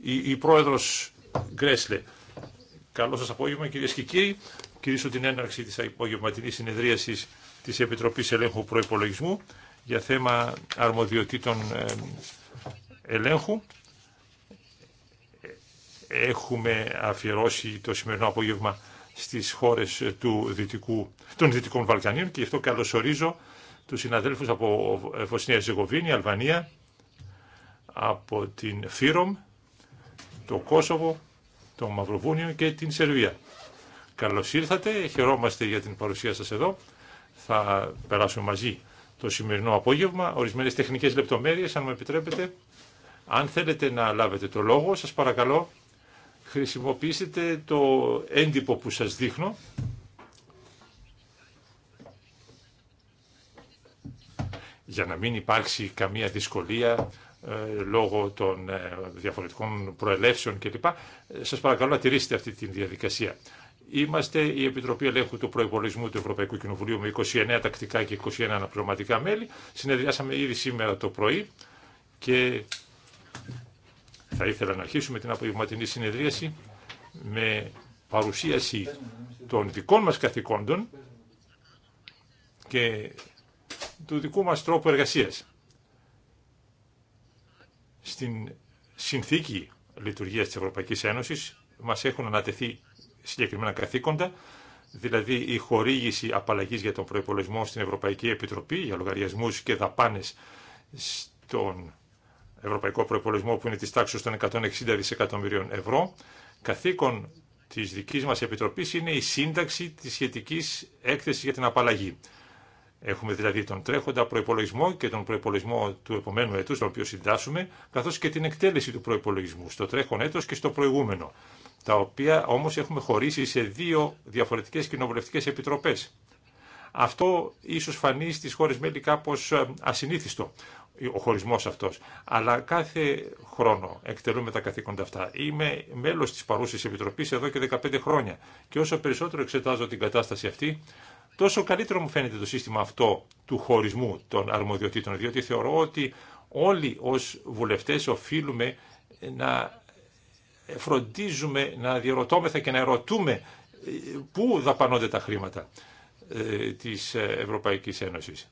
Η, πρόεδρο πρόεδρος Γκρέσλε. Καλό σας απόγευμα κυρίες και κύριοι. Κυρίσω την έναρξη της απογευματινής συνεδρίασης της Επιτροπής Ελέγχου Προϋπολογισμού για θέμα αρμοδιοτήτων ε, ελέγχου. Έχουμε αφιερώσει το σημερινό απόγευμα στις χώρες του Δυτικού, των Δυτικών Βαλκανίων και γι' αυτό καλωσορίζω τους συναδέλφους από Βοσνία Ζεγοβίνη, Αλβανία, από την Φύρομ, το Κόσοβο, το Μαυροβούνιο και την Σερβία. Καλώς ήρθατε, χαιρόμαστε για την παρουσία σας εδώ. Θα περάσουμε μαζί το σημερινό απόγευμα, ορισμένες τεχνικές λεπτομέρειες, αν μου επιτρέπετε. Αν θέλετε να λάβετε το λόγο, σας παρακαλώ, χρησιμοποιήστε το έντυπο που σας δείχνω. για να μην υπάρξει καμία δυσκολία ε, λόγω των ε, διαφορετικών προελεύσεων κλπ. Ε, σας παρακαλώ να τηρήσετε αυτή τη διαδικασία. Είμαστε η Επιτροπή Ελέγχου του Προπολογισμού του Ευρωπαϊκού Κοινοβουλίου με 29 τακτικά και 21 αναπληρωματικά μέλη. Συνεδριάσαμε ήδη σήμερα το πρωί και θα ήθελα να αρχίσουμε την απογευματινή συνεδρίαση με παρουσίαση των δικών μας καθηκόντων και του δικού μας τρόπου εργασίας. Στην συνθήκη λειτουργίας της Ευρωπαϊκής Ένωσης μας έχουν ανατεθεί συγκεκριμένα καθήκοντα, δηλαδή η χορήγηση απαλλαγής για τον προϋπολογισμό στην Ευρωπαϊκή Επιτροπή για λογαριασμούς και δαπάνες στον Ευρωπαϊκό Προϋπολογισμό που είναι της τάξης των 160 δισεκατομμυρίων ευρώ. Καθήκον της δικής μας Επιτροπής είναι η σύνταξη της σχετικής έκθεσης για την απαλλαγή. Έχουμε δηλαδή τον τρέχοντα προπολογισμό και τον προπολογισμό του επομένου έτου, τον οποίο συντάσσουμε, καθώ και την εκτέλεση του προπολογισμού στο τρέχον έτο και στο προηγούμενο, τα οποία όμω έχουμε χωρίσει σε δύο διαφορετικέ κοινοβουλευτικέ επιτροπέ. Αυτό ίσω φανεί στι χώρε μέλη κάπω ε, ασυνήθιστο, ο χωρισμό αυτό. Αλλά κάθε χρόνο εκτελούμε τα καθήκοντα αυτά. Είμαι μέλο τη παρούση επιτροπή εδώ και 15 χρόνια. Και όσο περισσότερο εξετάζω την κατάσταση αυτή, τόσο καλύτερο μου φαίνεται το σύστημα αυτό του χωρισμού των αρμοδιοτήτων, διότι θεωρώ ότι όλοι ως βουλευτές οφείλουμε να φροντίζουμε, να διερωτώμεθα και να ερωτούμε ε, πού δαπανώνται τα χρήματα ε, της ε, Ευρωπαϊκής Ένωσης.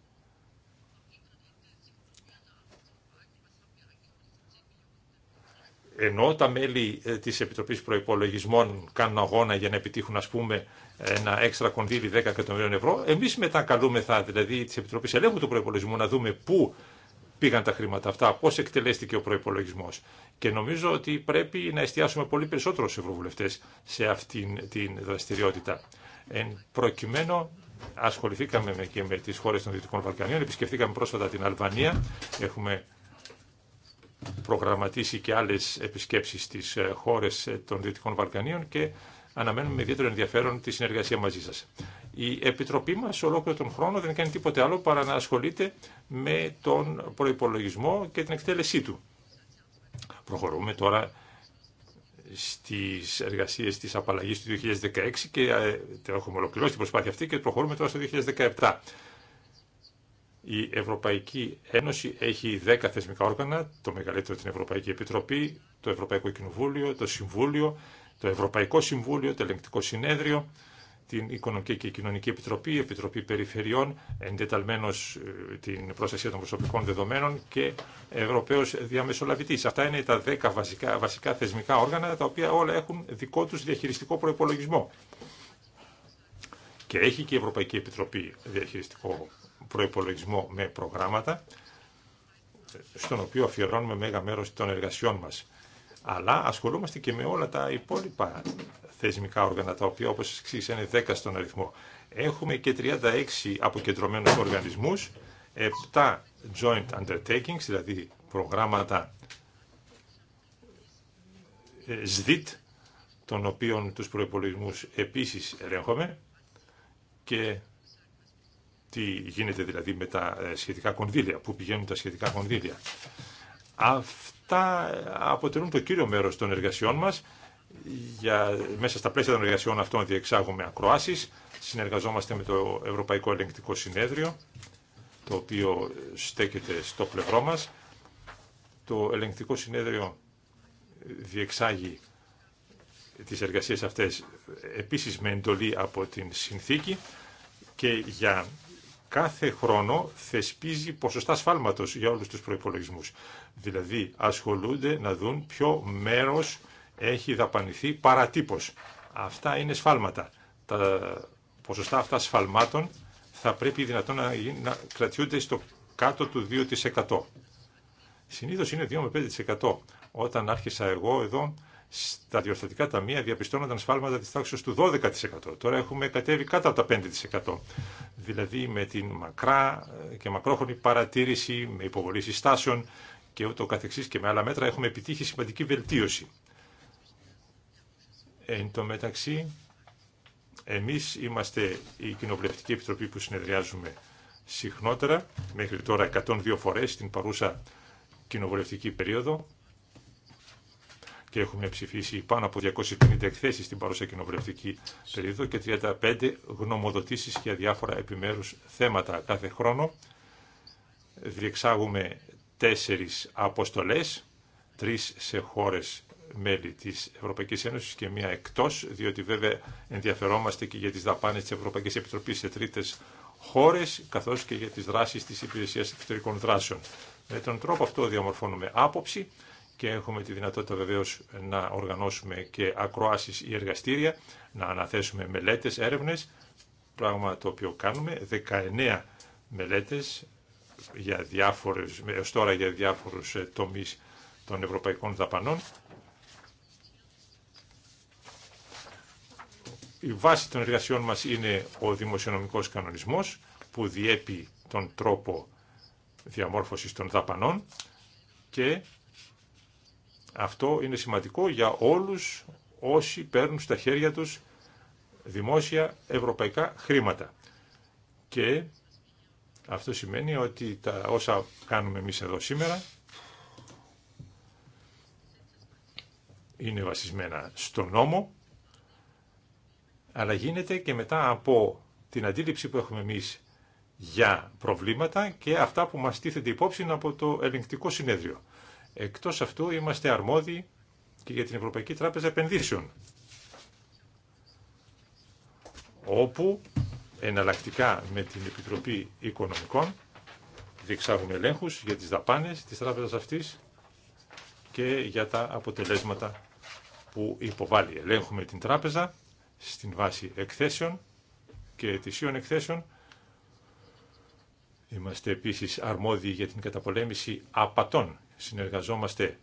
ενώ τα μέλη ε, της Επιτροπής Προϋπολογισμών κάνουν αγώνα για να επιτύχουν ας πούμε ένα έξτρα κονδύλι 10 εκατομμυρίων ευρώ, εμείς μετά καλούμεθα δηλαδή της Επιτροπής Ελέγχου του Προϋπολογισμού να δούμε πού πήγαν τα χρήματα αυτά, πώς εκτελέστηκε ο προϋπολογισμός. Και νομίζω ότι πρέπει να εστιάσουμε πολύ περισσότερο στου ευρωβουλευτές σε αυτή την δραστηριότητα. Εν προκειμένου ασχοληθήκαμε και με τις χώρες των Δυτικών Βαλκανίων, επισκεφτήκαμε πρόσφατα την Αλβανία, έχουμε προγραμματίσει και άλλες επισκέψεις στις ε, χώρες ε, των Δυτικών Βαλκανίων και αναμένουμε με ιδιαίτερο ενδιαφέρον τη συνεργασία μαζί σας. Η Επιτροπή μας ολόκληρο τον χρόνο δεν κάνει τίποτε άλλο παρά να ασχολείται με τον προϋπολογισμό και την εκτέλεσή του. Προχωρούμε τώρα στις εργασίες της απαλλαγής του 2016 και ε, έχουμε ολοκληρώσει την προσπάθεια αυτή και προχωρούμε τώρα στο 2017. Η Ευρωπαϊκή Ένωση έχει 10 θεσμικά όργανα, το μεγαλύτερο την Ευρωπαϊκή Επιτροπή, το Ευρωπαϊκό Κοινοβούλιο, το Συμβούλιο, το Ευρωπαϊκό Συμβούλιο, το Ελεγκτικό Συνέδριο, την Οικονομική και Κοινωνική Επιτροπή, η Επιτροπή Περιφερειών, εντεταλμένο ε, την προστασία των προσωπικών δεδομένων και Ευρωπαίο Διαμεσολαβητή. Αυτά είναι τα 10 βασικά, βασικά θεσμικά όργανα, τα οποία όλα έχουν δικό του διαχειριστικό προπολογισμό. Και έχει και η Ευρωπαϊκή Επιτροπή διαχειριστικό προϋπολογισμό με προγράμματα, στον οποίο αφιερώνουμε μέγα μέρος των εργασιών μας. Αλλά ασχολούμαστε και με όλα τα υπόλοιπα θεσμικά όργανα, τα οποία όπως εξής είναι 10 στον αριθμό. Έχουμε και 36 αποκεντρωμένους οργανισμούς, 7 joint undertakings, δηλαδή προγράμματα ε, ΣΔΙΤ, των οποίων τους προϋπολογισμούς επίσης ελέγχομαι και τι γίνεται δηλαδή με τα ε, σχετικά κονδύλια, πού πηγαίνουν τα σχετικά κονδύλια. Αυτά αποτελούν το κύριο μέρος των εργασιών μας. Για, μέσα στα πλαίσια των εργασιών αυτών διεξάγουμε ακροάσεις, συνεργαζόμαστε με το Ευρωπαϊκό Ελεγκτικό Συνέδριο, το οποίο στέκεται στο πλευρό μας. Το Ελεγκτικό Συνέδριο διεξάγει τις εργασίες αυτές επίσης με εντολή από την συνθήκη και για κάθε χρόνο θεσπίζει ποσοστά σφάλματος για όλους τους προϋπολογισμούς. Δηλαδή ασχολούνται να δουν ποιο μέρος έχει δαπανηθεί παρατύπως. Αυτά είναι σφάλματα. Τα ποσοστά αυτά σφαλμάτων θα πρέπει δυνατόν να, να κρατιούνται στο κάτω του 2%. Συνήθως είναι 2 με 5%. Όταν άρχισα εγώ εδώ στα διορθωτικά ταμεία διαπιστώνονταν σφάλματα τη τάξη του 12%. Τώρα έχουμε κατέβει κάτω από τα 5%. Δηλαδή με την μακρά ε, και μακρόχρονη παρατήρηση, με υποβολή συστάσεων και ούτω καθεξή και με άλλα μέτρα έχουμε επιτύχει σημαντική βελτίωση. Εν τω μεταξύ, εμείς είμαστε η Κοινοβουλευτική Επιτροπή που συνεδριάζουμε συχνότερα, μέχρι τώρα 102 φορέ στην παρούσα κοινοβουλευτική περίοδο και έχουμε ψηφίσει πάνω από 250 εκθέσει στην παρούσα κοινοβουλευτική περίοδο και 35 γνωμοδοτήσεις για διάφορα επιμέρους θέματα κάθε χρόνο. Διεξάγουμε τέσσερις αποστολές, τρει σε χώρες μέλη της Ευρωπαϊκής Ένωσης και μία εκτός, διότι βέβαια ενδιαφερόμαστε και για τις δαπάνε της Ευρωπαϊκής επιτροπή σε τρίτες χώρε, καθώ και για τι δράσει τη Υπηρεσία Εξωτερικών Δράσεων. Με τον τρόπο αυτό διαμορφώνουμε άποψη και έχουμε τη δυνατότητα βεβαίως να οργανώσουμε και ακροάσεις ή εργαστήρια, να αναθέσουμε μελέτες, έρευνες, πράγμα το οποίο κάνουμε, 19 μελέτες για διάφορες, έως τώρα για διάφορους ε, τομείς των ευρωπαϊκών δαπανών. Η βάση των εργασιών μας είναι ο δημοσιονομικός κανονισμός που διέπει τον τρόπο διαμόρφωσης των δαπανών και αυτό είναι σημαντικό για όλους όσοι παίρνουν στα χέρια τους δημόσια ευρωπαϊκά χρήματα. Και αυτό σημαίνει ότι τα όσα κάνουμε εμείς εδώ σήμερα είναι βασισμένα στο νόμο, αλλά γίνεται και μετά από την αντίληψη που έχουμε εμείς για προβλήματα και αυτά που μας τίθεται υπόψη από το ελεγκτικό συνέδριο. Εκτός αυτού είμαστε αρμόδιοι και για την Ευρωπαϊκή Τράπεζα Επενδύσεων, όπου εναλλακτικά με την Επιτροπή Οικονομικών διεξάγουμε ελέγχους για τις δαπάνες της τράπεζας αυτής και για τα αποτελέσματα που υποβάλλει. Ελέγχουμε την τράπεζα στην βάση εκθέσεων και ετησίων εκθέσεων. Είμαστε επίσης αρμόδιοι για την καταπολέμηση απατών συνεργαζόμαστε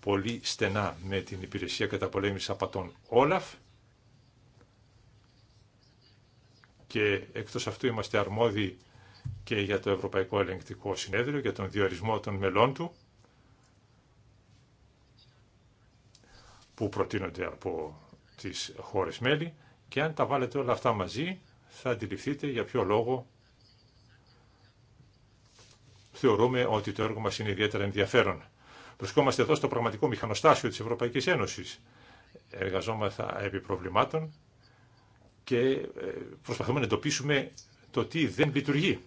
πολύ στενά με την Υπηρεσία Καταπολέμησης Απατών Όλαφ και εκτός αυτού είμαστε αρμόδιοι και για το Ευρωπαϊκό Ελεγκτικό Συνέδριο, για τον διορισμό των μελών του, που προτείνονται από τις χώρες μέλη και αν τα βάλετε όλα αυτά μαζί θα αντιληφθείτε για ποιο λόγο θεωρούμε ότι το έργο μα είναι ιδιαίτερα ενδιαφέρον. Βρισκόμαστε εδώ στο πραγματικό μηχανοστάσιο της Ευρωπαϊκής Ένωσης. Εργαζόμαστε επί προβλημάτων και ε, προσπαθούμε να εντοπίσουμε το τι δεν λειτουργεί.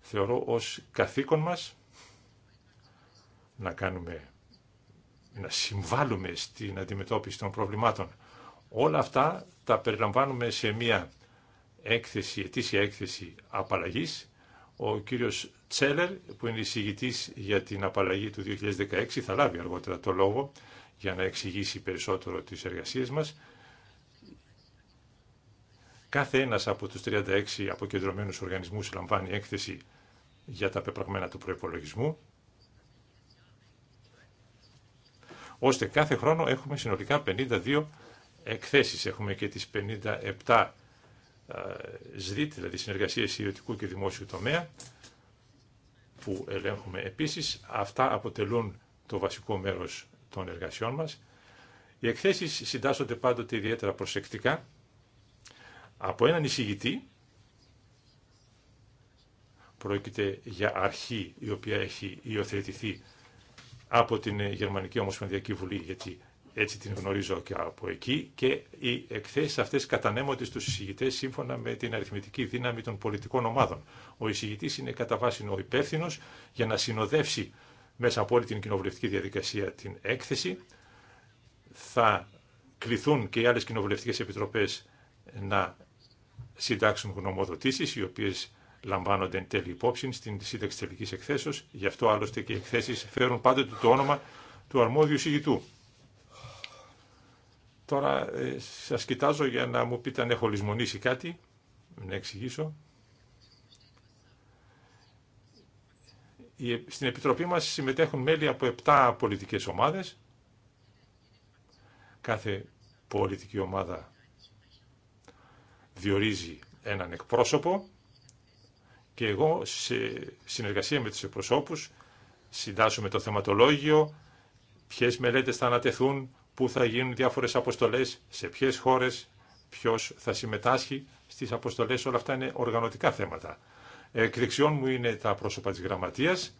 Θεωρώ ω καθήκον μας να κάνουμε να συμβάλλουμε στην αντιμετώπιση των προβλημάτων. Όλα αυτά τα περιλαμβάνουμε σε μια έκθεση, ετήσια έκθεση απαλλαγής. Ο κύριος Τσέλερ, που είναι εισηγητής για την απαλλαγή του 2016, θα λάβει αργότερα το λόγο για να εξηγήσει περισσότερο τις εργασίες μας. Κάθε ένα από τους 36 αποκεντρωμένους οργανισμούς λαμβάνει έκθεση για τα πεπραγμένα του προπολογισμού. ώστε κάθε χρόνο έχουμε συνολικά 52 εκθέσεις. Έχουμε και τις 57 ε, ΣΔΙΤ, δηλαδή συνεργασίες ιδιωτικού και δημόσιου τομέα, που ελέγχουμε. Επίσης, αυτά αποτελούν το βασικό μέρος των εργασιών μας. Οι εκθέσεις συντάσσονται πάντοτε ιδιαίτερα προσεκτικά από έναν εισηγητή. Πρόκειται για αρχή η οποία έχει υιοθετηθεί από την Γερμανική Ομοσπονδιακή Βουλή, γιατί έτσι την γνωρίζω και από εκεί, και οι εκθέσει αυτέ κατανέμονται στου εισηγητέ σύμφωνα με την αριθμητική δύναμη των πολιτικών ομάδων. Ο εισηγητή είναι κατά βάση ο υπεύθυνο για να συνοδεύσει μέσα από όλη την κοινοβουλευτική διαδικασία την έκθεση. Θα κληθούν και οι άλλε κοινοβουλευτικέ επιτροπέ να συντάξουν γνωμοδοτήσει, οι οποίε λαμβάνονται εν τέλει υπόψη στην σύνταξη τελική εκθέσεω. Γι' αυτό άλλωστε και οι εκθέσει φέρουν πάντοτε το όνομα του αρμόδιου εισηγητού. Τώρα ε, σας κοιτάζω για να μου πείτε αν έχω λησμονήσει κάτι, να εξηγήσω. Ε, στην Επιτροπή μας συμμετέχουν μέλη από 7 πολιτικές ομάδες. Κάθε πολιτική ομάδα διορίζει έναν εκπρόσωπο και εγώ σε συνεργασία με τους εκπροσώπους συντάσσουμε το θεματολόγιο, ποιες μελέτες θα ανατεθούν, πού θα γίνουν διάφορες αποστολές, σε ποιες χώρες, ποιος θα συμμετάσχει στις αποστολές, όλα αυτά είναι οργανωτικά θέματα. Εκ δεξιών μου είναι τα πρόσωπα της γραμματείας,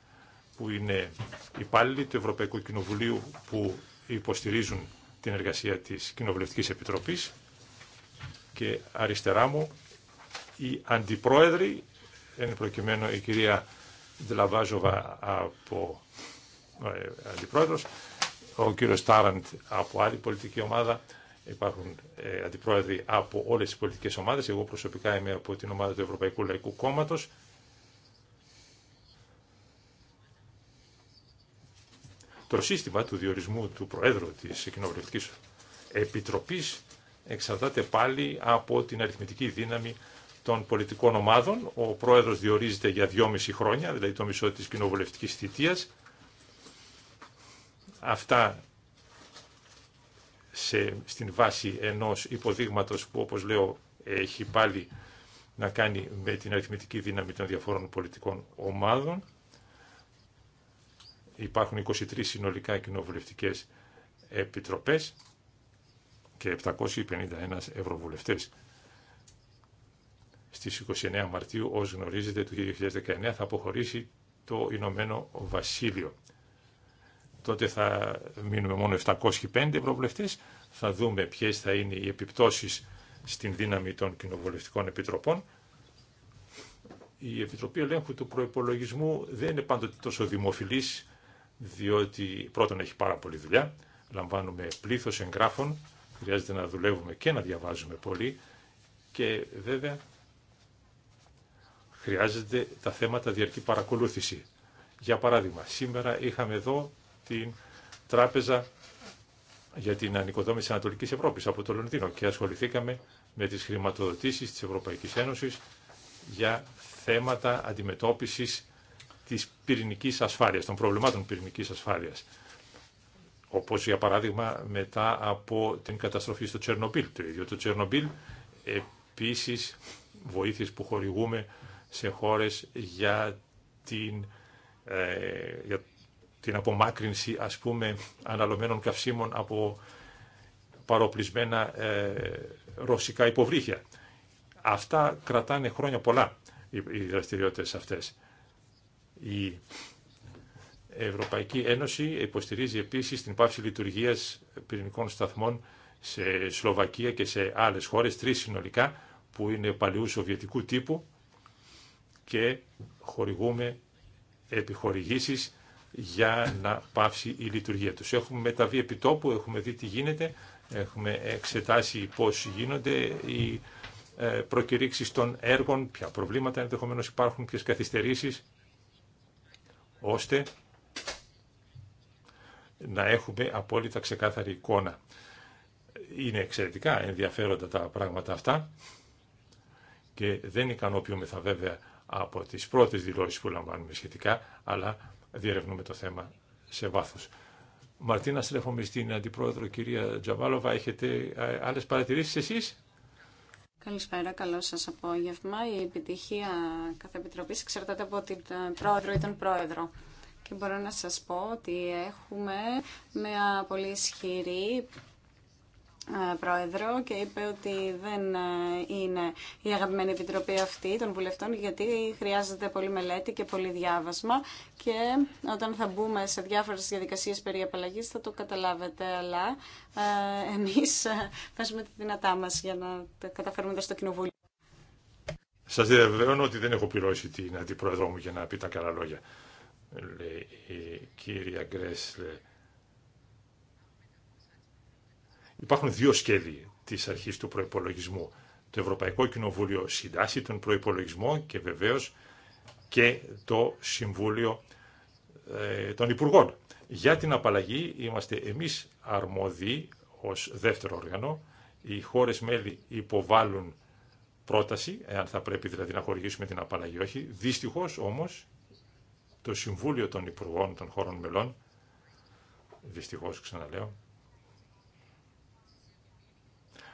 που είναι υπάλληλοι του Ευρωπαϊκού Κοινοβουλίου που υποστηρίζουν την εργασία της Κοινοβουλευτικής Επιτροπής και αριστερά μου οι αντιπρόεδροι, εν προκειμένου η κυρία Ντλαβάζοβα από ε, αντιπρόεδρος, ο κύριο Τάραντ από άλλη πολιτική ομάδα, υπάρχουν ε, αντιπρόεδροι από όλες τις πολιτικές ομάδες, εγώ προσωπικά είμαι από την ομάδα του Ευρωπαϊκού Λαϊκού Κόμματο. Το σύστημα του διορισμού του Προέδρου της κοινοβουλευτική Επιτροπής εξαρτάται πάλι από την αριθμητική δύναμη των πολιτικών ομάδων. Ο Πρόεδρος διορίζεται για δυόμιση χρόνια, δηλαδή το μισό της κοινοβουλευτικής θητείας αυτά σε, στην βάση ενός υποδείγματος που όπως λέω έχει πάλι να κάνει με την αριθμητική δύναμη των διαφόρων πολιτικών ομάδων. Υπάρχουν 23 συνολικά κοινοβουλευτικές επιτροπές και 751 ευρωβουλευτές. Στις 29 Μαρτίου, ως γνωρίζετε, του 2019 θα αποχωρήσει το Ηνωμένο Βασίλειο τότε θα μείνουμε μόνο 705 προβλεφτές. Θα δούμε ποιες θα είναι οι επιπτώσεις στην δύναμη των κοινοβουλευτικών επιτροπών. Η Επιτροπή Ελέγχου του Προϋπολογισμού δεν είναι πάντοτε τόσο δημοφιλής, διότι πρώτον έχει πάρα πολλή δουλειά, λαμβάνουμε πλήθος εγγράφων, χρειάζεται να δουλεύουμε και να διαβάζουμε πολύ και βέβαια χρειάζεται τα θέματα διαρκή παρακολούθηση. Για παράδειγμα, σήμερα είχαμε εδώ την Τράπεζα για την Ανοικοδόμηση Ανατολική Ευρώπη από το Λονδίνο και ασχοληθήκαμε με τις χρηματοδοτήσει της Ευρωπαϊκή Ένωσης για θέματα αντιμετώπισης της πυρηνικής ασφάλειας, των προβλημάτων πυρηνικής ασφάλειας. Όπως για παράδειγμα μετά από την καταστροφή στο Τσερνομπίλ. Το ίδιο το Τσερνομπίλ Επίση, βοήθειε που χορηγούμε σε χώρε για, την, ε, για την απομάκρυνση ας πούμε αναλωμένων καυσίμων από παροπλισμένα ε, ρωσικά υποβρύχια. Αυτά κρατάνε χρόνια πολλά οι δραστηριότητες αυτές. Η Ευρωπαϊκή Ένωση υποστηρίζει επίσης την πάυση λειτουργίας πυρηνικών σταθμών σε Σλοβακία και σε άλλες χώρες, τρεις συνολικά, που είναι παλιού σοβιετικού τύπου και χορηγούμε επιχορηγήσεις για να πάυσει η λειτουργία τους. Έχουμε μεταβεί επιτόπου, έχουμε δει τι γίνεται, έχουμε εξετάσει πώς γίνονται οι ε, προκηρύξεις των έργων, ποια προβλήματα ενδεχομένως υπάρχουν, ποιες καθυστερήσεις, ώστε να έχουμε απόλυτα ξεκάθαρη εικόνα. Είναι εξαιρετικά ενδιαφέροντα τα πράγματα αυτά και δεν ικανοποιούμεθα βέβαια από τις πρώτες δηλώσεις που λαμβάνουμε σχετικά, αλλά διερευνούμε το θέμα σε βάθος. Μαρτίνα, στρέφομαι στην Αντιπρόεδρο κυρία Τζαβάλοβα. Έχετε άλλε παρατηρήσεις εσείς? Καλησπέρα, καλό σας απόγευμα. Η επιτυχία κάθε επιτροπής εξαρτάται από την ε, πρόεδρο ή τον πρόεδρο. Και μπορώ να σας πω ότι έχουμε μια πολύ ισχυρή ε, πρόεδρο και είπε ότι δεν ε, είναι η αγαπημένη επιτροπή αυτή των βουλευτών γιατί χρειάζεται πολύ μελέτη και πολύ διάβασμα και όταν θα μπούμε σε διάφορες διαδικασίες περί απαλλαγής θα το καταλάβετε αλλά ε, εμείς παίζουμε τη δυνατά μας για να τα καταφέρουμε στο κοινοβούλιο. Σας διαβεβαιώνω ότι δεν έχω πληρώσει την αντιπρόεδρό μου για να πει τα καλά λόγια. Λέει η κυρία Γκρέσλε Υπάρχουν δύο σχέδια της αρχής του προπολογισμού. Το Ευρωπαϊκό Κοινοβούλιο συντάσσει τον προπολογισμό και βεβαίως και το Συμβούλιο ε, των Υπουργών. Για την απαλλαγή είμαστε εμείς αρμόδιοι ως δεύτερο όργανο. Οι χώρες μέλη υποβάλλουν πρόταση, εάν θα πρέπει δηλαδή να χορηγήσουμε την απαλλαγή όχι. Δυστυχώς όμως το Συμβούλιο των Υπουργών των Χώρων Μελών, δυστυχώς ξαναλέω,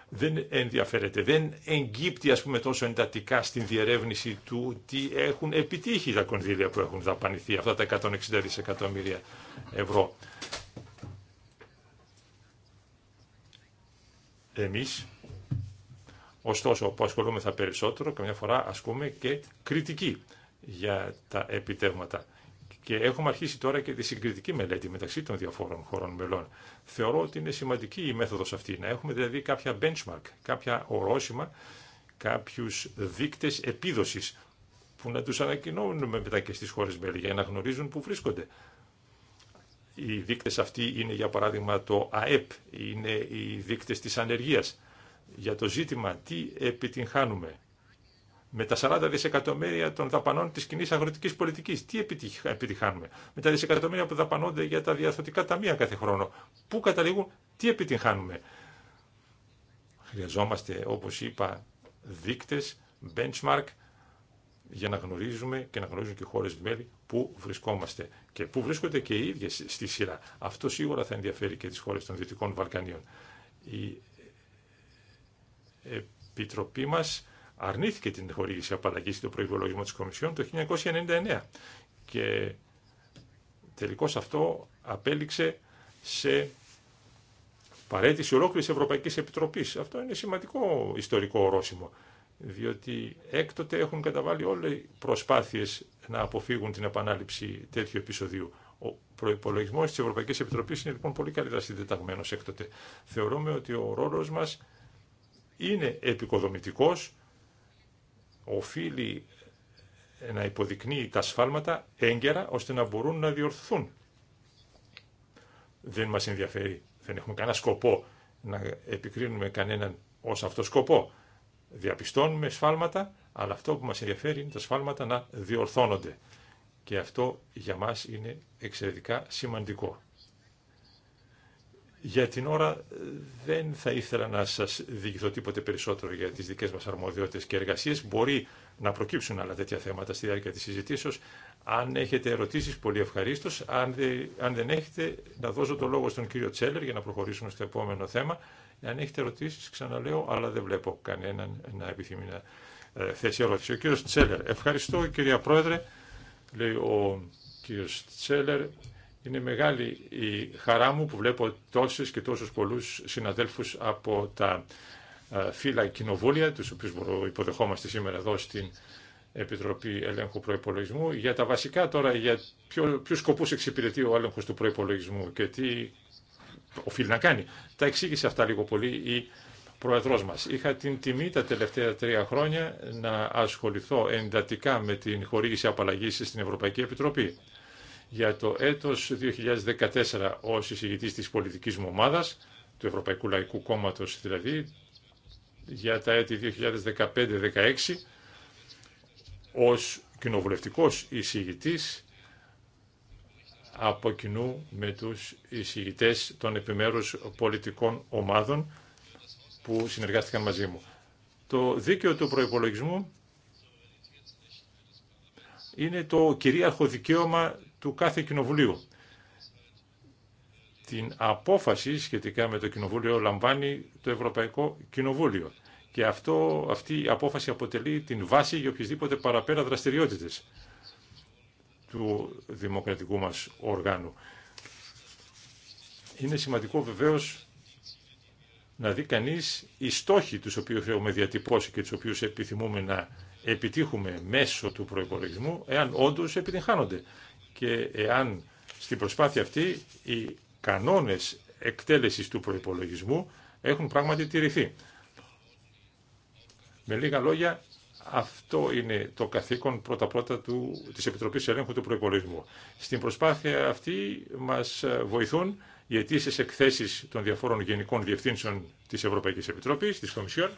δεν ενδιαφέρεται, δεν εγκύπτει ας πούμε τόσο εντατικά στην διερεύνηση του τι έχουν επιτύχει τα κονδύλια που έχουν δαπανηθεί, αυτά τα 160 δισεκατομμύρια ευρώ. Εμείς, ωστόσο που ασχολούμεθα περισσότερο, καμιά φορά ασκούμε και κριτική για τα επιτεύγματα. Και έχουμε αρχίσει τώρα και τη συγκριτική μελέτη μεταξύ των διαφόρων χωρών μελών. Θεωρώ ότι είναι σημαντική η μέθοδος αυτή, να έχουμε δηλαδή κάποια benchmark, κάποια ορόσημα, κάποιου δείκτες επίδοση που να τους ανακοινώνουμε μετά και στι χώρες μέλη για να γνωρίζουν που βρίσκονται. Οι δείκτες αυτοί είναι για παράδειγμα το ΑΕΠ, είναι οι δείκτες τη ανεργία Για το ζήτημα τι επιτυγχάνουμε, με τα 40 δισεκατομμύρια των δαπανών τη κοινή αγροτική πολιτική. Τι επιτυχάνουμε. Με τα δισεκατομμύρια που δαπανώνται για τα διαρθωτικά ταμεία κάθε χρόνο. Πού καταλήγουν, τι επιτυχάνουμε. Χρειαζόμαστε, όπω είπα, δείκτε, benchmark για να γνωρίζουμε και να γνωρίζουν και οι χώρε μέλη πού βρισκόμαστε και πού βρίσκονται και οι ίδιε στη σειρά. Αυτό σίγουρα θα ενδιαφέρει και τι χώρε των Δυτικών Βαλκανίων. Η Επιτροπή μας αρνήθηκε την χορήγηση απαλλαγή στο προϋπολογισμό της Κομισιόν το 1999 και τελικώς αυτό απέληξε σε παρέτηση ολόκληρη Ευρωπαϊκής Επιτροπής. Αυτό είναι σημαντικό ιστορικό ορόσημο, διότι έκτοτε έχουν καταβάλει όλες οι προσπάθειες να αποφύγουν την επανάληψη τέτοιου επεισοδίου. Ο προπολογισμό τη Ευρωπαϊκή Επιτροπή είναι λοιπόν πολύ καλύτερα συντεταγμένο έκτοτε. Θεωρούμε ότι ο ρόλο μα είναι επικοδομητικός οφείλει ε, να υποδεικνύει τα σφάλματα έγκαιρα ώστε να μπορούν να διορθωθούν. Δεν μας ενδιαφέρει, δεν έχουμε κανένα σκοπό να επικρίνουμε κανέναν ως αυτό σκοπό. Διαπιστώνουμε σφάλματα, αλλά αυτό που μας ενδιαφέρει είναι τα σφάλματα να διορθώνονται. Και αυτό για μας είναι εξαιρετικά σημαντικό. Για την ώρα ε, δεν θα ήθελα να σας διηγηθώ τίποτε περισσότερο για τις δικές μας αρμοδιότητες και εργασίες. Μπορεί να προκύψουν άλλα τέτοια θέματα στη διάρκεια της συζητήσεως. Αν έχετε ερωτήσεις, πολύ ευχαρίστως. Αν δεν έχετε, να δώσω το λόγο στον κύριο Τσέλερ για να προχωρήσουμε στο επόμενο θέμα. Αν έχετε ερωτήσεις, ξαναλέω, αλλά δεν βλέπω κανέναν να επιθυμεί να ε, θέσει ερώτηση. Ο κύριος Τσέλερ. Ευχαριστώ, κυρία Πρόεδρε, λέει ο κύριος Τσέλερ. Είναι μεγάλη η χαρά μου που βλέπω τόσες και τόσους πολλούς συναδέλφους από τα ε, φύλλα κοινοβούλια, τους οποίους υποδεχόμαστε σήμερα εδώ στην Επιτροπή Ελέγχου Προϋπολογισμού, για τα βασικά τώρα, για ποιο, ποιους σκοπούς εξυπηρετεί ο έλεγχος του προϋπολογισμού και τι οφείλει να κάνει. Τα εξήγησε αυτά λίγο πολύ η Πρόεδρός μας. Είχα την τιμή τα τελευταία τρία χρόνια να ασχοληθώ εντατικά με την χορήγηση απαλλαγή στην Ευρωπαϊκή Επιτροπή για το έτος 2014 ως εισηγητής της πολιτικής μου ομάδας, του Ευρωπαϊκού Λαϊκού Κόμματος δηλαδή, για τα έτη 2015-2016, ως κοινοβουλευτικός εισηγητής από κοινού με τους εισηγητές των επιμέρους πολιτικών ομάδων που συνεργάστηκαν μαζί μου. Το δίκαιο του προϋπολογισμού είναι το κυρίαρχο δικαίωμα του κάθε κοινοβουλίου. Την απόφαση σχετικά με το κοινοβούλιο λαμβάνει το Ευρωπαϊκό Κοινοβούλιο. Και αυτό, αυτή η απόφαση αποτελεί την βάση για οποιασδήποτε παραπέρα δραστηριότητες του δημοκρατικού μας οργάνου. Είναι σημαντικό βεβαίως να δει κανείς οι στόχοι τους οποίους έχουμε διατυπώσει και τους οποίους επιθυμούμε να επιτύχουμε μέσω του προϋπολογισμού, εάν όντως επιτυγχάνονται και εάν στην προσπάθεια αυτή οι κανόνες εκτέλεσης του προϋπολογισμού έχουν πράγματι τηρηθεί. Με λίγα λόγια, αυτό είναι το καθήκον πρώτα-πρώτα του, της Επιτροπής Ελέγχου του Προϋπολογισμού. Στην προσπάθεια αυτή μας βοηθούν οι αιτήσεις εκθέσεις των διαφόρων γενικών διευθύνσεων της Ευρωπαϊκής Επιτροπής, της Κομισιόν,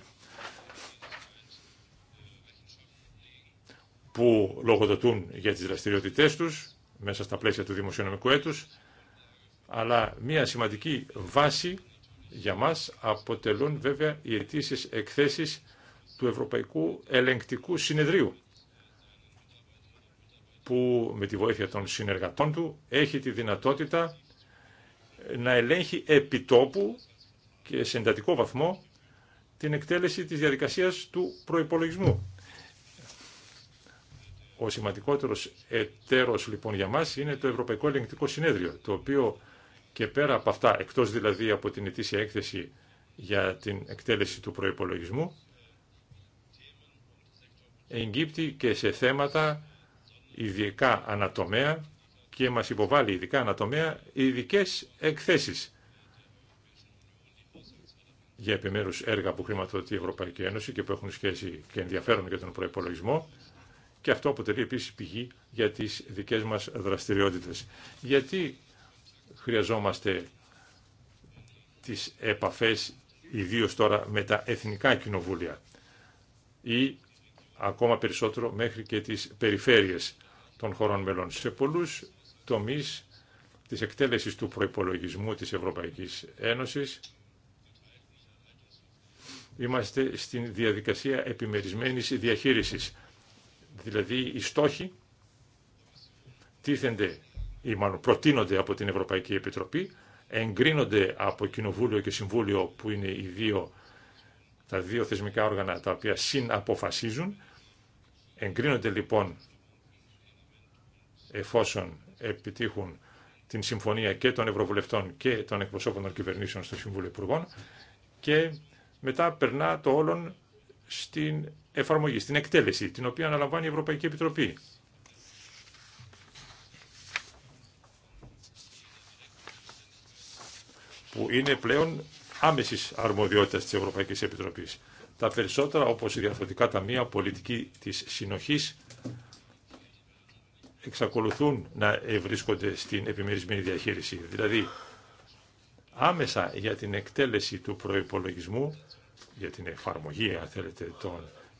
που λογοδοτούν για τις δραστηριότητές τους, μέσα στα πλαίσια του δημοσιονομικού έτους, αλλά μια σημαντική βάση για μας αποτελούν βέβαια οι αιτήσει εκθέσεις του Ευρωπαϊκού Ελεγκτικού Συνεδρίου, που με τη βοήθεια των συνεργατών του έχει τη δυνατότητα να ελέγχει επιτόπου και σε εντατικό βαθμό την εκτέλεση της διαδικασίας του προϋπολογισμού. Ο σημαντικότερος εταίρος λοιπόν για μας είναι το Ευρωπαϊκό Ελεγκτικό Συνέδριο, το οποίο και πέρα από αυτά, εκτός δηλαδή από την ετήσια έκθεση για την εκτέλεση του προϋπολογισμού, εγκύπτει και σε θέματα ειδικά ανατομέα και μας υποβάλλει ειδικά ανατομέα ειδικέ εκθέσεις για επιμέρους έργα που χρηματοδοτεί η Ευρωπαϊκή Ένωση και που έχουν σχέση και ενδιαφέρον για τον προϋπολογισμό και αυτό αποτελεί επίσης πηγή για τις δικές μας δραστηριότητες. Γιατί χρειαζόμαστε τις επαφές ιδίως τώρα με τα εθνικά κοινοβούλια ή ακόμα περισσότερο μέχρι και τις περιφέρειες των χωρών μελών. Σε πολλούς τομείς της εκτέλεσης του προϋπολογισμού της Ευρωπαϊκής Ένωσης είμαστε στην διαδικασία επιμερισμένης διαχείρισης. Δηλαδή οι στόχοι τίθενται ή μάλλον προτείνονται από την Ευρωπαϊκή Επιτροπή, εγκρίνονται από Κοινοβούλιο και Συμβούλιο που είναι οι δύο, τα δύο θεσμικά όργανα τα οποία συναποφασίζουν. Εγκρίνονται λοιπόν εφόσον επιτύχουν την συμφωνία και των Ευρωβουλευτών και των εκπροσώπων των κυβερνήσεων στο Συμβούλιο Υπουργών και μετά περνά το όλον στην εφαρμογή, στην εκτέλεση, την οποία αναλαμβάνει η Ευρωπαϊκή Επιτροπή. που είναι πλέον άμεση αρμοδιότητα της Ευρωπαϊκής Επιτροπής. Τα περισσότερα, όπω η διαφορετικά ταμεία πολιτική της συνοχής, εξακολουθούν να βρίσκονται στην επιμερισμένη διαχείριση. Δηλαδή, άμεσα για την εκτέλεση του προπολογισμού για την εφαρμογή, αν θέλετε,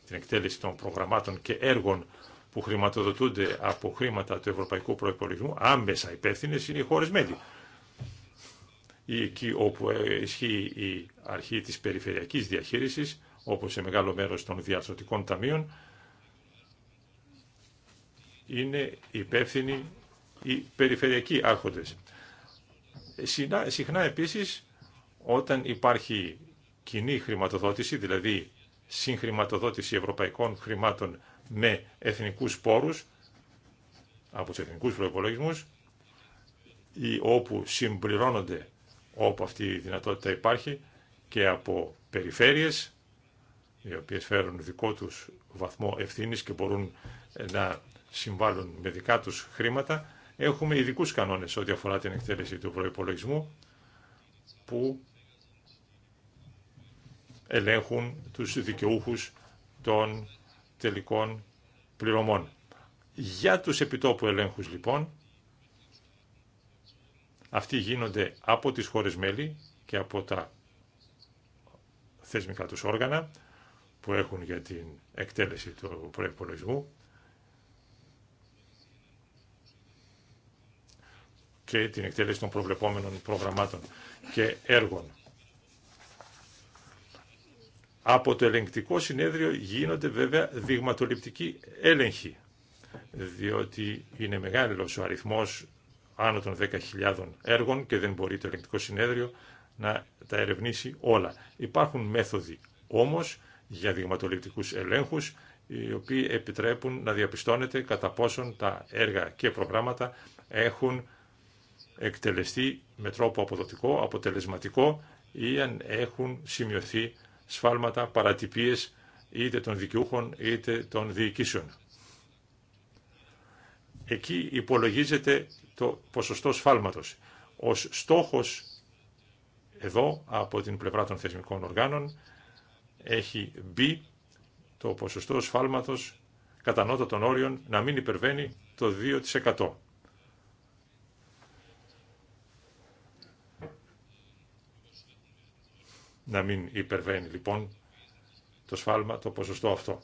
την εκτέλεση των προγραμμάτων και έργων που χρηματοδοτούνται από χρήματα του Ευρωπαϊκού Προϋπολογισμού, άμεσα υπεύθυνε είναι οι χώρες μέλη. Ή εκεί όπου ε, ισχύει η αρχή της περιφερειακής διαχείρισης, όπως σε μεγάλο μέρος των διαρθρωτικών ταμείων, είναι υπεύθυνοι οι περιφερειακοί άρχοντες. Συχνά, συχνά επίσης, όταν υπάρχει κοινή χρηματοδότηση, δηλαδή συγχρηματοδότηση ευρωπαϊκών χρημάτων με εθνικούς πόρους, από τους εθνικούς προϋπολογισμούς, ή όπου συμπληρώνονται, όπου αυτή η δυνατότητα υπάρχει, και από περιφέρειες, οι οποίες φέρουν δικό τους βαθμό ευθύνης και μπορούν να συμβάλλουν με δικά τους χρήματα, έχουμε ειδικού κανόνες ό,τι αφορά την εκτέλεση του προϋπολογισμού, που ελέγχουν τους δικαιούχους των τελικών πληρωμών. Για τους επιτόπου ελέγχους λοιπόν, αυτοί γίνονται από τις χώρες μέλη και από τα θεσμικά τους όργανα που έχουν για την εκτέλεση του προϋπολογισμού και την εκτέλεση των προβλεπόμενων προγραμμάτων και έργων. Από το ελεγκτικό συνέδριο γίνονται βέβαια δειγματοληπτικοί έλεγχοι, διότι είναι μεγάλος ο αριθμός άνω των 10.000 έργων και δεν μπορεί το ελεγκτικό συνέδριο να τα ερευνήσει όλα. Υπάρχουν μέθοδοι όμως για δειγματοληπτικούς ελέγχους, οι οποίοι επιτρέπουν να διαπιστώνεται κατά πόσον τα έργα και προγράμματα έχουν εκτελεστεί με τρόπο αποδοτικό, αποτελεσματικό ή αν έχουν σημειωθεί σφάλματα, παρατυπίες είτε των δικαιούχων είτε των διοικήσεων. Εκεί υπολογίζεται το ποσοστό σφάλματος. Ως στόχος εδώ από την πλευρά των θεσμικών οργάνων έχει μπει το ποσοστό σφάλματος κατά των όριων να μην υπερβαίνει το 2%. να μην υπερβαίνει λοιπόν το σφάλμα, το ποσοστό αυτό.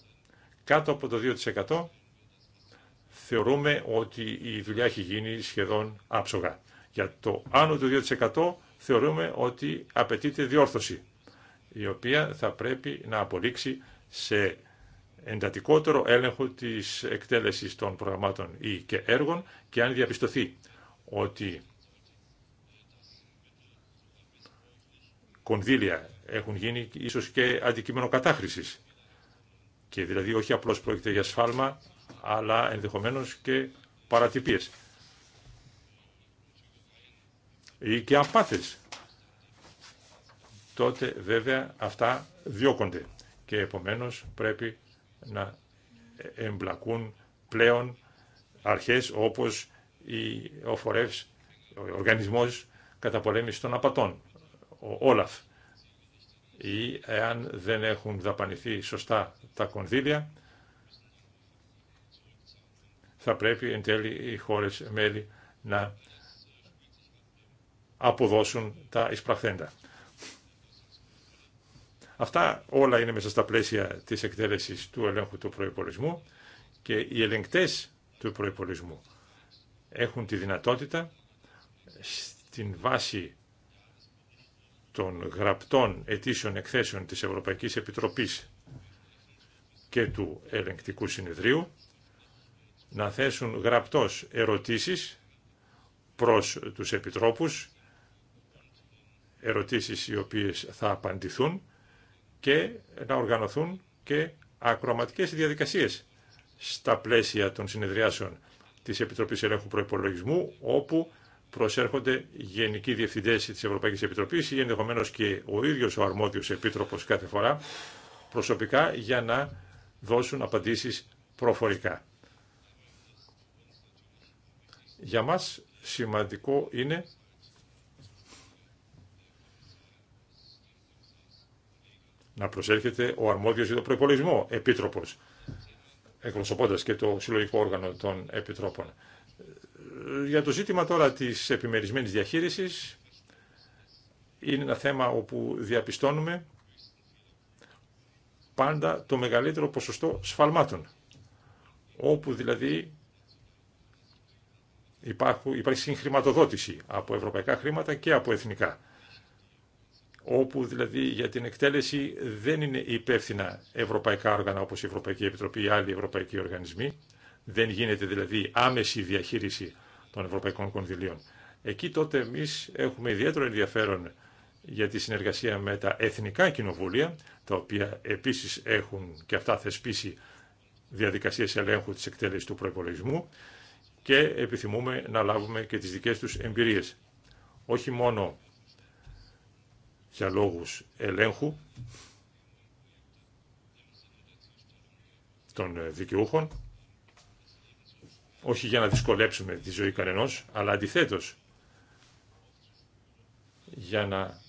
Κάτω από το 2% θεωρούμε ότι η δουλειά έχει γίνει σχεδόν άψογα. Για το άνω του 2% θεωρούμε ότι απαιτείται διόρθωση, η οποία θα πρέπει να απολύξει σε εντατικότερο έλεγχο της εκτέλεσης των προγραμμάτων ή και έργων και αν διαπιστωθεί ότι κονδύλια έχουν γίνει ίσως και αντικείμενο κατάχρησης. Και δηλαδή όχι απλώς πρόκειται για σφάλμα, αλλά ενδεχομένως και παρατυπίες. Ή και απάθες. Τότε βέβαια αυτά διώκονται και επομένως πρέπει να εμπλακούν πλέον αρχές όπως η, ο φορεύς, ο οργανισμός καταπολέμησης των απατών. Όλαφ ή εάν δεν έχουν δαπανηθεί σωστά τα κονδύλια θα πρέπει εν τέλει οι χώρες μέλη να αποδώσουν τα εισπραχθέντα. Αυτά όλα είναι μέσα στα πλαίσια της εκτέλεσης του ελέγχου του προϋπολισμού και οι ελεγκτές του προϋπολισμού έχουν τη δυνατότητα στην βάση των γραπτών ετήσιων εκθέσεων της Ευρωπαϊκής Επιτροπής και του Ελεγκτικού Συνεδρίου να θέσουν γραπτός ερωτήσεις προς τους επιτρόπους, ερωτήσεις οι οποίες θα απαντηθούν και να οργανωθούν και ακροματικές διαδικασίες στα πλαίσια των συνεδριάσεων της Επιτροπής Ελέγχου Προϋπολογισμού, όπου προσέρχονται γενικοί διευθυντέ τη Ευρωπαϊκή Επιτροπή ή ενδεχομένω και ο ίδιο ο αρμόδιο επίτροπο κάθε φορά προσωπικά για να δώσουν απαντήσει προφορικά. Για μας σημαντικό είναι να προσέρχεται ο αρμόδιος για τον προπολογισμό επίτροπος, εκπροσωπώντας και το συλλογικό όργανο των επιτρόπων. Για το ζήτημα τώρα της επιμερισμένης διαχείρισης, είναι ένα θέμα όπου διαπιστώνουμε πάντα το μεγαλύτερο ποσοστό σφαλμάτων. Όπου δηλαδή υπάρχουν, υπάρχει συγχρηματοδότηση από ευρωπαϊκά χρήματα και από εθνικά. Όπου δηλαδή για την εκτέλεση δεν είναι υπεύθυνα ευρωπαϊκά όργανα όπως η Ευρωπαϊκή Επιτροπή ή άλλοι ευρωπαϊκοί οργανισμοί. Δεν γίνεται δηλαδή άμεση διαχείριση των Ευρωπαϊκών Κονδυλίων. Εκεί τότε εμεί έχουμε ιδιαίτερο ενδιαφέρον για τη συνεργασία με τα εθνικά κοινοβούλια, τα οποία επίσης έχουν και αυτά θεσπίσει διαδικασίες ελέγχου της εκτέλεσης του προπολογισμού και επιθυμούμε να λάβουμε και τις δικές τους εμπειρίες. Όχι μόνο για λόγους ελέγχου των δικαιούχων, όχι για να δυσκολέψουμε τη ζωή κανενός, αλλά αντιθέτως για να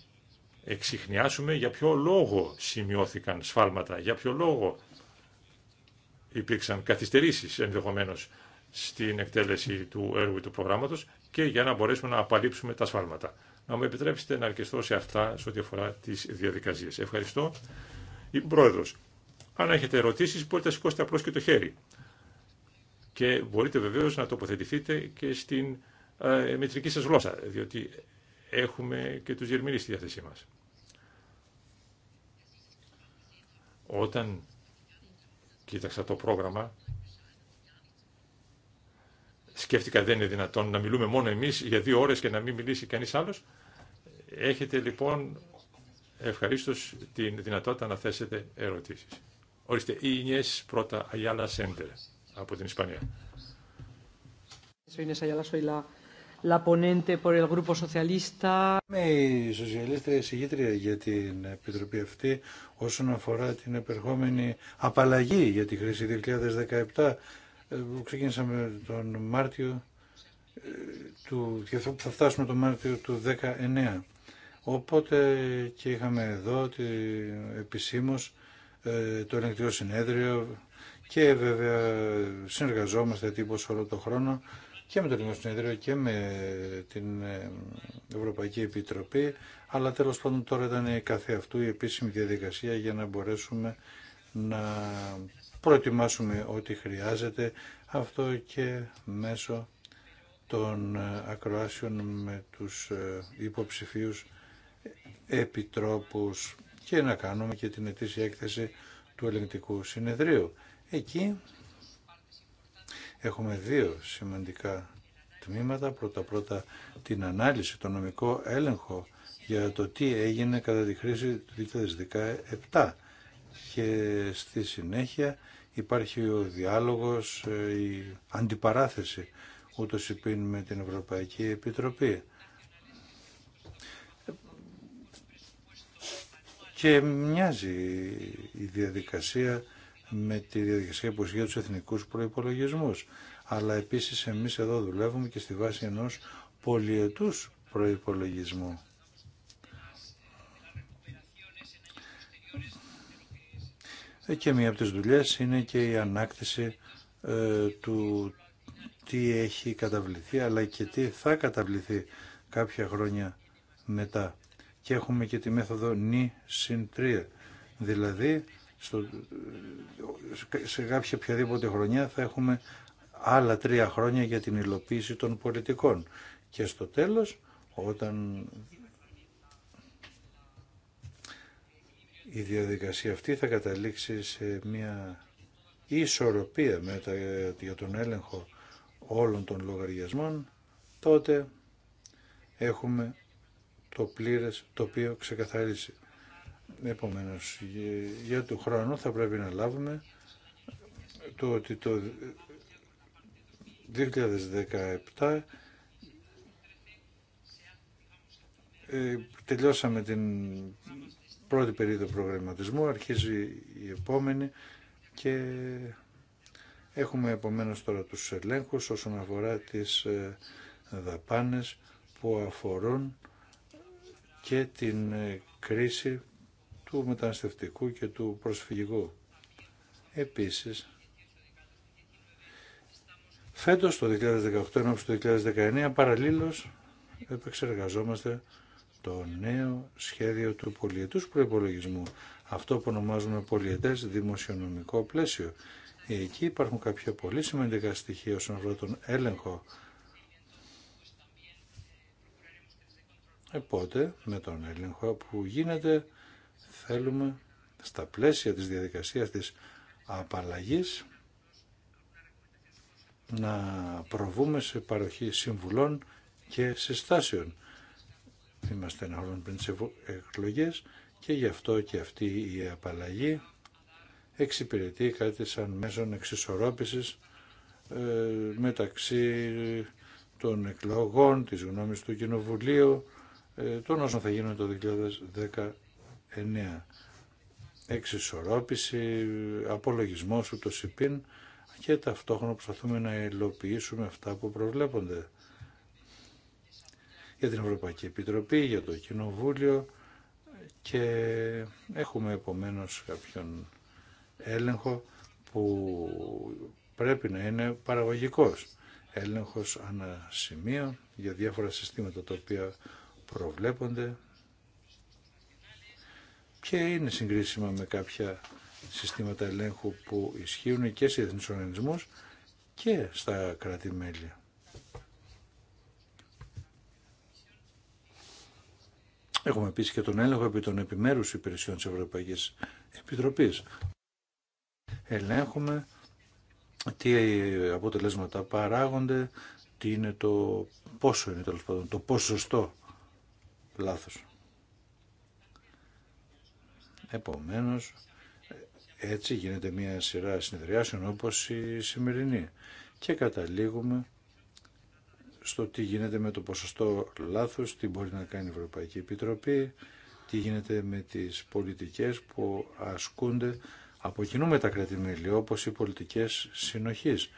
εξηχνιάσουμε για ποιο λόγο σημειώθηκαν σφάλματα, για ποιο λόγο υπήρξαν καθυστερήσεις ενδεχομένως στην εκτέλεση του έργου του προγράμματος και για να μπορέσουμε να απαλείψουμε τα σφάλματα. Να μου επιτρέψετε να αρκεστώ σε αυτά σε ό,τι αφορά τις διαδικασίες. Ευχαριστώ. Η Πρόεδρος, αν έχετε ερωτήσεις μπορείτε να σηκώσετε απλώς και το χέρι και μπορείτε βεβαίως να τοποθετηθείτε και στην ε, μετρική σας γλώσσα, διότι έχουμε και τους γερμηνείς στη διάθεσή μας. Όταν κοίταξα το πρόγραμμα, σκέφτηκα δεν είναι δυνατόν να μιλούμε μόνο εμείς για δύο ώρες και να μην μιλήσει κανείς άλλος. Έχετε λοιπόν ευχαρίστω την δυνατότητα να θέσετε ερωτήσεις. Ορίστε, η Ινιές πρώτα Αγιάλα Σέντερ από την Ισπανία. Είμαι η σοσιαλίστρια εισηγήτρια για την Επιτροπή αυτή όσον αφορά την επερχόμενη απαλλαγή για τη χρήση 2017 ε, που ξεκίνησαμε τον Μάρτιο ε, του, και θα φτάσουμε τον Μάρτιο του 19. Οπότε και είχαμε εδώ επισήμω ε, το ελεγκτικό συνέδριο και βέβαια συνεργαζόμαστε τύπος όλο το χρόνο και με το Ελληνικό Συνεδρίο και με την ε, Ευρωπαϊκή Επιτροπή, αλλά τέλος πάντων τώρα ήταν καθε αυτού η επίσημη διαδικασία για να μπορέσουμε να προετοιμάσουμε ό,τι χρειάζεται αυτό και μέσω των ε, ακροάσεων με τους ε, υποψηφίους επιτρόπους και να κάνουμε και την ετήσια έκθεση του Ελληνικού Συνεδρίου. Εκεί έχουμε δύο σημαντικά τμήματα. Πρώτα-πρώτα την ανάλυση, το νομικό έλεγχο για το τι έγινε κατά τη χρήση του 2017 και στη συνέχεια υπάρχει ο διάλογος, ε, η αντιπαράθεση ούτως υπήν με την Ευρωπαϊκή Επιτροπή. Και μοιάζει η διαδικασία με τη διαδικασία που ισχύει του εθνικού προπολογισμού. Αλλά επίση εμεί εδώ δουλεύουμε και στη βάση ενό πολιετού προπολογισμού. Ε, και μία από τις δουλειές είναι και η ανάκτηση ε, του τι έχει καταβληθεί αλλά και τι θα καταβληθεί κάποια χρόνια μετά. Και έχουμε και τη μέθοδο νη συν τρία. δηλαδή στο, σε κάποια οποιαδήποτε χρονιά θα έχουμε άλλα τρία χρόνια για την υλοποίηση των πολιτικών. Και στο τέλος, όταν η διαδικασία αυτή θα καταλήξει σε μια ισορροπία με για τον έλεγχο όλων των λογαριασμών, τότε έχουμε το πλήρες το οποίο ξεκαθαρίσει. Επομένω, για του χρόνου θα πρέπει να λάβουμε το ότι το 2017 ε, τελειώσαμε την πρώτη περίοδο προγραμματισμού, αρχίζει η επόμενη και έχουμε επομένως τώρα τους ελέγχους όσον αφορά τις ε, δαπάνες που αφορούν και την ε, κρίση του μεταναστευτικού και του προσφυγικού. Επίσης, φέτος το 2018 ενώπιση 2019 παραλλήλως επεξεργαζόμαστε το νέο σχέδιο του πολιετούς προϋπολογισμού, αυτό που ονομάζουμε πολιετές δημοσιονομικό πλαίσιο. Εκεί υπάρχουν κάποια πολύ σημαντικά στοιχεία όσον αφορά τον έλεγχο. Επότε, με τον έλεγχο που γίνεται, Θέλουμε στα πλαίσια της διαδικασίας της απαλλαγής να προβούμε σε παροχή συμβουλών και συστάσεων. Είμαστε ένα χρόνο πριν τις εκλογές και γι' αυτό και αυτή η απαλλαγή εξυπηρετεί κάτι σαν μέσον εξισορρόπησης ε, μεταξύ των εκλογών, της γνώμης του Κοινοβουλίου, ε, των όσων θα γίνουν το 9. Εξισορρόπηση, απολογισμός του ΣΥΠΗΝ και ταυτόχρονα προσπαθούμε να υλοποιήσουμε αυτά που προβλέπονται για την Ευρωπαϊκή Επιτροπή, για το Κοινοβούλιο και έχουμε επομένως κάποιον έλεγχο που πρέπει να είναι παραγωγικός. Έλεγχος ανά για διάφορα συστήματα τα οποία προβλέπονται και είναι συγκρίσιμα με κάποια συστήματα ελέγχου που ισχύουν και σε εθνικούς οργανισμούς και στα κράτη-μέλη. Έχουμε επίσης και τον έλεγχο επί των επιμέρους υπηρεσιών της Ευρωπαϊκής Επιτροπής. Ελέγχουμε τι αποτελέσματα παράγονται, τι είναι το πόσο είναι τέλο πάντων, το ποσοστό λάθος. Επομένως, έτσι γίνεται μια σειρά συνεδριάσεων όπως η σημερινή και καταλήγουμε στο τι γίνεται με το ποσοστό λάθους, τι μπορεί να κάνει η Ευρωπαϊκή Επιτροπή, τι γίνεται με τις πολιτικές που ασκούνται από κοινού με τα κρατημέλη, όπως οι πολιτικές συνοχής.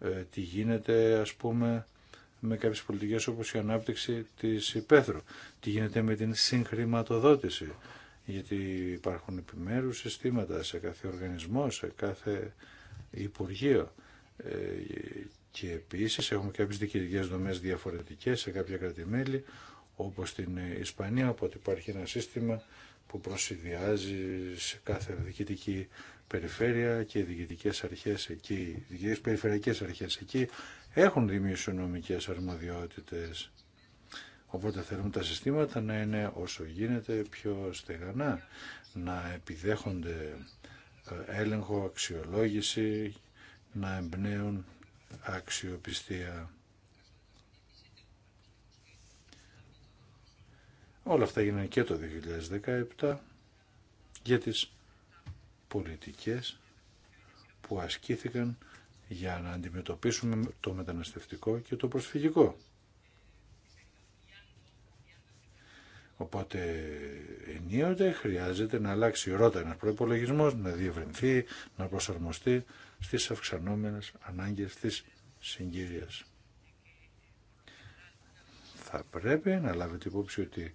Ε, τι γίνεται, ας πούμε, με κάποιες πολιτικές όπως η ανάπτυξη της υπαίθρου. Τι γίνεται με την συγχρηματοδότηση γιατί υπάρχουν επιμέρους συστήματα σε κάθε οργανισμό, σε κάθε υπουργείο ε, και επίσης έχουμε κάποιες δικαιωτικές δομές διαφορετικές σε κάποια κρατημέλη όπως στην Ισπανία, όπου υπάρχει ένα σύστημα που προσυδειάζει σε κάθε διοικητική περιφέρεια και οι διοικητικές αρχές εκεί, οι διοικητικές περιφερειακές αρχές εκεί έχουν νομικές αρμοδιότητες Οπότε θέλουμε τα συστήματα να είναι όσο γίνεται πιο στεγανά, να επιδέχονται ε, έλεγχο, αξιολόγηση, να εμπνέουν αξιοπιστία. Όλα αυτά γίνανε και το 2017 για τις πολιτικές που ασκήθηκαν για να αντιμετωπίσουμε το μεταναστευτικό και το προσφυγικό. Οπότε ενίοτε χρειάζεται να αλλάξει ρότα ένας προϋπολογισμός, να διευρυνθεί, να προσαρμοστεί στις αυξανόμενες ανάγκες της συγκύριας. Θα πρέπει να λάβετε υπόψη ότι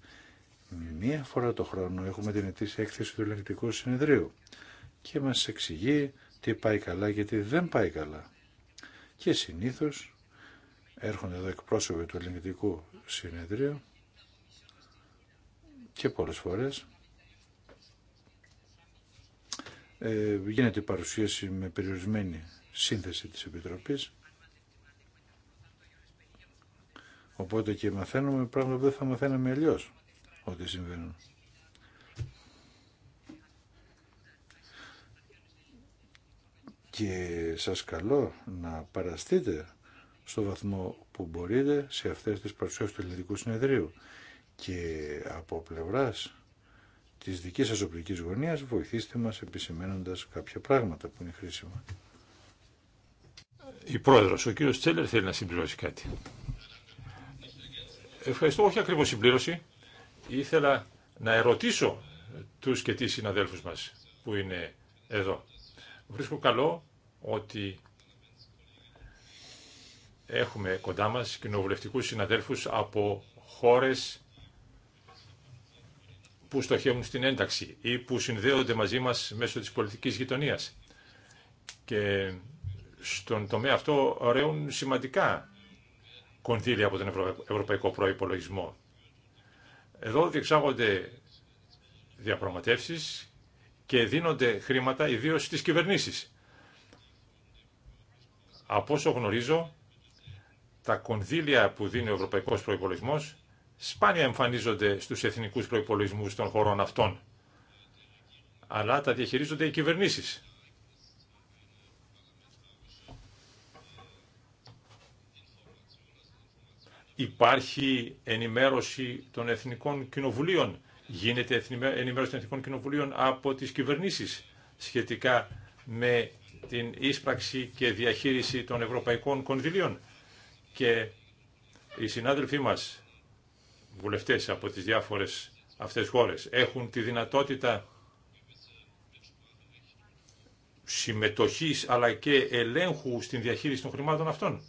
μία φορά το χρόνο έχουμε την ετήσια έκθεση του ελεγκτικού συνεδρίου και μας εξηγεί τι πάει καλά και τι δεν πάει καλά. Και συνήθως έρχονται εδώ εκπρόσωποι του ελεγκτικού συνεδρίου και πολλές φορές ε, γίνεται η παρουσίαση με περιορισμένη σύνθεση της Επιτροπής οπότε και μαθαίνουμε πράγματα που δεν θα μαθαίναμε αλλιώ ότι συμβαίνουν. Και σας καλώ να παραστείτε στο βαθμό που μπορείτε σε αυτές τις παρουσίες του Ελληνικού Συνεδρίου και από πλευράς της δικής σας οπλικής γωνίας βοηθήστε μας επισημένοντας κάποια πράγματα που είναι χρήσιμα. Η πρόεδρος, ο κύριος Τσέλερ θέλει να συμπληρώσει κάτι. Ευχαριστώ, όχι ακριβώς συμπλήρωση. Ήθελα να ερωτήσω τους και τις συναδέλφους μας που είναι εδώ. Βρίσκω καλό ότι έχουμε κοντά μας κοινοβουλευτικούς συναδέλφους από χώρες που στοχεύουν στην ένταξη ή που συνδέονται μαζί μας μέσω της πολιτικής γειτονίας. Και στον τομέα αυτό ωραίουν σημαντικά κονδύλια από τον Ευρωπαϊκό Προϋπολογισμό. Εδώ διεξάγονται διαπραγματεύσεις και δίνονται χρήματα ιδίως στις κυβερνήσεις. Από όσο γνωρίζω, τα κονδύλια που δίνει ο Ευρωπαϊκός Προϋπολογισμός σπάνια εμφανίζονται στους εθνικούς προϋπολογισμούς των χωρών αυτών, αλλά τα διαχειρίζονται οι κυβερνήσεις. Υπάρχει ενημέρωση των εθνικών κοινοβουλίων, γίνεται ενημέρωση των εθνικών κοινοβουλίων από τις κυβερνήσεις σχετικά με την ίσπραξη και διαχείριση των ευρωπαϊκών κονδυλίων. Και οι συνάδελφοί μας βουλευτές από τις διάφορες αυτές χώρες έχουν τη δυνατότητα συμμετοχής αλλά και ελέγχου στην διαχείριση των χρημάτων αυτών.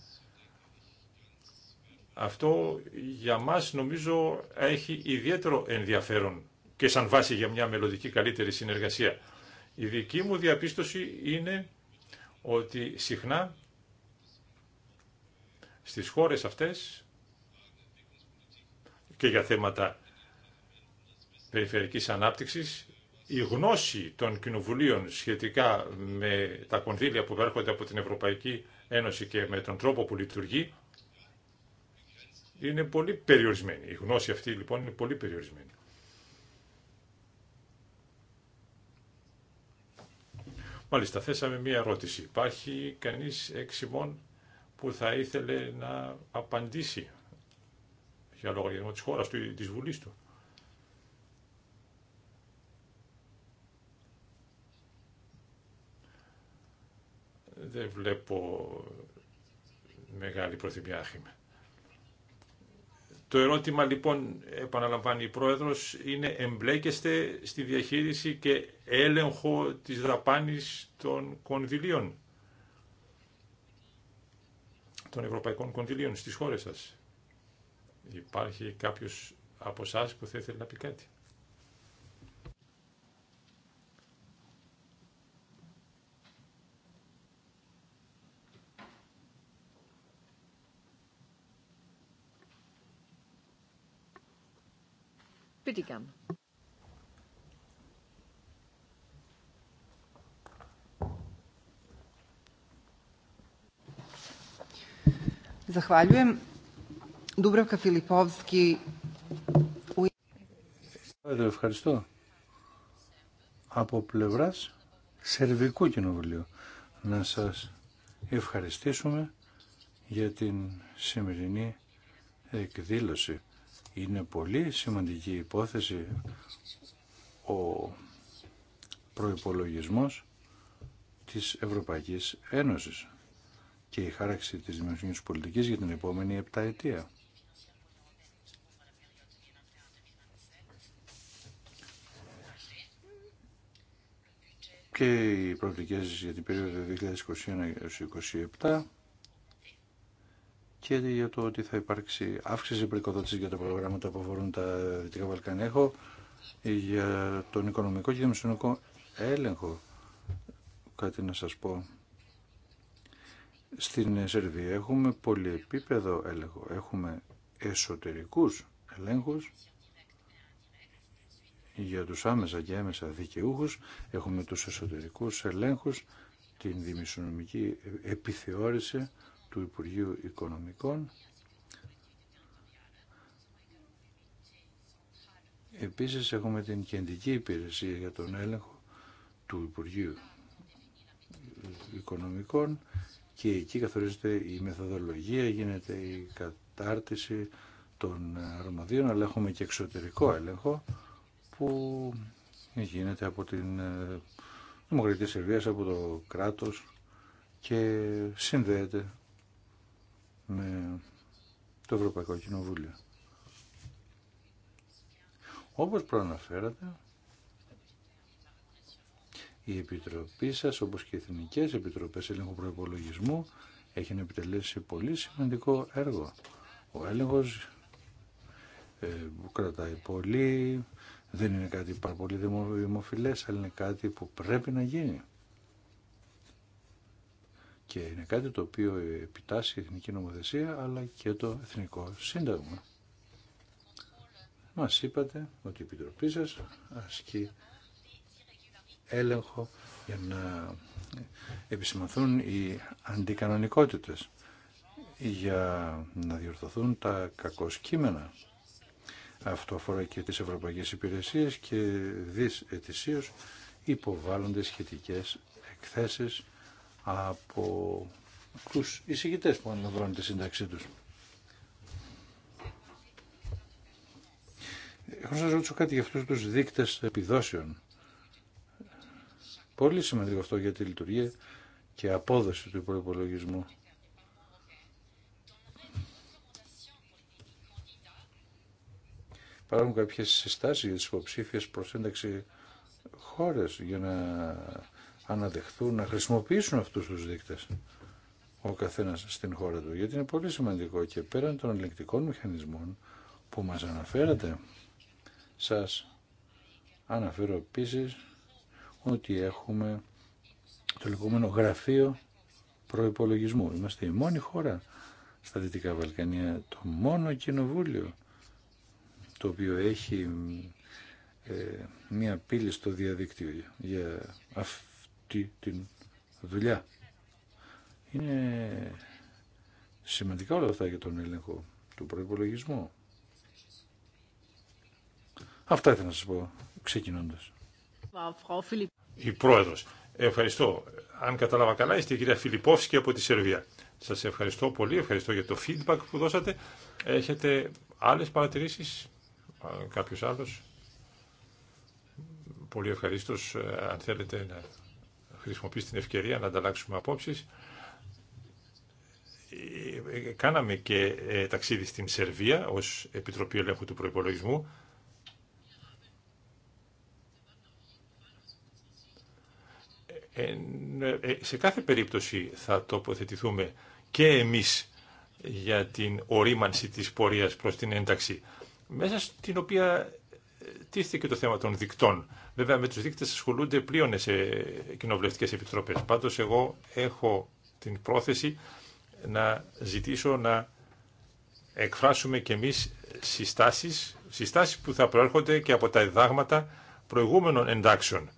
Αυτό για μας νομίζω έχει ιδιαίτερο ενδιαφέρον και σαν βάση για μια μελλοντική καλύτερη συνεργασία. Η δική μου διαπίστωση είναι ότι συχνά στις χώρες αυτές και για θέματα περιφερικής ανάπτυξης. Η γνώση των κοινοβουλίων σχετικά με τα κονδύλια που έρχονται από την Ευρωπαϊκή Ένωση και με τον τρόπο που λειτουργεί είναι πολύ περιορισμένη. Η γνώση αυτή λοιπόν είναι πολύ περιορισμένη. Μάλιστα, θέσαμε μία ερώτηση. Υπάρχει κανείς εξημών που θα ήθελε να απαντήσει για λογαριασμό της χώρας του ή της Βουλής του. Δεν βλέπω μεγάλη προθυμία άχημα. Το ερώτημα λοιπόν, επαναλαμβάνει η Πρόεδρος, είναι εμπλέκεστε στη διαχείριση και έλεγχο της δαπάνης των κονδυλίων, των ευρωπαϊκών κονδυλίων στις χώρες σας. Υπάρχει κάποιος από εσά που θα ήθελε να πει κάτι. Zahvaljujem. Ευχαριστώ. Από πλευράς Σερβικού Κοινοβουλίου να σας ευχαριστήσουμε για την σημερινή εκδήλωση. Είναι πολύ σημαντική υπόθεση ο προϋπολογισμός της Ευρωπαϊκής Ένωσης και η χάραξη της δημοσιονομική πολιτικής για την επόμενη επταετία. και οι προοπτικές για την περίοδο 2021-2027 και για το ότι θα υπάρξει αύξηση προοικοδότηση για τα προγράμματα που αφορούν τα Δυτικά Βαλκάνια. Έχω για τον οικονομικό και δημοσιονομικό έλεγχο κάτι να σας πω. Στην Σερβία έχουμε πολυεπίπεδο έλεγχο. Έχουμε εσωτερικούς ελέγχους για τους άμεσα και έμεσα δικαιούχους, έχουμε τους εσωτερικούς ελέγχους, την δημισιονομική επιθεώρηση του Υπουργείου Οικονομικών. Επίσης έχουμε την κεντρική υπηρεσία για τον έλεγχο του Υπουργείου Οικονομικών και εκεί καθορίζεται η μεθοδολογία, γίνεται η κατάρτιση των αρμοδίων, αλλά έχουμε και εξωτερικό έλεγχο που γίνεται από την ε, Δημοκρατία Σερβίας, από το κράτος και συνδέεται με το Ευρωπαϊκό Κοινοβούλιο. Όπως προαναφέρατε, η Επιτροπή σας, όπως και οι Εθνικές Επιτροπές Έλεγχου Προϋπολογισμού, έχει να επιτελέσει πολύ σημαντικό έργο. Ο έλεγχος ε, κρατάει πολύ, δεν είναι κάτι πάρα πολύ δημοφιλές, αλλά είναι κάτι που πρέπει να γίνει. Και είναι κάτι το οποίο επιτάσσει η εθνική νομοθεσία, αλλά και το εθνικό σύνταγμα. Μας είπατε ότι η Επιτροπή σας ασκεί έλεγχο για να επισημαθούν οι αντικανονικότητες για να διορθωθούν τα κακοσκήμενα αυτό αφορά και τις ευρωπαϊκές υπηρεσίες και δις ετησίως υποβάλλονται σχετικές εκθέσεις από τους εισηγητές που αναλαμβάνουν τη σύνταξή τους. Έχω να σας ρωτήσω κάτι για αυτούς τους δείκτες επιδόσεων. Πολύ σημαντικό αυτό για τη λειτουργία και απόδοση του υπολογισμού. υπάρχουν κάποιες συστάσεις για τις υποψήφιες προς ένταξη χώρες για να αναδεχθούν, να χρησιμοποιήσουν αυτούς τους δείκτες ο καθένας στην χώρα του. Γιατί είναι πολύ σημαντικό και πέραν των ελεγκτικών μηχανισμών που μας αναφέρατε, σας αναφέρω επίση ότι έχουμε το λεγόμενο γραφείο προϋπολογισμού. Είμαστε η μόνη χώρα στα Δυτικά Βαλκανία, το μόνο κοινοβούλιο το οποίο έχει ε, μία πύλη στο διαδικτύο για αυτή την δουλειά. Είναι σημαντικά όλα αυτά για τον έλεγχο του προϋπολογισμού. Αυτά ήθελα να σας πω, ξεκινώντας. Η Πρόεδρος. Ευχαριστώ. Αν καταλάβα καλά, είστε η κυρία Φιλιππόφσκη από τη Σερβία. Σας ευχαριστώ πολύ, ευχαριστώ για το feedback που δώσατε. Έχετε άλλες παρατηρήσεις κάποιος άλλο. πολύ ευχαριστώ ε, αν θέλετε να χρησιμοποιήσει την ευκαιρία να ανταλλάξουμε απόψεις. Ε, ε, κάναμε και ταξίδι στην Σερβία ως Επιτροπή Ελέγχου του προπολογισμού. σε κάθε περίπτωση θα τοποθετηθούμε και εμείς για την ορίμανση της πορείας προς την ένταξη μέσα στην οποία ε, τίθηκε το θέμα των δικτών. Βέβαια με τους δείκτες ασχολούνται πλήρωνε σε κοινοβουλευτικέ επιτροπές. Πάντως εγώ έχω την πρόθεση να ζητήσω να εκφράσουμε κι εμείς συστάσεις, συστάσεις που θα προέρχονται και από τα εδάγματα προηγούμενων εντάξεων.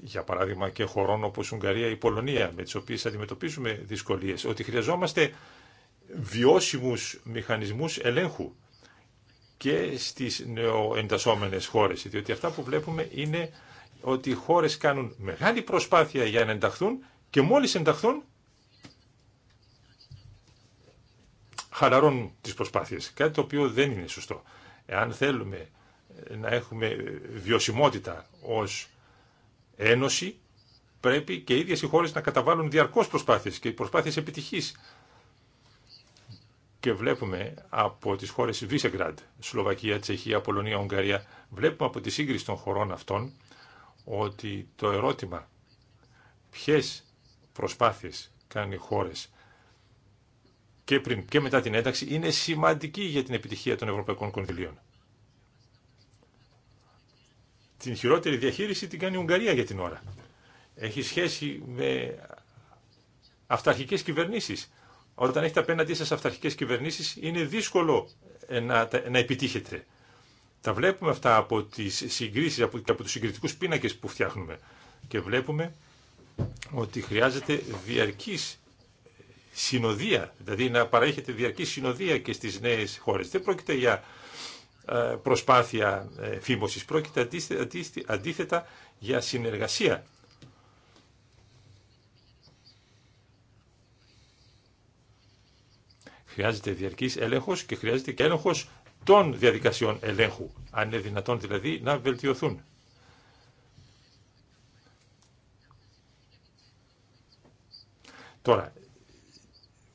Για παράδειγμα και χωρών όπως Ουγγαρία ή Πολωνία, με τις οποίες αντιμετωπίζουμε δυσκολίες, ότι χρειαζόμαστε βιώσιμους μηχανισμούς ελέγχου και στις νεοεντασσόμενες χώρες, διότι αυτά που βλέπουμε είναι ότι οι χώρες κάνουν μεγάλη προσπάθεια για να ενταχθούν και μόλις ενταχθούν χαλαρώνουν τις προσπάθειες, κάτι το οποίο δεν είναι σωστό. Εάν θέλουμε να έχουμε βιωσιμότητα ως ένωση, πρέπει και οι ίδιες οι χώρες να καταβάλουν διαρκώς προσπάθειες και προσπάθειες επιτυχής και βλέπουμε από τις χώρες Βίσεγκραντ, Σλοβακία, Τσεχία, Πολωνία, Ουγγαρία, βλέπουμε από τη σύγκριση των χωρών αυτών ότι το ερώτημα ποιες προσπάθειες κάνει οι χώρες και πριν και μετά την ένταξη είναι σημαντική για την επιτυχία των ευρωπαϊκών κονδυλίων. Την χειρότερη διαχείριση την κάνει η Ουγγαρία για την ώρα. Έχει σχέση με αυταρχικές κυβερνήσεις όταν έχετε απέναντί σας αυταρχικές κυβερνήσεις είναι δύσκολο ε, να, να επιτύχετε. Τα βλέπουμε αυτά από τις συγκρίσεις από, και από τους συγκριτικούς πίνακες που φτιάχνουμε και βλέπουμε ότι χρειάζεται διαρκής συνοδεία, δηλαδή να παραέχετε διαρκή συνοδεία και στις νέες χώρες. Δεν πρόκειται για ε, προσπάθεια ε, φήμωσης, πρόκειται αντίθετα για συνεργασία Χρειάζεται διαρκή έλεγχος και χρειάζεται και έλεγχος των διαδικασιών ελέγχου, αν είναι δυνατόν δηλαδή να βελτιωθούν. Τώρα,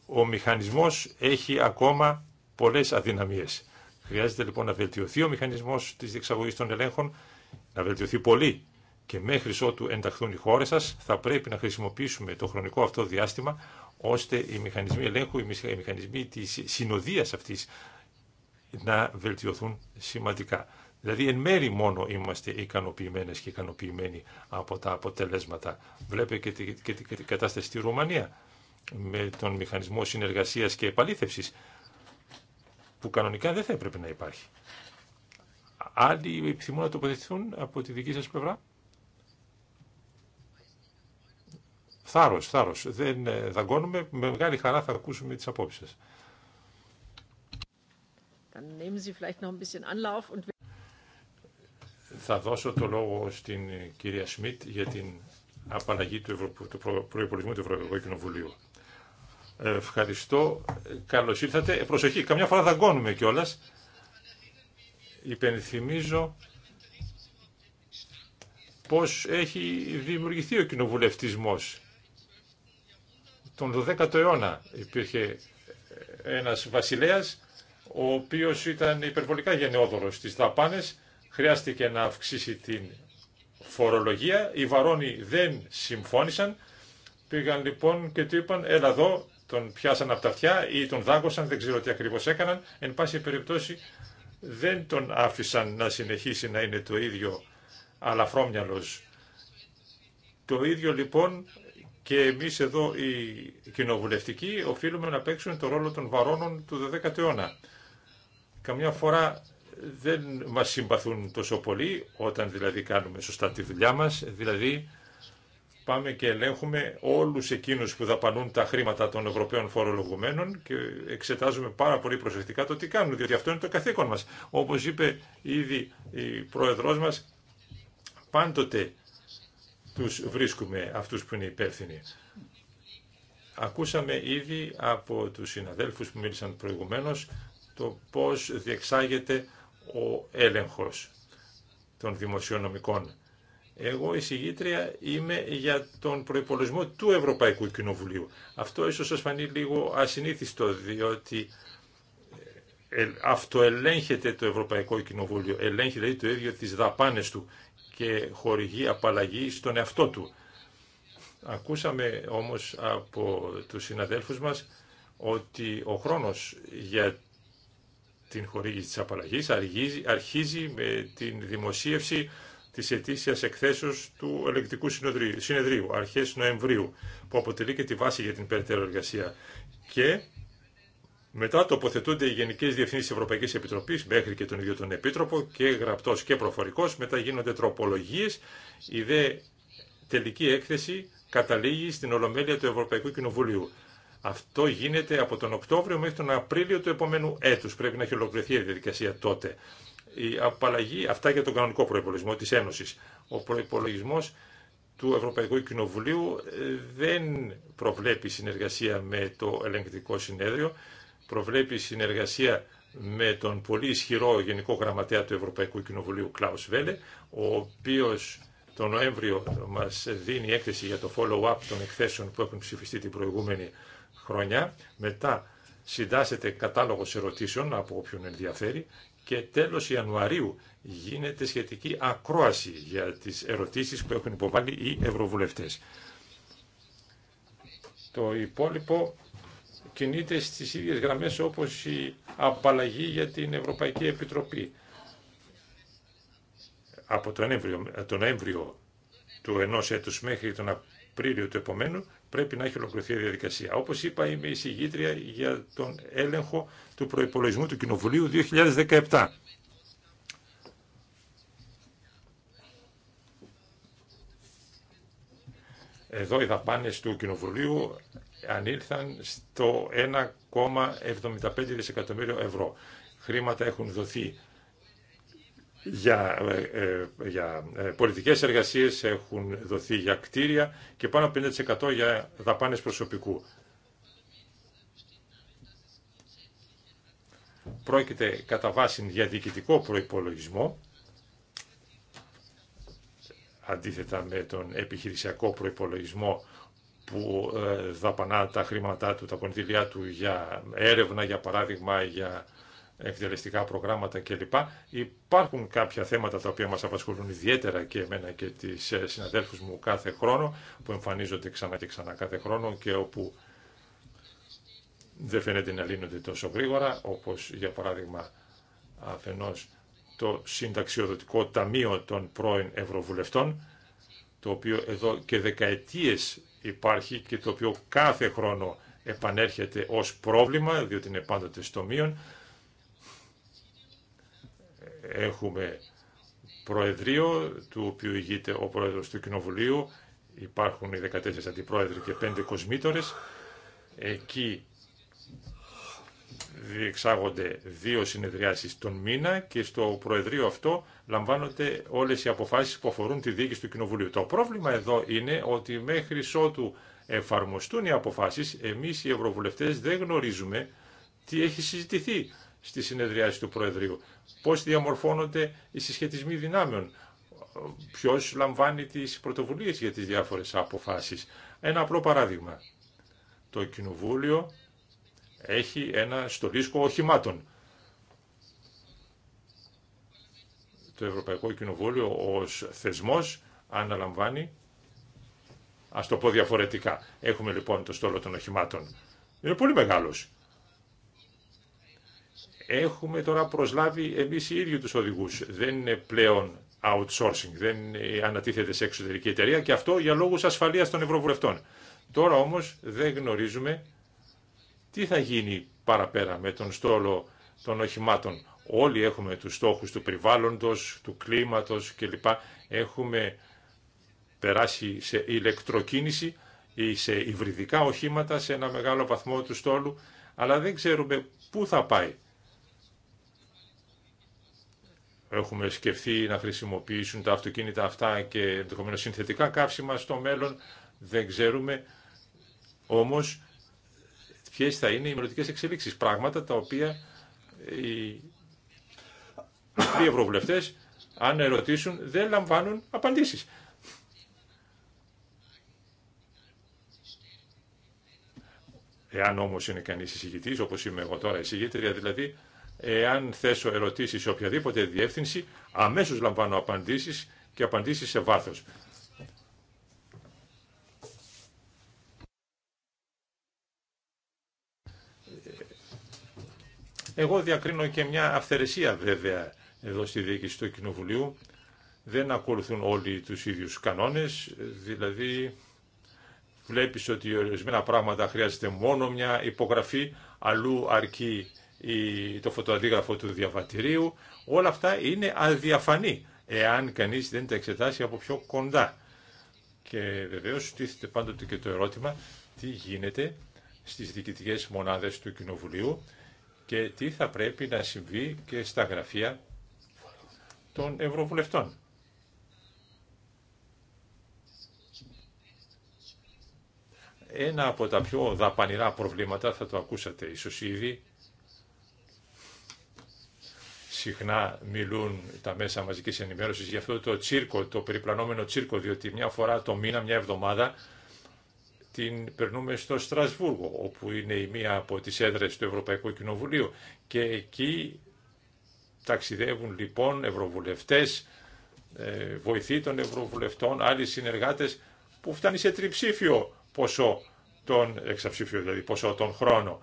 ο μηχανισμός έχει ακόμα πολλές αδυναμίες. Χρειάζεται λοιπόν να βελτιωθεί ο μηχανισμός της διεξαγωγής των ελέγχων, να βελτιωθεί πολύ και μέχρι ότου ενταχθούν οι χώρες σας θα πρέπει να χρησιμοποιήσουμε το χρονικό αυτό διάστημα ώστε οι μηχανισμοί ελέγχου, οι μηχανισμοί της συνοδείας αυτής να βελτιωθούν σημαντικά. Δηλαδή εν μέρη μόνο είμαστε ικανοποιημένες και ικανοποιημένοι από τα αποτελέσματα. Βλέπετε και την κατάσταση στη Ρουμανία με τον μηχανισμό συνεργασίας και επαλήθευσης που κανονικά δεν θα έπρεπε να υπάρχει. Άλλοι επιθυμούν να τοποθετηθούν από τη δική σας πλευρά. Θάρρο, θάρρο. Δεν ε, δαγκώνουμε. Με μεγάλη χαρά θα ακούσουμε τις απόψει σα. Θα δώσω το λόγο στην ε, κυρία Σμιτ για την απαλλαγή του, Ευρω... του προϋπολογισμού του Ευρωπαϊκού Κοινοβουλίου. Ευχαριστώ. Καλώς ήρθατε. Ε, προσοχή, καμιά φορά δαγκώνουμε κιόλας. Υπενθυμίζω πώς έχει δημιουργηθεί ο κοινοβουλευτισμός τον 12ο αιώνα υπήρχε ένας βασιλέας ο οποίος ήταν υπερβολικά γενναιόδωρος στις δαπάνες, χρειάστηκε να αυξήσει την φορολογία, οι βαρόνοι δεν συμφώνησαν, πήγαν λοιπόν και του είπαν έλα εδώ, τον πιάσαν από τα αυτιά ή τον δάγκωσαν, δεν ξέρω τι ακριβώς έκαναν, εν πάση περιπτώσει δεν τον άφησαν να συνεχίσει να είναι το ίδιο αλαφρόμυαλος. Το ίδιο λοιπόν και εμεί εδώ οι κοινοβουλευτικοί οφείλουμε να παίξουμε το ρόλο των βαρώνων του 12ου αιώνα. Καμιά φορά δεν μας συμπαθούν τόσο πολύ, όταν δηλαδή κάνουμε σωστά τη δουλειά μας, δηλαδή πάμε και ελέγχουμε όλους εκείνους που δαπανούν τα χρήματα των Ευρωπαίων φορολογουμένων και εξετάζουμε πάρα πολύ προσεκτικά το τι κάνουν, διότι αυτό είναι το καθήκον μας. Όπως είπε ήδη η Πρόεδρός μας, πάντοτε τους βρίσκουμε αυτούς που είναι υπεύθυνοι. Ακούσαμε ήδη από τους συναδέλφους που μίλησαν προηγουμένως το πώς διεξάγεται ο έλεγχος των δημοσιονομικών. Εγώ εισηγήτρια είμαι για τον προϋπολογισμό του Ευρωπαϊκού Κοινοβουλίου. Αυτό ίσως σας φανεί λίγο ασυνήθιστο, διότι ε, αυτοελέγχεται το Ευρωπαϊκό Κοινοβούλιο, ελέγχει δηλαδή το ίδιο τις δαπάνες του και χορηγεί απαλλαγή στον εαυτό του. Ακούσαμε όμως από τους συναδέλφους μας ότι ο χρόνος για την χορήγηση της απαλλαγής αρχίζει με την δημοσίευση της ετήσιας εκθέσεως του Ελεκτικού Συνεδρίου, αρχές Νοεμβρίου, που αποτελεί και τη βάση για την περαιτέρω Και μετά τοποθετούνται οι Γενικέ Διευθύνσει τη Ευρωπαϊκή Επιτροπή μέχρι και τον ίδιο τον Επίτροπο και γραπτό και προφορικό. Μετά γίνονται τροπολογίε. Η δε τελική έκθεση καταλήγει στην Ολομέλεια του Ευρωπαϊκού Κοινοβουλίου. Αυτό γίνεται από τον Οκτώβριο μέχρι τον Απρίλιο του επόμενου έτου. Πρέπει να έχει ολοκληρωθεί η διαδικασία τότε. Η απαλλαγή, αυτά για τον κανονικό προπολογισμό τη Ένωση. Ο προπολογισμό του Ευρωπαϊκού Κοινοβουλίου ε, δεν προβλέπει συνεργασία με το ελεγκτικό συνέδριο προβλέπει συνεργασία με τον πολύ ισχυρό Γενικό Γραμματέα του Ευρωπαϊκού Κοινοβουλίου Κλάους Βέλε, ο οποίος τον Νοέμβριο μας δίνει έκθεση για το follow-up των εκθέσεων που έχουν ψηφιστεί την προηγούμενη χρονιά. Μετά συντάσσεται κατάλογος ερωτήσεων από όποιον ενδιαφέρει και τέλος Ιανουαρίου γίνεται σχετική ακρόαση για τις ερωτήσεις που έχουν υποβάλει οι ευρωβουλευτές. Το υπόλοιπο κινείται στις ίδιες γραμμές όπως η απαλλαγή για την Ευρωπαϊκή Επιτροπή. Από τον Νοέμβριο, τον του ενός έτους μέχρι τον Απρίλιο του επομένου πρέπει να έχει ολοκληρωθεί η διαδικασία. Όπως είπα είμαι η συγγήτρια για τον έλεγχο του προϋπολογισμού του Κοινοβουλίου 2017. Εδώ οι δαπάνε του Κοινοβουλίου ανήλθαν στο 1,75 δισεκατομμύριο ευρώ. Χρήματα έχουν δοθεί για, ε, ε, για ε, πολιτικές εργασίες, έχουν δοθεί για κτίρια και πάνω από 50% για δαπάνες προσωπικού. Πρόκειται κατά βάση για διοικητικό προϋπολογισμό, αντίθετα με τον επιχειρησιακό προϋπολογισμό που ε, δαπανά τα χρήματά του, τα κονδύλια του για έρευνα, για παράδειγμα, για εκτελεστικά προγράμματα κλπ. Υπάρχουν κάποια θέματα τα οποία μας απασχολούν ιδιαίτερα και εμένα και τις ε, συναδέλφους μου κάθε χρόνο, που εμφανίζονται ξανά και ξανά κάθε χρόνο και όπου δεν φαίνεται να λύνονται τόσο γρήγορα, όπως για παράδειγμα αφενός το συνταξιοδοτικό ταμείο των πρώην Ευρωβουλευτών, το οποίο εδώ και δεκαετίες υπάρχει και το οποίο κάθε χρόνο επανέρχεται ως πρόβλημα, διότι είναι πάντοτε στο μείον. Έχουμε προεδρείο, του οποίου ηγείται ο πρόεδρος του Κοινοβουλίου, υπάρχουν οι 14 αντιπρόεδροι και 5 κοσμήτορες. Εκεί διεξάγονται δύο συνεδριάσεις τον μήνα και στο Προεδρείο αυτό λαμβάνονται όλες οι αποφάσεις που αφορούν τη διοίκηση του Κοινοβουλίου. Το πρόβλημα εδώ είναι ότι μέχρι ότου εφαρμοστούν οι αποφάσεις, εμείς οι Ευρωβουλευτές δεν γνωρίζουμε τι έχει συζητηθεί στη συνεδριάση του Προεδρείου, πώς διαμορφώνονται οι συσχετισμοί δυνάμεων, ποιος λαμβάνει τις πρωτοβουλίες για τις διάφορες αποφάσεις. Ένα απλό παράδειγμα. Το Κοινοβούλιο έχει ένα στολίσκο οχημάτων. Το Ευρωπαϊκό Κοινοβούλιο ως θεσμός αναλαμβάνει, ας το πω διαφορετικά, έχουμε λοιπόν το στόλο των οχημάτων. Είναι πολύ μεγάλος. Έχουμε τώρα προσλάβει εμείς οι ίδιοι τους οδηγούς. Δεν είναι πλέον outsourcing, δεν ανατίθεται σε εξωτερική εταιρεία και αυτό για λόγους ασφαλείας των ευρωβουλευτών. Τώρα όμως δεν γνωρίζουμε τι θα γίνει παραπέρα με τον στόλο των οχημάτων. Όλοι έχουμε τους στόχους του περιβάλλοντος, του κλίματος κλπ. Έχουμε περάσει σε ηλεκτροκίνηση ή σε υβριδικά οχήματα σε ένα μεγάλο βαθμό του στόλου, αλλά δεν ξέρουμε πού θα πάει. Έχουμε σκεφτεί να χρησιμοποιήσουν τα αυτοκίνητα αυτά και ενδεχομένω συνθετικά καύσιμα στο μέλλον, δεν ξέρουμε. Όμως ποιε θα είναι οι μελλοντικέ εξελίξει. Πράγματα τα οποία οι δύο ευρωβουλευτέ, αν ερωτήσουν, δεν λαμβάνουν απαντήσει. Εάν όμω είναι κανεί εισηγητή, όπω είμαι εγώ τώρα εισηγήτρια, δηλαδή, εάν θέσω ερωτήσει σε οποιαδήποτε διεύθυνση, αμέσω λαμβάνω απαντήσει και απαντήσει σε βάθο. Εγώ διακρίνω και μια αυθαιρεσία βέβαια εδώ στη διοίκηση του Κοινοβουλίου. Δεν ακολουθούν όλοι τους ίδιους κανόνες, δηλαδή βλέπεις ότι ορισμένα πράγματα χρειάζεται μόνο μια υπογραφή, αλλού αρκεί το φωτοαντίγραφο του διαβατηρίου. Όλα αυτά είναι αδιαφανή, εάν κανείς δεν τα εξετάσει από πιο κοντά. Και βεβαίω τίθεται πάντοτε και το ερώτημα τι γίνεται στις διοικητικές μονάδες του Κοινοβουλίου και τι θα πρέπει να συμβεί και στα γραφεία των Ευρωβουλευτών. Ένα από τα πιο δαπανηρά προβλήματα, θα το ακούσατε ίσως ήδη, συχνά μιλούν τα μέσα μαζικής ενημέρωσης για αυτό το τσίρκο, το περιπλανόμενο τσίρκο, διότι μια φορά το μήνα, μια εβδομάδα, την περνούμε στο Στρασβούργο, όπου είναι η μία από τις έδρες του Ευρωπαϊκού Κοινοβουλίου. Και εκεί ταξιδεύουν λοιπόν ευρωβουλευτές, ε, βοηθοί των ευρωβουλευτών, άλλοι συνεργάτες, που φτάνει σε τριψήφιο ποσό τον εξαψήφιο δηλαδή ποσό τον χρόνο.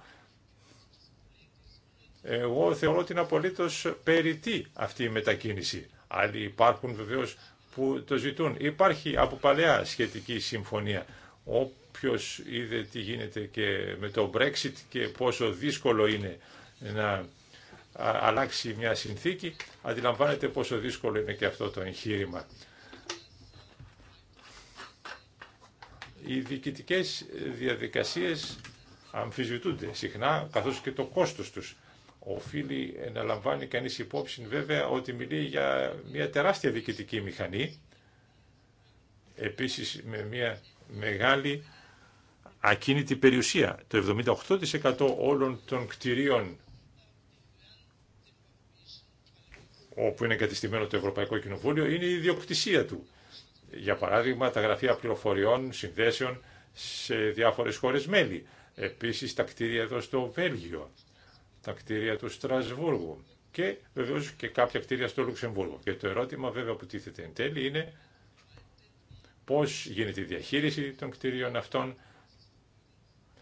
Εγώ θεωρώ ότι είναι απολύτως περιττή αυτή η μετακίνηση. Άλλοι υπάρχουν βεβαίως που το ζητούν. Υπάρχει από παλαιά σχετική συμφωνία, Ποιος είδε τι γίνεται και με το Brexit και πόσο δύσκολο είναι να αλλάξει μια συνθήκη, αντιλαμβάνεται πόσο δύσκολο είναι και αυτό το εγχείρημα. Οι διοικητικέ διαδικασίες αμφισβητούνται συχνά, καθώς και το κόστος τους. Οφείλει να λαμβάνει κανείς υπόψη βέβαια ότι μιλεί για μια τεράστια διοικητική μηχανή, επίσης με μια μεγάλη ακίνητη περιουσία. Το 78% όλων των κτηρίων όπου είναι του το Ευρωπαϊκό Κοινοβούλιο είναι η ιδιοκτησία του. Για παράδειγμα, τα γραφεία πληροφοριών, συνδέσεων σε διάφορες χώρες μέλη. Επίσης, τα κτίρια εδώ στο Βέλγιο, τα κτίρια του Στρασβούργου και βεβαίως και κάποια κτίρια στο Λουξεμβούργο. Και το ερώτημα βέβαια που τίθεται εν τέλει είναι πώς γίνεται η διαχείριση των κτίριων αυτών,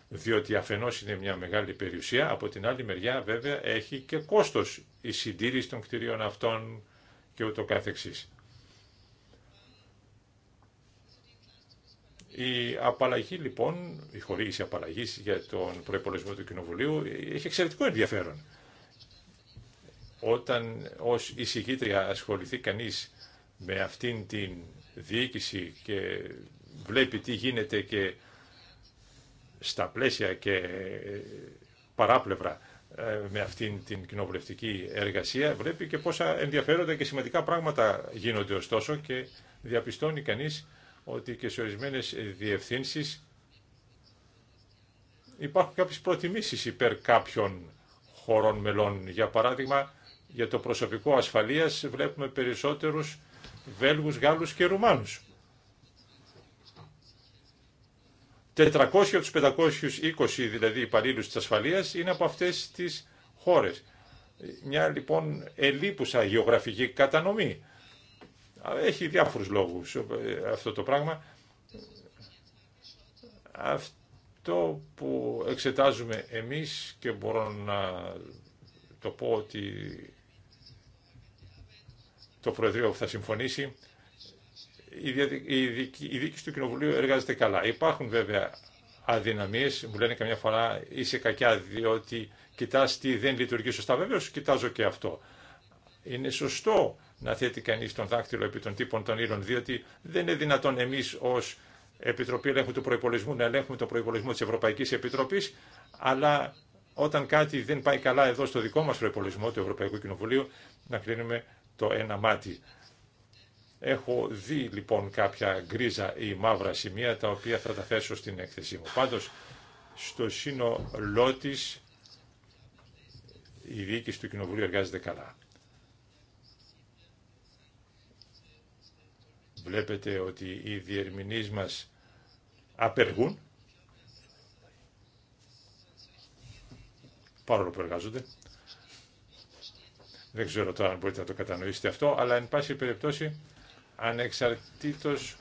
διότι αφενός είναι μια μεγάλη περιουσία, από την άλλη μεριά βέβαια έχει και κόστος η συντήρηση των κτηρίων αυτών και ούτω καθεξής. Η απαλλαγή λοιπόν, η χορήγηση απαλλαγή για τον προπολογισμό του Κοινοβουλίου έχει εξαιρετικό ενδιαφέρον. Όταν ως εισηγήτρια ασχοληθεί κανείς με αυτήν την διοίκηση και βλέπει τι γίνεται και στα πλαίσια και ε, παράπλευρα ε, με αυτήν την κοινοβουλευτική εργασία βλέπει και πόσα ενδιαφέροντα και σημαντικά πράγματα γίνονται ωστόσο και διαπιστώνει κανείς ότι και σε ορισμένε διευθύνσει υπάρχουν κάποιες προτιμήσεις υπέρ κάποιων χωρών μελών. Για παράδειγμα, για το προσωπικό ασφαλείας βλέπουμε περισσότερους Βέλγους, Γάλλους και Ρουμάνους. 400 από 520 δηλαδή υπαλλήλου της ασφαλείας είναι από αυτές τις χώρε. Μια λοιπόν ελίπουσα γεωγραφική κατανομή. Έχει διάφορους λόγους ε, αυτό το πράγμα. Αυτό που εξετάζουμε εμείς και μπορώ να το πω ότι το Προεδρείο θα συμφωνήσει η διοίκηση του Κοινοβουλίου εργάζεται καλά. Υπάρχουν βέβαια αδυναμίες, μου λένε καμιά φορά είσαι κακιά διότι κοιτάς τι δεν λειτουργεί σωστά. σου κοιτάζω και αυτό. Είναι σωστό να θέτει κανείς τον δάκτυλο επί των τύπων των ήλων, διότι δεν είναι δυνατόν εμείς ως Επιτροπή Ελέγχου του προπολογισμού, να ελέγχουμε τον προϋπολισμό της Ευρωπαϊκής Επιτροπής, αλλά όταν κάτι δεν πάει καλά εδώ στο δικό μας προπολογισμό του Ευρωπαϊκού Κοινοβουλίου, να κλείνουμε το ένα μάτι. Έχω δει λοιπόν κάποια γκρίζα ή μαύρα σημεία τα οποία θα τα θέσω στην έκθεσή μου. Πάντως στο σύνολό τη η διοίκηση του Κοινοβουλίου εργάζεται καλά. Βλέπετε ότι οι διερμηνείς μας απεργούν παρόλο που εργάζονται. Δεν ξέρω τώρα αν μπορείτε να το κατανοήσετε αυτό, αλλά εν πάση περιπτώσει ανεξαρτήτως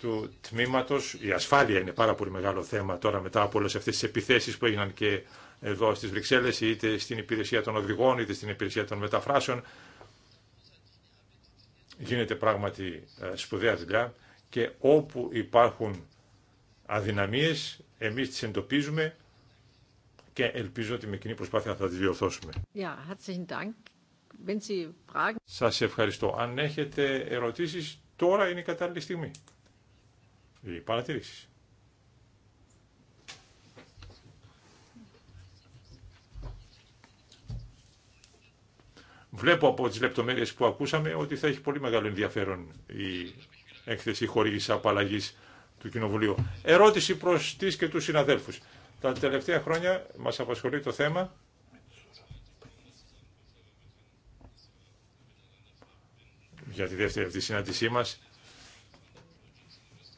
του τμήματος. Η ασφάλεια είναι πάρα πολύ μεγάλο θέμα τώρα μετά από όλες αυτές τις επιθέσεις που έγιναν και εδώ στις Βρυξέλλες είτε στην υπηρεσία των οδηγών είτε στην υπηρεσία των μεταφράσεων. Γίνεται πράγματι ε, σπουδαία δουλειά και όπου υπάρχουν αδυναμίες εμείς τις εντοπίζουμε και ελπίζω ότι με κοινή προσπάθεια θα τις διορθώσουμε. Yeah, σας ευχαριστώ. Αν έχετε ερωτήσεις, τώρα είναι η κατάλληλη στιγμή. Οι παρατηρήσεις. Βλέπω από τις λεπτομέρειες που ακούσαμε ότι θα έχει πολύ μεγάλο ενδιαφέρον η έκθεση χορήγηση απαλλαγή του Κοινοβουλίου. Ερώτηση προς τις και τους συναδέλφους. Τα τελευταία χρόνια μας απασχολεί το θέμα για τη δεύτερη αυτή συνάντησή μας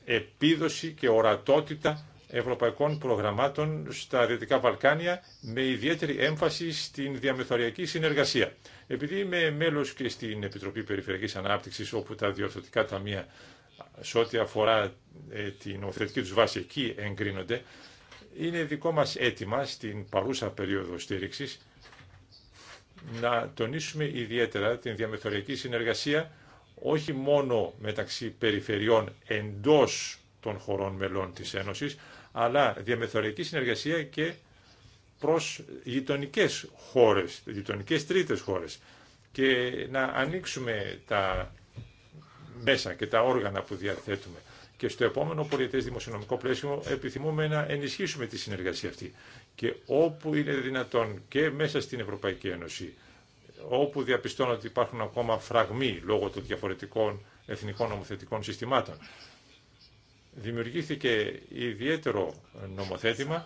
επίδοση και ορατότητα ευρωπαϊκών προγραμμάτων στα Δυτικά Βαλκάνια με ιδιαίτερη έμφαση στην διαμεθοριακή συνεργασία. Επειδή είμαι μέλος και στην Επιτροπή Περιφερειακής Ανάπτυξης όπου τα διορθωτικά ταμεία σε ό,τι αφορά ε, την οθετική τους βάση εκεί εγκρίνονται, είναι δικό μας αίτημα στην παρούσα περίοδο στήριξης να τονίσουμε ιδιαίτερα την διαμεθοριακή συνεργασία όχι μόνο μεταξύ περιφερειών εντός των χωρών μελών της Ένωσης, αλλά διαμεθοριακή συνεργασία και προς γειτονικέ χώρες, γειτονικέ τρίτες χώρες και να ανοίξουμε τα μέσα και τα όργανα που διαθέτουμε. Και στο επόμενο πολιετές δημοσιονομικό πλαίσιο επιθυμούμε να ενισχύσουμε τη συνεργασία αυτή. Και όπου είναι δυνατόν και μέσα στην Ευρωπαϊκή Ένωση όπου διαπιστώνω ότι υπάρχουν ακόμα φραγμοί λόγω των διαφορετικών εθνικών νομοθετικών συστημάτων. Δημιουργήθηκε ιδιαίτερο νομοθέτημα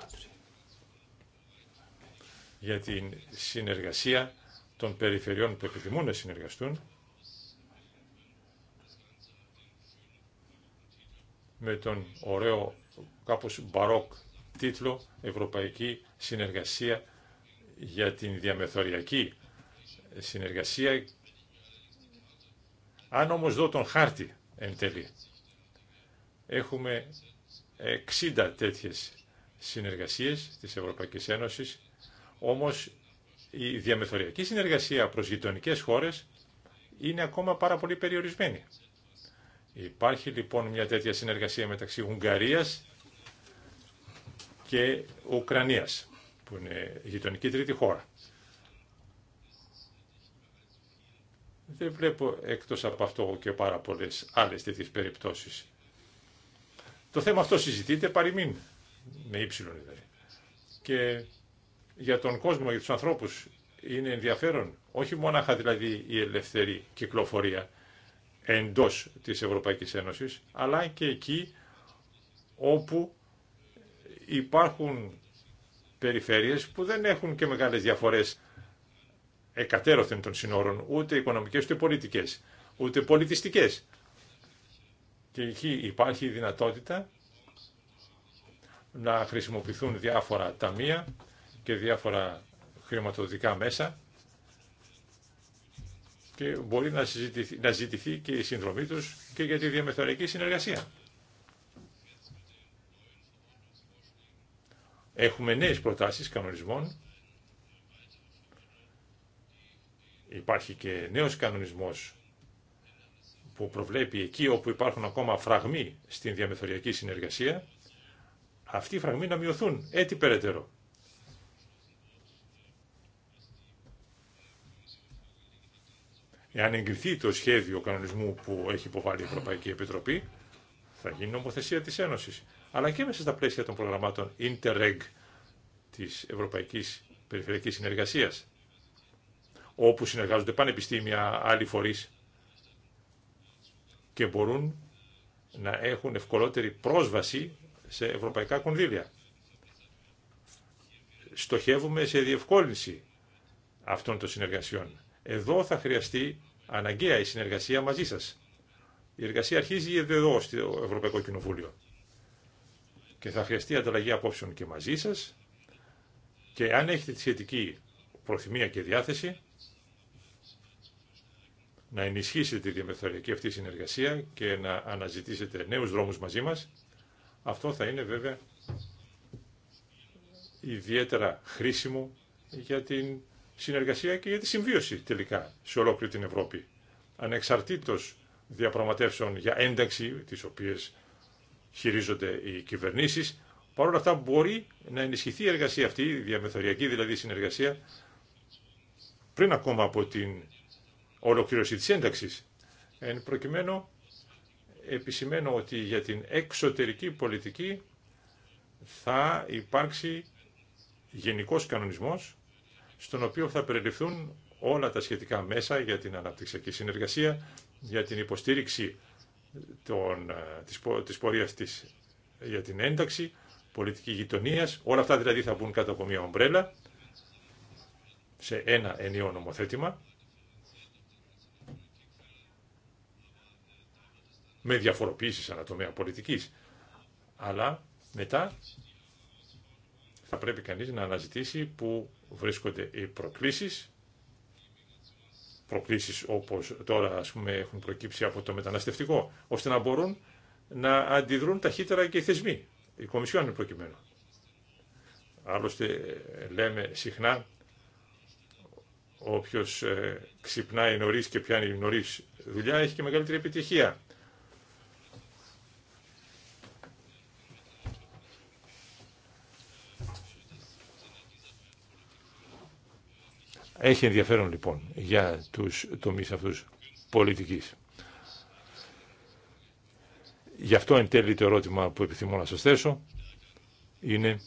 για την συνεργασία των περιφερειών που επιθυμούν να συνεργαστούν με τον ωραίο κάπως μπαρόκ τίτλο Ευρωπαϊκή Συνεργασία για την Διαμεθοριακή συνεργασία. Αν όμως δω τον χάρτη εν τέλει, έχουμε 60 τέτοιες συνεργασίες της Ευρωπαϊκής Ένωσης, όμως η διαμεθοριακή συνεργασία προς γειτονικέ χώρες είναι ακόμα πάρα πολύ περιορισμένη. Υπάρχει λοιπόν μια τέτοια συνεργασία μεταξύ Ουγγαρίας και Ουκρανίας, που είναι γειτονική τρίτη χώρα. Δεν βλέπω εκτός από αυτό και πάρα πολλές άλλες τέτοιες περιπτώσεις. Το θέμα αυτό συζητείται παροιμήν, με ύψιλον δηλαδή. Και για τον κόσμο, για τους ανθρώπους είναι ενδιαφέρον, όχι μόναχα δηλαδή η ελευθερή κυκλοφορία εντός της Ευρωπαϊκής Ένωσης, αλλά και εκεί όπου υπάρχουν περιφέρειες που δεν έχουν και μεγάλες διαφορές εκατέρωθεν των συνόρων, ούτε οικονομικές, ούτε πολιτικές, ούτε πολιτιστικές. Και εκεί υπάρχει η δυνατότητα να χρησιμοποιηθούν διάφορα ταμεία και διάφορα χρηματοδοτικά μέσα και μπορεί να, να ζητηθεί και η συνδρομή τους και για τη διαμεθοριακή συνεργασία. Έχουμε νέες προτάσεις κανονισμών Υπάρχει και νέος κανονισμός που προβλέπει εκεί όπου υπάρχουν ακόμα φραγμοί στην διαμεθοριακή συνεργασία, αυτοί οι φραγμοί να μειωθούν έτσι περαιτέρω. Εάν εγκριθεί το σχέδιο κανονισμού που έχει υποβάλει η Ευρωπαϊκή Επιτροπή, θα γίνει νομοθεσία της Ένωσης, αλλά και μέσα στα πλαίσια των προγραμμάτων Interreg της Ευρωπαϊκής Περιφερειακής Συνεργασίας όπου συνεργάζονται πανεπιστήμια, άλλοι φορείς και μπορούν να έχουν ευκολότερη πρόσβαση σε ευρωπαϊκά κονδύλια. Στοχεύουμε σε διευκόλυνση αυτών των συνεργασιών. Εδώ θα χρειαστεί αναγκαία η συνεργασία μαζί σας. Η εργασία αρχίζει εδώ στο Ευρωπαϊκό Κοινοβούλιο και θα χρειαστεί ανταλλαγή απόψεων και μαζί σας και αν έχετε τη σχετική προθυμία και διάθεση να ενισχύσετε τη διαμεθοριακή αυτή συνεργασία και να αναζητήσετε νέους δρόμους μαζί μας. Αυτό θα είναι βέβαια ιδιαίτερα χρήσιμο για την συνεργασία και για τη συμβίωση τελικά σε ολόκληρη την Ευρώπη. Ανεξαρτήτως διαπραγματεύσεων για ένταξη, τις οποίες χειρίζονται οι κυβερνήσεις, παρόλα αυτά μπορεί να ενισχυθεί η εργασία αυτή, η διαμεθοριακή δηλαδή συνεργασία, πριν ακόμα από την ολοκλήρωση της ένταξης. Εν προκειμένου, επισημαίνω ότι για την εξωτερική πολιτική θα υπάρξει γενικός κανονισμός, στον οποίο θα περιληφθούν όλα τα σχετικά μέσα για την αναπτυξιακή συνεργασία, για την υποστήριξη των, ε, της, της πορείας της, για την ένταξη, πολιτική γειτονία, όλα αυτά δηλαδή θα μπουν κάτω από μια ομπρέλα, σε ένα ενίο νομοθέτημα, με σαν ανατομέα πολιτικής. Αλλά μετά θα πρέπει κανείς να αναζητήσει που βρίσκονται οι προκλήσεις, προκλήσεις όπως τώρα ας πούμε έχουν προκύψει από το μεταναστευτικό, ώστε να μπορούν να αντιδρούν ταχύτερα και οι θεσμοί, η Κομισιόν είναι προκειμένου. Άλλωστε λέμε συχνά όποιος ε, ξυπνάει νωρίς και πιάνει νωρίς δουλειά έχει και μεγαλύτερη επιτυχία. Έχει ενδιαφέρον λοιπόν για τους τομείς αυτούς πολιτικής. Γι' αυτό εν τέλει το ερώτημα που επιθυμώ να σας θέσω είναι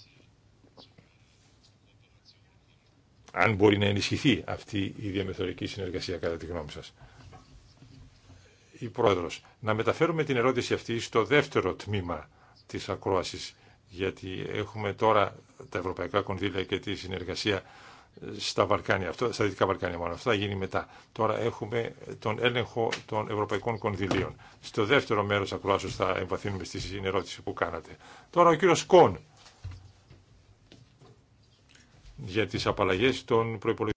αν μπορεί να ενισχυθεί αυτή η διαμεθορική συνεργασία κατά τη γνώμη σας. Η Πρόεδρος, να μεταφέρουμε την ερώτηση αυτή στο δεύτερο τμήμα της ακρόασης, γιατί έχουμε τώρα τα ευρωπαϊκά κονδύλια και τη συνεργασία στα Αυτό, στα Δυτικά Βαρκάνια μάλλον. Αυτά γίνει μετά. Τώρα έχουμε τον έλεγχο των ευρωπαϊκών κονδυλίων. Στο δεύτερο μέρος ακροάσεως θα εμβαθύνουμε στη συνερώτηση που κάνατε. Τώρα ο κύριος Κον για τις απαλλαγές των προϋπολογικών.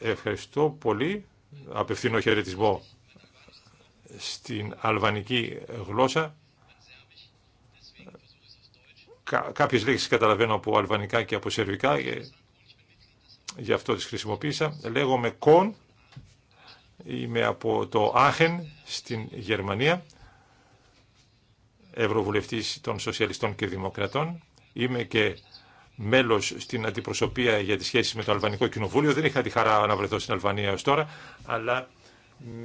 Ευχαριστώ πολύ. Απευθύνω χαιρετισμό στην αλβανική γλώσσα κάποιες λέξεις καταλαβαίνω από αλβανικά και από σερβικά, ε, γι' αυτό τις χρησιμοποίησα. Λέγομαι Κον, είμαι από το Άχεν στην Γερμανία, Ευρωβουλευτής των Σοσιαλιστών και Δημοκρατών. Είμαι και μέλος στην αντιπροσωπεία για τις σχέσεις με το Αλβανικό Κοινοβούλιο. Δεν είχα τη χαρά να βρεθώ στην Αλβανία ως τώρα, αλλά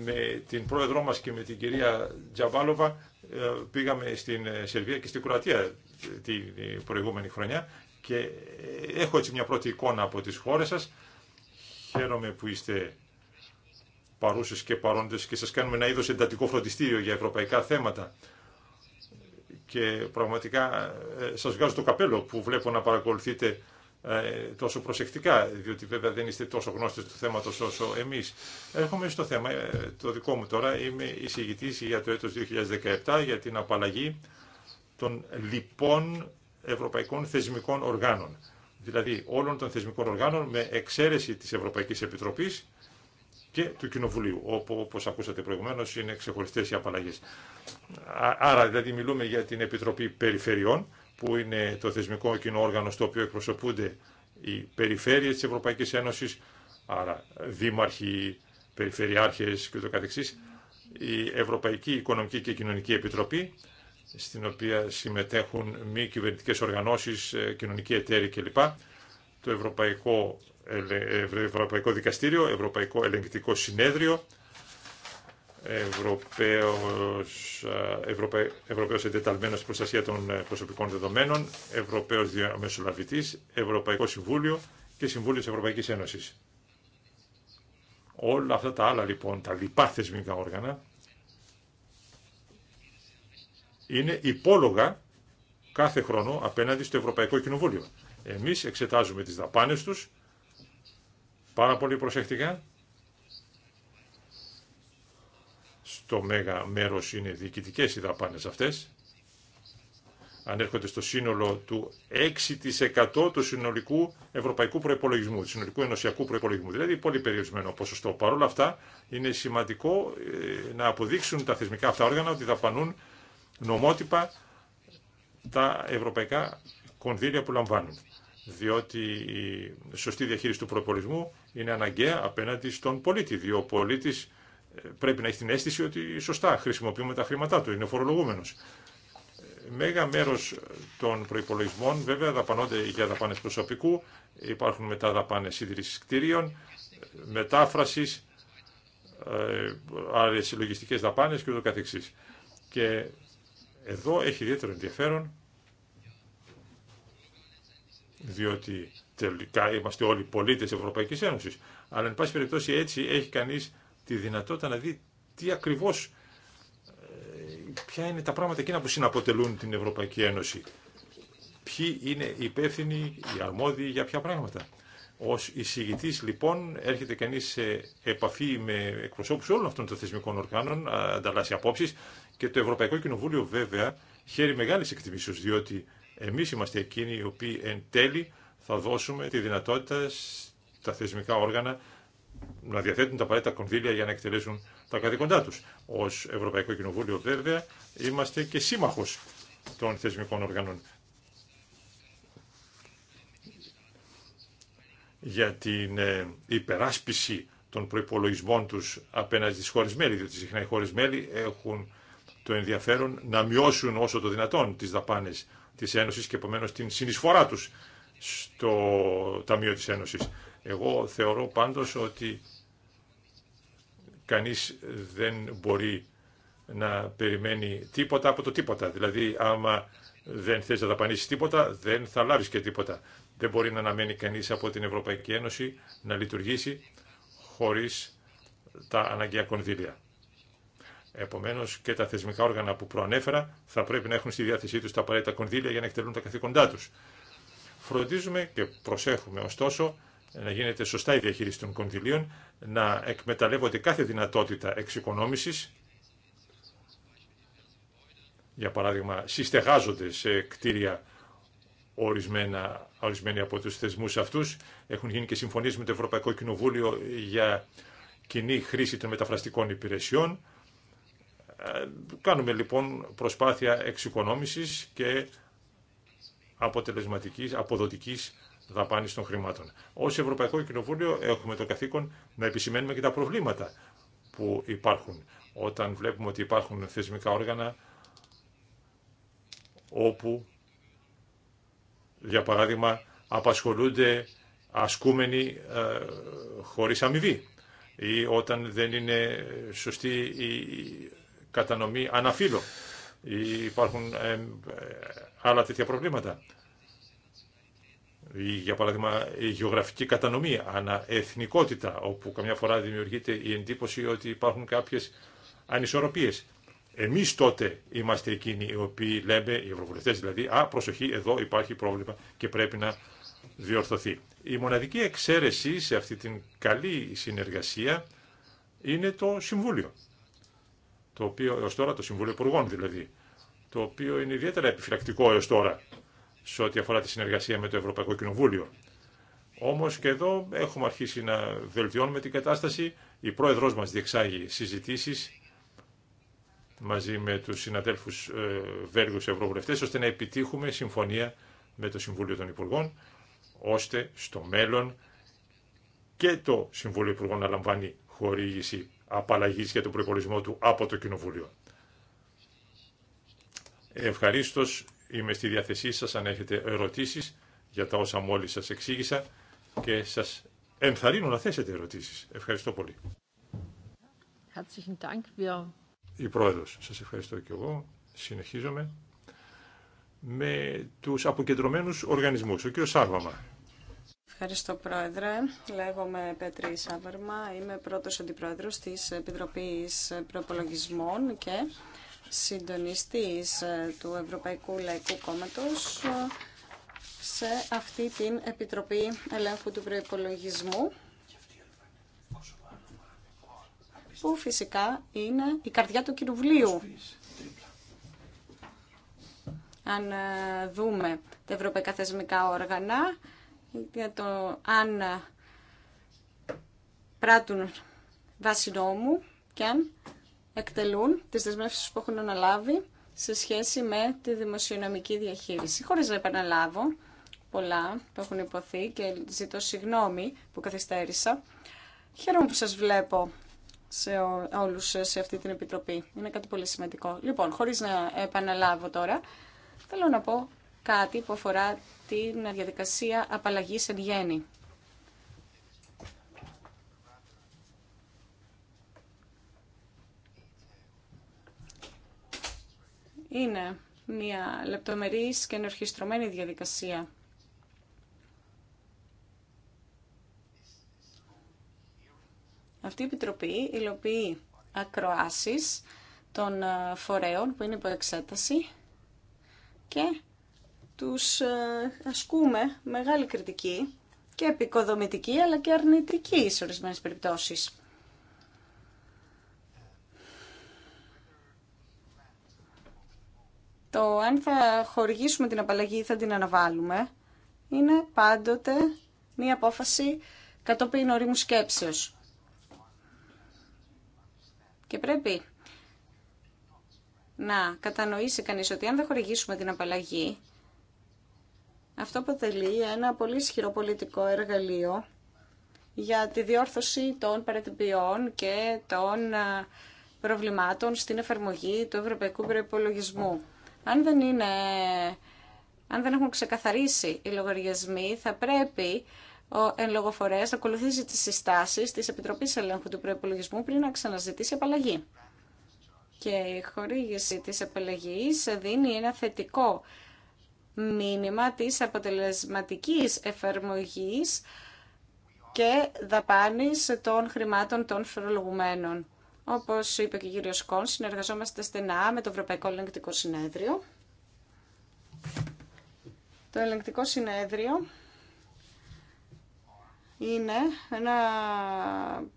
με την πρόεδρό μα και με την κυρία Τζαβάλοβα ε, πήγαμε στην ε, Σερβία και στην Κροατία την προηγούμενη χρονιά και έχω έτσι μια πρώτη εικόνα από τις χώρες σας. Χαίρομαι που είστε παρούσες και παρόντες και σας κάνουμε ένα είδος εντατικό φροντιστήριο για ευρωπαϊκά θέματα. Και πραγματικά ε, σας βγάζω το καπέλο που βλέπω να παρακολουθείτε ε, τόσο προσεκτικά, διότι βέβαια δεν είστε τόσο γνώστες του θέματος όσο εμείς. Έρχομαι στο θέμα, ε, το δικό μου τώρα, είμαι εισηγητής για το έτος 2017 για την απαλλαγή των λοιπών ευρωπαϊκών θεσμικών οργάνων. Δηλαδή όλων των θεσμικών οργάνων με εξαίρεση της Ευρωπαϊκής Επιτροπής και του Κοινοβουλίου, όπου όπως ακούσατε προηγουμένως είναι ξεχωριστές οι απαλλαγές. Άρα δηλαδή μιλούμε για την Επιτροπή Περιφερειών, που είναι το θεσμικό κοινό όργανο στο οποίο εκπροσωπούνται οι περιφέρειες της Ευρωπαϊκής Ένωσης, άρα δήμαρχοι, περιφερειάρχες και το καθεξής, η Ευρωπαϊκή Οικονομική και Κοινωνική Επιτροπή, στην οποία συμμετέχουν μη κυβερνητικές οργανώσεις, ε, κοινωνικοί εταίροι κλπ. Το Ευρωπαϊκό, Ευρωπαϊκό Δικαστήριο, Ευρωπαϊκό Ελεγκτικό Συνέδριο, Ευρωπαίος, ε, Ευρωπαϊ, Εντεταλμένος Προστασία των ε, Προσωπικών Δεδομένων, Ευρωπαίος Διαμεσολαβητής, Ευρωπαϊκό Συμβούλιο και Συμβούλιο της Ευρωπαϊκής Ένωσης. Όλα αυτά τα άλλα λοιπόν, τα λοιπά θεσμικά όργανα, είναι υπόλογα κάθε χρόνο απέναντι στο Ευρωπαϊκό Κοινοβούλιο. Εμείς εξετάζουμε τις δαπάνες τους πάρα πολύ προσεκτικά. Στο μέγα μέρος είναι διοικητικές οι δαπάνες αυτές. έρχονται στο σύνολο του 6% του συνολικού ευρωπαϊκού προπολογισμού, του συνολικού ενωσιακού προπολογισμού. Δηλαδή πολύ περιορισμένο ποσοστό. Παρ' όλα αυτά είναι σημαντικό ε, να αποδείξουν τα θεσμικά αυτά όργανα ότι δαπανούν νομότυπα τα ευρωπαϊκά κονδύλια που λαμβάνουν. Διότι η σωστή διαχείριση του προπολισμού είναι αναγκαία απέναντι στον πολίτη. Διότι ο πολίτη ε, πρέπει να έχει την αίσθηση ότι σωστά χρησιμοποιούμε τα χρήματά του, είναι φορολογούμενο. Μέγα μέρο των προπολογισμών βέβαια δαπανώνται για δαπάνε προσωπικού, υπάρχουν μετά δαπάνε ίδρυση κτηρίων, μετάφραση, ε, άλλε λογιστικέ δαπάνε κ.ο.κ. Και εδώ έχει ιδιαίτερο ενδιαφέρον, διότι τελικά είμαστε όλοι πολίτες Ευρωπαϊκής Ένωσης, αλλά εν πάση περιπτώσει έτσι έχει κανείς τη δυνατότητα να δει τι ακριβώς, ε, ποια είναι τα πράγματα εκείνα που συναποτελούν την Ευρωπαϊκή Ένωση. Ποιοι είναι οι υπεύθυνοι, οι αρμόδιοι για ποια πράγματα. Ως εισηγητής λοιπόν έρχεται κανείς σε επαφή με εκπροσώπους όλων αυτών των θεσμικών οργάνων, ε, ανταλλάσσει απόψεις και το Ευρωπαϊκό Κοινοβούλιο βέβαια χαίρει μεγάλη εκτιμήσεω, διότι εμεί είμαστε εκείνοι οι οποίοι εν τέλει θα δώσουμε τη δυνατότητα στα θεσμικά όργανα να διαθέτουν τα απαραίτητα κονδύλια για να εκτελέσουν τα καθήκοντά του. Ω Ευρωπαϊκό Κοινοβούλιο βέβαια είμαστε και σύμμαχο των θεσμικών οργανών. για την ε, υπεράσπιση των προϋπολογισμών τους απέναντι στις χώρες μέλη, διότι συχνά οι χώρες μέλη έχουν το ενδιαφέρον να μειώσουν όσο το δυνατόν τις δαπάνες της Ένωσης και επομένως την συνεισφορά τους στο Ταμείο της Ένωσης. Εγώ θεωρώ πάντως ότι κανείς δεν μπορεί να περιμένει τίποτα από το τίποτα. Δηλαδή άμα δεν θες να δαπανίσεις τίποτα, δεν θα λάβεις και τίποτα. Δεν μπορεί να αναμένει κανείς από την Ευρωπαϊκή Ένωση να λειτουργήσει χωρίς τα αναγκαία κονδύλια. Επομένω, και τα θεσμικά όργανα που προανέφερα θα πρέπει να έχουν στη διάθεσή του τα απαραίτητα κονδύλια για να εκτελούν τα καθήκοντά του. Φροντίζουμε και προσέχουμε ωστόσο να γίνεται σωστά η διαχείριση των κονδυλίων, να εκμεταλλεύονται κάθε δυνατότητα εξοικονόμηση, Για παράδειγμα, συστεγάζονται σε κτίρια ορισμένα, ορισμένοι από τους θεσμούς αυτούς. Έχουν γίνει και συμφωνίες με το Ευρωπαϊκό Κοινοβούλιο για κοινή χρήση των μεταφραστικών υπηρεσιών. Ε, κάνουμε λοιπόν προσπάθεια εξοικονόμησης και αποτελεσματικής, αποδοτικής δαπάνης των χρημάτων. Ως Ευρωπαϊκό Κοινοβούλιο έχουμε το καθήκον να επισημαίνουμε και τα προβλήματα που υπάρχουν. Όταν βλέπουμε ότι υπάρχουν θεσμικά όργανα όπου, για παράδειγμα, απασχολούνται ασκούμενοι ε, χωρίς αμοιβή ή όταν δεν είναι σωστή η κατανομή αναφύλω. Υπάρχουν ε, άλλα τέτοια προβλήματα. Για παράδειγμα, η γεωγραφική κατανομή, αναεθνικότητα, όπου καμιά φορά δημιουργείται η εντύπωση ότι υπάρχουν κάποιες ανισορροπίες. Εμείς τότε είμαστε εκείνοι οι οποίοι λέμε, οι ευρωβουλευτές δηλαδή, α, προσοχή, εδώ υπάρχει πρόβλημα και πρέπει να διορθωθεί. Η μοναδική εξαίρεση σε αυτή την καλή συνεργασία είναι το Συμβούλιο το οποίο έω τώρα, το Συμβούλιο Υπουργών δηλαδή, το οποίο είναι ιδιαίτερα επιφυλακτικό έω τώρα σε ό,τι αφορά τη συνεργασία με το Ευρωπαϊκό Κοινοβούλιο. Όμω και εδώ έχουμε αρχίσει να βελτιώνουμε την κατάσταση. Η πρόεδρό μα διεξάγει συζητήσει μαζί με του συναδέλφου ε, Βέλγου ευρωβουλευτέ, ώστε να επιτύχουμε συμφωνία με το Συμβούλιο των Υπουργών, ώστε στο μέλλον και το Συμβούλιο Υπουργών να λαμβάνει χορήγηση απαλλαγής για τον προπολογισμό του από το Κοινοβούλιο. Ευχαριστώ είμαι στη διάθεσή σας αν έχετε ερωτήσεις για τα όσα μόλις σας εξήγησα και σας ενθαρρύνω να θέσετε ερωτήσεις. Ευχαριστώ πολύ. Η Πρόεδρος, σας ευχαριστώ και εγώ. Συνεχίζομαι με τους αποκεντρωμένους οργανισμούς. Ο κύριος Σάρβαμα. Ευχαριστώ Πρόεδρε. Λέγομαι Πέτρη Σάβαρμα. Είμαι πρώτος αντιπρόεδρος της Επιτροπής Προπολογισμών και συντονιστής ε, του Ευρωπαϊκού Λαϊκού Κόμματος ε, σε αυτή την Επιτροπή Ελέγχου του προπολογισμού. που φυσικά είναι η καρδιά του κυρουβλίου. Αν ε, δούμε τα ευρωπαϊκά θεσμικά όργανα, για το αν ε, πράττουν βάση νόμου και αν εκτελούν τις δεσμεύσεις που έχουν αναλάβει σε σχέση με τη δημοσιονομική διαχείριση. Χωρίς να επαναλάβω πολλά που έχουν υποθεί και ζητώ συγγνώμη που καθυστέρησα. Χαίρομαι που σας βλέπω σε όλους σε αυτή την επιτροπή. Είναι κάτι πολύ σημαντικό. Λοιπόν, χωρίς να επαναλάβω τώρα, θέλω να πω κάτι που αφορά την διαδικασία απαλλαγής εν γέννη. Είναι μια λεπτομερής και ενορχιστρωμένη διαδικασία. Αυτή η Επιτροπή υλοποιεί ακροάσεις των ε, φορέων που είναι υπό εξέταση και τους ε, ασκούμε μεγάλη κριτική και επικοδομητική αλλά και αρνητική σε ορισμένες περιπτώσεις. Το αν θα χορηγήσουμε την απαλλαγή ή θα την αναβάλουμε είναι πάντοτε μία απόφαση κατόπιν ορίμου σκέψεως. Και πρέπει να κατανοήσει κανείς ότι αν δεν χορηγήσουμε την απαλλαγή αυτό αποτελεί ένα πολύ ισχυρό πολιτικό εργαλείο για τη διόρθωση των παρατυπιών και των προβλημάτων στην εφαρμογή του ευρωπαϊκού προπολογισμού. Αν δεν είναι αν δεν έχουν ξεκαθαρίσει οι λογαριασμοί, θα πρέπει ο εν να ακολουθήσει τις συστάσεις της Επιτροπής Ελέγχου του Προϋπολογισμού πριν να ξαναζητήσει απαλλαγή. Και η χορήγηση της απαλλαγής δίνει ένα θετικό μήνυμα της αποτελεσματικής εφαρμογής και δαπάνης των χρημάτων των φορολογουμένων. Όπως είπε και ο κύριος Κον, συνεργαζόμαστε στενά με το Ευρωπαϊκό Ελεγκτικό Συνέδριο. Το Ελεγκτικό Συνέδριο είναι ένα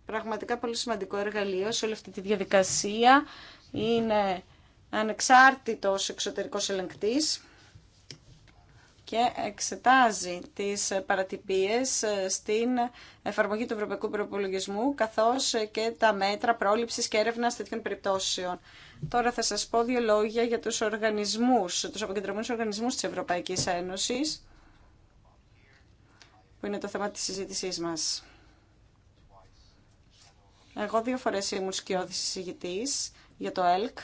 πραγματικά πολύ σημαντικό εργαλείο σε όλη αυτή τη διαδικασία. Είναι ανεξάρτητος εξωτερικός ελεγκτής και εξετάζει τις παρατυπίες στην εφαρμογή του Ευρωπαϊκού Προπολογισμού καθώς και τα μέτρα πρόληψης και έρευνας τέτοιων περιπτώσεων. Τώρα θα σας πω δύο λόγια για τους οργανισμούς, τους αποκεντρωμένους οργανισμούς της Ευρωπαϊκής Ένωσης που είναι το θέμα της συζήτησής μας. Εγώ δύο φορές ήμουν σκιώδης για το ΕΛΚ,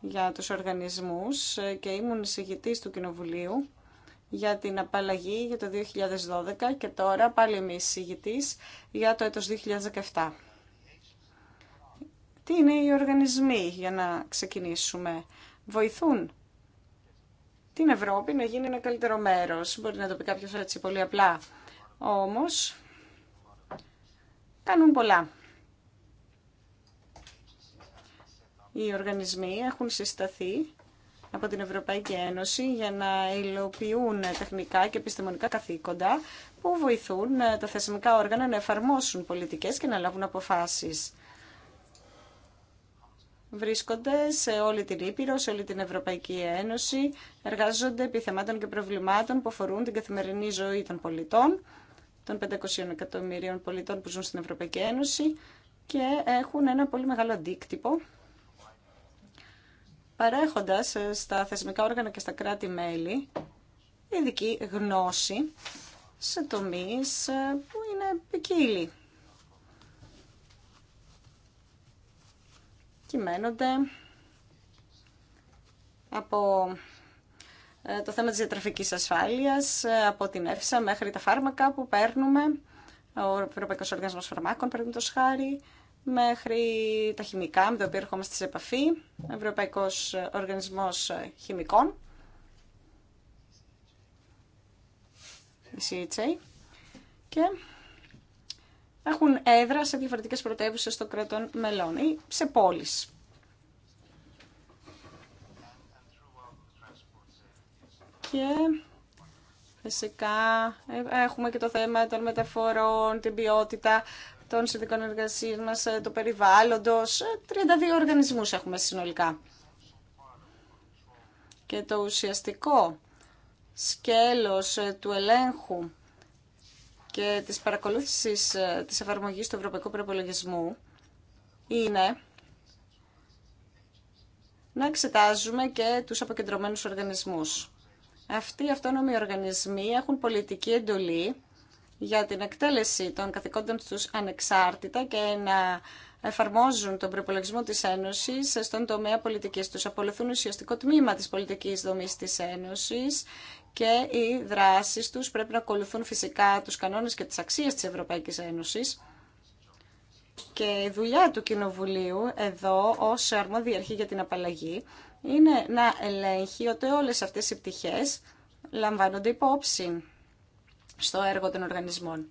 για τους οργανισμούς και ήμουν συζητητής του Κοινοβουλίου για την απαλλαγή για το 2012 και τώρα πάλι εμείς για το έτος 2017. Τι είναι οι οργανισμοί για να ξεκινήσουμε. Βοηθούν την Ευρώπη να γίνει ένα καλύτερο μέρος. Μπορεί να το πει κάποιος έτσι πολύ απλά. Όμως, κάνουν πολλά. Οι οργανισμοί έχουν συσταθεί από την Ευρωπαϊκή Ένωση για να υλοποιούν τεχνικά και επιστημονικά καθήκοντα που βοηθούν τα θεσμικά όργανα να εφαρμόσουν πολιτικές και να λάβουν αποφάσεις. Βρίσκονται σε όλη την Ήπειρο, σε όλη την Ευρωπαϊκή Ένωση, εργάζονται επί θεμάτων και προβλημάτων που αφορούν την καθημερινή ζωή των πολιτών, των 500 εκατομμυρίων πολιτών που ζουν στην Ευρωπαϊκή Ένωση και έχουν ένα πολύ μεγάλο αντίκτυπο παρέχοντας ε, στα θεσμικά όργανα και στα κράτη-μέλη ειδική γνώση σε τομείς ε, που είναι ποικίλοι. Κυμαίνονται από ε, το θέμα της διατροφικής ασφάλειας, από την έφησα μέχρι τα φάρμακα που παίρνουμε, ο Ευρωπαϊκός Οργανισμός Φαρμάκων, το σχάρι, μέχρι τα χημικά με τα οποία ερχόμαστε σε επαφή, Ευρωπαϊκός Οργανισμός Χημικών, η CHA, και έχουν έδρα σε διαφορετικές πρωτεύουσες των κρατών μελών ή σε πόλεις. Και Φυσικά ε, έχουμε και το θέμα των μεταφορών, την ποιότητα των συνδικών εργασίων μας, ε, το περιβάλλοντος, 32 ε, οργανισμούς έχουμε συνολικά. Και το ουσιαστικό σκέλος ε, του ελέγχου και της παρακολούθησης της εφαρμογής του Ευρωπαϊκού Προπολογισμού είναι να εξετάζουμε και τους αποκεντρωμένους οργανισμούς. Αυτοί οι αυτόνομοι οργανισμοί έχουν πολιτική εντολή για την εκτέλεση των καθηκόντων τους ανεξάρτητα και να εφαρμόζουν τον προπολογισμό της Ένωσης στον τομέα πολιτικής τους. Απολυθούν ουσιαστικό τμήμα της πολιτικής δομής της Ένωσης και οι δράσεις τους πρέπει να ακολουθούν φυσικά τους κανόνες και τις αξίες της Ευρωπαϊκής Ένωσης. Και η δουλειά του Κοινοβουλίου εδώ ως αρμόδια αρχή για την απαλλαγή είναι να ελέγχει ότι όλες αυτές οι πτυχές λαμβάνονται υπόψη στο έργο των οργανισμών.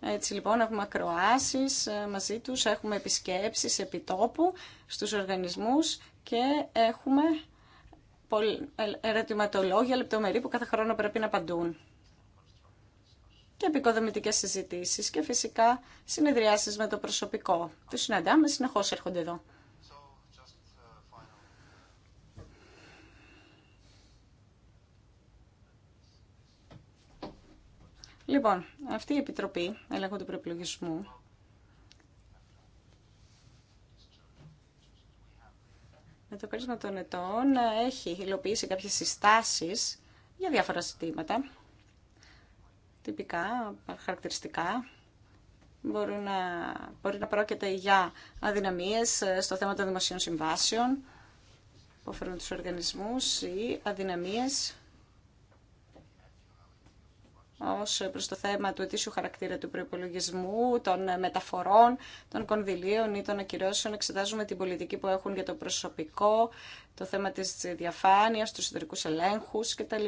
Έτσι λοιπόν έχουμε ακροάσεις ε, μαζί τους, έχουμε επισκέψεις επιτόπου στους οργανισμούς και έχουμε ε, ερωτηματολόγια λεπτομερή που κάθε χρόνο πρέπει να απαντούν. Και επικοδομητικές συζητήσεις και φυσικά συνεδριάσεις με το προσωπικό. Τους συναντάμε, συνεχώς έρχονται εδώ. Λοιπόν, αυτή η Επιτροπή Ελέγχου του Προεπιλογισμού με το πέρασμα των ετών έχει υλοποιήσει κάποιες συστάσεις για διάφορα ζητήματα. Τυπικά, χαρακτηριστικά, μπορεί να, μπορεί να πρόκειται για αδυναμίες στο θέμα των δημοσίων συμβάσεων που αφορούν τους οργανισμούς ή αδυναμίες Ω προς το θέμα του ετήσιου χαρακτήρα του προπολογισμού, των μεταφορών, των κονδυλίων ή των ακυρώσεων. Εξετάζουμε την πολιτική που έχουν για το προσωπικό, το θέμα της διαφάνειας, τους ιδρικούς ελέγχους κτλ.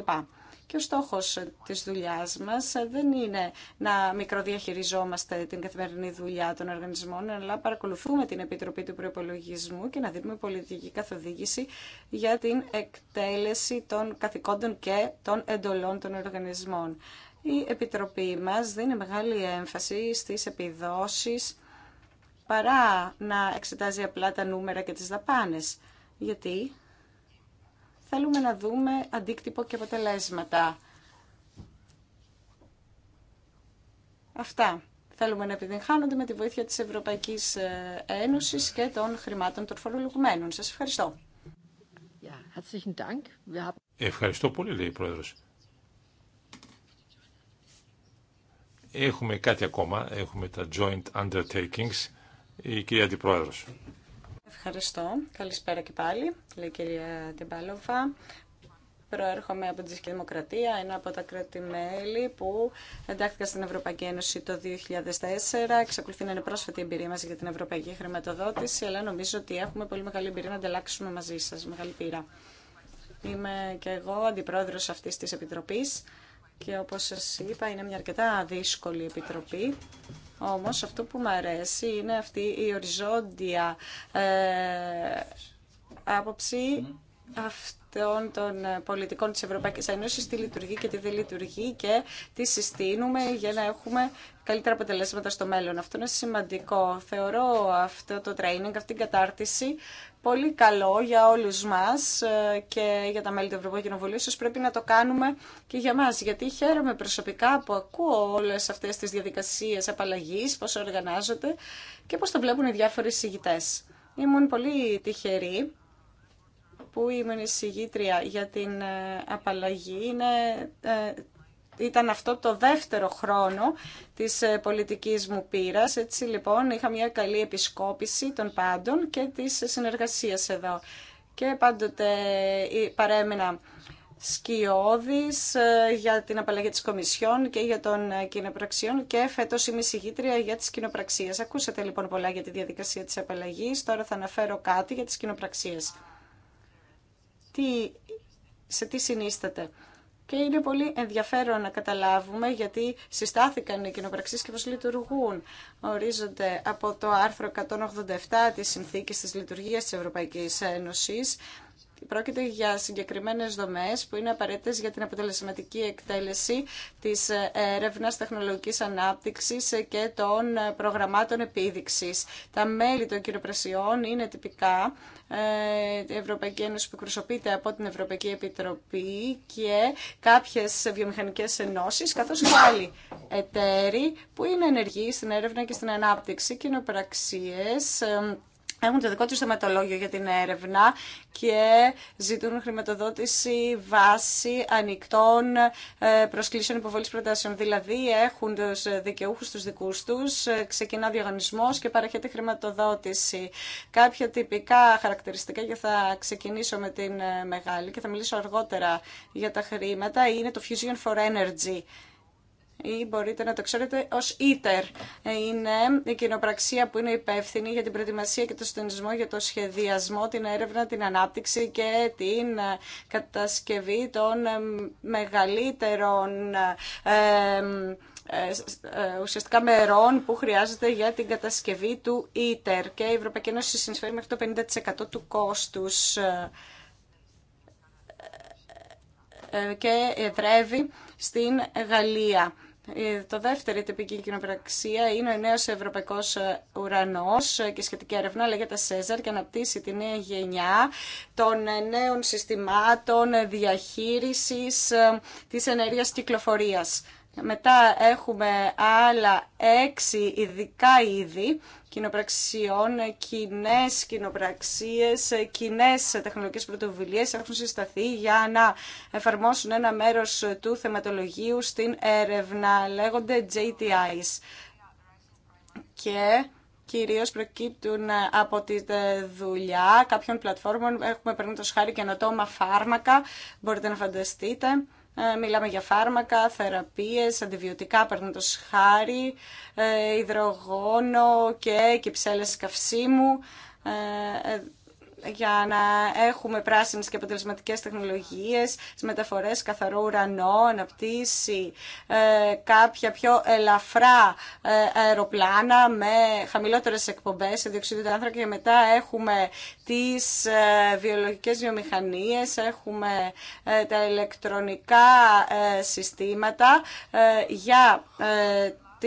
Και ο στόχος της δουλειάς μας δεν είναι να μικροδιαχειριζόμαστε την καθημερινή δουλειά των οργανισμών, αλλά παρακολουθούμε την Επιτροπή του Προπολογισμού και να δίνουμε πολιτική καθοδήγηση για την εκτέλεση των καθηκόντων και των εντολών των οργανισμών. Η Επιτροπή μας δίνει μεγάλη έμφαση στις επιδόσεις παρά να εξετάζει απλά τα νούμερα και τις δαπάνες. Γιατί θέλουμε να δούμε αντίκτυπο και αποτελέσματα. Αυτά θέλουμε να επιδεχάνονται με τη βοήθεια της Ευρωπαϊκής ε, Ένωσης και των χρημάτων των φορολογουμένων. Σας ευχαριστώ. Ευχαριστώ πολύ, λέει η Πρόεδρος. Έχουμε κάτι ακόμα, έχουμε τα joint undertakings, η κυρία Αντιπρόεδρος. Ευχαριστώ. Καλησπέρα και πάλι, λέει η κυρία Τιμπάλοβα. Προέρχομαι από τη Δημοκρατία, ένα από τα κράτη-μέλη που εντάχθηκα στην Ευρωπαϊκή Ένωση το 2004. Εξακολουθεί να είναι πρόσφατη η εμπειρία μα για την ευρωπαϊκή χρηματοδότηση, αλλά νομίζω ότι έχουμε πολύ μεγάλη εμπειρία να ανταλλάξουμε μαζί σα. Μεγάλη πείρα. Είμαι και εγώ αντιπρόεδρο αυτή τη επιτροπή και όπως σας είπα είναι μια αρκετά δύσκολη επιτροπή. Όμως αυτό που μου αρέσει είναι αυτή η οριζόντια ε, άποψη αυτών των πολιτικών της Ευρωπαϊκής Ένωσης, τι λειτουργεί και τι δεν λειτουργεί και τι συστήνουμε για να έχουμε καλύτερα αποτελέσματα στο μέλλον. Αυτό είναι σημαντικό. Θεωρώ αυτό το training, αυτή την κατάρτιση πολύ καλό για όλους μας ε, και για τα μέλη του Ευρωπαϊκού Κοινοβουλίου. πρέπει να το κάνουμε και για μας, γιατί χαίρομαι προσωπικά που ακούω όλες αυτές τις διαδικασίες απαλλαγής, πώς οργανάζονται και πώς το βλέπουν οι διάφοροι συγητές. Ήμουν πολύ τυχερή που ήμουν συγητρία για την ε, απαλλαγή. Είναι ε, ήταν αυτό το δεύτερο χρόνο της ε, πολιτικής μου πείρας. Έτσι λοιπόν είχα μια καλή επισκόπηση των πάντων και της συνεργασίας εδώ. Και πάντοτε ε, παρέμεινα σκιώδης ε, για την απαλλαγή της Κομισιόν και για τον κοινοπραξιών και φέτος είμαι συγγήτρια για τις κοινοπραξίες. Ακούσατε λοιπόν πολλά για τη διαδικασία της απαλλαγής, τώρα θα αναφέρω κάτι για τις κοινοπραξίες. Τι, σε τι συνίσταται και είναι πολύ ενδιαφέρον να καταλάβουμε γιατί συστάθηκαν οι κοινοπραξίες και πώς λειτουργούν. Ορίζονται από το άρθρο 187 της Συνθήκης της Λειτουργίας της Ευρωπαϊκής Ένωσης Πρόκειται για συγκεκριμένες δομές που είναι απαραίτητες για την αποτελεσματική εκτέλεση της ε, έρευνας τεχνολογικής ανάπτυξης ε, και των ε, προγραμμάτων επίδειξης. Τα μέλη των κυριοπρασιών είναι τυπικά η Ευρωπαϊκή Ένωση που εκπροσωπείται από την Ευρωπαϊκή Επιτροπή και κάποιες βιομηχανικές ενώσεις, καθώς και άλλοι εταίροι που είναι ενεργοί στην έρευνα και στην ανάπτυξη κοινοπραξίες έχουν το δικό τους θεματολόγιο για την έρευνα και ζητούν χρηματοδότηση βάση ανοιχτών ε, προσκλήσεων υποβολής προτάσεων. Δηλαδή έχουν τους δικαιούχους τους δικούς τους, ε, ξεκινά διαγωνισμός και παραχεται χρηματοδότηση. Κάποια τυπικά χαρακτηριστικά και θα ξεκινήσω με την ε, μεγάλη και θα μιλήσω αργότερα για τα χρήματα είναι το Fusion for Energy ή μπορείτε να το ξέρετε ως ίτερ. Είναι η κοινοπραξία που είναι υπεύθυνη για την προετοιμασία και το συντονισμό για το σχεδιασμό, την έρευνα, την ανάπτυξη και την ε, κατασκευή των ε, μεγαλύτερων ε, ουσιαστικά μερών που χρειάζεται για την κατασκευή του ίτερ και η Ευρωπαϊκή Ένωση συνεισφέρει μέχρι το 50% του κόστους και εδρεύει στην Γαλλία. Το δεύτερη τυπική κοινοπραξία είναι ο νέος ευρωπαϊκός ε, ουρανός ε, και σχετική έρευνα λέγεται ΣΕΖΑΡ και αναπτύσσει τη νέα γενιά των ε, νέων συστημάτων διαχείρισης της ενέργειας κυκλοφορίας. Μετά έχουμε άλλα έξι ειδικά είδη κοινοπραξιών, κοινέ κοινοπραξίε, κοινέ τεχνολογικέ πρωτοβουλίε έχουν συσταθεί για να εφαρμόσουν ένα μέρο του θεματολογίου στην έρευνα. Λέγονται JTIs. Και κυρίως προκύπτουν από τη δουλειά κάποιων πλατφόρμων. Έχουμε περνούν το χάρη καινοτόμα φάρμακα, μπορείτε να φανταστείτε. Ε, μιλάμε για φάρμακα, θεραπείες, αντιβιωτικά, παραδείγματος χάρη, ε, υδρογόνο και κυψέλες καυσίμου. Ε, για να έχουμε πράσινες και αποτελεσματικές τεχνολογίες, τις μεταφορές καθαρό ουρανό, αναπτύσσει ε, κάποια πιο ελαφρά ε, αεροπλάνα με χαμηλότερες εκπομπές σε διοξείδιο του άνθρακα και μετά έχουμε τις ε, βιολογικές βιομηχανίες, έχουμε ε, τα ηλεκτρονικά ε, συστήματα για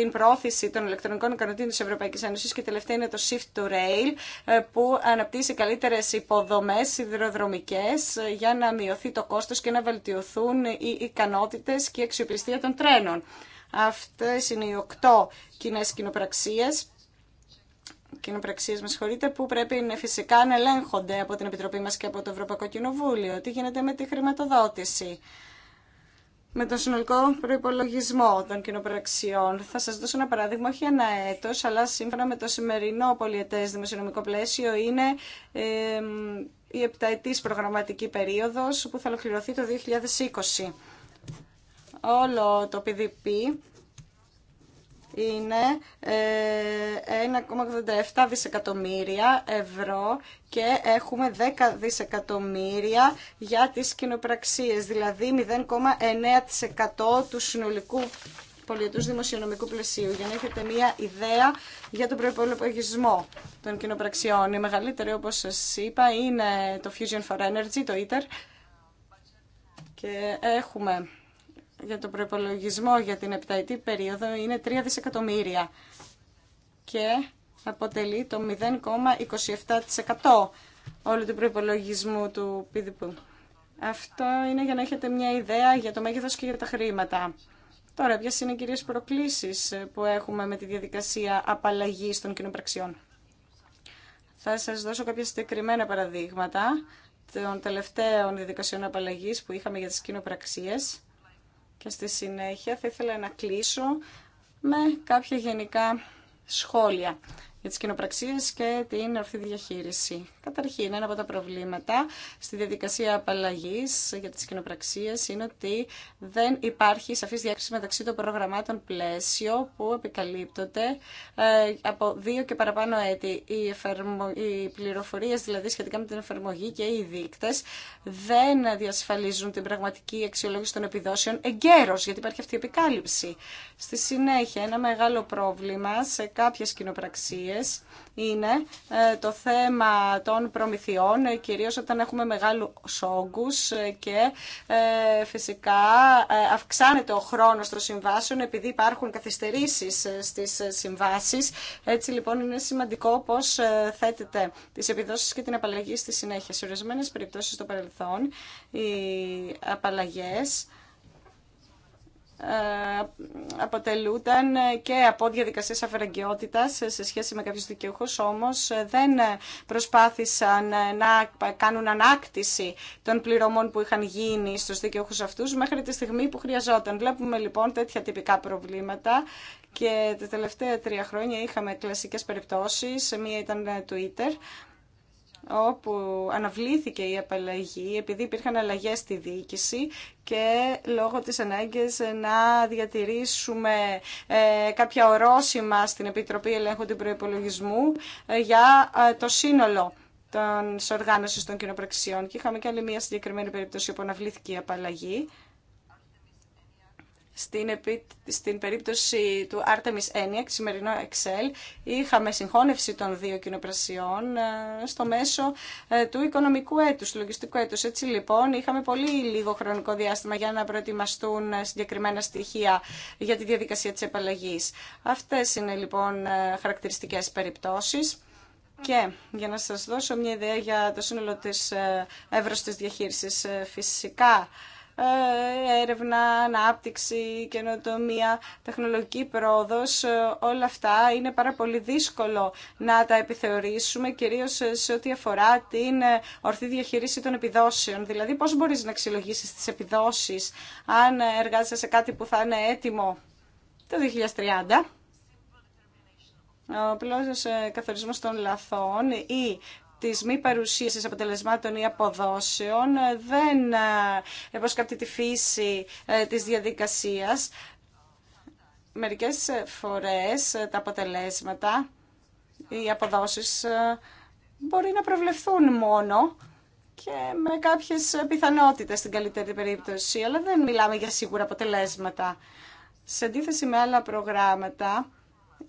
την πρόθεση των ηλεκτρονικών ικανοτήτων τη Ευρωπαϊκή Ένωση και τελευταία είναι το Shift to Rail ε, που αναπτύσσει καλύτερε υποδομέ, σιδηροδρομικέ ε, για να μειωθεί το κόστο και να βελτιωθούν οι ικανότητε και η αξιοπιστία των τρένων. Αυτέ είναι οι οκτώ κοινέ κοινοπραξίες κοινοπραξίε, με που πρέπει φυσικά να ελέγχονται από την Επιτροπή μα και από το Ευρωπαϊκό Κοινοβούλιο. Τι γίνεται με τη χρηματοδότηση με τον συνολικό προπολογισμό των κοινοπραξιών. Θα σα δώσω ένα παράδειγμα, όχι ένα έτο, αλλά σύμφωνα με το σημερινό πολιετέ δημοσιονομικό πλαίσιο είναι ε, η επταετή προγραμματική περίοδο που θα ολοκληρωθεί το 2020. Όλο το PDP είναι 1,87 ε, δισεκατομμύρια ευρώ και έχουμε 10 δισεκατομμύρια για τις κοινοπραξίες, δηλαδή 0,9% του συνολικού πολιετούς δημοσιονομικού πλαισίου, για να έχετε μία ιδέα για τον προϋπολογισμό των κοινοπραξιών. Η μεγαλύτερη, όπως σας είπα, είναι το Fusion for Energy, το ITER, και έχουμε για τον προπολογισμό για την επταετή περίοδο είναι 3 δισεκατομμύρια και αποτελεί το 0,27% όλου του προπολογισμού του PDP. Αυτό είναι για να έχετε μια ιδέα για το μέγεθος και για τα χρήματα. Τώρα, ποιες είναι οι κυρίες προκλήσεις που έχουμε με τη διαδικασία απαλλαγής των κοινοπραξιών. Θα σας δώσω κάποια συγκεκριμένα παραδείγματα των τελευταίων διαδικασιών απαλλαγής που είχαμε για τις κοινοπραξίες και στη συνέχεια θα ήθελα να κλείσω με κάποια γενικά σχόλια για τι κοινοπραξίε και την ορθή διαχείριση. Καταρχήν, ένα από τα προβλήματα στη διαδικασία απαλλαγή για τι κοινοπραξίε είναι ότι δεν υπάρχει σαφή διάκριση μεταξύ των προγραμμάτων πλαίσιο που επικαλύπτονται ε, από δύο και παραπάνω έτη. Οι, εφαρμο... πληροφορίες δηλαδή σχετικά με την εφαρμογή και οι δείκτε δεν διασφαλίζουν την πραγματική αξιολόγηση των επιδόσεων εγκαίρω, γιατί υπάρχει αυτή η επικάλυψη. Στη συνέχεια, ένα μεγάλο πρόβλημα σε κάποιε κοινοπραξίε είναι ε, το θέμα των προμηθειών, ε, κυρίως όταν έχουμε μεγάλους όγκους ε, και φυσικά αυξάνεται ο χρόνος των συμβάσεων επειδή υπάρχουν καθυστερήσεις στις συμβάσεις. Έτσι λοιπόν είναι σημαντικό πώς θέτεται τις επιδόσεις και την απαλλαγή στη συνέχεια. Σε ορισμένες περιπτώσεις στο παρελθόν οι απαλλαγές ε, αποτελούνταν και από διαδικασίες αφαιραγκαιότητας σε σχέση με κάποιους δικαιούχους, όμως ε, δεν προσπάθησαν ε, να κάνουν ανάκτηση των πληρωμών που είχαν γίνει στους δικαιούχους αυτούς μέχρι τη στιγμή που χρειαζόταν. Βλέπουμε λοιπόν τέτοια τυπικά προβλήματα και τα τελευταία τρία χρόνια είχαμε κλασικές περιπτώσεις. Μία ήταν Twitter, όπου αναβλήθηκε η απαλλαγή επειδή υπήρχαν αλλαγές στη διοίκηση και λόγω της ανάγκης να διατηρήσουμε ε, κάποια ορόσημα στην Επιτροπή Ελέγχου του Προϋπολογισμού ε, για ε, το σύνολο των οργάνωσης των κοινοπραξιών. Και είχαμε και άλλη μια συγκεκριμένη περίπτωση όπου αναβλήθηκε η απαλλαγή στην, επί... στην περίπτωση του Artemis Eniac, σημερινό Excel, είχαμε συγχώνευση των δύο κοινοπρασιών ε, στο μέσο ε, του οικονομικού έτους, του λογιστικού έτους. Έτσι λοιπόν είχαμε πολύ λίγο χρονικό διάστημα για να προετοιμαστούν ε, συγκεκριμένα στοιχεία για τη διαδικασία της επαλλαγής. Αυτές είναι λοιπόν χαρακτηριστικές περιπτώσεις. Και για να σας δώσω μια ιδέα για το σύνολο της εύρωστης διαχείρισης, φυσικά ε, έρευνα, ανάπτυξη, καινοτομία, τεχνολογική πρόοδος, ε, όλα αυτά είναι πάρα πολύ δύσκολο να τα επιθεωρήσουμε, κυρίως σε ό,τι αφορά την ε, ορθή διαχείριση των επιδόσεων. Δηλαδή, πώς μπορείς να αξιολογήσεις τις επιδόσεις αν εργάζεσαι σε κάτι που θα είναι έτοιμο το 2030. Ο σε καθορισμός των λαθών ή της μη παρουσίασης αποτελεσμάτων ή αποδόσεων ε, δεν ε, προσκαπτεί τη φύση ε, της διαδικασίας. Μερικές φορές τα αποτελέσματα, οι αποδόσεις μπορεί να προβλεφθούν μόνο και με κάποιες πιθανότητες στην καλύτερη περίπτωση, αλλά δεν μιλάμε για σίγουρα αποτελέσματα. Σε αντίθεση με άλλα προγράμματα,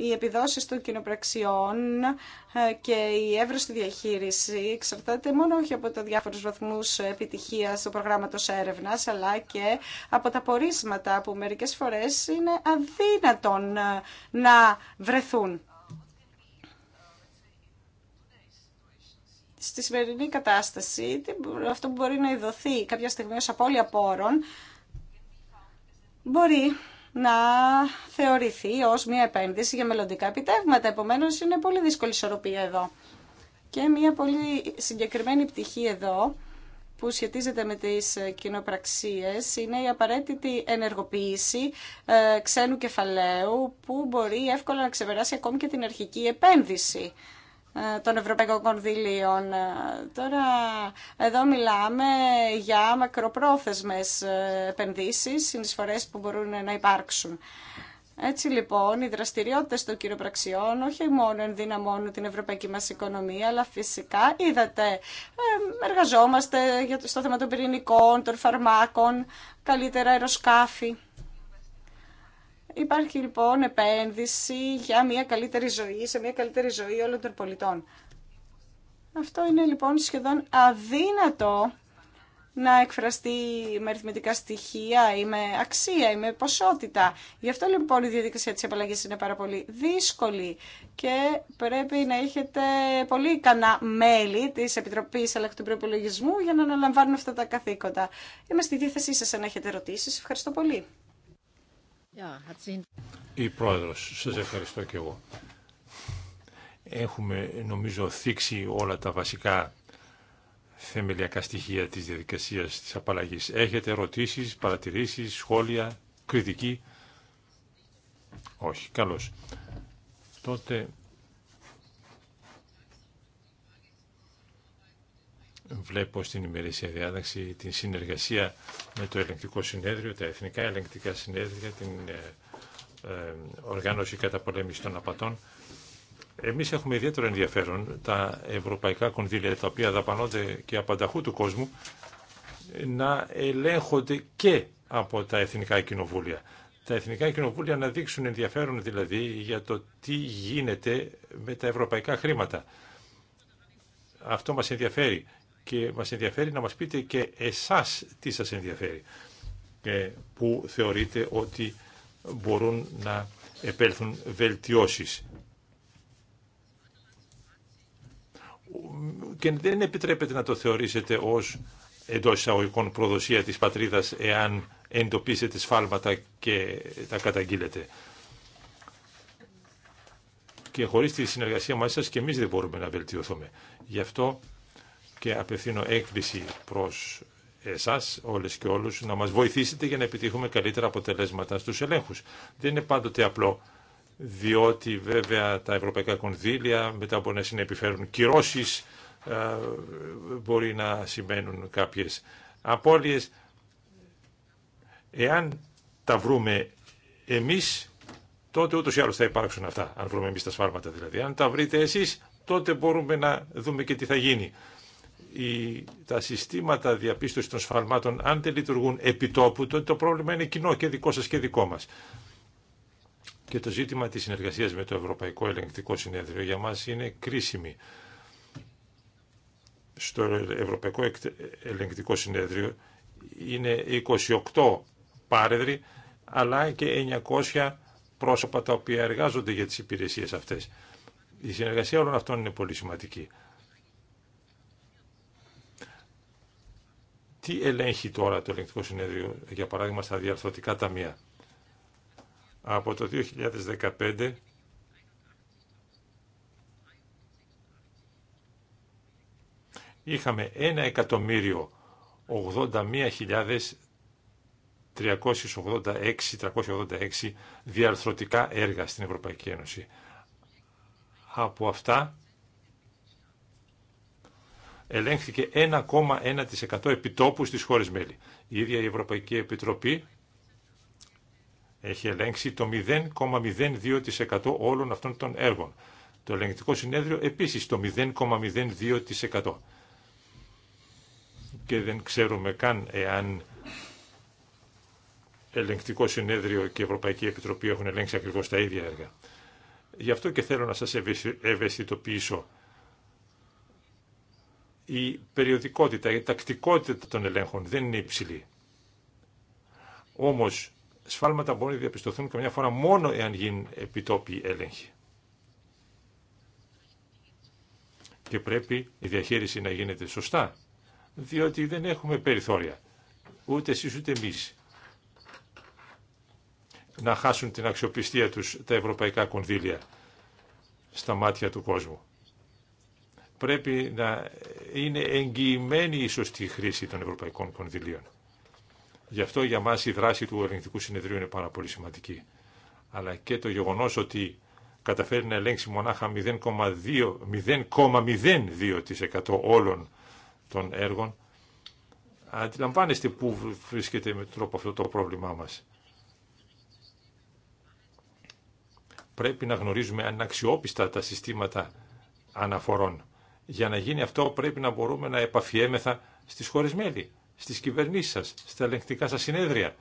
οι επιδόσεις των κοινοπραξιών ε, και η εύρωστη διαχείριση εξαρτάται μόνο όχι από τα διάφορους βαθμούς επιτυχίας του προγράμματος έρευνας, αλλά και από τα πορίσματα που μερικές φορές είναι αδύνατον ε, να βρεθούν. Στη σημερινή κατάσταση, αυτό που μπορεί να ειδωθεί κάποια στιγμή ως απώλεια πόρων, μπορεί να θεωρηθεί ως μια επένδυση για μελλοντικά επιτεύγματα. Επομένως είναι πολύ δύσκολη ισορροπία εδώ. Και μια πολύ συγκεκριμένη πτυχή εδώ που σχετίζεται με τις ε, κοινοπραξίες είναι η απαραίτητη ενεργοποίηση ε, ξένου κεφαλαίου που μπορεί εύκολα να ξεπεράσει ακόμη και την αρχική επένδυση. Ε, των Ευρωπαϊκών Κονδύλιων. Ε, τώρα εδώ μιλάμε για μακροπρόθεσμες ε, επενδύσεις, συνεισφορές που μπορούν να υπάρξουν. Έτσι λοιπόν, οι δραστηριότητε των κυριοπραξιών όχι μόνο ενδυναμώνουν την ευρωπαϊκή μα οικονομία, αλλά φυσικά είδατε, εργαζόμαστε στο θέμα των πυρηνικών, των φαρμάκων, καλύτερα αεροσκάφη. Υπάρχει λοιπόν επένδυση για μια καλύτερη ζωή, σε μια καλύτερη ζωή όλων των πολιτών. Αυτό είναι λοιπόν σχεδόν αδύνατο να εκφραστεί με αριθμητικά στοιχεία ή με αξία ή με ποσότητα. Γι' αυτό λοιπόν η διαδικασία της απαλλαγής είναι πάρα πολύ δύσκολη και πρέπει να έχετε πολύ ικανά μέλη της Επιτροπής αλλά για να αναλαμβάνουν αυτά τα καθήκοντα. Είμαι στη διάθεσή σας αν έχετε ερωτήσεις. Ευχαριστώ πολύ. Η Πρόεδρος, σας ευχαριστώ και εγώ. Έχουμε νομίζω θίξει όλα τα βασικά θεμελιακά στοιχεία της διαδικασίας της απαλλαγής. Έχετε ερωτήσεις, παρατηρήσεις, σχόλια, κριτική. Όχι, καλώς. Τότε βλέπω στην ημερήσια διάταξη την συνεργασία με το ελεγκτικό συνέδριο, τα εθνικά ελεγκτικά συνέδρια, την ε, ε, οργάνωση κατά πολέμηση των απατών. Εμείς έχουμε ιδιαίτερο ενδιαφέρον τα ευρωπαϊκά κονδύλια τα οποία δαπανώνται και απανταχού του κόσμου να ελέγχονται και από τα εθνικά κοινοβούλια. Τα εθνικά κοινοβούλια να δείξουν ενδιαφέρον δηλαδή για το τι γίνεται με τα ευρωπαϊκά χρήματα. Αυτό μας ενδιαφέρει και μας ενδιαφέρει να μας πείτε και εσάς τι σας ενδιαφέρει ε, που θεωρείτε ότι μπορούν να επέλθουν βελτιώσεις. Και δεν επιτρέπεται να το θεωρήσετε ως εντό εισαγωγικών προδοσία της πατρίδας εάν εντοπίσετε σφάλματα και τα καταγγείλετε. Και χωρίς τη συνεργασία μαζί σας και εμείς δεν μπορούμε να βελτιωθούμε. Γι' αυτό και απευθύνω έκκληση προς εσάς όλες και όλους να μας βοηθήσετε για να επιτύχουμε καλύτερα αποτελέσματα στους ελέγχους. Δεν είναι πάντοτε απλό, διότι βέβαια τα ευρωπαϊκά κονδύλια μετά μπορεί να συνεπιφέρουν κυρώσεις, ε, μπορεί να σημαίνουν κάποιες απώλειες. Εάν τα βρούμε εμείς, τότε ούτως ή άλλως θα υπάρξουν αυτά, αν βρούμε εμείς τα σφάλματα δηλαδή. Αν τα βρείτε εσείς, τότε μπορούμε να δούμε και τι θα γίνει τα συστήματα διαπίστωση των σφαλμάτων, αν δεν λειτουργούν επιτόπου, τότε το πρόβλημα είναι κοινό και δικό σας και δικό μας. Και το ζήτημα της συνεργασίας με το Ευρωπαϊκό Ελεγκτικό Συνέδριο για μας είναι κρίσιμη. Στο Ευρωπαϊκό Ελεγκτικό Συνέδριο είναι 28 πάρεδροι, αλλά και 900 πρόσωπα τα οποία εργάζονται για τις υπηρεσίες αυτές. Η συνεργασία όλων αυτών είναι πολύ σημαντική. Τι ελέγχει τώρα το ελεγκτικό συνέδριο, για παράδειγμα, στα διαρθρωτικά ταμεία. Από το 2015 είχαμε 1.081.386 διαρθρωτικά έργα στην Ευρωπαϊκή Ένωση. Από αυτά ελέγχθηκε 1,1% επιτόπου στις χώρες μέλη. Η ίδια η Ευρωπαϊκή Επιτροπή έχει ελέγξει το 0,02% όλων αυτών των έργων. Το ελεγκτικό συνέδριο επίσης το 0,02%. Και δεν ξέρουμε καν εάν ελεγκτικό συνέδριο και Ευρωπαϊκή Επιτροπή έχουν ελέγξει ακριβώς τα ίδια έργα. Γι' αυτό και θέλω να σας ευαισθητοποιήσω η περιοδικότητα, η τακτικότητα των ελέγχων δεν είναι υψηλή. Όμως, σφάλματα μπορεί να διαπιστωθούν καμιά φορά μόνο εάν γίνουν επιτόπιοι έλεγχοι. Και πρέπει η διαχείριση να γίνεται σωστά, διότι δεν έχουμε περιθώρια, ούτε εσείς ούτε εμείς, να χάσουν την αξιοπιστία τους τα ευρωπαϊκά κονδύλια στα μάτια του κόσμου πρέπει να είναι εγγυημένη η σωστή χρήση των ευρωπαϊκών κονδυλίων. Γι' αυτό για μας η δράση του ελεγκτικού συνεδρίου είναι πάρα πολύ σημαντική. Αλλά και το γεγονός ότι καταφέρει να ελέγξει μονάχα 0,02% όλων των έργων, αντιλαμβάνεστε πού βρίσκεται με τρόπο αυτό το πρόβλημά μας. Πρέπει να γνωρίζουμε αν τα συστήματα αναφορών για να γίνει αυτό πρέπει να μπορούμε να επαφιέμεθα στις χώρες μέλη, στις κυβερνήσεις σας, στα ελεγκτικά σας συνέδρια.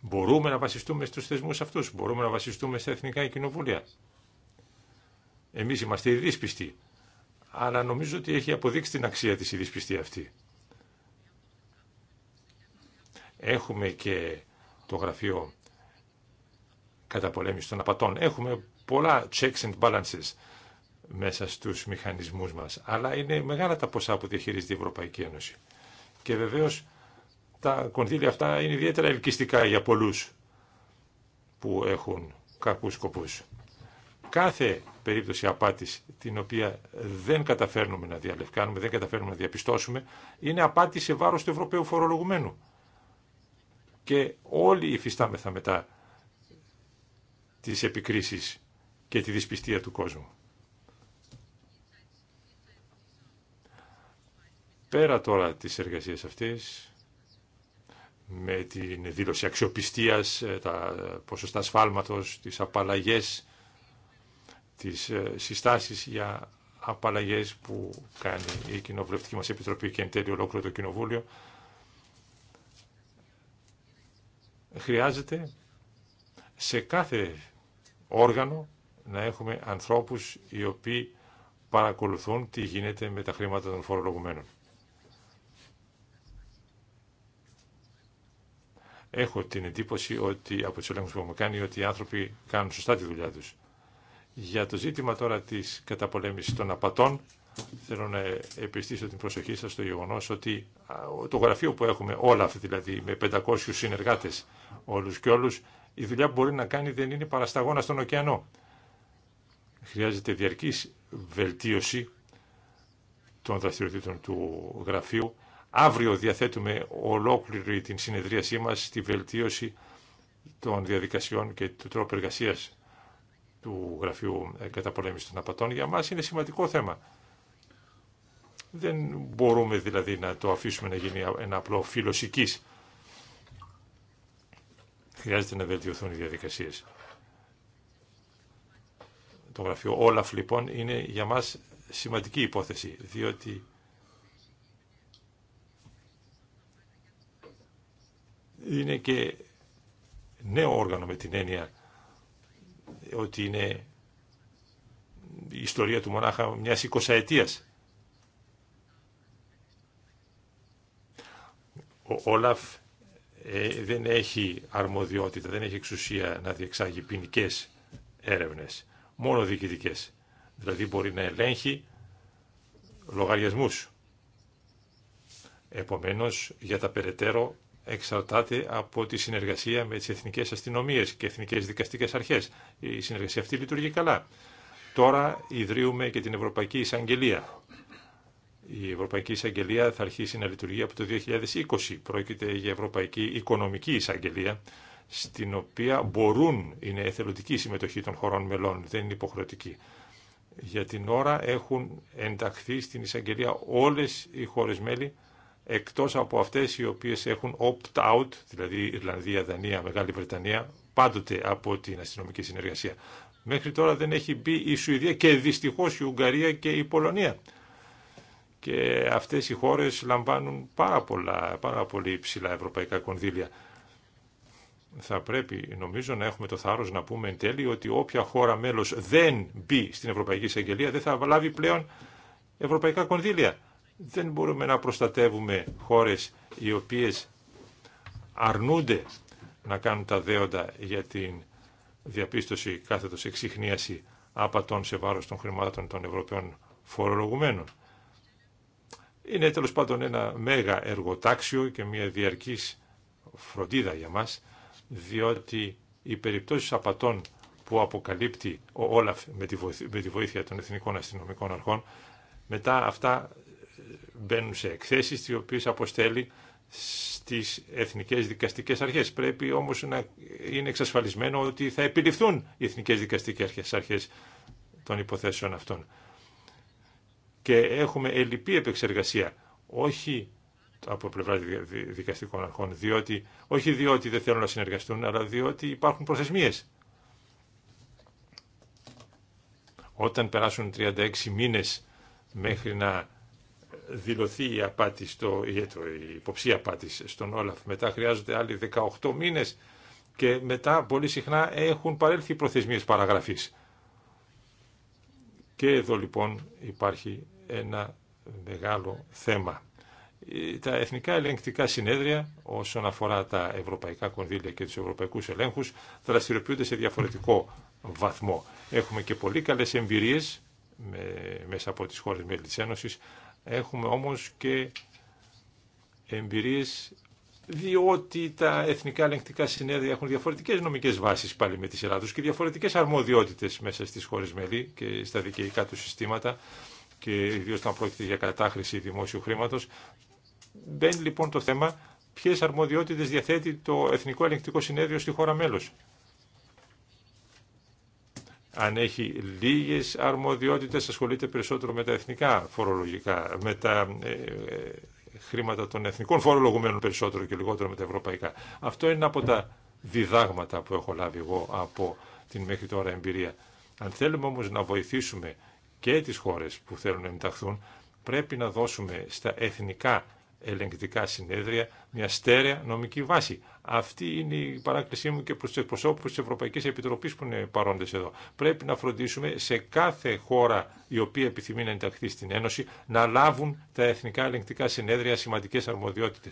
Μπορούμε να βασιστούμε στους θεσμούς αυτούς, μπορούμε να βασιστούμε στα εθνικά κοινοβούλια. Εμείς είμαστε οι δύσπιστοι, αλλά νομίζω ότι έχει αποδείξει την αξία της η αυτή. Έχουμε και το γραφείο καταπολέμηση των απατών. Έχουμε πολλά checks and balances μέσα στους μηχανισμούς μας. Αλλά είναι μεγάλα τα ποσά που διαχειρίζεται η Ευρωπαϊκή Ένωση. Και βεβαίως τα κονδύλια αυτά είναι ιδιαίτερα ελκυστικά για πολλούς που έχουν κακούς σκοπούς. Κάθε περίπτωση απάτης την οποία δεν καταφέρνουμε να διαλευκάνουμε, δεν καταφέρνουμε να διαπιστώσουμε, είναι απάτη σε βάρος του Ευρωπαίου φορολογουμένου. Και όλοι υφιστάμεθα μετά τις επικρίσεις και τη δυσπιστία του κόσμου. Πέρα τώρα της εργασίας αυτής, με την δήλωση αξιοπιστίας, ε, τα ποσοστά σφάλματος, τις απαλλαγές, τις ε, συστάσεις για απαλλαγές που κάνει η Κοινοβουλευτική μας Επιτροπή και εν τέλει ολόκληρο το Κοινοβούλιο, χρειάζεται σε κάθε όργανο να έχουμε ανθρώπους οι οποίοι παρακολουθούν τι γίνεται με τα χρήματα των φορολογουμένων. έχω την εντύπωση ότι από του ελέγχου που έχουμε κάνει ότι οι άνθρωποι κάνουν σωστά τη δουλειά του. Για το ζήτημα τώρα τη καταπολέμηση των απατών, θέλω να επιστήσω την προσοχή σα στο γεγονό ότι το γραφείο που έχουμε, όλα αυτά, δηλαδή, με 500 συνεργάτε όλου και όλου, η δουλειά που μπορεί να κάνει δεν είναι παρασταγώνα στον ωκεανό. Χρειάζεται διαρκή βελτίωση των δραστηριοτήτων του γραφείου Αύριο διαθέτουμε ολόκληρη την συνεδρίασή μας στη βελτίωση των διαδικασιών και του τρόπου εργασία του Γραφείου Καταπολέμησης των Απατών. Για μας είναι σημαντικό θέμα. Δεν μπορούμε δηλαδή να το αφήσουμε να γίνει ένα απλό φιλοσικής. Χρειάζεται να βελτιωθούν οι διαδικασίες. Το γραφείο Όλαφ λοιπόν είναι για μας σημαντική υπόθεση, διότι είναι και νέο όργανο με την έννοια ότι είναι η ιστορία του μονάχα μιας εικοσαετίας. Ο Όλαφ ε, δεν έχει αρμοδιότητα, δεν έχει εξουσία να διεξάγει ποινικέ έρευνες, μόνο διοικητικέ. Δηλαδή μπορεί να ελέγχει λογαριασμούς. Επομένως, για τα περαιτέρω εξαρτάται από τη συνεργασία με τις εθνικές αστυνομίες και εθνικές δικαστικές αρχές. Η συνεργασία αυτή λειτουργεί καλά. Τώρα ιδρύουμε και την Ευρωπαϊκή Εισαγγελία. Η Ευρωπαϊκή Εισαγγελία θα αρχίσει να λειτουργεί από το 2020. Πρόκειται για Ευρωπαϊκή Οικονομική Εισαγγελία, στην οποία μπορούν, είναι εθελοντική συμμετοχή των χωρών μελών, δεν είναι υποχρεωτική. Για την ώρα έχουν ενταχθεί στην εισαγγελία όλες οι χώρες μέλη εκτός από αυτές οι οποίες έχουν opt-out, δηλαδή Ιρλανδία, Δανία, Μεγάλη Βρετανία, πάντοτε από την αστυνομική συνεργασία. Μέχρι τώρα δεν έχει μπει η Σουηδία και δυστυχώς η Ουγγαρία και η Πολωνία. Και αυτές οι χώρες λαμβάνουν πάρα, πολλά, πάρα πολύ ψηλά ευρωπαϊκά κονδύλια. Θα πρέπει νομίζω να έχουμε το θάρρος να πούμε εν τέλει ότι όποια χώρα μέλος δεν μπει στην Ευρωπαϊκή Εισαγγελία δεν θα λάβει πλέον ευρωπαϊκά κονδύλια. Δεν μπορούμε να προστατεύουμε χώρες οι οποίες αρνούνται να κάνουν τα δέοντα για την διαπίστωση κάθετος εξυχνίαση άπατων σε βάρος των χρημάτων των Ευρωπαίων φορολογουμένων. Είναι τέλος πάντων ένα μέγα εργοτάξιο και μια διαρκής φροντίδα για μας, διότι οι περιπτώσεις απατών που αποκαλύπτει ο Όλαφ με τη βοήθεια των εθνικών αστυνομικών αρχών, μετά αυτά μπαίνουν σε εκθέσεις τις οποίες αποστέλει στις εθνικές δικαστικές αρχές. Πρέπει όμως να είναι εξασφαλισμένο ότι θα επιληφθούν οι εθνικές δικαστικές αρχές, αρχές των υποθέσεων αυτών. Και έχουμε ελλειπή επεξεργασία, όχι από πλευρά δικαστικών αρχών, διότι, όχι διότι δεν θέλουν να συνεργαστούν, αλλά διότι υπάρχουν προθεσμίες. Όταν περάσουν 36 μήνες μέχρι να δηλωθεί η απάτη η υποψία απάτη στον Όλαφ. Μετά χρειάζονται άλλοι 18 μήνες και μετά πολύ συχνά έχουν παρέλθει οι προθεσμίες παραγραφής. Και εδώ λοιπόν υπάρχει ένα μεγάλο θέμα. Ε, τα εθνικά ελεγκτικά συνέδρια όσον αφορά τα ευρωπαϊκά κονδύλια και τους ευρωπαϊκούς Ελέγχου, δραστηριοποιούνται σε διαφορετικό βαθμό. Έχουμε και πολύ καλέ εμπειρίε μέσα από τις χώρες μέλη της Ένωσης, Έχουμε όμως και εμπειρίες διότι τα εθνικά ελεγκτικά συνέδρια έχουν διαφορετικές νομικές βάσεις πάλι με τη σειρά και διαφορετικές αρμοδιότητες μέσα στις χώρες μελή και στα δικαιϊκά του συστήματα και ιδίως όταν πρόκειται για κατάχρηση δημόσιου χρήματος. Μπαίνει λοιπόν το θέμα ποιες αρμοδιότητες διαθέτει το Εθνικό Ελεγκτικό Συνέδριο στη χώρα μέλος αν έχει λίγες αρμοδιότητες ασχολείται περισσότερο με τα εθνικά φορολογικά, με τα ε, ε, χρήματα των εθνικών φορολογουμένων περισσότερο και λιγότερο με τα ευρωπαϊκά. Αυτό είναι από τα διδάγματα που έχω λάβει εγώ από την μέχρι τώρα εμπειρία. Αν θέλουμε όμως να βοηθήσουμε και τις χώρες που θέλουν να ενταχθούν, πρέπει να δώσουμε στα εθνικά ελεγκτικά συνέδρια μια στέρεα νομική βάση. Αυτή είναι η παράκλησή μου και προ του εκπροσώπου τη Ευρωπαϊκή Επιτροπή που είναι παρόντε εδώ. Πρέπει να φροντίσουμε σε κάθε χώρα η οποία επιθυμεί να ενταχθεί στην Ένωση να λάβουν τα εθνικά ελεγκτικά συνέδρια σημαντικέ αρμοδιότητε.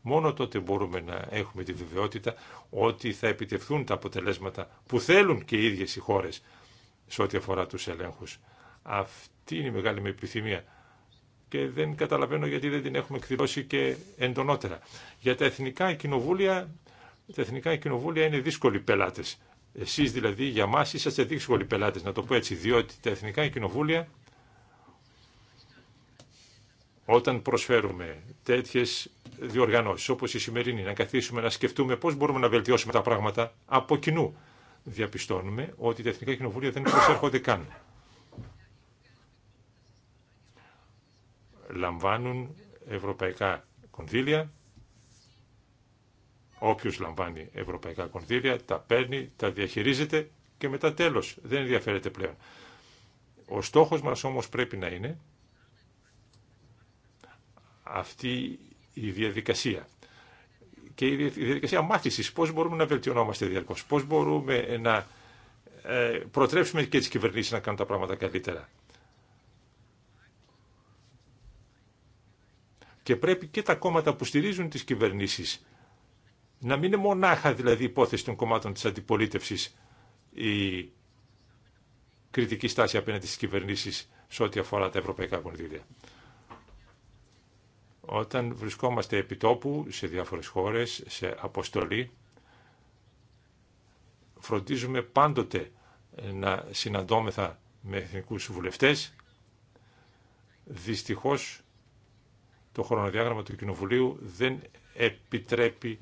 Μόνο τότε μπορούμε να έχουμε τη βεβαιότητα ότι θα επιτευχθούν τα αποτελέσματα που θέλουν και οι ίδιες οι χώρε σε ό,τι αφορά του ελέγχου. Αυτή είναι η μεγάλη μου επιθυμία και δεν καταλαβαίνω γιατί δεν την έχουμε εκδηλώσει και εντονότερα. Για τα εθνικά κοινοβούλια, τα εθνικά κοινοβούλια είναι δύσκολοι πελάτε. Εσεί δηλαδή για μα είσαστε δύσκολοι πελάτε. να το πω έτσι, διότι τα εθνικά κοινοβούλια όταν προσφέρουμε τέτοιε διοργανώσει, όπω η σημερινή, να καθίσουμε να σκεφτούμε πώ μπορούμε να βελτιώσουμε τα πράγματα από κοινού, διαπιστώνουμε ότι τα εθνικά κοινοβούλια δεν προσέρχονται καν. λαμβάνουν ευρωπαϊκά κονδύλια. Όποιος λαμβάνει ευρωπαϊκά κονδύλια τα παίρνει, τα διαχειρίζεται και μετά τέλος. Δεν ενδιαφέρεται πλέον. Ο στόχος μας όμως πρέπει να είναι αυτή η διαδικασία και η διαδικασία μάθησης, πώς μπορούμε να βελτιωνόμαστε διαρκώς, πώς μπορούμε να ε, προτρέψουμε και τις κυβερνήσεις να κάνουν τα πράγματα καλύτερα. Και πρέπει και τα κόμματα που στηρίζουν τις κυβερνήσεις να μην είναι μονάχα δηλαδή υπόθεση των κομμάτων της αντιπολίτευσης η κριτική στάση απέναντι στις κυβερνήσεις σε ό,τι αφορά τα ευρωπαϊκά κονδύλια. Όταν βρισκόμαστε επί τόπου σε διάφορες χώρες, σε αποστολή, φροντίζουμε πάντοτε να συναντώμεθα με εθνικούς βουλευτές. Δυστυχώς το χρονοδιάγραμμα του Κοινοβουλίου δεν επιτρέπει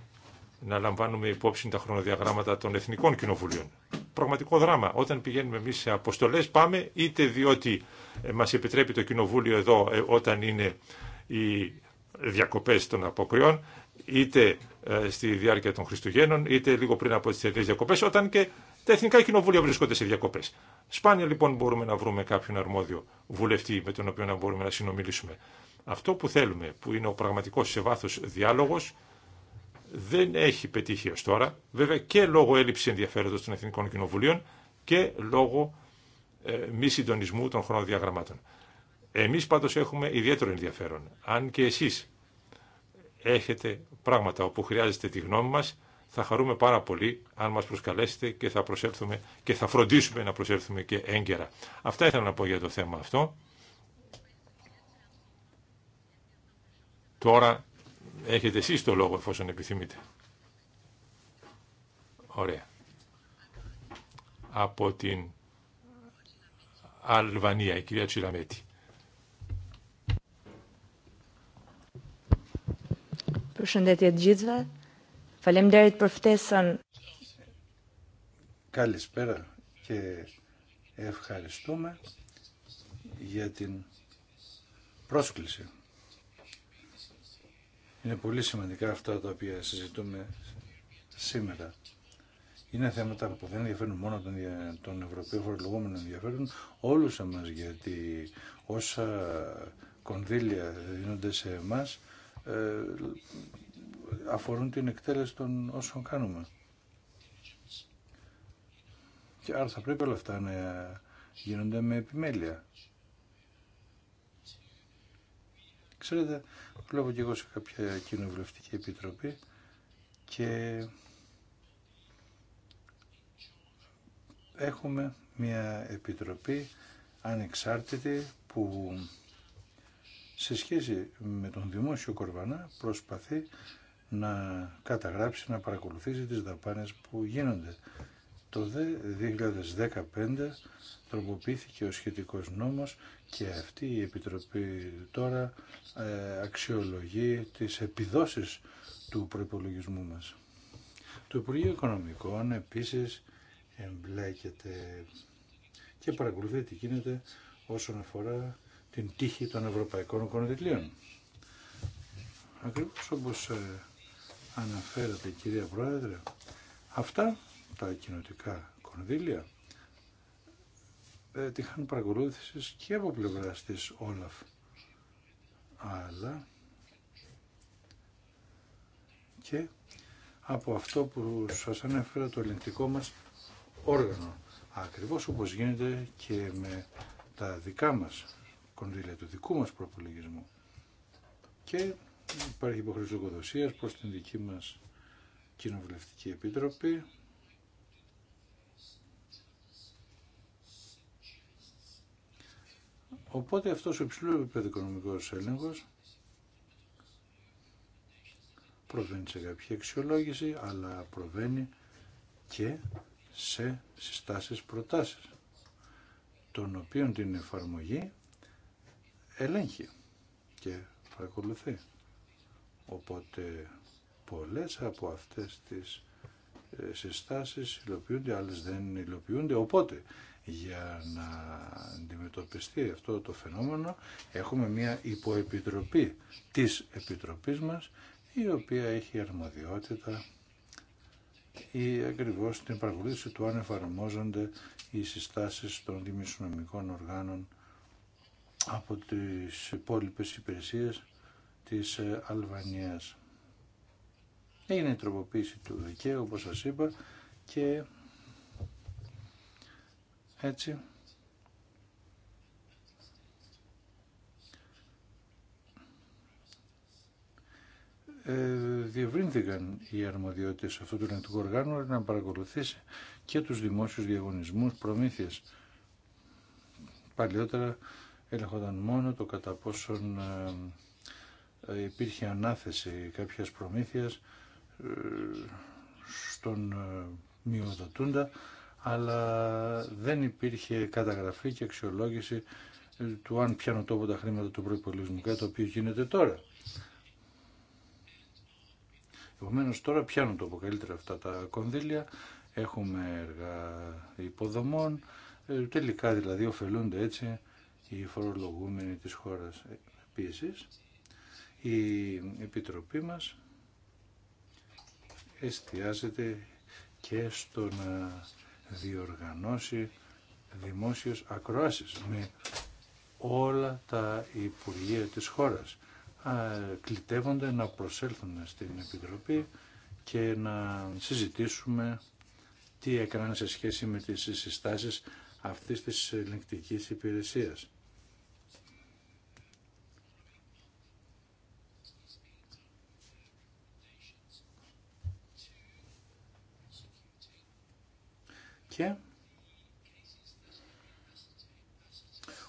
να λαμβάνουμε υπόψη τα χρονοδιαγράμματα των εθνικών κοινοβουλίων. Πραγματικό δράμα. Όταν πηγαίνουμε εμεί σε αποστολέ, πάμε είτε διότι ε, μα επιτρέπει το κοινοβούλιο εδώ ε, όταν είναι οι διακοπέ των αποκριών, είτε ε, στη διάρκεια των Χριστουγέννων, είτε λίγο πριν από τι θερινέ διακοπέ, όταν και τα εθνικά κοινοβούλια βρίσκονται σε διακοπέ. Σπάνια λοιπόν μπορούμε να βρούμε κάποιον αρμόδιο βουλευτή με τον οποίο να μπορούμε να συνομιλήσουμε. Αυτό που θέλουμε, που είναι ο πραγματικός σε βάθος διάλογος, δεν έχει πετύχει ως τώρα, βέβαια και λόγω έλλειψη ενδιαφέροντος των Εθνικών Κοινοβουλίων και λόγω ε, μη συντονισμού των χρονοδιαγραμμάτων. Εμείς πάντως έχουμε ιδιαίτερο ενδιαφέρον. Αν και εσείς έχετε πράγματα όπου χρειάζεστε τη γνώμη μας, θα χαρούμε πάρα πολύ αν μας προσκαλέσετε και θα, προσέλθουμε, και θα φροντίσουμε να προσέλθουμε και έγκαιρα. Αυτά ήθελα να πω για το θέμα αυτό. Τώρα έχετε εσείς το λόγο εφόσον επιθυμείτε. Ωραία. Από την Αλβανία, η κυρία Τσιλαμέτη. Καλησπέρα και ευχαριστούμε για την πρόσκληση είναι πολύ σημαντικά αυτά τα οποία συζητούμε σήμερα. Είναι θέματα που δεν ενδιαφέρουν μόνο τον, τον Ευρωπαίο φορολογούμενο, ενδιαφέρουν όλους εμάς, γιατί όσα κονδύλια δίνονται σε εμάς ε, αφορούν την εκτέλεση των όσων κάνουμε. Και άρα θα πρέπει όλα αυτά να γίνονται με επιμέλεια. Ξέρετε, βλέπω και εγώ σε κάποια κοινοβουλευτική επιτροπή και έχουμε μια επιτροπή ανεξάρτητη που σε σχέση με τον δημόσιο κορβανά προσπαθεί να καταγράψει, να παρακολουθήσει τις δαπάνες που γίνονται. Το 2015 τροποποιήθηκε ο σχετικός νόμος και αυτή η Επιτροπή τώρα ε, αξιολογεί τις επιδόσεις του προϋπολογισμού μας. Το Υπουργείο Οικονομικών επίσης εμπλέκεται και παρακολουθεί τι γίνεται όσον αφορά την τύχη των ευρωπαϊκών κονδυλίων. Ακριβώς όπως ε, αναφέρατε κυρία Πρόεδρε, αυτά τα κοινοτικά κονδύλια ε, τη παρακολούθησης και από πλευρά τη Όλαφ. Αλλά και από αυτό που σας ανέφερα το Ελληνικό μας όργανο. Ακριβώς όπως γίνεται και με τα δικά μας κονδύλια, του δικού μας προπολογισμού. Και υπάρχει υποχρεωτική λογοδοσία προς την δική μας Κοινοβουλευτική Επιτροπή Οπότε αυτός ο υψηλού επίπεδο οικονομικός έλεγχος προβαίνει σε κάποια αξιολόγηση, αλλά προβαίνει και σε συστάσεις προτάσεις, των οποίων την εφαρμογή ελέγχει και παρακολουθεί. Οπότε πολλές από αυτές τις ε, συστάσεις υλοποιούνται, άλλες δεν υλοποιούνται, οπότε για να αντιμετωπιστεί αυτό το φαινόμενο έχουμε μια υποεπιτροπή της Επιτροπής μας η οποία έχει αρμοδιότητα ή ακριβώς την παρακολούθηση του αν εφαρμόζονται οι συστάσεις των δημοσιονομικών οργάνων από τις υπόλοιπες υπηρεσίες της ε, Αλβανίας. Έγινε η τροποποίηση του δικαίου, όπως σας είπα, και έτσι. Ε, διευρύνθηκαν οι αρμοδιότητες αυτού του ελεγκτικού οργάνου να παρακολουθήσει και τους δημόσιους διαγωνισμούς, προμήθειας. Παλιότερα έλεγχονταν μόνο το κατά πόσον ε, ε, υπήρχε ανάθεση κάποιας προμήθειας στον μειοδοτούντα αλλά δεν υπήρχε καταγραφή και αξιολόγηση ε, του αν πιάνω τόπο τα χρήματα του προϋπολογισμού, κάτι το οποίο γίνεται τώρα. Επομένως τώρα πιάνω τόπο καλύτερα αυτά τα κονδύλια, έχουμε έργα υποδομών, ε, τελικά δηλαδή ωφελούνται έτσι οι φορολογούμενοι της χώρας ε, επίσης. Η Επιτροπή μας εστιάζεται και στο να διοργανώσει δημόσιες ακροάσεις με όλα τα Υπουργεία της χώρας. Κλητεύονται να προσέλθουν στην Επιτροπή και να συζητήσουμε τι έκαναν σε σχέση με τις συστάσεις αυτής της ελεγκτικής υπηρεσίας. και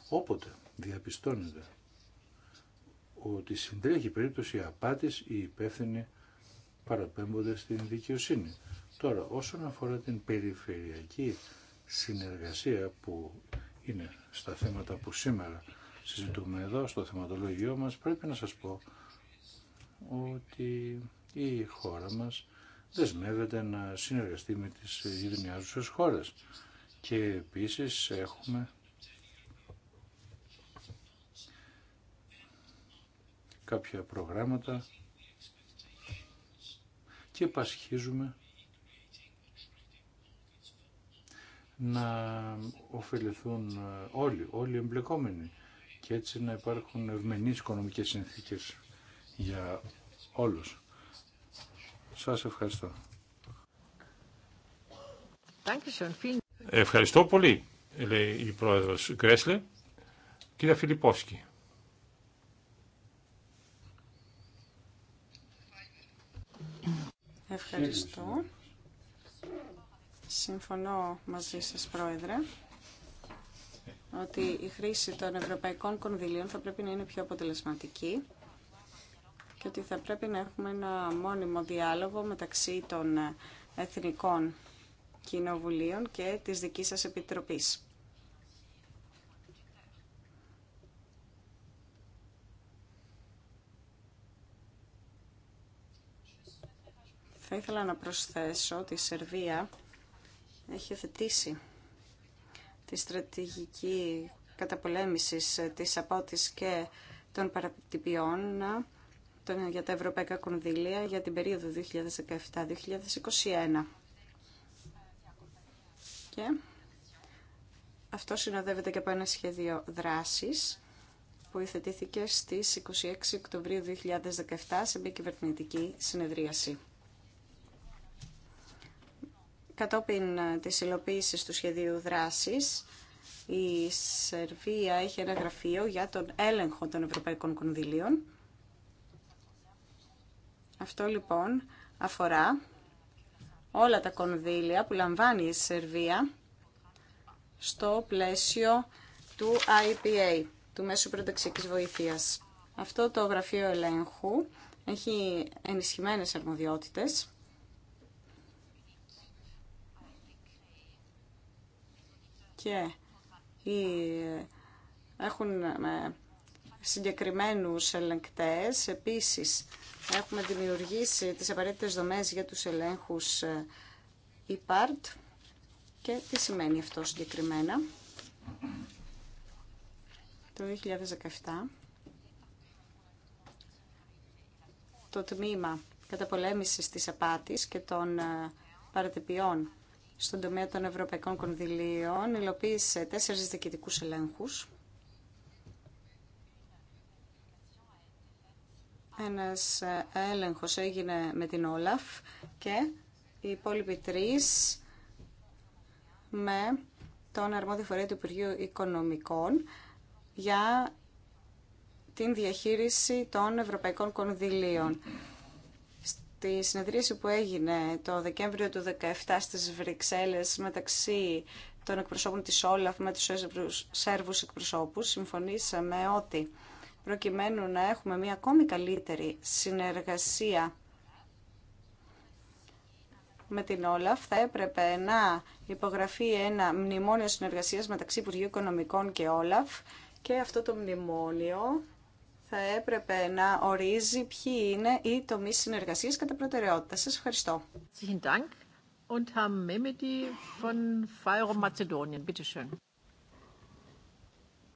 όποτε διαπιστώνεται ότι συντρέχει περίπτωση απάτης οι υπεύθυνοι παραπέμπονται στην δικαιοσύνη. Τώρα, όσον αφορά την περιφερειακή συνεργασία που είναι στα θέματα που σήμερα συζητούμε εδώ, στο θεματολόγιό μας, πρέπει να σας πω ότι η χώρα μας δεσμεύεται να συνεργαστεί με τις γειτονιάζουσες χώρες. Και επίσης έχουμε κάποια προγράμματα και πασχίζουμε να ωφεληθούν όλοι, όλοι οι εμπλεκόμενοι και έτσι να υπάρχουν ευμενείς οικονομικές συνθήκες για όλους. Σας ευχαριστώ. Ευχαριστώ πολύ, λέει η πρόεδρος Γκρέσλε. Κύριε Φιλιππόσκη. Ευχαριστώ. Συμφωνώ μαζί σας, Πρόεδρε, ότι η χρήση των ευρωπαϊκών κονδυλίων θα πρέπει να είναι πιο αποτελεσματική και ότι θα πρέπει να έχουμε ένα μόνιμο διάλογο μεταξύ των ε, εθνικών κοινοβουλίων και της δικής σας επιτροπής. Θα ήθελα να προσθέσω ότι η Σερβία έχει θετήσει τη στρατηγική καταπολέμησης ε, της απότης και των παρατυπιών ε, για τα ευρωπαϊκά κονδυλία για την περίοδο 2017-2021. Και αυτό συνοδεύεται και από ένα σχέδιο δράσης που υθετήθηκε στις 26 Οκτωβρίου 2017 σε μια κυβερνητική συνεδρίαση. Κατόπιν ε, της υλοποίησης του σχεδίου δράσης, η Σερβία έχει ένα γραφείο για τον έλεγχο των ευρωπαϊκών κονδυλίων αυτό λοιπόν αφορά όλα τα κονδύλια που λαμβάνει η Σερβία στο πλαίσιο του IPA, του Μέσου Προταξικής Βοήθειας. Αυτό το γραφείο ελέγχου έχει ενισχυμένες αρμοδιότητες. Και έχουν ε, συγκεκριμένους ελεγκτές, επίσης έχουμε δημιουργήσει τις απαραίτητες δομές για τους ελέγχους E-PART ε, και τι σημαίνει αυτό συγκεκριμένα. Το 2017 το τμήμα καταπολέμησης της απάτης και των ε, παρατυπιών στον τομέα των ευρωπαϊκών κονδυλίων υλοποίησε τέσσερις διοικητικούς ελέγχους Ένας ε, έλεγχος έγινε με την Όλαφ και οι υπόλοιποι τρεις με τον αρμόδιο φορέα του Υπουργείου Οικονομικών για την διαχείριση των ευρωπαϊκών κονδυλίων. Στη συνεδρίαση που έγινε το Δεκέμβριο του 2017 στις Βρυξέλλες μεταξύ των εκπροσώπων της Όλαφ με τους Σέρβους εκπροσώπους συμφωνήσαμε ότι προκειμένου να έχουμε μια ακόμη καλύτερη συνεργασία με την Όλαφ θα έπρεπε να υπογραφεί ένα μνημόνιο συνεργασίας μεταξύ Υπουργείου Οικονομικών και Όλαφ και αυτό το μνημόνιο θα έπρεπε να ορίζει ποιοι είναι οι τομείς συνεργασίας κατά προτεραιότητα. Σας ευχαριστώ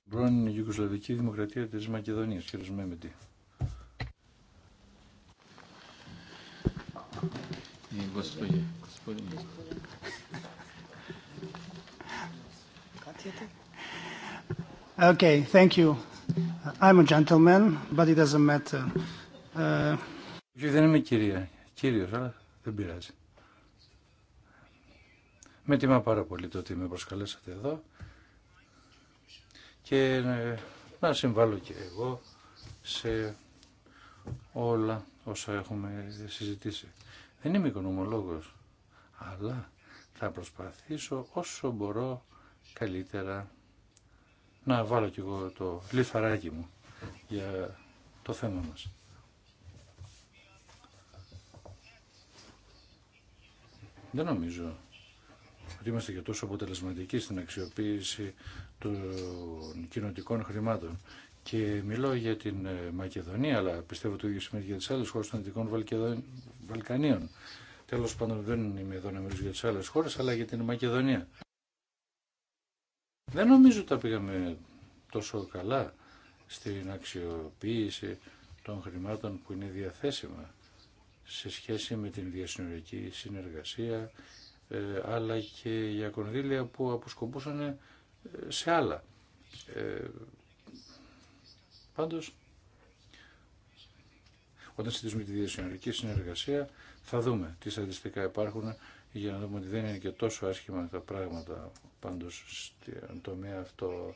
πρώην Ιουγκοσλαβική Δημοκρατία της Μακεδονίας, κύριος Μέμετη. Ε, okay, thank you. I'm a gentleman, but it doesn't matter. Uh... Δεν είμαι κυρία, κύριος, αλλά δεν πειράζει. Με τιμά πάρα πολύ το ότι με προσκαλέσατε εδώ και ε, να συμβάλλω και εγώ σε όλα όσα έχουμε συζητήσει. Δεν είμαι οικονομολόγος, αλλά θα προσπαθήσω όσο μπορώ καλύτερα να βάλω και εγώ το λιθαράκι μου για το θέμα μας. Δεν νομίζω είμαστε και τόσο αποτελεσματικοί στην αξιοποίηση των κοινοτικών χρημάτων. Και μιλώ για την ε, Μακεδονία, αλλά πιστεύω το ίδιο σημαίνει για τι άλλε χώρε των Δυτικών Βαλκανίων. Τέλο πάντων, δεν είμαι εδώ να μιλήσω για τι άλλε χώρε, αλλά για την Μακεδονία. Δεν νομίζω τα πήγαμε τόσο καλά στην αξιοποίηση των χρημάτων που είναι διαθέσιμα σε σχέση με την διασυνορική συνεργασία ε, αλλά και για κονδύλια που αποσκοπούσαν ε, σε άλλα. Ε, πάντως, όταν συζητήσουμε τη διασυνορική συνεργασία, θα δούμε τι στατιστικά υπάρχουν για να δούμε ότι δεν είναι και τόσο άσχημα τα πράγματα πάντως στον τομέα αυτό.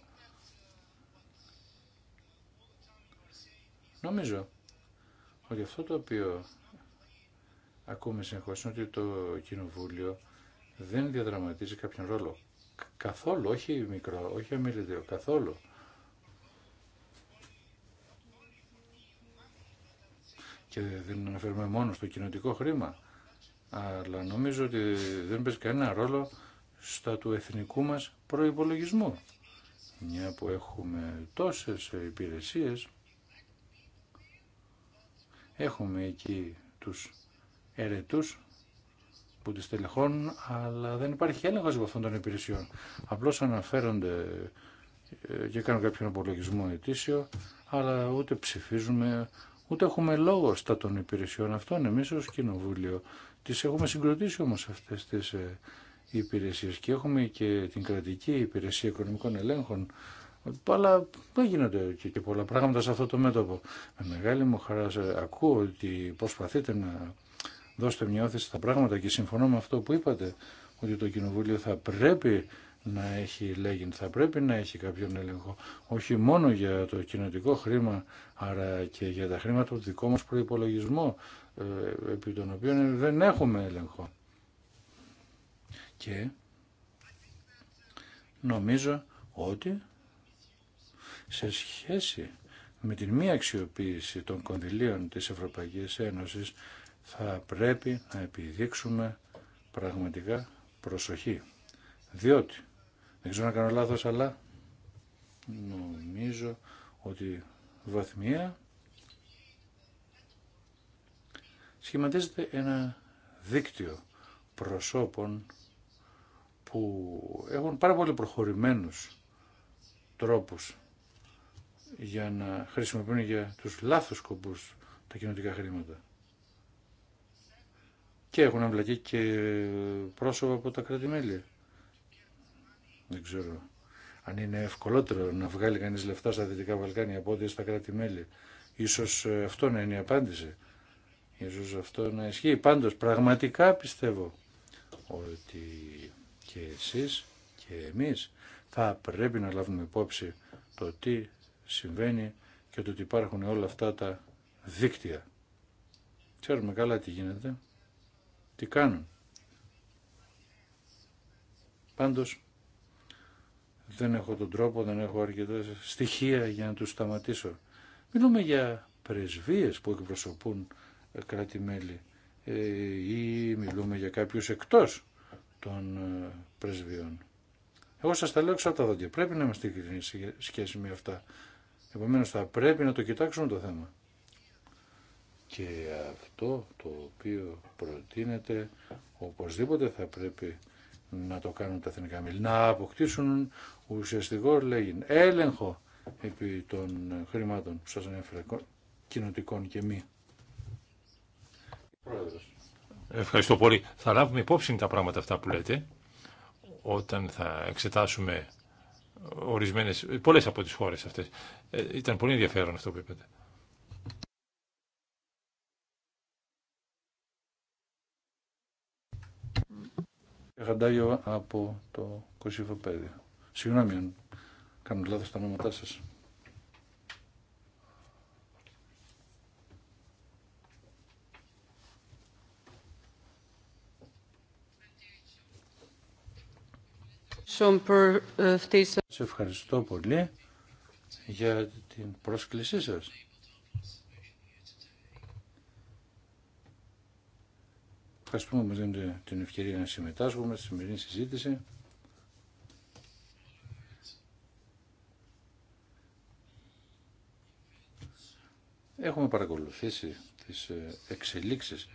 Νομίζω ότι αυτό το οποίο ακούμε συνεχώς είναι ότι το Κοινοβούλιο δεν διαδραματίζει κάποιον ρόλο. Καθόλου, όχι μικρό, όχι αμυλίδιο, καθόλου. Και δεν αναφέρουμε μόνο στο κοινοτικό χρήμα, αλλά νομίζω ότι δεν παίζει κανένα ρόλο στα του εθνικού μας προϋπολογισμού. Μια που έχουμε τόσες υπηρεσίες, έχουμε εκεί τους ερετούς που τις τελεχώνουν, αλλά δεν υπάρχει έλεγχος από αυτών των υπηρεσιών. Απλώς αναφέρονται ε, και κάνουν κάποιον απολογισμό ετήσιο, αλλά ούτε ψηφίζουμε, ούτε έχουμε λόγο στα των υπηρεσιών αυτών. Εμείς ως Κοινοβούλιο τις έχουμε συγκροτήσει όμως αυτές τις ε, υπηρεσίες και έχουμε και την κρατική υπηρεσία οικονομικών ελέγχων, αλλά δεν γίνονται και πολλά πράγματα σε αυτό το μέτωπο. Με μεγάλη μου χαρά ακούω ότι προσπαθείτε να δώστε μια όθηση στα πράγματα και συμφωνώ με αυτό που είπατε, ότι το Κοινοβούλιο θα πρέπει να έχει λέγειν, θα πρέπει να έχει κάποιον έλεγχο, όχι μόνο για το κοινοτικό χρήμα, αλλά και για τα χρήματα του δικό μας προϋπολογισμού, ε, επί των οποίων δεν έχουμε έλεγχο. Και νομίζω ότι σε σχέση με την μη αξιοποίηση των κονδυλίων της Ευρωπαϊκής Ένωσης θα πρέπει να επιδείξουμε πραγματικά προσοχή. Διότι, δεν ξέρω να κάνω λάθος, αλλά νομίζω ότι βαθμία σχηματίζεται ένα δίκτυο προσώπων που έχουν πάρα πολύ προχωρημένους τρόπους για να χρησιμοποιούν για τους λάθους σκοπούς τα κοινωτικά χρήματα και έχουν εμπλακεί και πρόσωπα από τα κράτη-μέλη. Δεν ξέρω αν είναι ευκολότερο να βγάλει κανείς λεφτά στα Δυτικά Βαλκάνια από ό,τι στα κράτη-μέλη. Ίσως αυτό να είναι η απάντηση. Ίσως αυτό να ισχύει. Πάντως πραγματικά πιστεύω ότι και εσείς και εμείς θα πρέπει να λάβουμε υπόψη το τι συμβαίνει και το ότι υπάρχουν όλα αυτά τα δίκτυα. Ξέρουμε καλά τι γίνεται τι κάνουν. Πάντως δεν έχω τον τρόπο, δεν έχω αρκετά στοιχεία για να τους σταματήσω. Μιλούμε για πρεσβείες που εκπροσωπούν ε, κράτη-μέλη ε, ή μιλούμε για κάποιους εκτός των ε, πρεσβειών. Εγώ σας τα λέω από τα δόντια. Πρέπει να είμαστε ειλικρινείς σχέση με αυτά. Επομένως θα πρέπει να το κοιτάξουμε το θέμα. Και αυτό το οποίο προτείνεται οπωσδήποτε θα πρέπει να το κάνουν τα εθνικά μήλη. Να αποκτήσουν ουσιαστικό λέγει έλεγχο επί των χρημάτων που σας ανέφερα κοινοτικών και μη. Ευχαριστώ πολύ. Θα λάβουμε υπόψη τα πράγματα αυτά που λέτε όταν θα εξετάσουμε ορισμένες, πολλές από τις χώρες αυτές. Ε, ήταν πολύ ενδιαφέρον αυτό που είπατε. Γαντάγιο από το Κοσυφοπέδιο. Συγγνώμη αν κάνω λάθος τα ονόματά Σα Σε ευχαριστώ πολύ για την πρόσκλησή σας. Ευχαριστούμε που μας δίνετε την ευκαιρία να συμμετάσχουμε στη σημερινή συζήτηση. Έχουμε παρακολουθήσει τις ε, εξελίξεις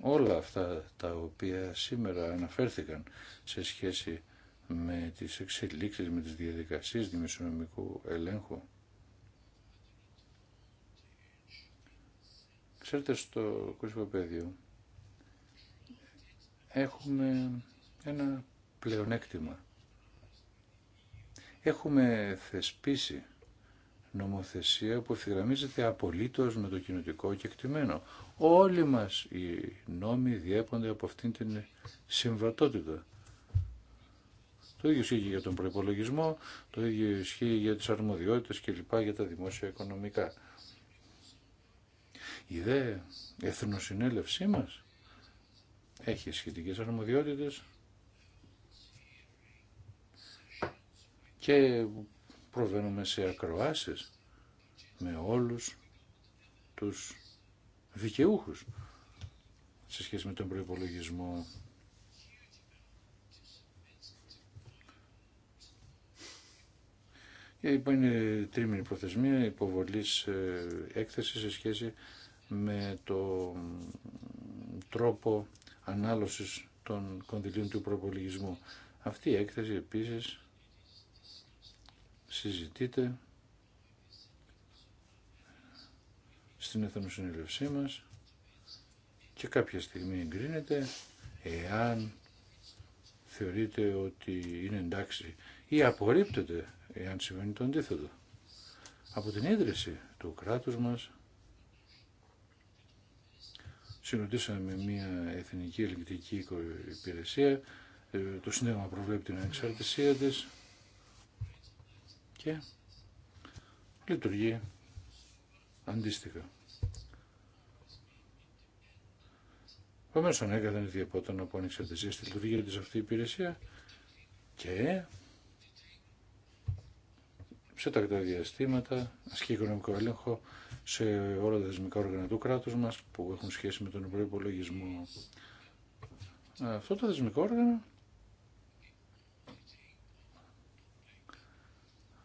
όλα αυτά τα οποία σήμερα αναφέρθηκαν σε σχέση με τις εξελίξεις, με τις διαδικασίες δημοσιονομικού ελέγχου. Ξέρετε, στο κρίσιμο πεδίο έχουμε ένα πλεονέκτημα. Έχουμε θεσπίσει νομοθεσία που ευθυγραμμίζεται απολύτως με το κοινωτικό κεκτημένο. Όλοι μας οι νόμοι διέπονται από αυτήν την συμβατότητα. Το ίδιο ισχύει για τον προπολογισμό, το ίδιο ισχύει για τις αρμοδιότητες και λοιπά για τα δημόσια οικονομικά. Η δε εθνοσυνέλευσή μας έχει σχετικές αρμοδιότητες και προβαίνουμε σε ακροάσεις με όλους τους δικαιούχους σε σχέση με τον προϋπολογισμό Είναι τρίμηνη προθεσμία υποβολής ε, έκθεσης σε σχέση με το τρόπο ανάλωσης των κονδυλίων του προπολογισμού. Αυτή η έκθεση επίσης συζητείται στην Εθνοσυνέλευσή μας και κάποια στιγμή εγκρίνεται εάν θεωρείται ότι είναι εντάξει ή απορρίπτεται εάν συμβαίνει το αντίθετο. Από την ίδρυση του κράτους μας συναντήσαμε μια εθνική ελεγκτική υπηρεσία, ε, το Σύνταγμα προβλέπει την ανεξαρτησία της και λειτουργεί αντίστοιχα. Επομένως ανέκαθεν να από ανεξαρτησία στη λειτουργία της αυτή η υπηρεσία και σε τακτά διαστήματα ασκεί οικονομικό έλεγχο σε όλα τα δεσμικά όργανα του κράτους μας που έχουν σχέση με τον προϋπολογισμό. Ε, αυτό το δεσμικό όργανο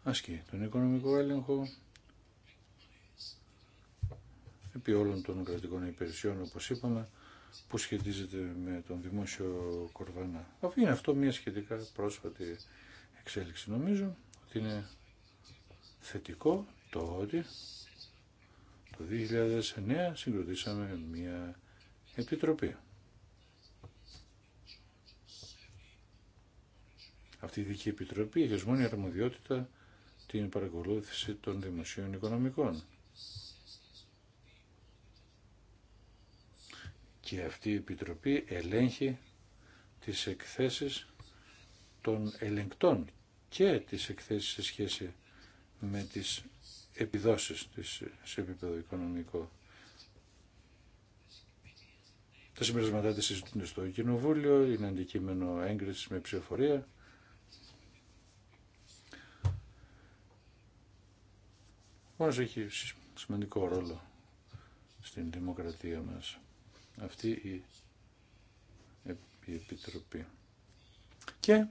ασκεί τον οικονομικό έλεγχο επί όλων των κρατικών υπηρεσιών όπως είπαμε που σχετίζεται με τον δημόσιο κορβάνα. Είναι αυτό μια σχετικά πρόσφατη εξέλιξη νομίζω ότι είναι θετικό το ότι το 2009 συγκροτήσαμε μια επιτροπή. Αυτή η δική επιτροπή έχει μόνη αρμοδιότητα την παρακολούθηση των δημοσίων οικονομικών. Και αυτή η επιτροπή ελέγχει τις εκθέσεις των ελεγκτών και τις εκθέσεις σε σχέση με τις επιδόσεις της, σε επίπεδο οικονομικό. Τα συμπερασματά της συζητούνται στο Κοινοβούλιο, είναι αντικείμενο έγκρισης με ψηφοφορία. Μόνος έχει σημαντικό ρόλο στην δημοκρατία μας αυτή η Επιτροπή. Και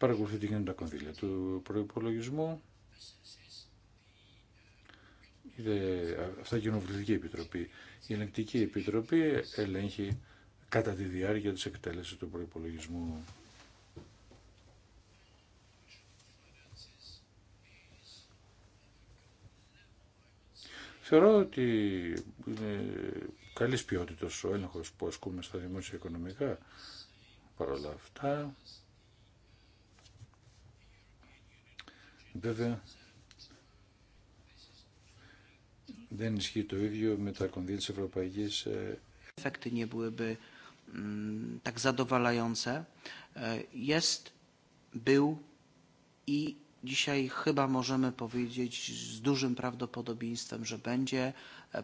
παρακολουθεί τι τα κονδύλια του προϋπολογισμού. αυτά η Κοινοβουλευτική Επιτροπή. Η Ελεγκτική Επιτροπή ελέγχει κατά τη διάρκεια της εκτέλεσης του προϋπολογισμού. Θεωρώ ότι είναι καλής ποιότητας ο έλεγχος που ασκούμε στα δημόσια οικονομικά. Παρ' όλα αυτά, Βέβαια, δεν ισχύει το ίδιο με τα κονδύλια της Ευρωπαϊκής. Efekty nie byłyby tak zadowalające. Jest, był i dzisiaj chyba możemy powiedzieć z dużym prawdopodobieństwem, że będzie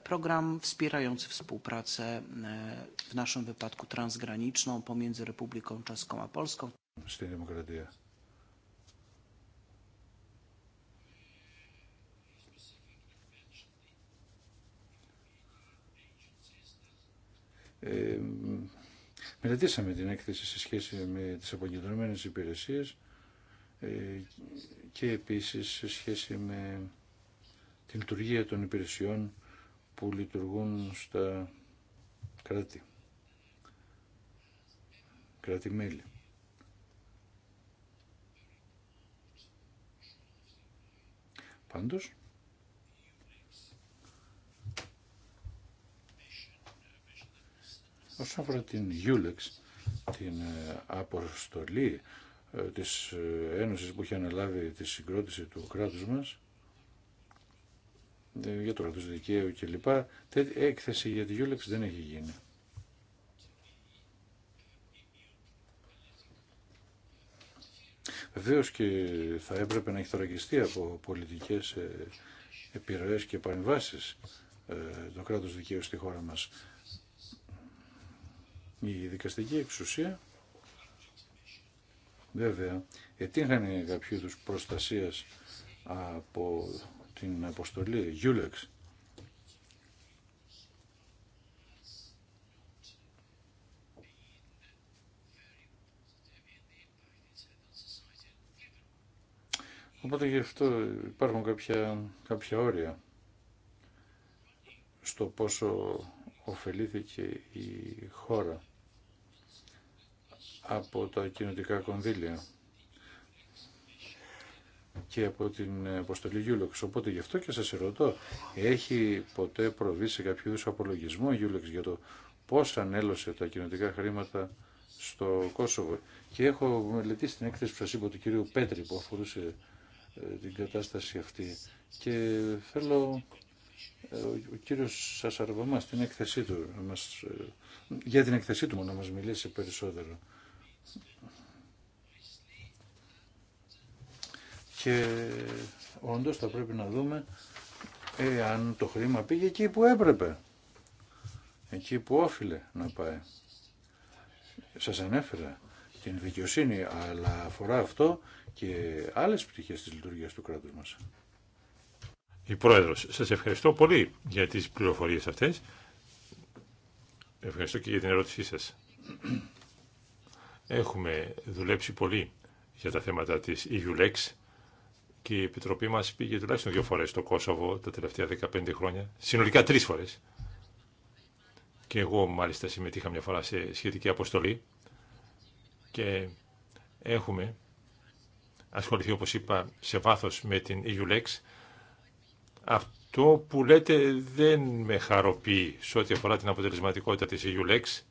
program wspierający współpracę w naszym wypadku transgraniczną pomiędzy Republiką Czeską a Polską. Ε, μελετήσαμε την έκθεση σε σχέση με τις αποκεντρωμένες υπηρεσίες ε, και επίσης σε σχέση με την λειτουργία των υπηρεσιών που λειτουργούν στα κράτη, κράτη-μέλη. Πάντως, Όσον αφορά την Ιούλεξ, την ε, αποστολή ε, της ε, Ένωσης που είχε αναλάβει τη συγκρότηση του κράτους μας, για το κράτος δικαίου κλπ. Έκθεση για τη Ιούλεξ δεν έχει γίνει. Βεβαίω και θα έπρεπε να έχει θωρακιστεί από πολιτικές επιρροές και παρεμβάσεις το κράτος δικαίου στη χώρα μας η δικαστική εξουσία βέβαια ετύχανε κάποιου είδου προστασία από την αποστολή Γιούλεξ Οπότε γι' αυτό υπάρχουν κάποια, κάποια όρια στο πόσο ωφελήθηκε η χώρα από τα κοινωτικά κονδύλια και από την αποστολή Γιούλεξ. Οπότε γι' αυτό και σας ερωτώ, έχει ποτέ προβεί σε κάποιο είδους απολογισμό Γιούλεξ για το πώς ανέλωσε τα κοινωτικά χρήματα στο Κόσοβο. Και έχω μελετήσει την έκθεση που σας είπα του κυρίου Πέτρη που αφορούσε ε, την κατάσταση αυτή και θέλω ε, ο κύριος Σασαρβαμάς την έκθεσή του, για την έκθεσή του να μας ε, μιλήσει περισσότερο. Και όντως θα πρέπει να δούμε εάν το χρήμα πήγε εκεί που έπρεπε. Εκεί που όφιλε να πάει. Σας ανέφερα την δικαιοσύνη, αλλά αφορά αυτό και άλλες πτυχές της λειτουργίας του κράτους μας. Η Πρόεδρος, σας ευχαριστώ πολύ για τις πληροφορίες αυτές. Ευχαριστώ και για την ερώτησή σας. Έχουμε δουλέψει πολύ για τα θέματα της EULEX και η Επιτροπή μας πήγε τουλάχιστον δύο φορές στο Κόσοβο τα τελευταία 15 χρόνια, συνολικά τρεις φορές. Και εγώ μάλιστα συμμετείχα μια φορά σε σχετική αποστολή και έχουμε ασχοληθεί όπως είπα σε βάθος με την EULEX. Αυτό που λέτε δεν με χαροποιεί σε ό,τι αφορά την αποτελεσματικότητα της EULEX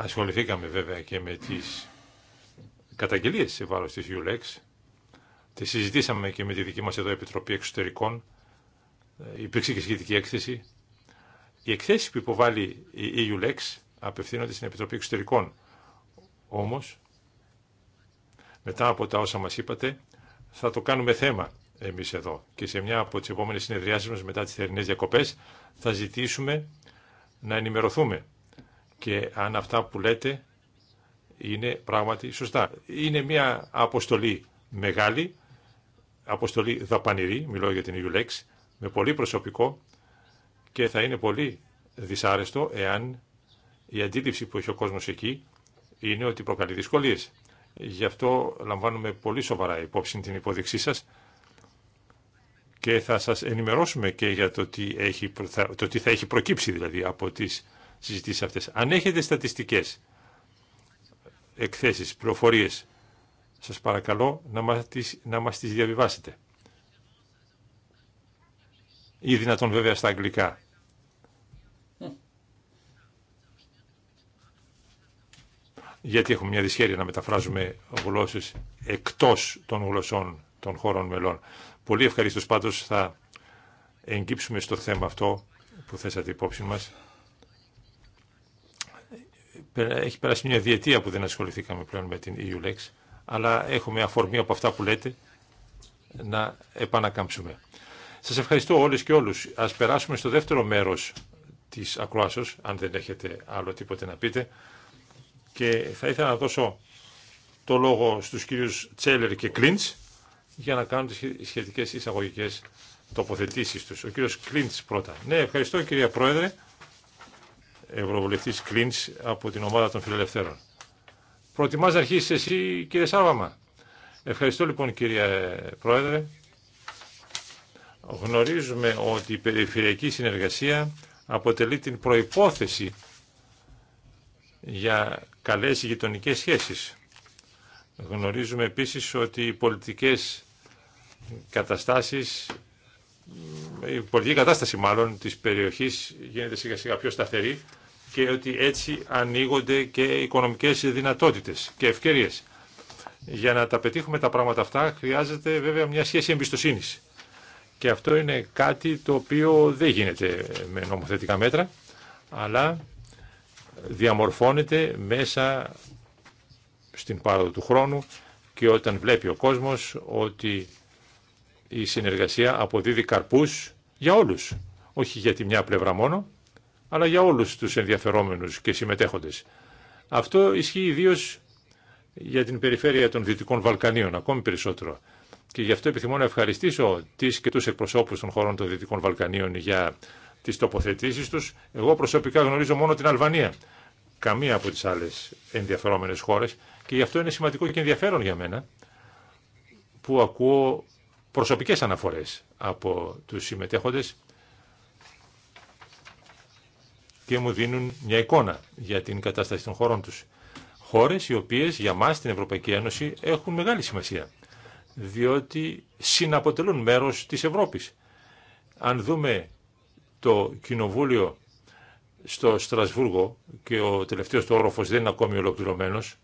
Ασχοληθήκαμε βέβαια και με τις καταγγελίες σε βάρος της Ulex. Τη συζητήσαμε και με τη δική μας εδώ Επιτροπή Εξωτερικών. Ε, υπήρξε και σχετική έκθεση. Οι εκθέσεις που υποβάλλει η Ulex απευθύνονται στην Επιτροπή Εξωτερικών. Όμως, μετά από τα όσα μας είπατε, θα το κάνουμε θέμα εμείς εδώ. Και σε μια από τις επόμενες συνεδριάσεις μας μετά τις θερινές διακοπές θα ζητήσουμε να ενημερωθούμε και αν αυτά που λέτε είναι πράγματι σωστά. Είναι μια αποστολή μεγάλη, αποστολή δαπανηρή, μιλώ για την EULEX, με πολύ προσωπικό και θα είναι πολύ δυσάρεστο εάν η αντίληψη που έχει ο κόσμος εκεί είναι ότι προκαλεί δυσκολίες. Γι' αυτό λαμβάνουμε πολύ σοβαρά υπόψη την υποδείξή σας και θα σας ενημερώσουμε και για το τι, έχει, θα έχει προκύψει δηλαδή από τις αυτές. Αν έχετε στατιστικές, εκθέσεις, προφορίες, σας παρακαλώ να μας, τις, να μας τις διαβιβάσετε. Ή δυνατόν βέβαια στα αγγλικά. γιατί έχουμε μια δυσχέρεια να μεταφράζουμε γλώσσες εκτός των γλωσσών των χώρων μελών. Πολύ ευχαριστώ πάντως θα εγκύψουμε στο θέμα αυτό που θέσατε υπόψη μας. Έχει περάσει μια διετία που δεν ασχοληθήκαμε πλέον με την EULEX, αλλά έχουμε αφορμή από αυτά που λέτε να επανακαμψούμε. Σας ευχαριστώ όλες και όλους. Ας περάσουμε στο δεύτερο μέρος της ακρόαση αν δεν έχετε άλλο τίποτε να πείτε. Και θα ήθελα να δώσω το λόγο στους κυρίους Τσέλερ και Κλίντς για να κάνουν τις σχετικές εισαγωγικές τοποθετήσεις τους. Ο κύριος Κλίντς πρώτα. Ναι, ευχαριστώ κυρία Πρόεδρε. Ευρωβουλευτή Κλίν από την ομάδα των Φιλελευθέρων. Προτιμάς να αρχίσεις εσύ κύριε Σάβαμα. Ευχαριστώ λοιπόν κύριε Πρόεδρε. Γνωρίζουμε ότι η περιφερειακή συνεργασία αποτελεί την προϋπόθεση για καλές γειτονικέ σχέσεις. Γνωρίζουμε επίσης ότι οι πολιτικές καταστάσεις η πολιτική κατάσταση μάλλον της περιοχής γίνεται σιγά σιγά πιο σταθερή και ότι έτσι ανοίγονται και οικονομικές δυνατότητες και ευκαιρίες. Για να τα πετύχουμε τα πράγματα αυτά χρειάζεται βέβαια μια σχέση εμπιστοσύνης. Και αυτό είναι κάτι το οποίο δεν γίνεται με νομοθετικά μέτρα, αλλά διαμορφώνεται μέσα στην πάροδο του χρόνου και όταν βλέπει ο κόσμος ότι η συνεργασία αποδίδει καρπούς για όλους, όχι για τη μια πλευρά μόνο, αλλά για όλους τους ενδιαφερόμενους και συμμετέχοντες. Αυτό ισχύει ιδίω για την περιφέρεια των Δυτικών Βαλκανίων, ακόμη περισσότερο. Και γι' αυτό επιθυμώ να ευχαριστήσω τις και τους εκπροσώπους των χωρών των Δυτικών Βαλκανίων για τις τοποθετήσεις τους. Εγώ προσωπικά γνωρίζω μόνο την Αλβανία, καμία από τις άλλες ενδιαφερόμενες χώρες και γι' αυτό είναι σημαντικό και ενδιαφέρον για μένα που ακούω προσωπικές αναφορές από τους συμμετέχοντες και μου δίνουν μια εικόνα για την κατάσταση των χωρών τους. Χώρες οι οποίες για μας στην Ευρωπαϊκή Ένωση έχουν μεγάλη σημασία, διότι συναποτελούν μέρος της Ευρώπης. Αν δούμε το κοινοβούλιο στο Στρασβούργο και ο τελευταίος του όροφος δεν είναι ακόμη ολοκληρωμένος,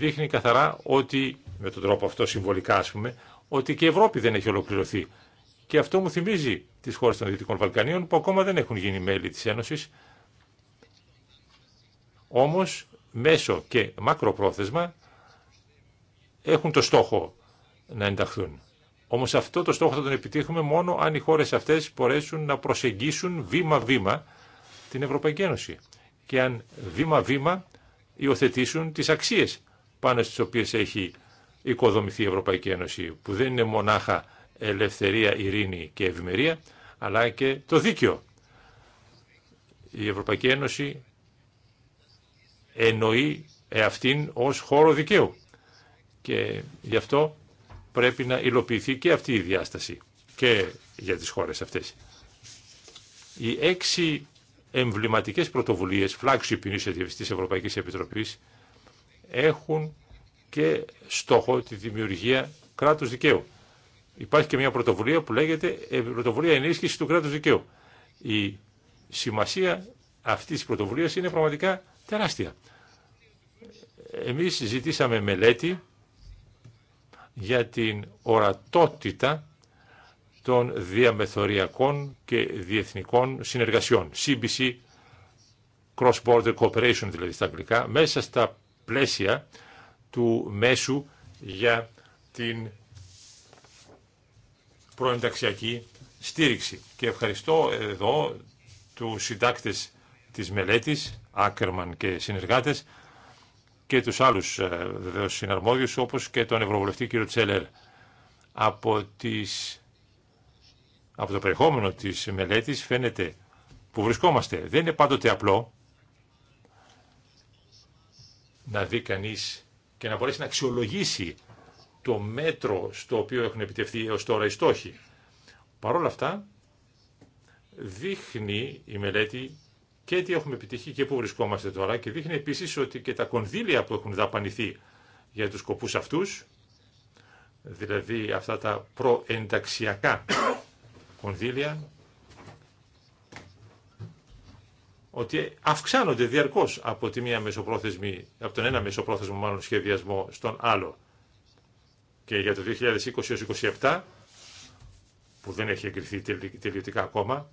δείχνει καθαρά ότι, με τον τρόπο αυτό συμβολικά ας πούμε, ότι και η Ευρώπη δεν έχει ολοκληρωθεί. Και αυτό μου θυμίζει τις χώρες των Δυτικών Βαλκανίων που ακόμα δεν έχουν γίνει μέλη της Ένωσης. Όμως, μέσο και μακροπρόθεσμα έχουν το στόχο να ενταχθούν. Όμως αυτό το στόχο θα τον επιτύχουμε μόνο αν οι χώρες αυτές μπορέσουν να προσεγγίσουν βήμα-βήμα την Ευρωπαϊκή Ένωση. Και αν βήμα-βήμα υιοθετήσουν τις αξίες πάνω στις οποίες έχει οικοδομηθεί η Ευρωπαϊκή Ένωση, που δεν είναι μονάχα ελευθερία, ειρήνη και ευημερία, αλλά και το δίκαιο. Η Ευρωπαϊκή Ένωση εννοεί αυτήν ως χώρο δικαίου και γι' αυτό πρέπει να υλοποιηθεί και αυτή η διάσταση και για τις χώρες αυτές. Οι έξι εμβληματικές πρωτοβουλίες, flagship initiatives της Ευρωπαϊκής Επιτροπής, έχουν και στόχο τη δημιουργία κράτους δικαίου. Υπάρχει και μια πρωτοβουλία που λέγεται ε, Πρωτοβουλία Ενίσχυση του Κράτους Δικαίου. Η σημασία αυτής τη πρωτοβουλίας είναι πραγματικά τεράστια. Εμείς ζητήσαμε μελέτη για την ορατότητα των διαμεθοριακών και διεθνικών συνεργασιών. CBC, Cross Border Cooperation δηλαδή στα αγγλικά, μέσα στα πλαίσια του μέσου για την προενταξιακή στήριξη. Και ευχαριστώ εδώ του συντάκτες της μελέτης, Άκερμαν και συνεργάτες, και τους άλλους ε, βεβαίω συναρμόδιους, όπως και τον Ευρωβουλευτή κύριο Τσέλερ. Από, τις, από το περιεχόμενο της μελέτης φαίνεται που βρισκόμαστε. Δεν είναι πάντοτε απλό, να δει κανείς και να μπορέσει να αξιολογήσει το μέτρο στο οποίο έχουν επιτευχθεί έω τώρα οι στόχοι. Παρ' όλα αυτά, δείχνει η μελέτη και τι έχουμε επιτύχει και πού βρισκόμαστε τώρα και δείχνει επίσης ότι και τα κονδύλια που έχουν δαπανηθεί για τους σκοπούς αυτούς, δηλαδή αυτά τα προενταξιακά κονδύλια, ότι αυξάνονται διαρκώ από, τη μία μεσοπρόθεσμη, από τον ένα μεσοπρόθεσμο μάλλον σχεδιασμό στον άλλο. Και για το 2020 2027, που δεν έχει εγκριθεί τελειωτικά ακόμα,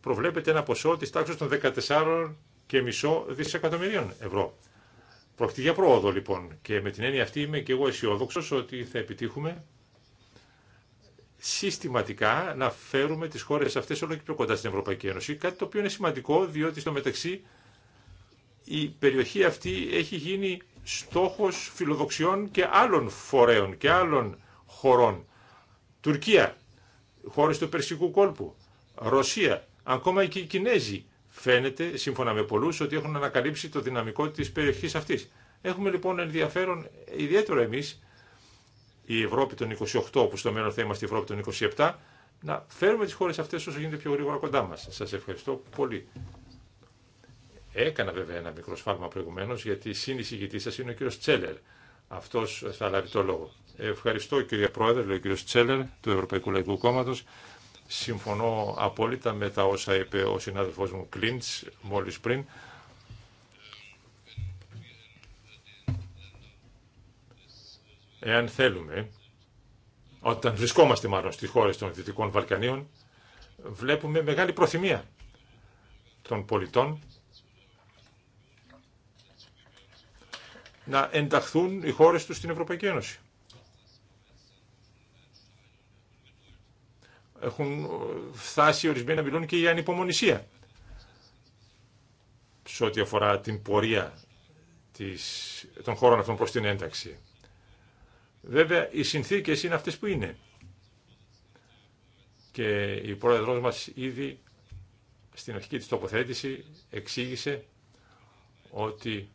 προβλέπεται ένα ποσό της τάξης των 14 και μισό δισεκατομμυρίων ευρώ. Πρόκειται για πρόοδο λοιπόν και με την έννοια αυτή είμαι και εγώ αισιόδοξο ότι θα επιτύχουμε συστηματικά να φέρουμε τις χώρες αυτές όλο και πιο κοντά στην Ευρωπαϊκή Ένωση, κάτι το οποίο είναι σημαντικό διότι στο μεταξύ η περιοχή αυτή έχει γίνει στόχος φιλοδοξιών και άλλων φορέων και άλλων χωρών. Τουρκία, χώρες του Περσικού κόλπου, Ρωσία, ακόμα και οι Κινέζοι φαίνεται, σύμφωνα με πολλούς, ότι έχουν ανακαλύψει το δυναμικό της περιοχής αυτής. Έχουμε λοιπόν ενδιαφέρον ιδιαίτερο εμείς η Ευρώπη των 28, όπως στο μέλλον θα είμαστε η Ευρώπη των 27, να φέρουμε τις χώρες αυτές όσο γίνεται πιο γρήγορα κοντά μας. Σας ευχαριστώ πολύ. Έκανα βέβαια ένα μικρό σφάλμα προηγουμένω, γιατί συνεισηγητή σα είναι ο κύριο Τσέλερ. Αυτό θα λάβει το λόγο. Ευχαριστώ κύριε Πρόεδρε, λέει ο κύριο Τσέλερ του Ευρωπαϊκού Λαϊκού Κόμματο. Συμφωνώ απόλυτα με τα όσα είπε ο συνάδελφό μου Κλίντ μόλι πριν. εάν θέλουμε, όταν βρισκόμαστε μάλλον στις χώρες των Δυτικών Βαλκανίων, βλέπουμε μεγάλη προθυμία των πολιτών να ενταχθούν οι χώρες τους στην Ευρωπαϊκή Ένωση. Έχουν φτάσει ορισμένοι να μιλούν και για ανυπομονησία σε ό,τι αφορά την πορεία της, των χώρων αυτών προς την ένταξη. Βέβαια, οι συνθήκες είναι αυτές που είναι. Και η πρόεδρος μας ήδη στην αρχική της τοποθέτηση εξήγησε ότι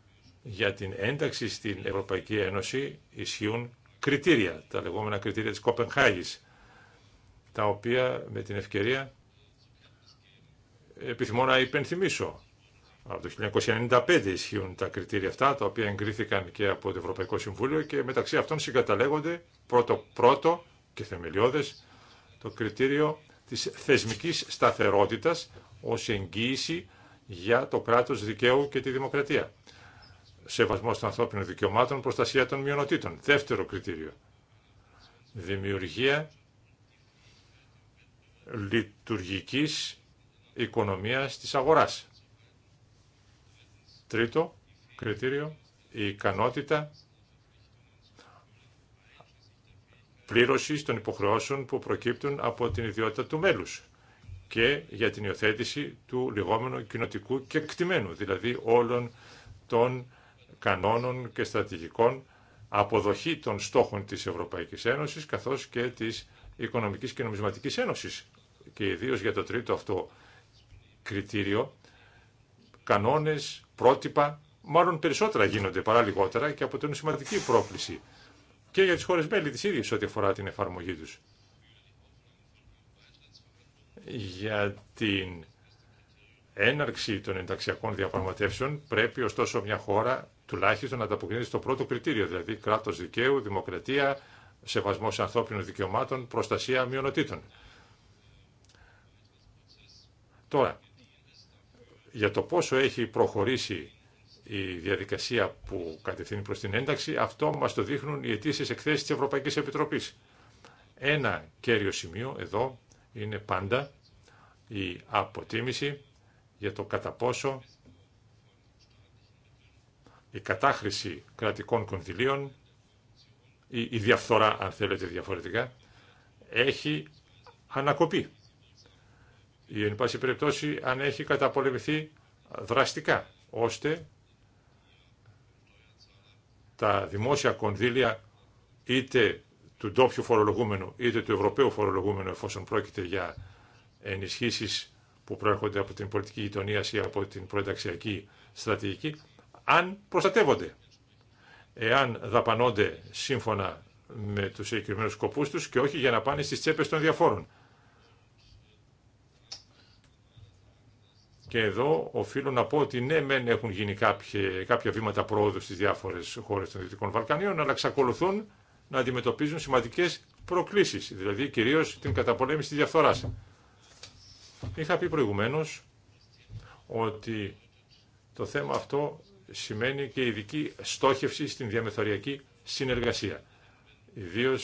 για την ένταξη στην Ευρωπαϊκή Ένωση ισχύουν κριτήρια, τα λεγόμενα κριτήρια της Κοπενχάγης, τα οποία με την ευκαιρία επιθυμώ να υπενθυμίσω. Από το 1995 ισχύουν τα κριτήρια αυτά, τα οποία εγκρίθηκαν και από το Ευρωπαϊκό Συμβούλιο και μεταξύ αυτών συγκαταλέγονται πρώτο-πρώτο και θεμελιώδες το κριτήριο της θεσμικής σταθερότητας ως εγγύηση για το κράτος δικαίου και τη δημοκρατία. Σεβασμός των ανθρώπινων δικαιωμάτων, προστασία των μειονοτήτων. Δεύτερο κριτήριο. Δημιουργία λειτουργικής οικονομίας της αγοράς. Τρίτο κριτήριο, η ικανότητα πλήρωση των υποχρεώσεων που προκύπτουν από την ιδιότητα του μέλους και για την υιοθέτηση του λιγόμενου κοινοτικού και κτημένου, δηλαδή όλων των κανόνων και στρατηγικών αποδοχή των στόχων της Ευρωπαϊκής Ένωσης καθώς και της Οικονομικής και Νομισματικής Ένωσης. Και ιδίως για το τρίτο αυτό κριτήριο κανόνες, πρότυπα, μάλλον περισσότερα γίνονται παρά λιγότερα και αποτελούν σημαντική πρόκληση και για τις χώρες μέλη της ίδιας ό,τι αφορά την εφαρμογή τους. Για την έναρξη των ενταξιακών διαπραγματεύσεων πρέπει ωστόσο μια χώρα τουλάχιστον να ανταποκρίνεται στο πρώτο κριτήριο, δηλαδή κράτος δικαίου, δημοκρατία, σεβασμό ανθρώπινων δικαιωμάτων, προστασία μειονοτήτων. Τώρα, για το πόσο έχει προχωρήσει η διαδικασία που κατευθύνει προς την ένταξη, αυτό μας το δείχνουν οι αιτήσει εκθέσεις της Ευρωπαϊκής Επιτροπής. Ένα κέριο σημείο εδώ είναι πάντα η αποτίμηση για το κατά πόσο η κατάχρηση κρατικών κονδυλίων, η, η διαφθορά αν θέλετε διαφορετικά, έχει ανακοπεί ή εν πάση περιπτώσει αν έχει καταπολεμηθεί δραστικά, ώστε τα δημόσια κονδύλια είτε του ντόπιου φορολογούμενου είτε του ευρωπαίου φορολογούμενου εφόσον πρόκειται για ενισχύσεις που προέρχονται από την πολιτική γειτονία ή από την προενταξιακή στρατηγική, αν προστατεύονται. Εάν δαπανώνται σύμφωνα με τους συγκεκριμένου σκοπούς τους και όχι για να πάνε στις τσέπες των διαφόρων. Και εδώ οφείλω να πω ότι ναι, μεν έχουν γίνει κάποια, κάποια βήματα πρόοδου στι διάφορε χώρε των Δυτικών Βαλκανίων, αλλά εξακολουθούν να αντιμετωπίζουν σημαντικέ προκλήσει, δηλαδή κυρίω την καταπολέμηση τη διαφθορά. Είχα πει προηγουμένω ότι το θέμα αυτό σημαίνει και ειδική στόχευση στην διαμεθοριακή συνεργασία. Ιδίω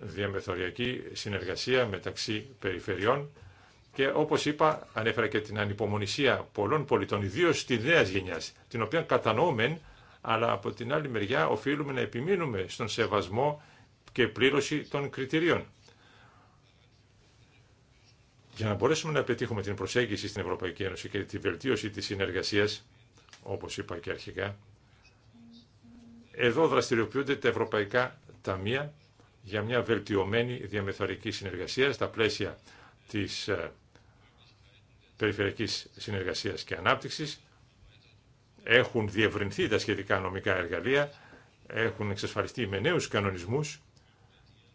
διαμεθοριακή συνεργασία μεταξύ περιφερειών και όπως είπα, ανέφερα και την ανυπομονησία πολλών πολιτών, ιδίω τη νέα γενιά, την οποία κατανοούμε, αλλά από την άλλη μεριά οφείλουμε να επιμείνουμε στον σεβασμό και πλήρωση των κριτηρίων. Για να μπορέσουμε να πετύχουμε την προσέγγιση στην Ευρωπαϊκή Ένωση και τη βελτίωση της συνεργασίας, όπως είπα και αρχικά, εδώ δραστηριοποιούνται τα Ευρωπαϊκά Ταμεία για μια βελτιωμένη διαμεθορική συνεργασία στα πλαίσια της ε, Περιφερειακής Συνεργασίας και Ανάπτυξης. Έχουν διευρυνθεί τα σχετικά νομικά εργαλεία, έχουν εξασφαλιστεί με νέους κανονισμούς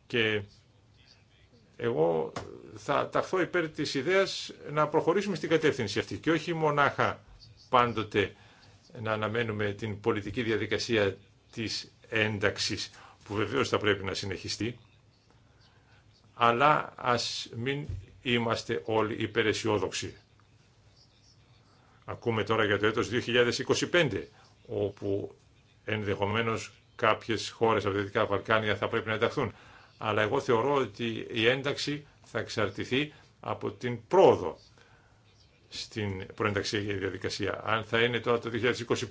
και εγώ θα ταχθώ υπέρ της ιδέας να προχωρήσουμε στην κατεύθυνση αυτή και όχι μονάχα πάντοτε να αναμένουμε την πολιτική διαδικασία της ένταξης που βεβαίως θα πρέπει να συνεχιστεί αλλά ας μην είμαστε όλοι υπεραισιόδοξοι. Ακούμε τώρα για το έτος 2025, όπου ενδεχομένως κάποιες χώρες από τα Δυτικά Βαλκάνια θα πρέπει να ενταχθούν. Αλλά εγώ θεωρώ ότι η ένταξη θα εξαρτηθεί από την πρόοδο στην προένταξη διαδικασία. Αν θα είναι τώρα το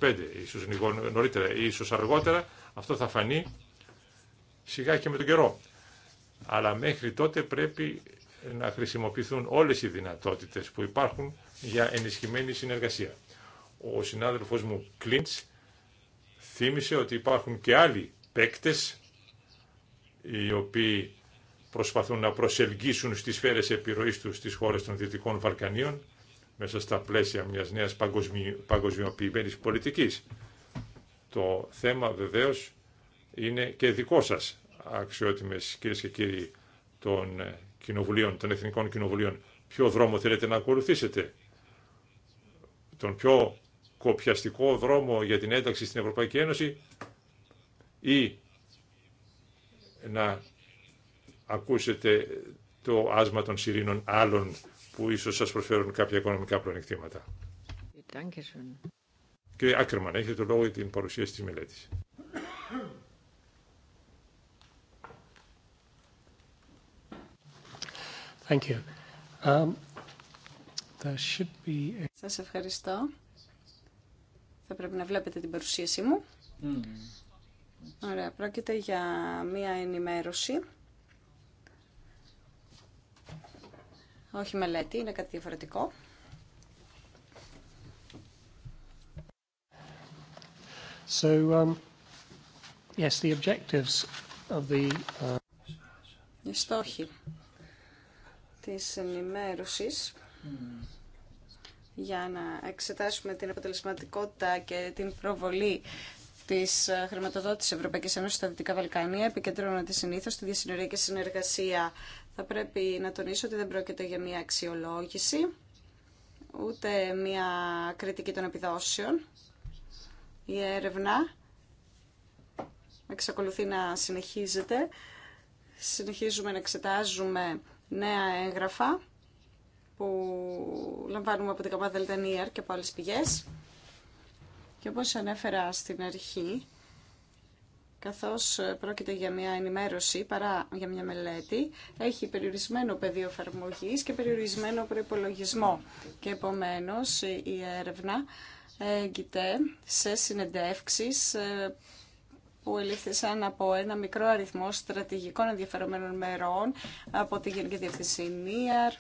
2025, ίσως νωρίτερα ή ίσως αργότερα, αυτό θα φανεί σιγά και με τον καιρό. Αλλά μέχρι τότε πρέπει να χρησιμοποιηθούν όλες οι δυνατότητες που υπάρχουν για ενισχυμένη συνεργασία. Ο συνάδελφός μου Κλίντς θύμισε ότι υπάρχουν και άλλοι παίκτες οι οποίοι προσπαθούν να προσελγίσουν στις σφαίρες επιρροής τους στις χώρες των Δυτικών Βαλκανίων μέσα στα πλαίσια μιας νέας παγκοσμιοποιημένης πολιτικής. Το θέμα βεβαίως είναι και δικό σας, αξιότιμες κυρίες και κύριοι των, ε, κοινοβουλίων, των Εθνικών Κοινοβουλίων. Ποιο δρόμο θέλετε να ακολουθήσετε τον πιο κοπιαστικό δρόμο για την ένταξη στην Ευρωπαϊκή Ένωση ή να ακούσετε το άσμα των σιρήνων άλλων που ίσως σας προσφέρουν κάποια οικονομικά πλονεκτήματα. Κύριε Άκερμαν, έχετε το λόγο για την παρουσίαση της μελέτης. Thank you. Um... Σας ευχαριστώ. Θα πρέπει να βλέπετε την παρουσίασή μου. Mm. Ωραία, πρόκειται για μία ενημέρωση. Όχι μελέτη, είναι κάτι διαφορετικό. So, um, yes, the objectives of the, uh, Οι στόχοι της ενημέρωσης για να εξετάσουμε την αποτελεσματικότητα και την προβολή τη ε, χρηματοδότηση Ευρωπαϊκή Ένωση στα Δυτικά Βαλκάνια επικεντρώνονται συνήθω στη και συνεργασία. Θα πρέπει να τονίσω ότι δεν πρόκειται για μια αξιολόγηση, ούτε μια κριτική των επιδόσεων. Η έρευνα εξακολουθεί να συνεχίζεται. Συνεχίζουμε να εξετάζουμε νέα έγγραφα που λαμβάνουμε από την ΚΑΠΑΔΕΛΤΑ ΝΙΑΡ και από άλλες πηγές. Και όπως ανέφερα στην αρχή, καθώς πρόκειται για μια ενημέρωση παρά για μια μελέτη, έχει περιορισμένο πεδίο εφαρμογή και περιορισμένο προϋπολογισμό. Και επομένως η έρευνα έγκυται σε συνεντεύξεις ε, που ελήφθησαν από ένα μικρό αριθμό στρατηγικών ενδιαφερομένων μερών από τη Γενική Διευθυνσία,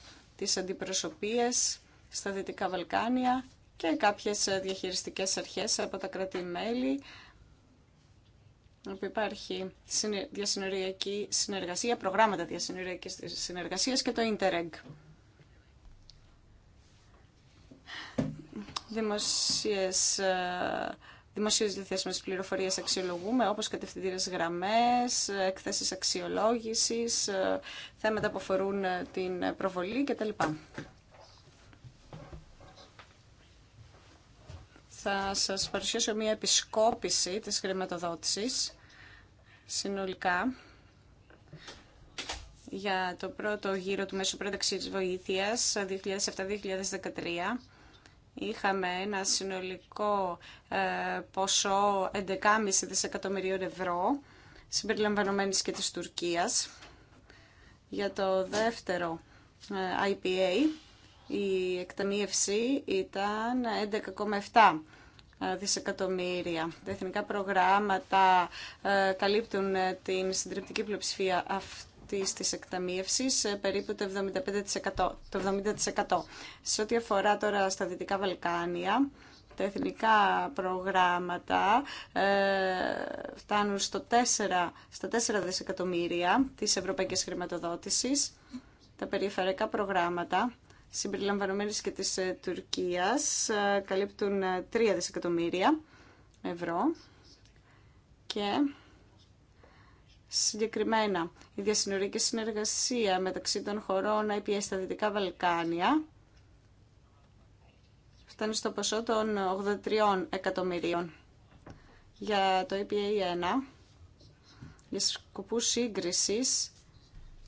τις αντιπροσωπείες στα Δυτικά Βαλκάνια και κάποιες διαχειριστικές αρχές από τα κράτη-μέλη όπου υπάρχει διασυνοριακή συνεργασία, προγράμματα διασυνοριακής συνεργασίας και το Interreg. Δημοσίες ε, Δημοσίως διαθέσιμες πληροφορίες αξιολογούμε, όπως κατευθυντήρες γραμμές, εκθέσεις αξιολόγησης, ε, θέματα που αφορούν ε, την προβολή κτλ. Θα σας παρουσιάσω μια επισκόπηση της χρηματοδότησης συνολικά για το πρώτο γύρο του Μέσου Πρόταξης Βοήθειας 2007-2013 ε, είχαμε ένα συνολικό ε, ποσό 11,5 δισεκατομμυρίων ευρώ, συμπεριλαμβανομένης και της Τουρκίας, για το δεύτερο ε, IPA. Η εκταμίευση ήταν 11,7 ε, δισεκατομμύρια. Τα εθνικά προγράμματα καλύπτουν την συντριπτική πλειοψηφία αυτή της της εκταμίευσης ε, περίπου το 75%. Το 70%. Σε ό,τι αφορά τώρα στα Δυτικά Βαλκάνια, τα εθνικά προγράμματα ε, φτάνουν στο 4, στα 4 δισεκατομμύρια της Ευρωπαϊκής Χρηματοδότησης. Τα περιφερειακά προγράμματα συμπεριλαμβανομένες και της ε, Τουρκίας καλύπτουν 3 δισεκατομμύρια ευρώ και Συγκεκριμένα, η διασυνορική συνεργασία μεταξύ των χωρών IPA στα Δυτικά Βαλκάνια φτάνει στο ποσό των 83 εκατομμυρίων. Για το EPA1, για σκοπούς σύγκρισης,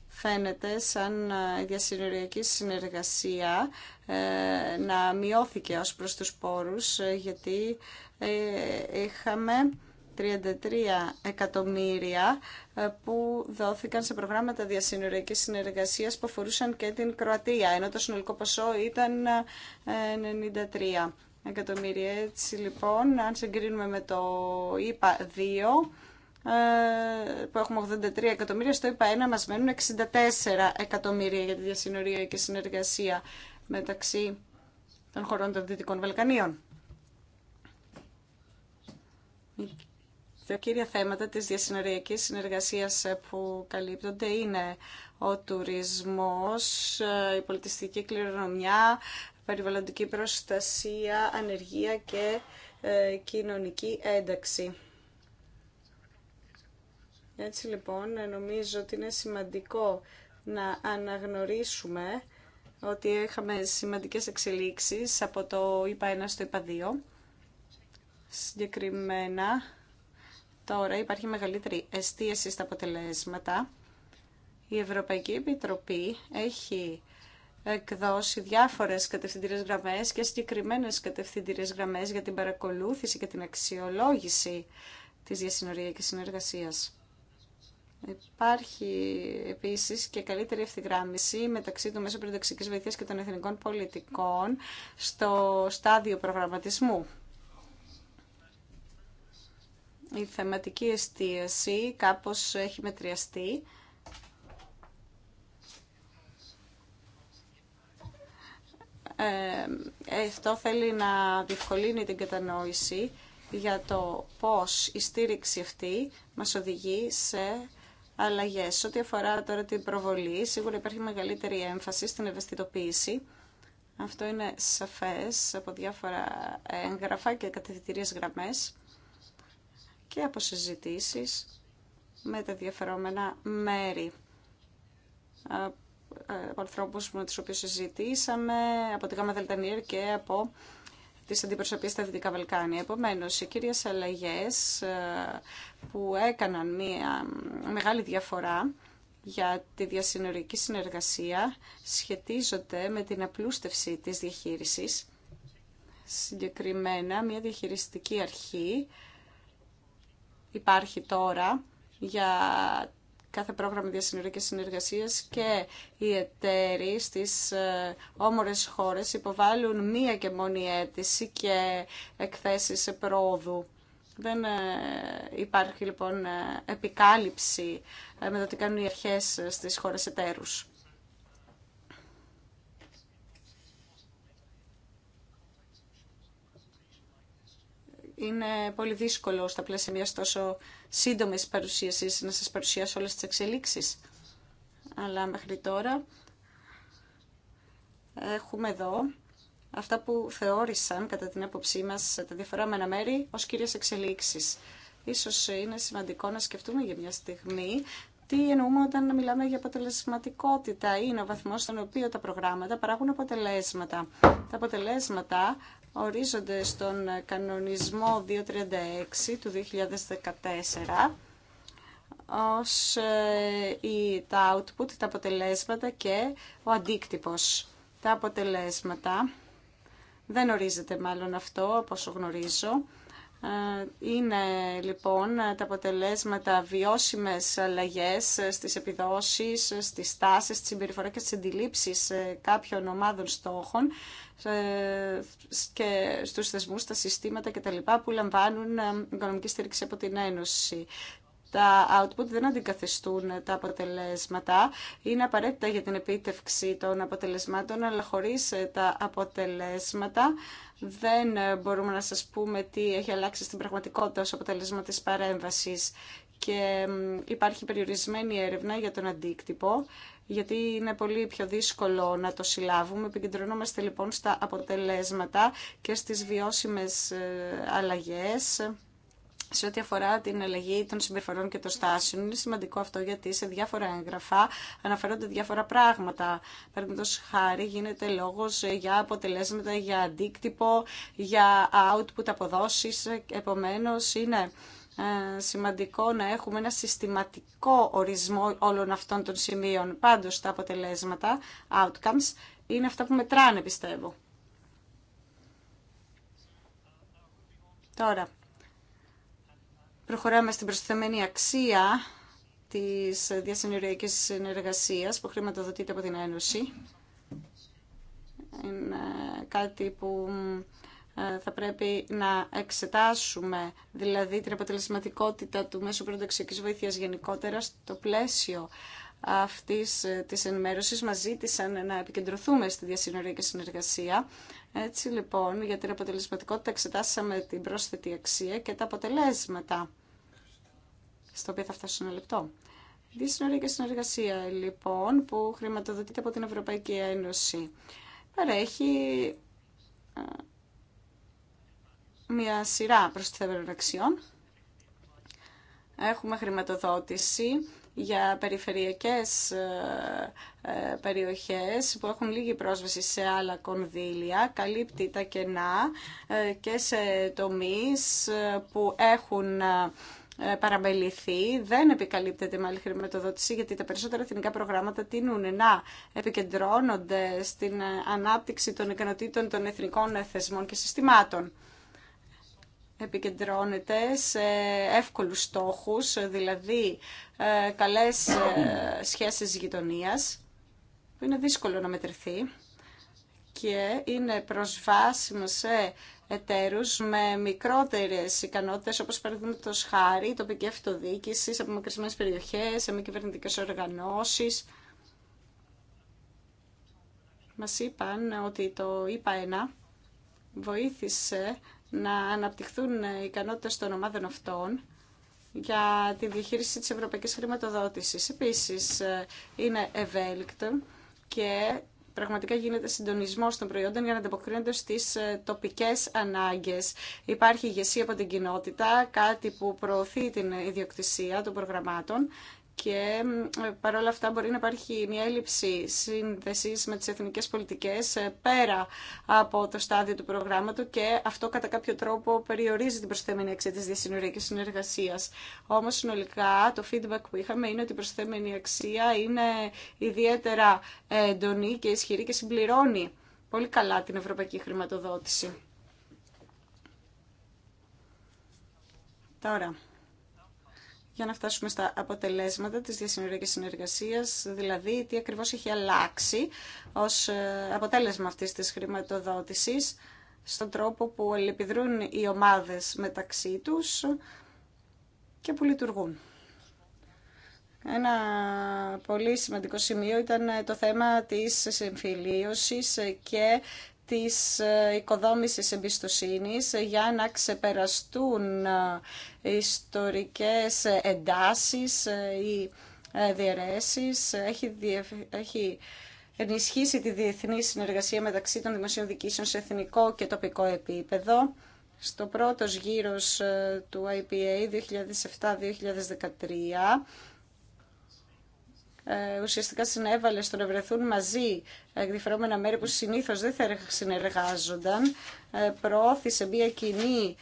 φαίνεται σαν ε, η διασυνοριακή συνεργασία ε, να μειώθηκε ως προς τους πόρους, ε, γιατί είχαμε 33 εκατομμύρια ε, που δόθηκαν σε προγράμματα διασυνοριακής συνεργασίας που αφορούσαν και την Κροατία, ενώ το συνολικό ποσό ήταν 93 ε, εκατομμύρια. Έτσι λοιπόν, αν συγκρίνουμε με το ΙΠΑ 2, ε, που έχουμε 83 εκατομμύρια, στο ΙΠΑ 1 μας μένουν 64 εκατομμύρια για τη διασυνοριακή συνεργασία μεταξύ των χωρών των Δυτικών Βαλκανίων. Δύο κύρια θέματα της διασυνοριακής συνεργασίας ε, που καλύπτονται είναι ο τουρισμός, ε, η πολιτιστική κληρονομιά, περιβαλλοντική προστασία, ανεργία και ε, κοινωνική ένταξη. Έτσι λοιπόν νομίζω ότι είναι σημαντικό να αναγνωρίσουμε ότι είχαμε σημαντικές εξελίξεις από το ΙΠΑ 1 στο ΙΠΑ 2. Συγκεκριμένα Τώρα υπάρχει μεγαλύτερη εστίαση στα αποτελέσματα. Η Ευρωπαϊκή Επιτροπή έχει εκδώσει διάφορες κατευθυντήρες γραμμές και συγκεκριμένες κατευθυντήρες γραμμές για την παρακολούθηση και την αξιολόγηση της διασυνοριακής συνεργασίας. Υπάρχει επίσης και καλύτερη ευθυγράμμιση μεταξύ του μέσου περιοδοξικής βοηθείας και των εθνικών πολιτικών στο στάδιο προγραμματισμού η θεματική εστίαση κάπως έχει μετριαστεί. Ε, αυτό θέλει να διευκολύνει την κατανόηση για το πώς η στήριξη αυτή μας οδηγεί σε αλλαγές. Ό,τι αφορά τώρα την προβολή, σίγουρα υπάρχει μεγαλύτερη έμφαση στην ευαισθητοποίηση. Αυτό είναι σαφές από διάφορα έγγραφα και κατευθυντήριες γραμμές και από συζητήσει με τα διαφερόμενα μέρη ε, από ανθρώπου με του οποίου συζητήσαμε, από τη ΓΑΜΑ Δελτανίρ και από τις αντιπροσωπείες στα Δυτικά Βαλκάνια. Επομένω, οι κύριες αλλαγέ ε, που έκαναν μια μεγάλη διαφορά για τη διασυνορική συνεργασία σχετίζονται με την απλούστευση της διαχείρισης. Συγκεκριμένα, μια διαχειριστική αρχή υπάρχει τώρα για κάθε πρόγραμμα διασυνορικής συνεργασίας και οι εταίροι στις ε, όμορες χώρες υποβάλλουν μία και μόνη αίτηση και εκθέσεις πρόοδου. Δεν ε, υπάρχει λοιπόν ε, επικάλυψη με το τι κάνουν οι αρχές στις χώρες εταίρους. Είναι πολύ δύσκολο στα πλαίσια μιας τόσο σύντομης παρουσίασης να σας παρουσιάσω όλες τις εξελίξεις. Αλλά μέχρι τώρα έχουμε εδώ αυτά που θεώρησαν κατά την άποψή μας τα διαφοράμενα μέρη ως κύριες εξελίξεις. Ίσως είναι σημαντικό να σκεφτούμε για μια στιγμή τι εννοούμε όταν μιλάμε για αποτελεσματικότητα. Είναι ο βαθμός στον οποίο τα προγράμματα παράγουν αποτελέσματα. Τα αποτελέσματα ορίζονται στον κανονισμό 236 του 2014 ως ε, η, τα output, τα αποτελέσματα και ο αντίκτυπος. Τα αποτελέσματα δεν ορίζεται μάλλον αυτό, όπως γνωρίζω. Ε, είναι λοιπόν τα αποτελέσματα βιώσιμες αλλαγές στις επιδόσεις, στις τάσεις, στη συμπεριφορά και στις αντιλήψεις κάποιων ομάδων στόχων και στους θεσμούς, τα συστήματα κτλ. που λαμβάνουν ε, οικονομική στήριξη από την Ένωση τα output δεν αντικαθιστούν τα αποτελέσματα. Είναι απαραίτητα για την επίτευξη των αποτελεσμάτων, αλλά χωρίς ε, τα αποτελέσματα δεν ε, μπορούμε να σας πούμε τι έχει αλλάξει στην πραγματικότητα ως αποτελέσμα της παρέμβασης. Και υπάρχει περιορισμένη έρευνα για τον αντίκτυπο, γιατί είναι πολύ πιο δύσκολο να το συλλάβουμε. Επικεντρωνόμαστε λοιπόν στα αποτελέσματα και στις βιώσιμες ε, αλλαγές σε ό,τι αφορά την αλλαγή των συμπεριφορών και των στάσεων. Είναι σημαντικό αυτό γιατί σε διάφορα έγγραφα αναφέρονται διάφορα πράγματα. Παραδείγματο χάρη γίνεται λόγο για αποτελέσματα, για αντίκτυπο, για output αποδόσει. Επομένω, είναι ε, σημαντικό να έχουμε ένα συστηματικό ορισμό όλων αυτών των σημείων. Πάντω, τα αποτελέσματα, outcomes, είναι αυτά που μετράνε πιστεύω. Τώρα, Προχωράμε στην προσθεμένη αξία της διασυνοριακής συνεργασίας που χρηματοδοτείται από την Ένωση. Είναι κάτι που ε, θα πρέπει να εξετάσουμε, δηλαδή την αποτελεσματικότητα του μέσου πρωτοεξιακής βοήθειας γενικότερα στο πλαίσιο αυτής ε, της ενημέρωσης. Μας ζήτησαν να επικεντρωθούμε στη διασυνοριακή συνεργασία έτσι λοιπόν για την αποτελεσματικότητα εξετάσαμε την πρόσθετη αξία και τα αποτελέσματα στο οποίο θα φτάσω ένα λεπτό. Δυσυνορία και συνεργασία λοιπόν που χρηματοδοτείται από την Ευρωπαϊκή Ένωση παρέχει ε, μια σειρά προστιθέμενων αξιών. Έχουμε χρηματοδότηση για περιφερειακές ε, ε, περιοχές που έχουν λίγη πρόσβαση σε άλλα κονδύλια, καλύπτει τα κενά ε, και σε τομείς που έχουν παραμεληθεί, δεν επικαλύπτεται με άλλη χρηματοδότηση, γιατί τα περισσότερα εθνικά προγράμματα τείνουν να επικεντρώνονται στην ανάπτυξη των ικανοτήτων των εθνικών θεσμών και συστημάτων επικεντρώνεται σε εύκολους στόχους, δηλαδή ε, καλές ε, σχέσεις γειτονίας, που είναι δύσκολο να μετρηθεί και είναι προσβάσιμο σε εταίρους με μικρότερες ικανότητες, όπως παραδείγματο χάρη, τοπική αυτοδιοίκηση σε απομακρυσμένες περιοχές, σε μη κυβερνητικέ οργανώσεις. Μας είπαν ότι το ΙΠΑ 1 βοήθησε να αναπτυχθούν οι ικανότητες των ομάδων αυτών για τη διαχείριση της ευρωπαϊκής χρηματοδότησης. Επίσης, ε, είναι ευέλικτο και πραγματικά γίνεται συντονισμός των προϊόντων για να ανταποκρίνονται στις ε, τοπικές ανάγκες. Υπάρχει ηγεσία από την κοινότητα, κάτι που προωθεί την ιδιοκτησία των προγραμμάτων και ε, παρόλα αυτά μπορεί να υπάρχει μια έλλειψη σύνδεσης με τις εθνικές πολιτικές ε, πέρα από το στάδιο του προγράμματος και αυτό κατά κάποιο τρόπο περιορίζει την προσθέμενη αξία της διασυνοριακής συνεργασίας. Όμως συνολικά το feedback που είχαμε είναι ότι η προσθέμενη αξία είναι ιδιαίτερα εντονή και ισχυρή και συμπληρώνει πολύ καλά την ευρωπαϊκή χρηματοδότηση. Τώρα, για να φτάσουμε στα αποτελέσματα της διασυνοριακής συνεργασίας, δηλαδή τι ακριβώς έχει αλλάξει ως ε, αποτέλεσμα αυτής της χρηματοδότησης στον τρόπο που αλληλεπιδρούν οι ομάδες μεταξύ τους και που λειτουργούν. Ένα πολύ σημαντικό σημείο ήταν το θέμα της συμφιλίωσης και της ε, οικοδόμησης εμπιστοσύνης ε, για να ξεπεραστούν ε, ιστορικές εντάσεις ή διαιρέσεις. Έχει, έχει ενισχύσει τη διεθνή συνεργασία μεταξύ των δημοσίων σε εθνικό και τοπικό επίπεδο. Στο πρώτος γύρος του IPA 2007-2013 ε, ουσιαστικά συνέβαλε στο να βρεθούν μαζί ε, εκδιφερόμενα μέρη που συνήθως δεν θα συνεργάζονταν, ε, προώθησε μια κοινή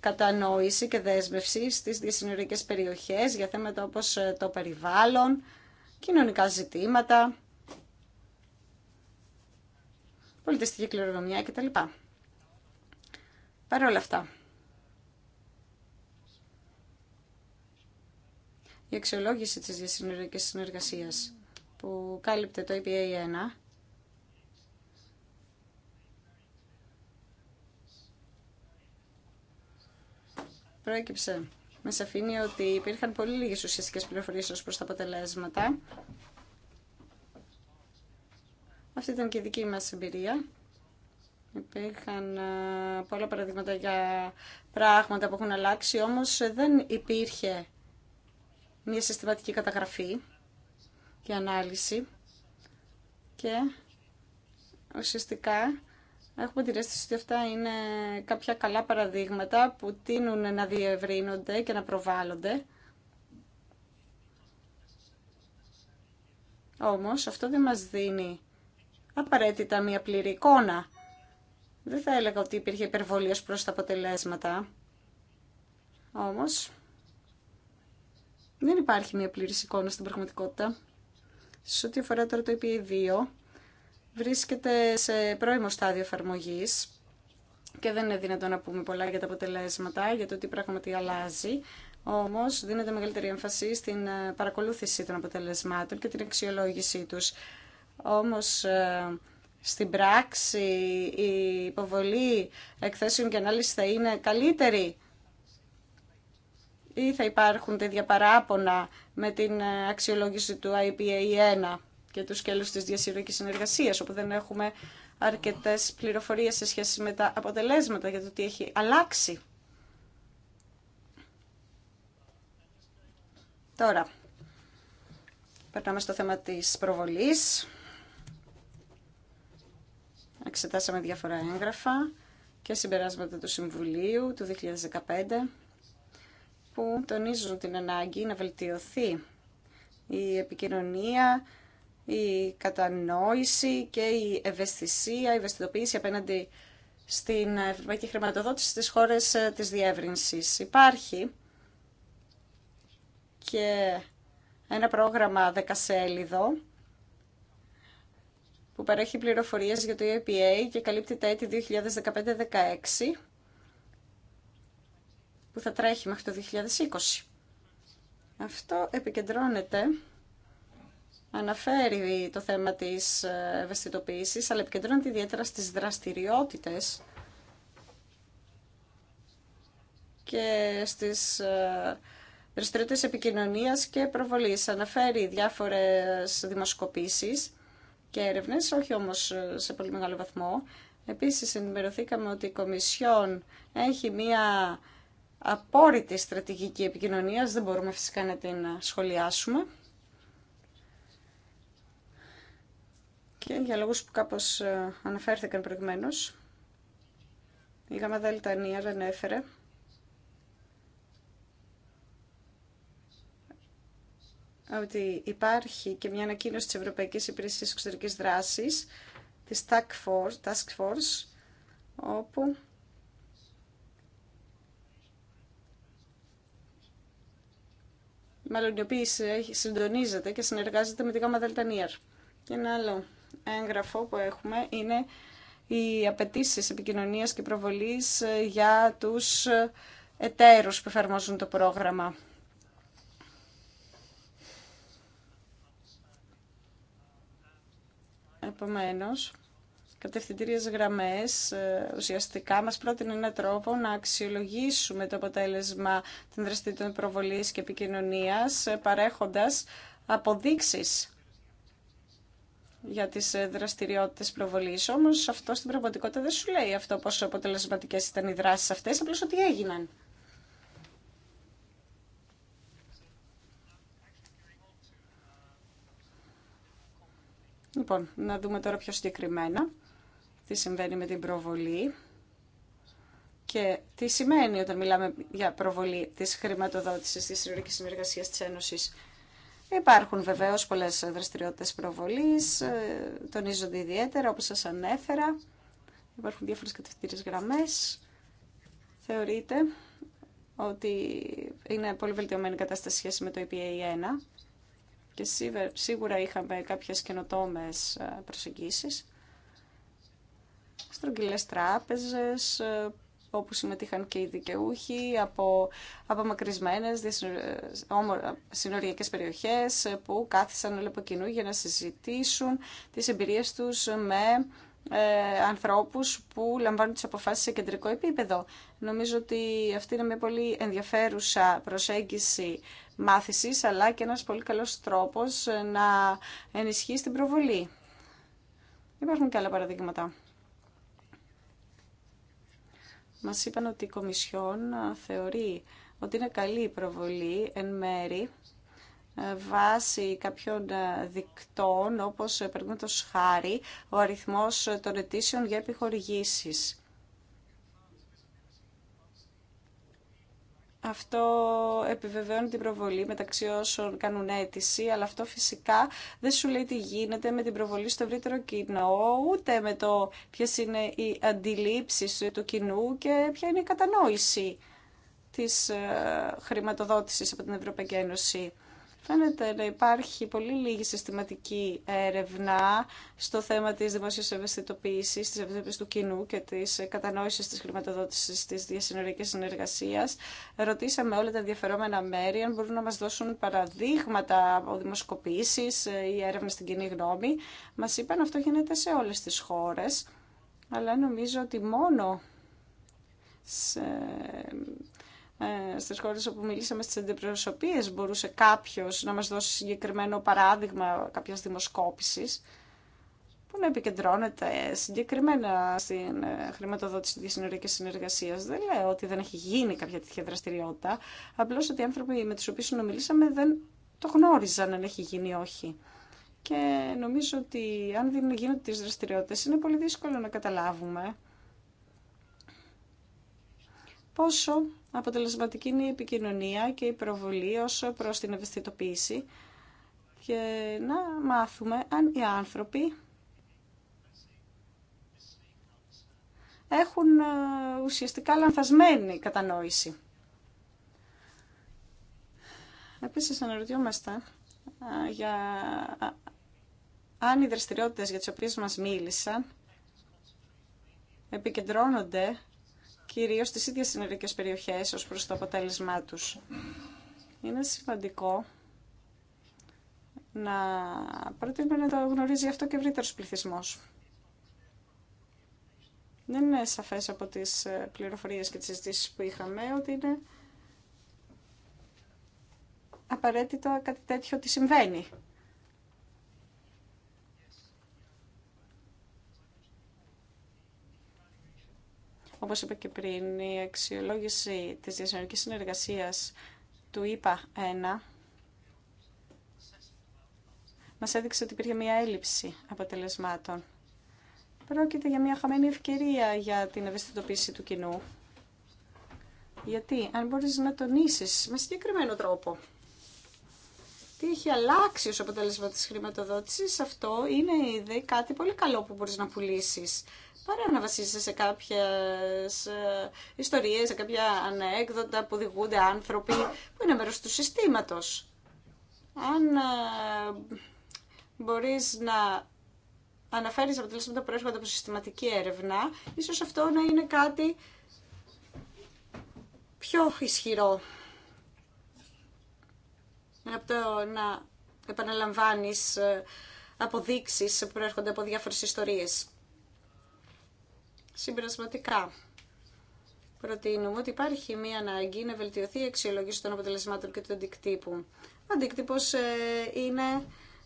κατανόηση και δέσμευση στις διασυνορικές περιοχές για θέματα όπως το περιβάλλον, κοινωνικά ζητήματα, πολιτιστική κληρονομιά κτλ. Παρ' όλα αυτά, η αξιολόγηση της διασυνεργικής συνεργασίας που κάλυπτε το EPA 1 προέκυψε με σαφήνεια ότι υπήρχαν πολύ λίγες ουσιαστικές πληροφορίες ως προς τα αποτελέσματα. Αυτή ήταν και η δική μας εμπειρία. Υπήρχαν ε, πολλά παραδείγματα για πράγματα που έχουν αλλάξει, όμως δεν υπήρχε μια συστηματική καταγραφή και ανάλυση και ουσιαστικά έχουμε την αίσθηση ότι αυτά είναι κάποια καλά παραδείγματα που τείνουν να διευρύνονται και να προβάλλονται. Όμως αυτό δεν μας δίνει απαραίτητα μια πλήρη εικόνα. Δεν θα έλεγα ότι υπήρχε υπερβολή προς τα αποτελέσματα. Όμως δεν υπάρχει μια πλήρης εικόνα στην πραγματικότητα. Σε ό,τι αφορά τώρα το EPA2, βρίσκεται σε πρώιμο στάδιο εφαρμογή και δεν είναι δυνατόν να πούμε πολλά για τα αποτελέσματα, για το τι πράγματι αλλάζει. Όμω, δίνεται μεγαλύτερη έμφαση στην ε, παρακολούθηση των αποτελεσμάτων και την αξιολόγησή του. Όμω, ε, στην πράξη, η υποβολή εκθέσεων και ανάλυση θα είναι καλύτερη ή θα υπάρχουν τέτοια παράπονα με την ε, αξιολόγηση του IPA1 και του σκέλους της διασυνορική συνεργασίας, όπου δεν έχουμε αρκετές πληροφορίες σε σχέση με τα αποτελέσματα για το τι έχει αλλάξει. Τώρα, περνάμε στο θέμα της προβολής. Εξετάσαμε διάφορα έγγραφα και συμπεράσματα του Συμβουλίου του 2015 που τονίζουν την ανάγκη να βελτιωθεί η επικοινωνία, η κατανόηση και η ευαισθησία, η ευαισθητοποίηση απέναντι στην ευρωπαϊκή χρηματοδότηση στις χώρες ε, της διεύρυνσης. Υπάρχει και ένα πρόγραμμα δεκασέλιδο που παρέχει πληροφορίες για το EPA και καλύπτει τα έτη 2015-16 που θα τρέχει μέχρι το 2020. Αυτό επικεντρώνεται, αναφέρει το θέμα της ε, ευαισθητοποίησης, αλλά επικεντρώνεται ιδιαίτερα στις δραστηριότητες και στις ε, δραστηριότητες επικοινωνίας και προβολής. Αναφέρει διάφορες δημοσκοπήσεις και έρευνες, όχι όμως ε, σε πολύ μεγάλο βαθμό. Επίσης ενημερωθήκαμε ότι η Κομισιόν έχει μία απόρριτη στρατηγική επικοινωνία. δεν μπορούμε φυσικά να την σχολιάσουμε. Και για λόγους που κάπως ε, αναφέρθηκαν προηγουμένως, η γάμα δελτανία δεν έφερε ότι υπάρχει και μια ανακοίνωση της Ευρωπαϊκής Υπηρεσίας Εξωτερικής Δράσης, της Task Force, Task Force όπου μάλλον η οποία συντονίζεται και συνεργάζεται με τη ΓΑΜΑ Και ένα άλλο έγγραφο που έχουμε είναι οι απαιτήσει επικοινωνία και προβολή ε, για του ε, εταίρου που εφαρμόζουν το πρόγραμμα. Επομένως, κατευθυντήριες γραμμές ε, ουσιαστικά μας πρότεινε ένα τρόπο να αξιολογήσουμε το αποτέλεσμα των δραστηριοτήτων προβολής και επικοινωνίας ε, παρέχοντας αποδείξεις για τις ε, δραστηριότητες προβολής. Όμως αυτό στην πραγματικότητα δεν σου λέει αυτό πόσο αποτελεσματικές ήταν οι δράσεις αυτές, απλώς ότι έγιναν. Λοιπόν, να δούμε τώρα πιο συγκεκριμένα τι συμβαίνει με την προβολή και τι σημαίνει όταν μιλάμε για προβολή της χρηματοδότησης της συνολικής συνεργασίας της Ένωσης. Υπάρχουν βεβαίως πολλές δραστηριότητες προβολής, ε, τονίζονται ιδιαίτερα όπως σας ανέφερα. Υπάρχουν διάφορες κατηγορίες γραμμές. Θεωρείται ότι είναι πολύ βελτιωμένη η κατάσταση σχέση με το EPA1 και σίγουρα είχαμε κάποιες καινοτόμες ε, προσεγγίσεις στρογγυλές τράπεζες ε, όπου συμμετείχαν και οι δικαιούχοι από απομακρυσμένες ε, ε, συνοριακές περιοχές που κάθισαν όλοι από κοινού για να συζητήσουν τις εμπειρίες τους με ε, ανθρώπους που λαμβάνουν τις αποφάσεις σε κεντρικό επίπεδο. Νομίζω ότι αυτή είναι μια πολύ ενδιαφέρουσα προσέγγιση μάθησης, αλλά και ένας πολύ καλός τρόπος να ενισχύσει την προβολή. Υπάρχουν και άλλα παραδείγματα μας είπαν ότι η Κομισιόν θεωρεί ότι είναι καλή η προβολή εν μέρη βάσει κάποιων δικτών όπως περνούν το σχάρι ο αριθμός ε, των αιτήσεων για επιχορηγήσεις. Αυτό επιβεβαιώνει την προβολή μεταξύ όσων κάνουν αίτηση, αλλά αυτό φυσικά δεν σου λέει τι γίνεται με την προβολή στο ευρύτερο κοινό, ούτε με το ποιε είναι οι αντιλήψει του κοινού και ποια είναι η κατανόηση της ε, χρηματοδότησης από την Ευρωπαϊκή Ένωση. Φαίνεται να υπάρχει πολύ λίγη συστηματική έρευνα στο θέμα της δημόσιας ευαισθητοποίησης, της ευαισθητοποίησης του κοινού και της κατανόησης της χρηματοδότησης της διασυνορικής συνεργασίας. Ρωτήσαμε όλα τα ενδιαφερόμενα μέρη αν μπορούν να μας δώσουν παραδείγματα από δημοσκοπήσεις ή έρευνα στην κοινή γνώμη. Μας είπαν αυτό γίνεται σε όλες τις χώρες, αλλά νομίζω ότι μόνο σε ε, στις χώρες όπου μιλήσαμε στις αντιπροσωπείε μπορούσε κάποιος να μας δώσει συγκεκριμένο παράδειγμα κάποιας δημοσκόπησης που να επικεντρώνεται συγκεκριμένα στην ε, χρηματοδότηση της συνοριακής συνεργασία. Δεν λέω ότι δεν έχει γίνει κάποια τέτοια δραστηριότητα, απλώς ότι οι άνθρωποι με τους οποίους συνομιλήσαμε δεν το γνώριζαν αν έχει γίνει ή όχι. Και νομίζω ότι αν δεν γίνονται τις δραστηριότητες είναι πολύ δύσκολο να καταλάβουμε πόσο αποτελεσματική είναι η επικοινωνία και η προβολή όσο προς την ευαισθητοποίηση και να μάθουμε αν οι άνθρωποι έχουν ε, ουσιαστικά λανθασμένη κατανόηση. Επίσης αναρωτιόμαστε για αν οι δραστηριότητες για τις οποίες μας μίλησαν επικεντρώνονται κυρίως στις ίδιες συνορικές περιοχές ως προς το αποτέλεσμά τους. Είναι σημαντικό να προτείνουμε να το γνωρίζει αυτό και ευρύτερο πληθυσμό. Δεν είναι σαφές από τις ε, πληροφορίες και τις συζητήσει που είχαμε ότι είναι απαραίτητο κάτι τέτοιο ότι συμβαίνει. Όπως είπα και πριν, η αξιολόγηση της διασυνορικής συνεργασίας του ΙΠΑ 1 μας έδειξε ότι υπήρχε μια έλλειψη αποτελεσμάτων. Πρόκειται για μια χαμένη ευκαιρία για την ευαισθητοποίηση του κοινού. Γιατί αν μπορείς να τονίσεις με συγκεκριμένο τρόπο τι έχει αλλάξει ως αποτέλεσμα της χρηματοδότησης, αυτό είναι κάτι πολύ καλό που μπορείς να πουλήσεις παρά να βασίζεσαι σε κάποιες ε, ιστορίες, σε κάποια ανέκδοτα που διηγούνται άνθρωποι που είναι μέρος του συστήματος. Αν ε, μπορείς να αναφέρεις αποτελέσματα που προέρχονται από συστηματική έρευνα, ίσως αυτό να είναι κάτι πιο ισχυρό από το να επαναλαμβάνεις ε, αποδείξεις που προέρχονται από διάφορες ιστορίες. Συμπερασματικά, προτείνουμε ότι υπάρχει μία ανάγκη να βελτιωθεί η αξιολόγηση των αποτελεσμάτων και του αντικτύπου. Ο αντικτύπος ε, είναι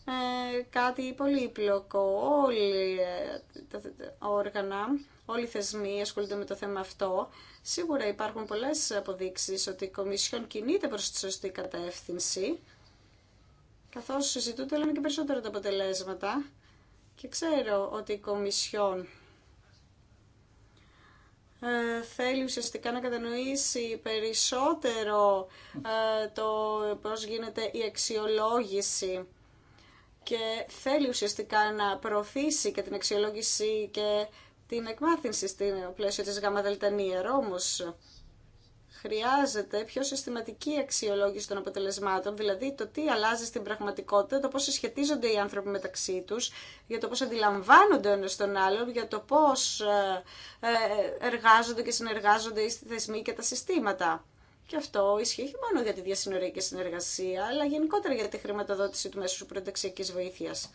ε, κάτι πολύπλοκο. Όλοι ε, τα όργανα, όλοι οι θεσμοί ασχολούνται με το θέμα αυτό. Σίγουρα υπάρχουν πολλές αποδείξεις ότι η Κομισιόν κινείται προς τη σωστή κατεύθυνση, καθώς συζητούνται όλο και περισσότερα τα αποτελέσματα. Και ξέρω ότι η Κομισιόν ε, θέλει ουσιαστικά να κατανοήσει περισσότερο ε, το πώς γίνεται η αξιολόγηση και θέλει ουσιαστικά να προωθήσει και την αξιολόγηση και την εκμάθηση στην πλαίσιο της ΓΔΝΙΕΡ. Όμως, χρειάζεται πιο συστηματική αξιολόγηση των αποτελεσμάτων, δηλαδή το τι αλλάζει στην πραγματικότητα, το πώς συσχετίζονται οι άνθρωποι μεταξύ τους, για το πώς αντιλαμβάνονται ο ένας τον άλλον, για το πώς ε, ε, εργάζονται και συνεργάζονται οι θεσμοί και τα συστήματα. Και αυτό ισχύει όχι μόνο για τη διασυνοριακή συνεργασία, αλλά γενικότερα για τη χρηματοδότηση του μέσου προταξιακής βοήθειας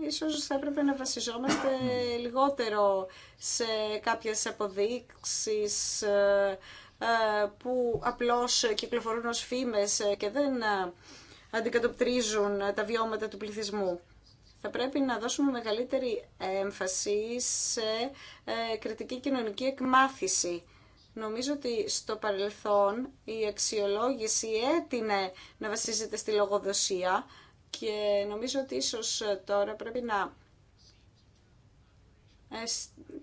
ίσως θα έπρεπε να βασιζόμαστε mm. λιγότερο σε κάποιες αποδείξεις ε, ε, που απλώς κυκλοφορούν ως φήμες ε, και δεν αντικατοπτρίζουν τα βιώματα του πληθυσμού. Θα πρέπει να δώσουμε μεγαλύτερη έμφαση σε κριτική κοινωνική εκμάθηση. Νομίζω ότι στο παρελθόν η αξιολόγηση έτεινε να βασίζεται στη λογοδοσία, και νομίζω ότι ίσως τώρα πρέπει να... Ε,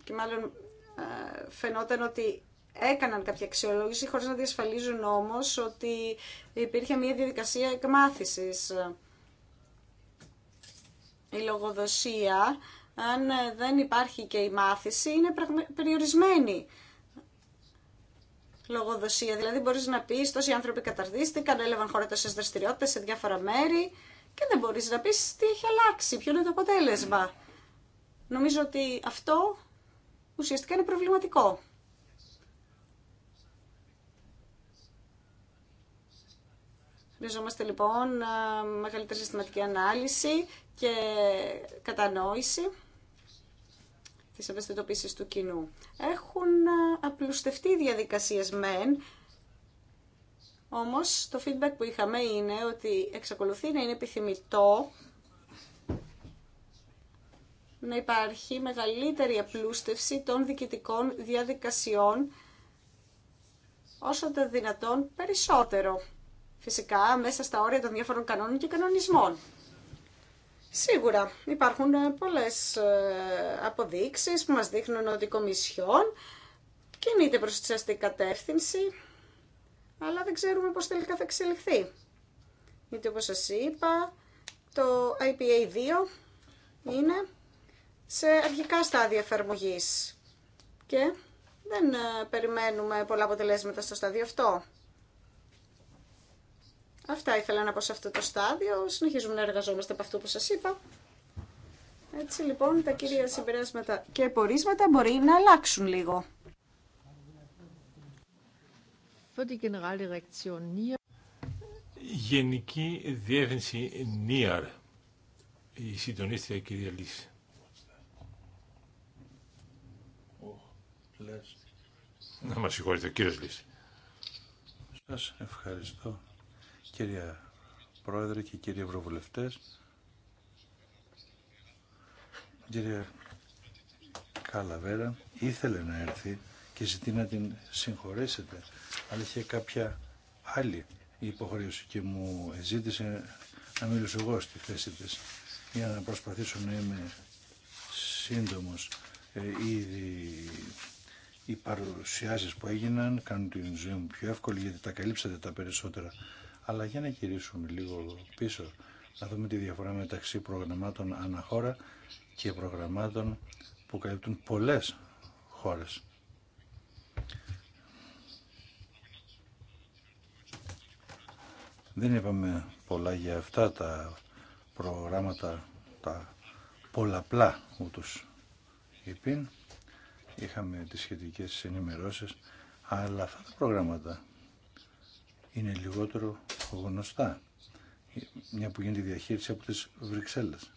και μάλλον ε, φαινόταν ότι έκαναν κάποια αξιολόγηση χωρίς να διασφαλίζουν όμως ότι υπήρχε μια διαδικασία εκμάθησης. Η λογοδοσία, αν ε, δεν υπάρχει και η μάθηση, είναι περιορισμένη λογοδοσία. Δηλαδή μπορείς να πεις τόσοι άνθρωποι καταρδίστηκαν, έλαβαν χώρα τόσες δραστηριότητες σε διάφορα μέρη και δεν μπορείς να πεις τι έχει αλλάξει, ποιο είναι το αποτέλεσμα. Νομίζω ότι αυτό ουσιαστικά είναι προβληματικό. Χρειαζόμαστε λοιπόν μεγαλύτερη συστηματική ανάλυση και κατανόηση της ευαισθητοποίησης του κοινού. Έχουν απλουστευτεί οι διαδικασίες μεν, όμως το feedback που είχαμε είναι ότι εξακολουθεί να είναι επιθυμητό να υπάρχει μεγαλύτερη απλούστευση των διοικητικών διαδικασιών όσο το δυνατόν περισσότερο. Φυσικά μέσα στα όρια των διάφορων κανόνων και κανονισμών. Σίγουρα υπάρχουν ε, πολλές ε, αποδείξεις που μας δείχνουν ότι η Κομισιόν κινείται προς τη σωστή κατεύθυνση αλλά δεν ξέρουμε πώς τελικά θα εξελιχθεί. Γιατί όπως σας είπα, το IPA2 είναι σε αρχικά στάδια εφαρμογή. και δεν ε, περιμένουμε πολλά αποτελέσματα στο στάδιο αυτό. Αυτά ήθελα να πω σε αυτό το στάδιο. Συνεχίζουμε να εργαζόμαστε από αυτό που σας είπα. Έτσι λοιπόν τα κύρια συμπεράσματα και πορίσματα μπορεί να αλλάξουν λίγο. Γενική Διεύθυνση ΝΙΑΡ η συντονίστρια κυρία Λύση. Να μας συγχωρείτε, κύριος Λύση. Σας ευχαριστώ, κυρία Πρόεδρε και κύριοι Ευρωβουλευτές. Κύριε Καλαβέρα, ήθελε να έρθει και ζητεί να την συγχωρέσετε. Αλλά είχε κάποια άλλη υποχρέωση και μου ζήτησε να μιλήσω εγώ στη θέση της για να προσπαθήσω να είμαι σύντομος. Ε, ήδη οι παρουσιάσεις που έγιναν κάνουν την ζωή μου πιο εύκολη γιατί τα καλύψατε τα περισσότερα. Αλλά για να γυρίσουμε λίγο πίσω, να δούμε τη διαφορά μεταξύ προγραμμάτων αναχώρα και προγραμμάτων που καλύπτουν πολλές χώρες. Δεν είπαμε πολλά για αυτά τα προγράμματα, τα πολλαπλά ούτως υπήν. Είχαμε τις σχετικές ενημερώσεις, αλλά αυτά τα προγράμματα είναι λιγότερο γνωστά, μια που γίνεται διαχείριση από τις Βρυξέλλες.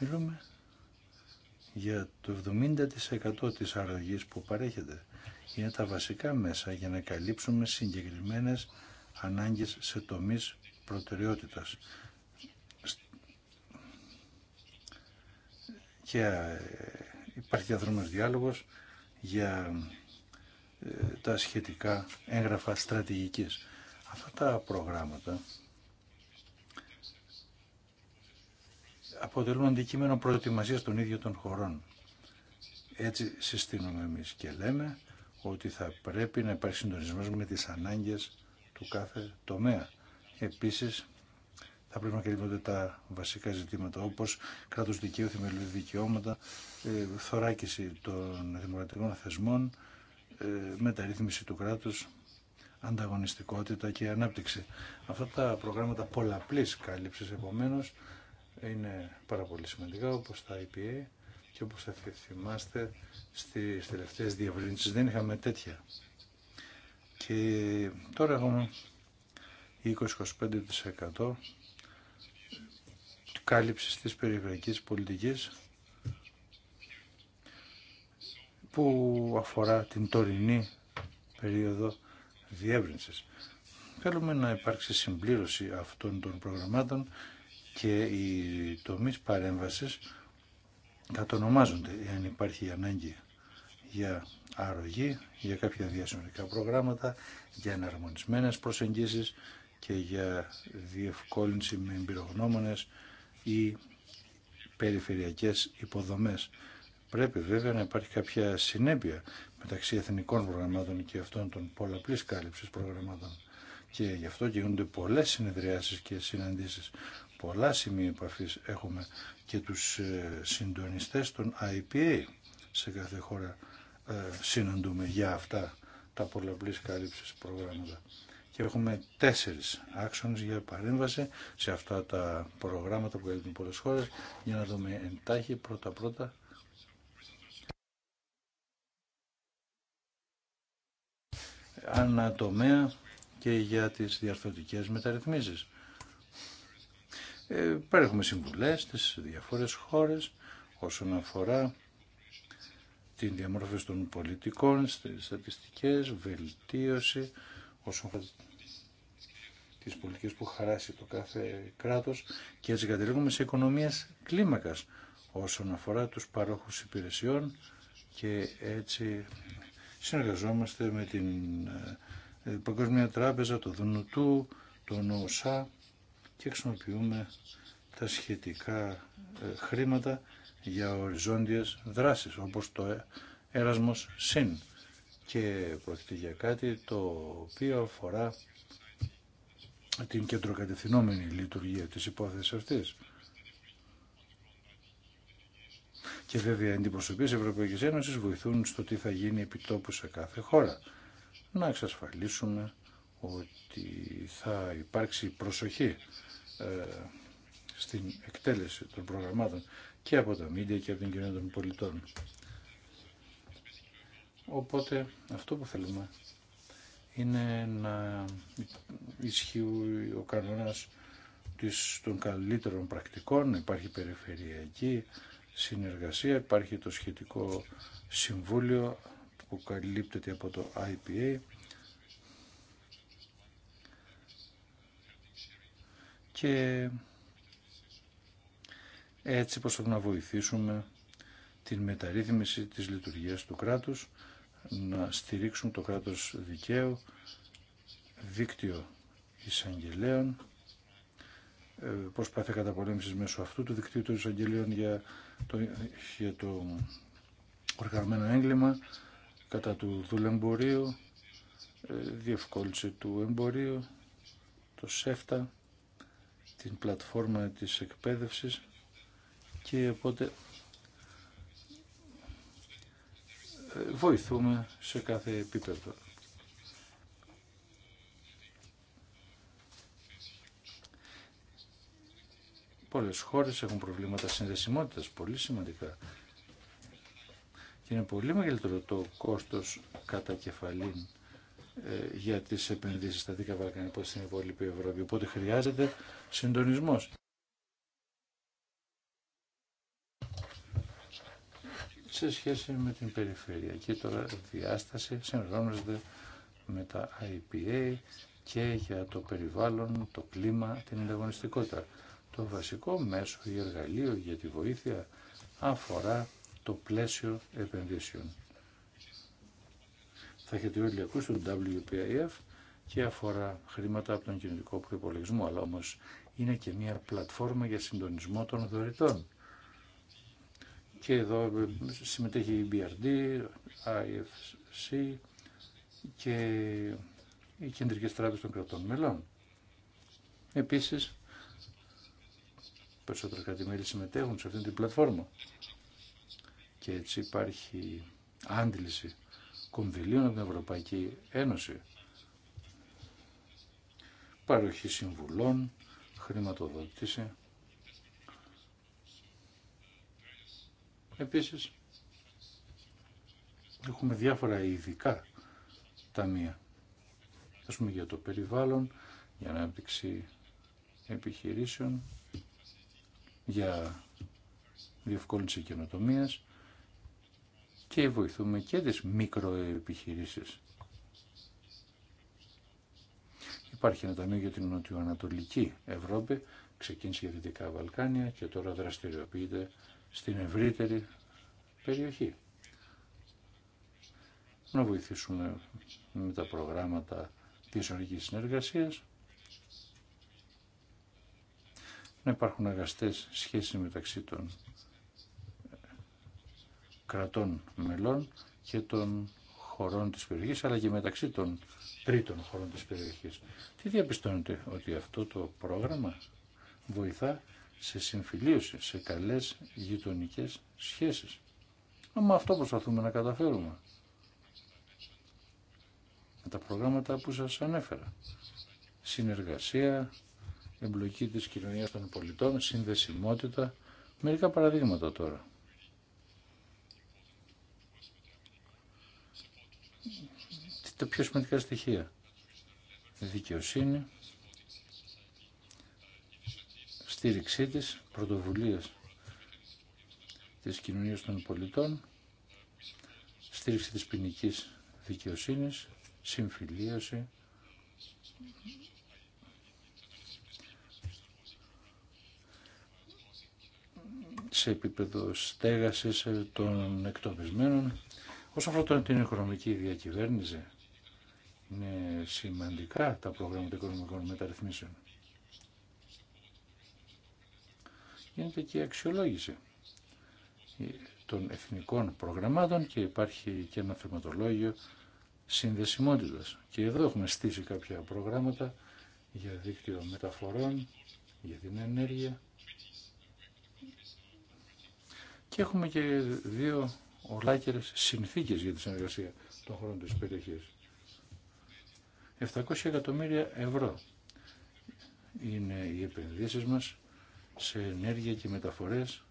Μιλούμε για το 70% της αρρωγής που παρέχεται. Είναι τα βασικά μέσα για να καλύψουμε συγκεκριμένες ανάγκες σε τομείς προτεραιότητας. Και ε, υπάρχει διαδρομός διάλογος για ε, τα σχετικά έγγραφα στρατηγικής. Αυτά τα προγράμματα αποτελούν αντικείμενο προετοιμασίας των ίδιων των χωρών. Έτσι συστήνουμε εμείς και λέμε ότι θα πρέπει να υπάρχει συντονισμός με τις ανάγκες του κάθε τομέα. Επίσης, θα πρέπει να κρύβονται τα βασικά ζητήματα όπως κράτος δικαίου, θεμελιώδη δικαιώματα, ε, θωράκιση των δημοκρατικών θεσμών, ε, μεταρρύθμιση του κράτους, ανταγωνιστικότητα και ανάπτυξη. Αυτά τα προγράμματα πολλαπλής κάλυψης επομένως είναι πάρα πολύ σημαντικά όπως τα IPA και όπως θα θυμάστε στις τελευταίες διαβρύνσεις δεν είχαμε τέτοια και τώρα έχουμε 20-25% κάλυψης της περιφερειακής πολιτικής που αφορά την τωρινή περίοδο διεύρυνσης. Θέλουμε να υπάρξει συμπλήρωση αυτών των προγραμμάτων και οι τομείς παρέμβασης κατονομάζονται εάν υπάρχει ανάγκη για αρρωγή, για κάποια διασυνορικά προγράμματα, για εναρμονισμένες προσεγγίσεις και για διευκόλυνση με εμπειρογνώμονες ή περιφερειακές υποδομές. Πρέπει βέβαια να υπάρχει κάποια συνέπεια μεταξύ εθνικών προγραμμάτων και αυτών των πολλαπλής κάλυψης προγραμμάτων. Και γι' αυτό γίνονται πολλές συνεδριάσεις και συναντήσεις. Πολλά σημεία επαφή έχουμε και τους ε, συντονιστές των IPA σε κάθε χώρα ε, συναντούμε για αυτά τα πολλαπλής κάλυψης προγράμματα. Και έχουμε τέσσερις άξονες για παρέμβαση σε αυτά τα προγράμματα που καλύπτουν πολλές χώρες για να δούμε εντάχει πρώτα-πρώτα ανατομέα και για τις διαρθρωτικές μεταρρυθμίσεις. Ε, παρέχουμε συμβουλές στις διαφορές χώρες όσον αφορά στην διαμόρφωση των πολιτικών, στις στατιστικές, βελτίωση όσον αφορά τις πολιτικές που χαράσει το κάθε κράτος και έτσι κατελήγουμε σε οικονομίες κλίμακας όσον αφορά τους παρόχους υπηρεσιών και έτσι συνεργαζόμαστε με την ε, ε, Παγκοσμία Τράπεζα, το ΔΝΤ, τον νόσα, και χρησιμοποιούμε τα σχετικά ε, χρήματα για οριζόντιες δράσεις όπως το έρασμος ΣΥΝ και πρόκειται για κάτι το οποίο αφορά την κεντροκατευθυνόμενη λειτουργία της υπόθεσης αυτής. Και βέβαια οι αντιπροσωπείε τη Ευρωπαϊκή βοηθούν στο τι θα γίνει επιτόπου σε κάθε χώρα. Να εξασφαλίσουμε ότι θα υπάρξει προσοχή ε, στην εκτέλεση των προγραμμάτων και από τα μίντια και από την κοινωνία των πολιτών. Οπότε αυτό που θέλουμε είναι να ισχύει ο κανόνας της, των καλύτερων πρακτικών, υπάρχει περιφερειακή συνεργασία, υπάρχει το σχετικό συμβούλιο που καλύπτεται από το IPA και έτσι προσπαθούμε να βοηθήσουμε την μεταρρύθμιση της λειτουργίας του κράτους, να στηρίξουν το κράτος δικαίου, δίκτυο εισαγγελέων, ε, προσπάθεια καταπολέμησης μέσω αυτού του δικτύου των εισαγγελίων για το, για το οργανωμένο έγκλημα, κατά του δουλεμπορίου, ε, διευκόλυνση του εμπορίου, το ΣΕΦΤΑ, την πλατφόρμα της εκπαίδευσης, και οπότε ε, βοηθούμε σε κάθε επίπεδο. Πολλές χώρες έχουν προβλήματα συνδεσιμότητας, πολύ σημαντικά. Και είναι πολύ μεγαλύτερο το κόστος κατά κεφαλήν ε, για τις επενδύσεις στα Δίκα Βαλκανία στην υπόλοιπη Ευρώπη. Οπότε χρειάζεται συντονισμός. σε σχέση με την περιφερειακή τώρα διάσταση συνεργάζονται με τα IPA και για το περιβάλλον, το κλίμα, την ανταγωνιστικότητα. Το βασικό μέσο ή εργαλείο για τη βοήθεια αφορά το πλαίσιο επενδύσεων. Θα έχετε όλοι ακούσει τον WPIF και αφορά χρήματα από τον κοινωνικό προπολογισμό. αλλά όμως είναι και μια πλατφόρμα για συντονισμό των δωρητών και εδώ συμμετέχει η BRD, IFC και οι κεντρικές τράπεζες των κρατών μελών. Επίσης, περισσότερα κρατημέλη συμμετέχουν σε αυτήν την πλατφόρμα και έτσι υπάρχει άντληση κονδυλίων από την Ευρωπαϊκή Ένωση, παροχή συμβουλών, χρηματοδότηση Επίσης, έχουμε διάφορα ειδικά ταμεία. Ας πούμε για το περιβάλλον, για ανάπτυξη επιχειρήσεων, για διευκόλυνση καινοτομία και βοηθούμε και τις μικροεπιχειρήσεις. Υπάρχει ένα ταμείο για την νοτιοανατολική Ευρώπη, ξεκίνησε για Δυτικά Βαλκάνια και τώρα δραστηριοποιείται στην ευρύτερη περιοχή. Να βοηθήσουμε με τα προγράμματα της οργικής συνεργασίας, να υπάρχουν αγαστές σχέσεις μεταξύ των κρατών μελών και των χωρών της περιοχής, αλλά και μεταξύ των τρίτων χωρών της περιοχής. Τι διαπιστώνετε ότι αυτό το πρόγραμμα βοηθά σε συμφιλίωση, σε καλές γειτονικέ σχέσεις. Μα αυτό προσπαθούμε να καταφέρουμε. Με τα προγράμματα που σας ανέφερα. Συνεργασία, εμπλοκή της κοινωνίας των πολιτών, συνδεσιμότητα. Μερικά παραδείγματα τώρα. Τα πιο σημαντικά στοιχεία. Δικαιοσύνη, στήριξή της πρωτοβουλίας της κοινωνίας των πολιτών, στήριξη της ποινική δικαιοσύνης, συμφιλίωση, σε επίπεδο στέγασης ε, των εκτοπισμένων. Όσο αφορά την οικονομική διακυβέρνηση, είναι σημαντικά τα προγράμματα οικονομικών μεταρρυθμίσεων. γίνεται και η αξιολόγηση των εθνικών προγραμμάτων και υπάρχει και ένα θεματολόγιο συνδεσιμότητας. Και εδώ έχουμε στήσει κάποια προγράμματα για δίκτυο μεταφορών, για την ενέργεια και έχουμε και δύο ολάκερες συνθήκες για τη συνεργασία των χωρών της περιοχής. 700 εκατομμύρια ευρώ είναι οι επενδύσεις μας σε ενέργεια και μεταφορές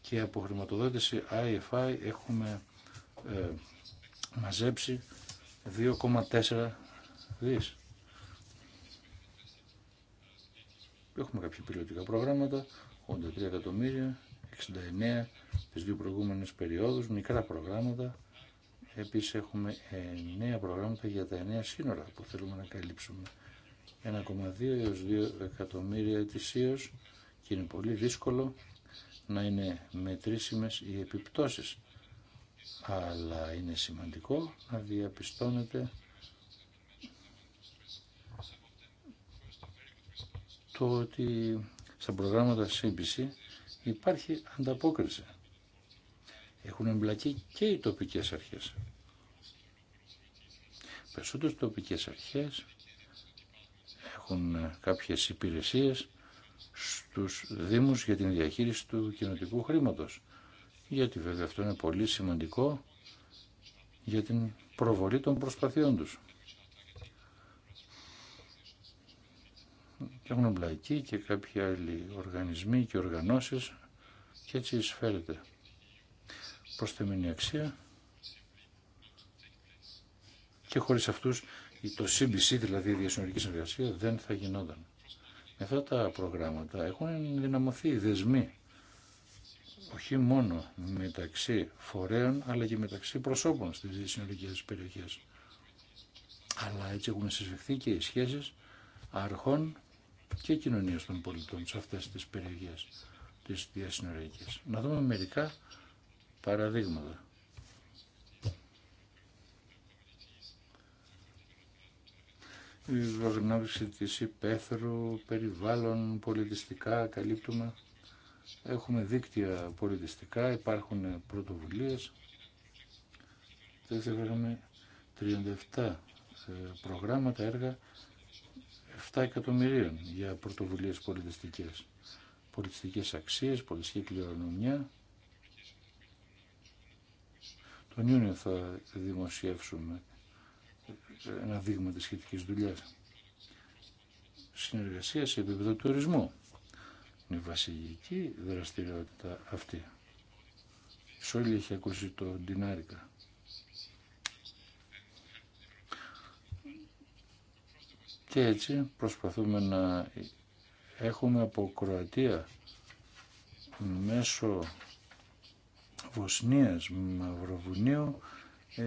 και από χρηματοδότηση IFI έχουμε ε, μαζέψει 2,4 δις. Έχουμε κάποια πιλωτικά προγράμματα, 83 εκατομμύρια, 69 τις δύο προηγούμενες περιόδους, μικρά προγράμματα. Επίσης έχουμε 9 προγράμματα για τα 9 σύνορα που θέλουμε να καλύψουμε. 1,2 έως 2 εκατομμύρια ετησίως και είναι πολύ δύσκολο να είναι μετρήσιμες οι επιπτώσεις. Αλλά είναι σημαντικό να διαπιστώνετε το ότι στα προγράμματα ΣΥΜΠΙΣΗ υπάρχει ανταπόκριση. Έχουν εμπλακεί και οι τοπικές αρχές. Περισσότερες τοπικές αρχές έχουν κάποιες υπηρεσίες στους Δήμους για την διαχείριση του κοινοτικού χρήματος. Γιατί βέβαια αυτό είναι πολύ σημαντικό για την προβολή των προσπαθειών τους. Και έχουν εμπλακεί και κάποιοι άλλοι οργανισμοί και οργανώσεις και έτσι εισφέρεται. τη αξία και χωρίς αυτούς το CBC, δηλαδή η διασυνορική συνεργασία, δεν θα γινόταν αυτά τα προγράμματα έχουν ενδυναμωθεί οι δεσμοί όχι μόνο μεταξύ φορέων αλλά και μεταξύ προσώπων στις συνολικές περιοχές. Αλλά έτσι έχουν συσφεχθεί και οι σχέσεις αρχών και κοινωνία των πολιτών σε αυτές τις περιοχές, της διασυνοριακές. Να δούμε μερικά παραδείγματα. Η την της υπαίθρου, περιβάλλον, πολιτιστικά καλύπτουμε. Έχουμε δίκτυα πολιτιστικά, υπάρχουν πρωτοβουλίες. Είχαμε 37 ε, προγράμματα, έργα 7 εκατομμυρίων για πρωτοβουλίες πολιτιστικές. Πολιτιστικές αξίες, πολιτιστική κληρονομιά. Τον Ιούνιο θα δημοσιεύσουμε ένα δείγμα της σχετικής δουλειάς. Συνεργασία σε επίπεδο τουρισμού. Είναι βασιλική δραστηριότητα αυτή. Σε όλοι έχει ακούσει το Ντινάρικα. Και έτσι προσπαθούμε να έχουμε από Κροατία μέσω Βοσνίας, Μαυροβουνίου ε,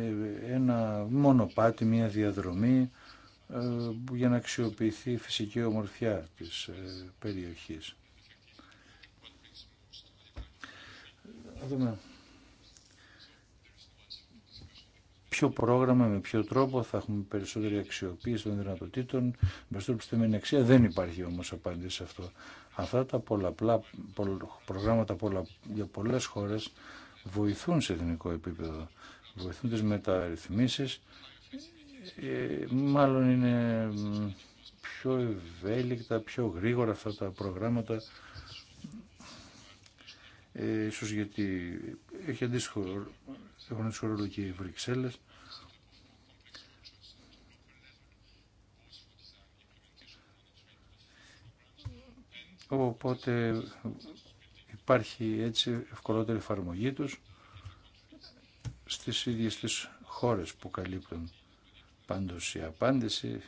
ένα μονοπάτι, μια διαδρομή ε, για να αξιοποιηθεί η φυσική ομορφιά της ε, περιοχής. ποιο πρόγραμμα, με ποιο τρόπο θα έχουμε περισσότερη αξιοποίηση των δυνατοτήτων, που στην αξία. Δεν υπάρχει όμως απάντηση σε αυτό. Αυτά τα πολλαπλά προγράμματα για πολλές χώρες βοηθούν σε εθνικό επίπεδο βοηθούν τις μεταρρυθμίσεις, ε, μάλλον είναι πιο ευέλικτα, πιο γρήγορα αυτά τα προγράμματα, ε, ίσως γιατί έχει αντίστοιχο, έχουν αντίστοιχο ρόλο και οι Βρυξέλλες. Οπότε υπάρχει έτσι ευκολότερη εφαρμογή τους στις ίδιες τις χώρες που καλύπτουν. Πάντως η απάντηση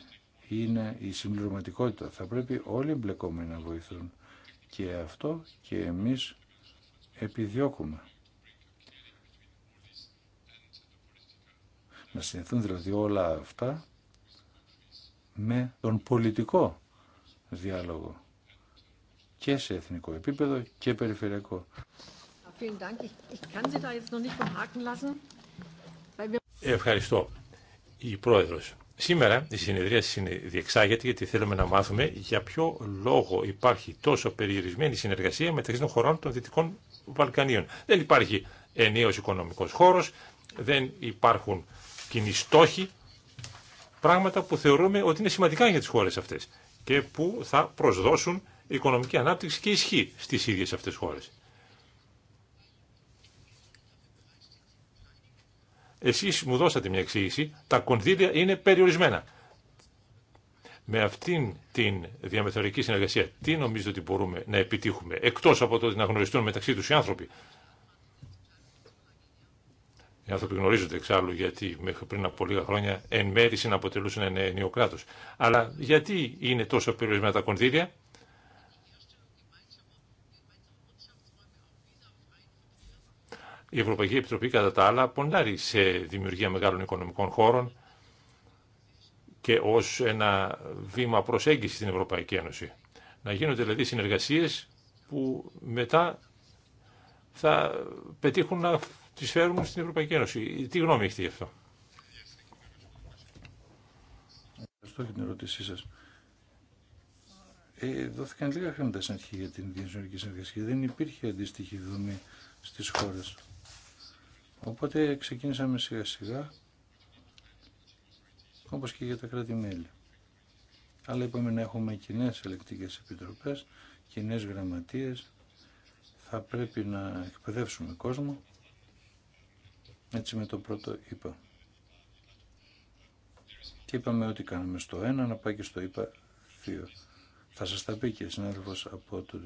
είναι η συμπληρωματικότητα. Θα πρέπει όλοι οι εμπλεκόμενοι να βοηθούν. Και αυτό και εμείς επιδιώκουμε. Να συνεχθούν δηλαδή όλα αυτά με τον πολιτικό διάλογο και σε εθνικό επίπεδο και περιφερειακό. Ευχαριστώ. Η Πρόεδρος. Σήμερα η συνεδρία διεξάγεται γιατί θέλουμε να μάθουμε για ποιο λόγο υπάρχει τόσο περιορισμένη συνεργασία μεταξύ των χωρών των Δυτικών Βαλκανίων. Δεν υπάρχει ενίος οικονομικός χώρος, δεν υπάρχουν κοινοί στόχοι, πράγματα που θεωρούμε ότι είναι σημαντικά για τις χώρες αυτές και που θα προσδώσουν οικονομική ανάπτυξη και ισχύ στις ίδιες αυτές χώρες. Εσεί μου δώσατε μια εξήγηση, τα κονδύλια είναι περιορισμένα. Με αυτήν την διαμεθορική συνεργασία, τι νομίζετε ότι μπορούμε να επιτύχουμε, εκτός από το να γνωριστούν μεταξύ του οι άνθρωποι. Οι άνθρωποι γνωρίζονται εξάλλου γιατί μέχρι πριν από λίγα χρόνια εν μέρη συναποτελούσαν ένα ενίο κράτο. Αλλά γιατί είναι τόσο περιορισμένα τα κονδύλια, Η Ευρωπαϊκή Επιτροπή κατά τα άλλα ποντάρει σε δημιουργία μεγάλων οικονομικών χώρων και ως ένα βήμα προσέγγιση στην Ευρωπαϊκή Ένωση. Να γίνονται δηλαδή συνεργασίες που μετά θα πετύχουν να τι φέρουν στην Ευρωπαϊκή Ένωση. Τι γνώμη έχετε γι' αυτό. Ευχαριστώ για την ερώτησή σας. Ε, δόθηκαν λίγα χρήματα στην αρχή για την διασυνορική συνεργασία. Δεν υπήρχε αντίστοιχη δομή στι χώρε. Οπότε ξεκίνησαμε σιγά σιγά, όπως και για τα κράτη-μέλη. Αλλά είπαμε να έχουμε κοινέ ελεκτικές επιτροπές, κοινέ γραμματείες, θα πρέπει να εκπαιδεύσουμε κόσμο, έτσι με το πρώτο είπα. Και είπαμε ότι κάναμε στο ένα, να πάει και στο είπα δύο. Θα σας τα πει και συνάδελφος από το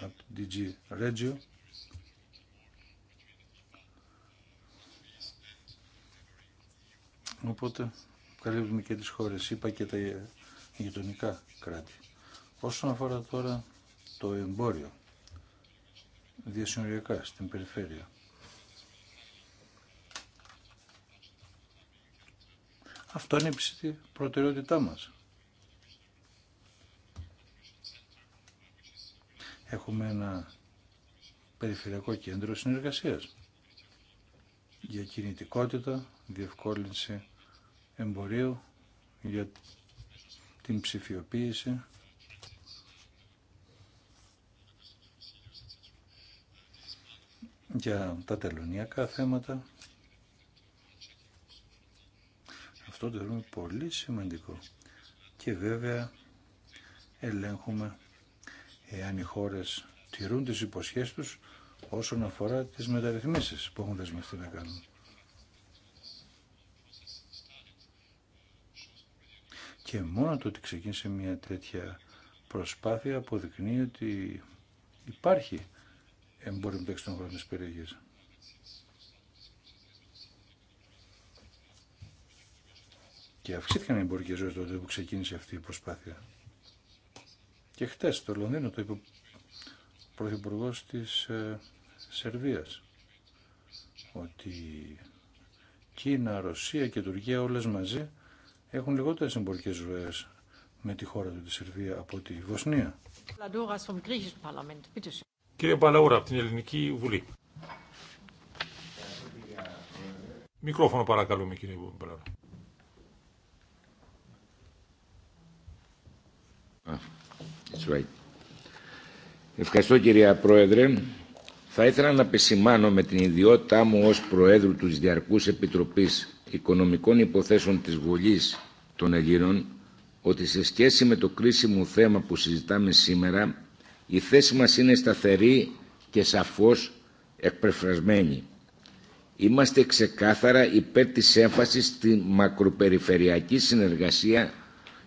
από DG Regio. Οπότε καλύπτουμε και τις χώρες, είπα και τα γειτονικά κράτη. Όσον αφορά τώρα το εμπόριο διασυνοριακά στην περιφέρεια. Αυτό είναι η ψητή προτεραιότητά μας. Έχουμε ένα περιφερειακό κέντρο συνεργασίας για κινητικότητα, διευκόλυνση εμπορίου για την ψηφιοποίηση για τα τελωνιακά θέματα. Αυτό το θεωρούμε πολύ σημαντικό. Και βέβαια ελέγχουμε εάν οι χώρες τηρούν τις υποσχέσεις τους όσον αφορά τις μεταρρυθμίσεις που έχουν δεσμευτεί να κάνουν. Και μόνο το ότι ξεκίνησε μια τέτοια προσπάθεια αποδεικνύει ότι υπάρχει εμπόριο μεταξύ των χωρών της περιοχής. Και αυξήθηκαν οι εμπορικές ζωές τότε που ξεκίνησε αυτή η προσπάθεια. Και χτες στο Λονδίνο το είπε ο Πρωθυπουργός της ε, Σερβίας ότι Κίνα, Ρωσία και Τουρκία όλες μαζί έχουν λιγότερες εμπορικές ροές με τη χώρα του, τη Σερβία, από τη Βοσνία. Κύριε Παλαούρα, από την Ελληνική Βουλή. Μικρόφωνο παρακαλούμε, κύριε Παλαούρα. That's right. Ευχαριστώ κυρία Πρόεδρε. Θα ήθελα να επισημάνω με την ιδιότητά μου ως Προέδρου της Διαρκούς Επιτροπής Οικονομικών Υποθέσεων της Βουλής των Ελλήνων ότι σε σχέση με το κρίσιμο θέμα που συζητάμε σήμερα η θέση μας είναι σταθερή και σαφώς εκπεφρασμένη. Είμαστε ξεκάθαρα υπέρ της έμφασης στη μακροπεριφερειακή συνεργασία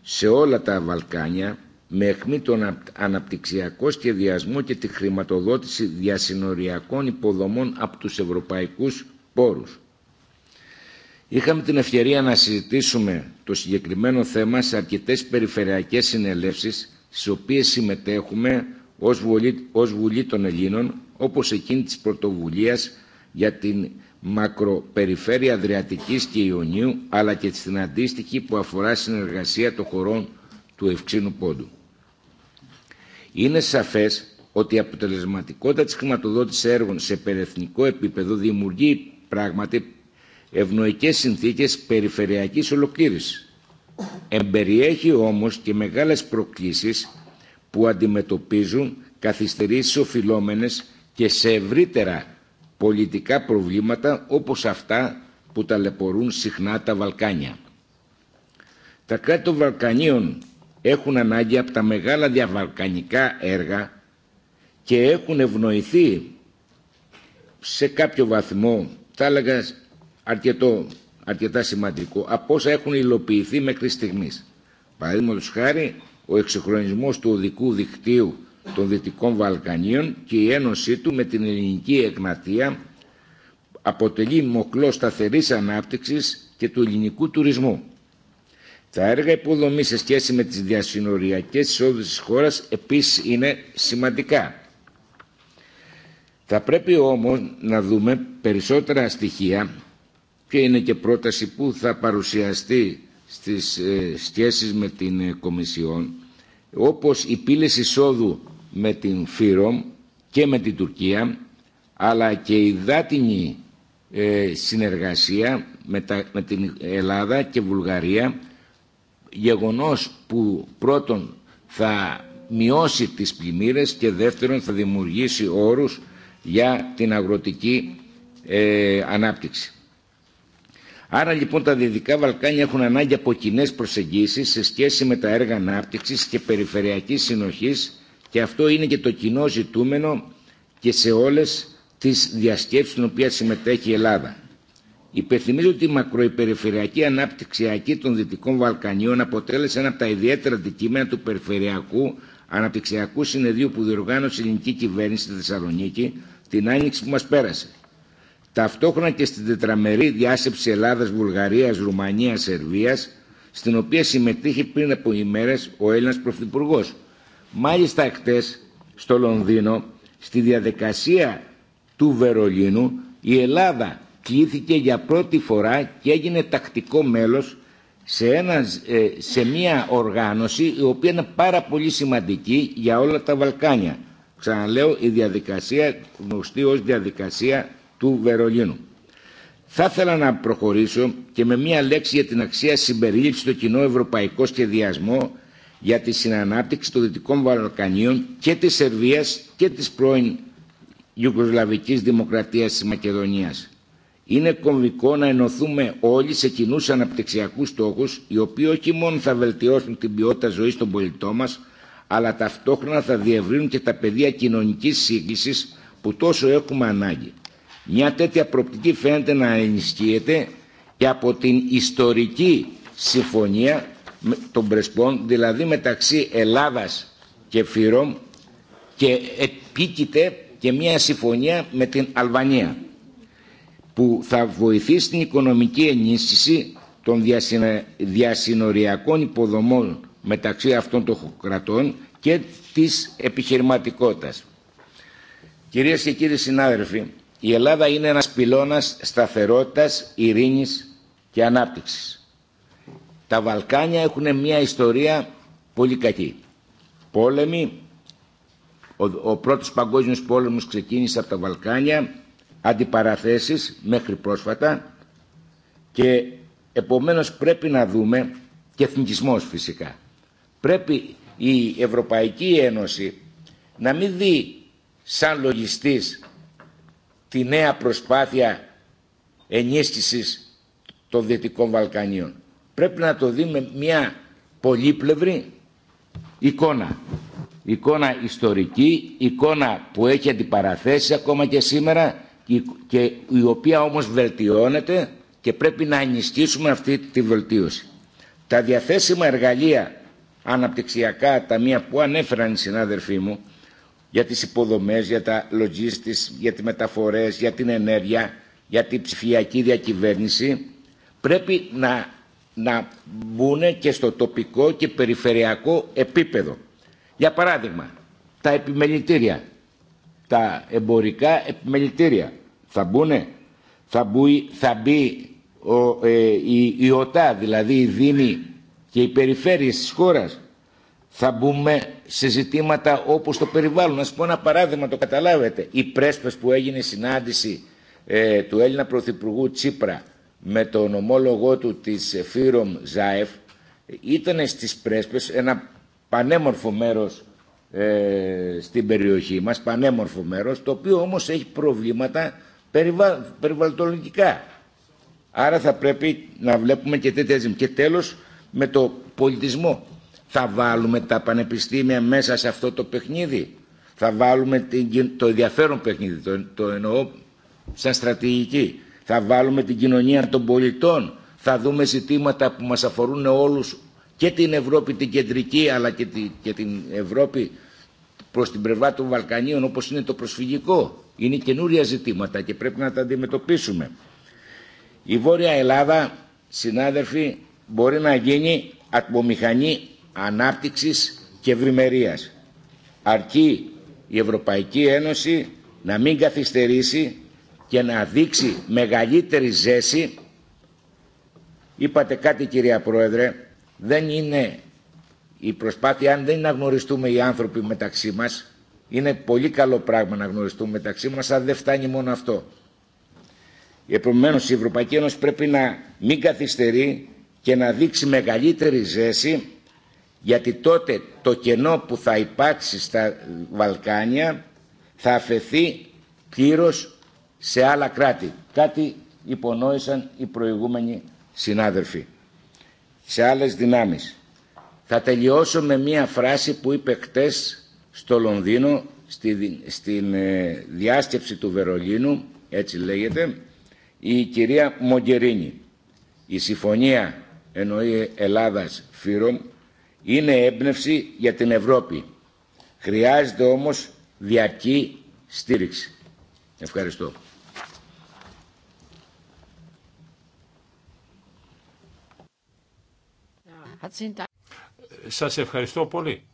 σε όλα τα Βαλκάνια με αιχμή τον αναπτυξιακό σχεδιασμό και τη χρηματοδότηση διασυνοριακών υποδομών από τους ευρωπαϊκούς πόρους. Είχαμε την ευκαιρία να συζητήσουμε το συγκεκριμένο θέμα σε αρκετές περιφερειακές συνελεύσεις στις οποίες συμμετέχουμε ως Βουλή, ως Βουλή των Ελλήνων όπως εκείνη της πρωτοβουλίας για την μακροπεριφέρεια Αδριατικής και Ιωνίου αλλά και στην αντίστοιχη που αφορά συνεργασία των χωρών του Ευξήνου Πόντου. Είναι σαφές ότι η αποτελεσματικότητα της χρηματοδότησης έργων σε περιεθνικό επίπεδο δημιουργεί πράγματι ευνοϊκές συνθήκες περιφερειακής ολοκλήρωσης. Εμπεριέχει όμως και μεγάλες προκλήσεις που αντιμετωπίζουν καθυστερήσεις οφειλόμενες και σε ευρύτερα πολιτικά προβλήματα όπως αυτά που ταλαιπωρούν συχνά τα Βαλκάνια. Τα κράτη των Βαλκανίων έχουν ανάγκη από τα μεγάλα διαβαλκανικά έργα και έχουν ευνοηθεί σε κάποιο βαθμό, θα έλεγα αρκετό, αρκετά σημαντικό από όσα έχουν υλοποιηθεί μέχρι στιγμή. Παραδείγματο χάρη, ο εξυγχρονισμό του οδικού δικτύου των Δυτικών Βαλκανίων και η ένωσή του με την ελληνική εκνατεία αποτελεί μοκλό σταθερή ανάπτυξη και του ελληνικού τουρισμού. Τα έργα υποδομή σε σχέση με τι διασυνοριακέ εισόδου τη χώρα επίση είναι σημαντικά. Θα πρέπει όμως να δούμε περισσότερα στοιχεία και είναι και πρόταση που θα παρουσιαστεί στις ε, σχέσεις με την ε, Κομισιόν όπως η πύλες εισόδου με την ΦΥΡΟΜ και με την Τουρκία αλλά και η δάτινη ε, συνεργασία με την Ελλάδα και Βουλγαρία γεγονός που πρώτον θα μειώσει τις πλημμύρες και δεύτερον θα δημιουργήσει όρους για την αγροτική ανάπτυξη. Άρα λοιπόν τα Δυτικά Βαλκάνια έχουν ανάγκη από κοινέ προσεγγίσεις σε σχέση με τα έργα ανάπτυξη και περιφερειακής συνοχής και αυτό είναι και το κοινό ζητούμενο και σε όλες τις διασκέψεις στην οποία συμμετέχει η Ελλάδα. Υπενθυμίζω ότι η μακροϊπεριφερειακή ανάπτυξιακή των Δυτικών Βαλκανίων αποτέλεσε ένα από τα ιδιαίτερα αντικείμενα του Περιφερειακού Αναπτυξιακού Συνεδρίου που διοργάνωσε η ελληνική κυβέρνηση στη Θεσσαλονίκη την άνοιξη που μα πέρασε. Ταυτόχρονα και στην τετραμερή διάσεψη Ελλάδας, Βουλγαρίας, Ρουμανίας, Σερβίας, στην οποία συμμετείχε πριν από ημέρες ο Έλληνας Πρωθυπουργό. Μάλιστα εκτές στο Λονδίνο, στη διαδικασία του Βερολίνου, η Ελλάδα κλήθηκε για πρώτη φορά και έγινε τακτικό μέλος σε, ένα, ε, σε μια οργάνωση η οποία είναι πάρα πολύ σημαντική για όλα τα Βαλκάνια. Ξαναλέω, η διαδικασία γνωστή ως διαδικασία του Βερολίνου. Θα ήθελα να προχωρήσω και με μία λέξη για την αξία συμπερίληψη στο κοινό ευρωπαϊκό σχεδιασμό για τη συνανάπτυξη των Δυτικών Βαλκανίων και της Σερβίας και της πρώην Ιουγκοσλαβικής Δημοκρατίας της Μακεδονίας. Είναι κομβικό να ενωθούμε όλοι σε κοινού αναπτυξιακού στόχου, οι οποίοι όχι μόνο θα βελτιώσουν την ποιότητα ζωή των πολιτών μα, αλλά ταυτόχρονα θα διευρύνουν και τα πεδία κοινωνική σύγκληση που τόσο έχουμε ανάγκη. Μια τέτοια προπτική φαίνεται να ενισχύεται και από την ιστορική συμφωνία των Πρεσπών, δηλαδή μεταξύ Ελλάδας και Φύρων και επίκειται και μια συμφωνία με την Αλβανία που θα βοηθήσει στην οικονομική ενίσχυση των διασυνοριακών υποδομών μεταξύ αυτών των κρατών και της επιχειρηματικότητας. Κυρίες και κύριοι συνάδελφοι, η Ελλάδα είναι ένας πυλώνας σταθερότητας, ειρήνης και ανάπτυξης. Τα Βαλκάνια έχουν μια ιστορία πολύ κακή. Πόλεμοι, ο, ο πρώτος παγκόσμιος πόλεμος ξεκίνησε από τα Βαλκάνια, αντιπαραθέσεις μέχρι πρόσφατα και επομένως πρέπει να δούμε και εθνικισμός φυσικά. Πρέπει η Ευρωπαϊκή Ένωση να μην δει σαν λογιστής τη νέα προσπάθεια ενίσχυσης των Δυτικών Βαλκανίων. Πρέπει να το δούμε μια πολύπλευρη εικόνα. Εικόνα ιστορική, εικόνα που έχει αντιπαραθέσει ακόμα και σήμερα και η οποία όμως βελτιώνεται και πρέπει να ενισχύσουμε αυτή τη βελτίωση. Τα διαθέσιμα εργαλεία αναπτυξιακά ταμεία που ανέφεραν οι συνάδελφοί μου για τις υποδομές, για τα λογίστης, για τις μεταφορές, για την ενέργεια, για την ψηφιακή διακυβέρνηση, πρέπει να, να μπουν και στο τοπικό και περιφερειακό επίπεδο. Για παράδειγμα, τα επιμελητήρια, τα εμπορικά επιμελητήρια θα μπουν, θα, μπει, θα ο, ε, η, η ΟΤΑ, δηλαδή η Δήμη και οι περιφέρειες της χώρας, θα μπούμε σε ζητήματα όπως το περιβάλλον. Να σας πω ένα παράδειγμα, το καταλάβετε. Η πρέσπες που έγινε η συνάντηση ε, του Έλληνα Πρωθυπουργού Τσίπρα με τον ομόλογό του της Φίρομ Ζάεφ ήταν στις πρέσπες ένα πανέμορφο μέρος ε, στην περιοχή μας, πανέμορφο μέρος, το οποίο όμως έχει προβλήματα περιβα... περιβαλλοντολογικά. Άρα θα πρέπει να βλέπουμε και τέτοια ζημιά. Και τέλος με το πολιτισμό. Θα βάλουμε τα πανεπιστήμια μέσα σε αυτό το παιχνίδι. Θα βάλουμε το ενδιαφέρον παιχνίδι, το, το εννοώ σαν στρατηγική. Θα βάλουμε την κοινωνία των πολιτών. Θα δούμε ζητήματα που μας αφορούν όλους και την Ευρώπη την κεντρική αλλά και, τη, και την Ευρώπη προς την πλευρά των Βαλκανίων όπως είναι το προσφυγικό. Είναι καινούρια ζητήματα και πρέπει να τα αντιμετωπίσουμε. Η Βόρεια Ελλάδα, συνάδελφοι, μπορεί να γίνει ατμομηχανή ανάπτυξης και ευρημερίας. Αρκεί η Ευρωπαϊκή Ένωση να μην καθυστερήσει και να δείξει μεγαλύτερη ζέση. Είπατε κάτι κυρία Πρόεδρε, δεν είναι η προσπάθεια, αν δεν είναι να γνωριστούμε οι άνθρωποι μεταξύ μας, είναι πολύ καλό πράγμα να γνωριστούμε μεταξύ μας, αλλά δεν φτάνει μόνο αυτό. Επομένω, η Ευρωπαϊκή Ένωση πρέπει να μην καθυστερεί και να δείξει μεγαλύτερη ζέση γιατί τότε το κενό που θα υπάρξει στα Βαλκάνια θα αφαιθεί πλήρως σε άλλα κράτη. Κάτι υπονόησαν οι προηγούμενοι συνάδελφοι. Σε άλλες δυνάμεις. Θα τελειώσω με μία φράση που είπε χτες στο Λονδίνο, στη, στην ε, διάσκεψη του Βερολίνου, έτσι λέγεται, η κυρία Μογκερίνη. Η συμφωνία εννοεί Ελλάδας Φύρων είναι έμπνευση για την Ευρώπη. Χρειάζεται όμως διαρκή στήριξη. Ευχαριστώ. Σας ευχαριστώ πολύ.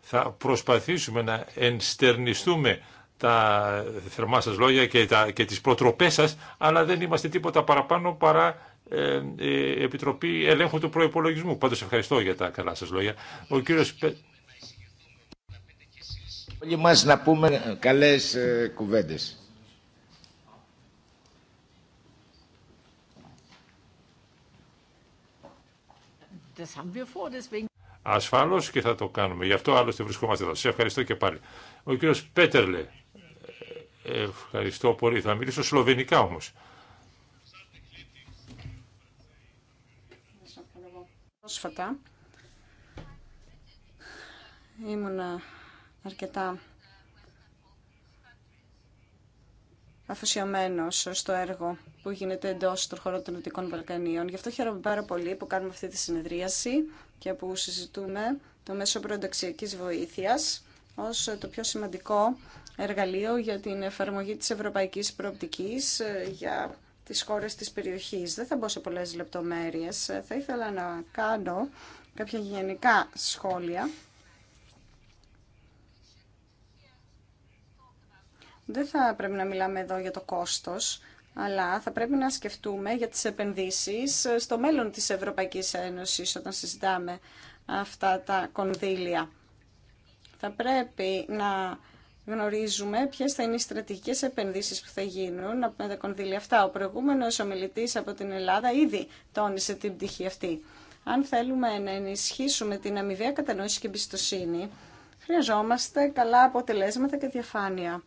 Θα προσπαθήσουμε να ενστερνιστούμε τα θερμά σας λόγια και, τα, και τις προτροπές σας, αλλά δεν είμαστε τίποτα παραπάνω παρά ε, ε, Επιτροπή Ελέγχου του Προϋπολογισμού. Πάντως ευχαριστώ για τα καλά σας λόγια. Ο κύριος... Όλοι μας να πούμε καλές ε, κουβέντες. Ασφαλώ και θα το κάνουμε. Γι' αυτό άλλωστε βρισκόμαστε εδώ. Σε ευχαριστώ και πάλι. Ο κύριος Πέτερλε. Ευχαριστώ πολύ. Θα μιλήσω σλοβενικά όμως. Πρόσφατα ήμουν αρκετά αφοσιωμένος στο έργο που γίνεται εντός των χωρών των Νοτικών Βαλκανίων. Γι' αυτό χαίρομαι πάρα πολύ που κάνουμε αυτή τη συνεδρίαση και που συζητούμε το μέσο προενταξιακής βοήθειας ως το πιο σημαντικό εργαλείο για την εφαρμογή της ευρωπαϊκής προοπτικής ε, για τις χώρες της περιοχής. Δεν θα μπω σε πολλές λεπτομέρειες. Θα ήθελα να κάνω κάποια γενικά σχόλια. Δεν θα πρέπει να μιλάμε εδώ για το κόστος, αλλά θα πρέπει να σκεφτούμε για τις επενδύσεις στο μέλλον της Ευρωπαϊκής Ένωσης όταν συζητάμε αυτά τα κονδύλια. Θα πρέπει να γνωρίζουμε ποιε θα είναι οι στρατηγικές επενδύσεις που θα γίνουν από τα κονδύλια αυτά. Ο προηγούμενο ομιλητή από την Ελλάδα ήδη τόνισε την πτυχή αυτή. Αν θέλουμε να ενισχύσουμε την αμοιβαία κατανόηση και εμπιστοσύνη, χρειαζόμαστε καλά αποτελέσματα και διαφάνεια.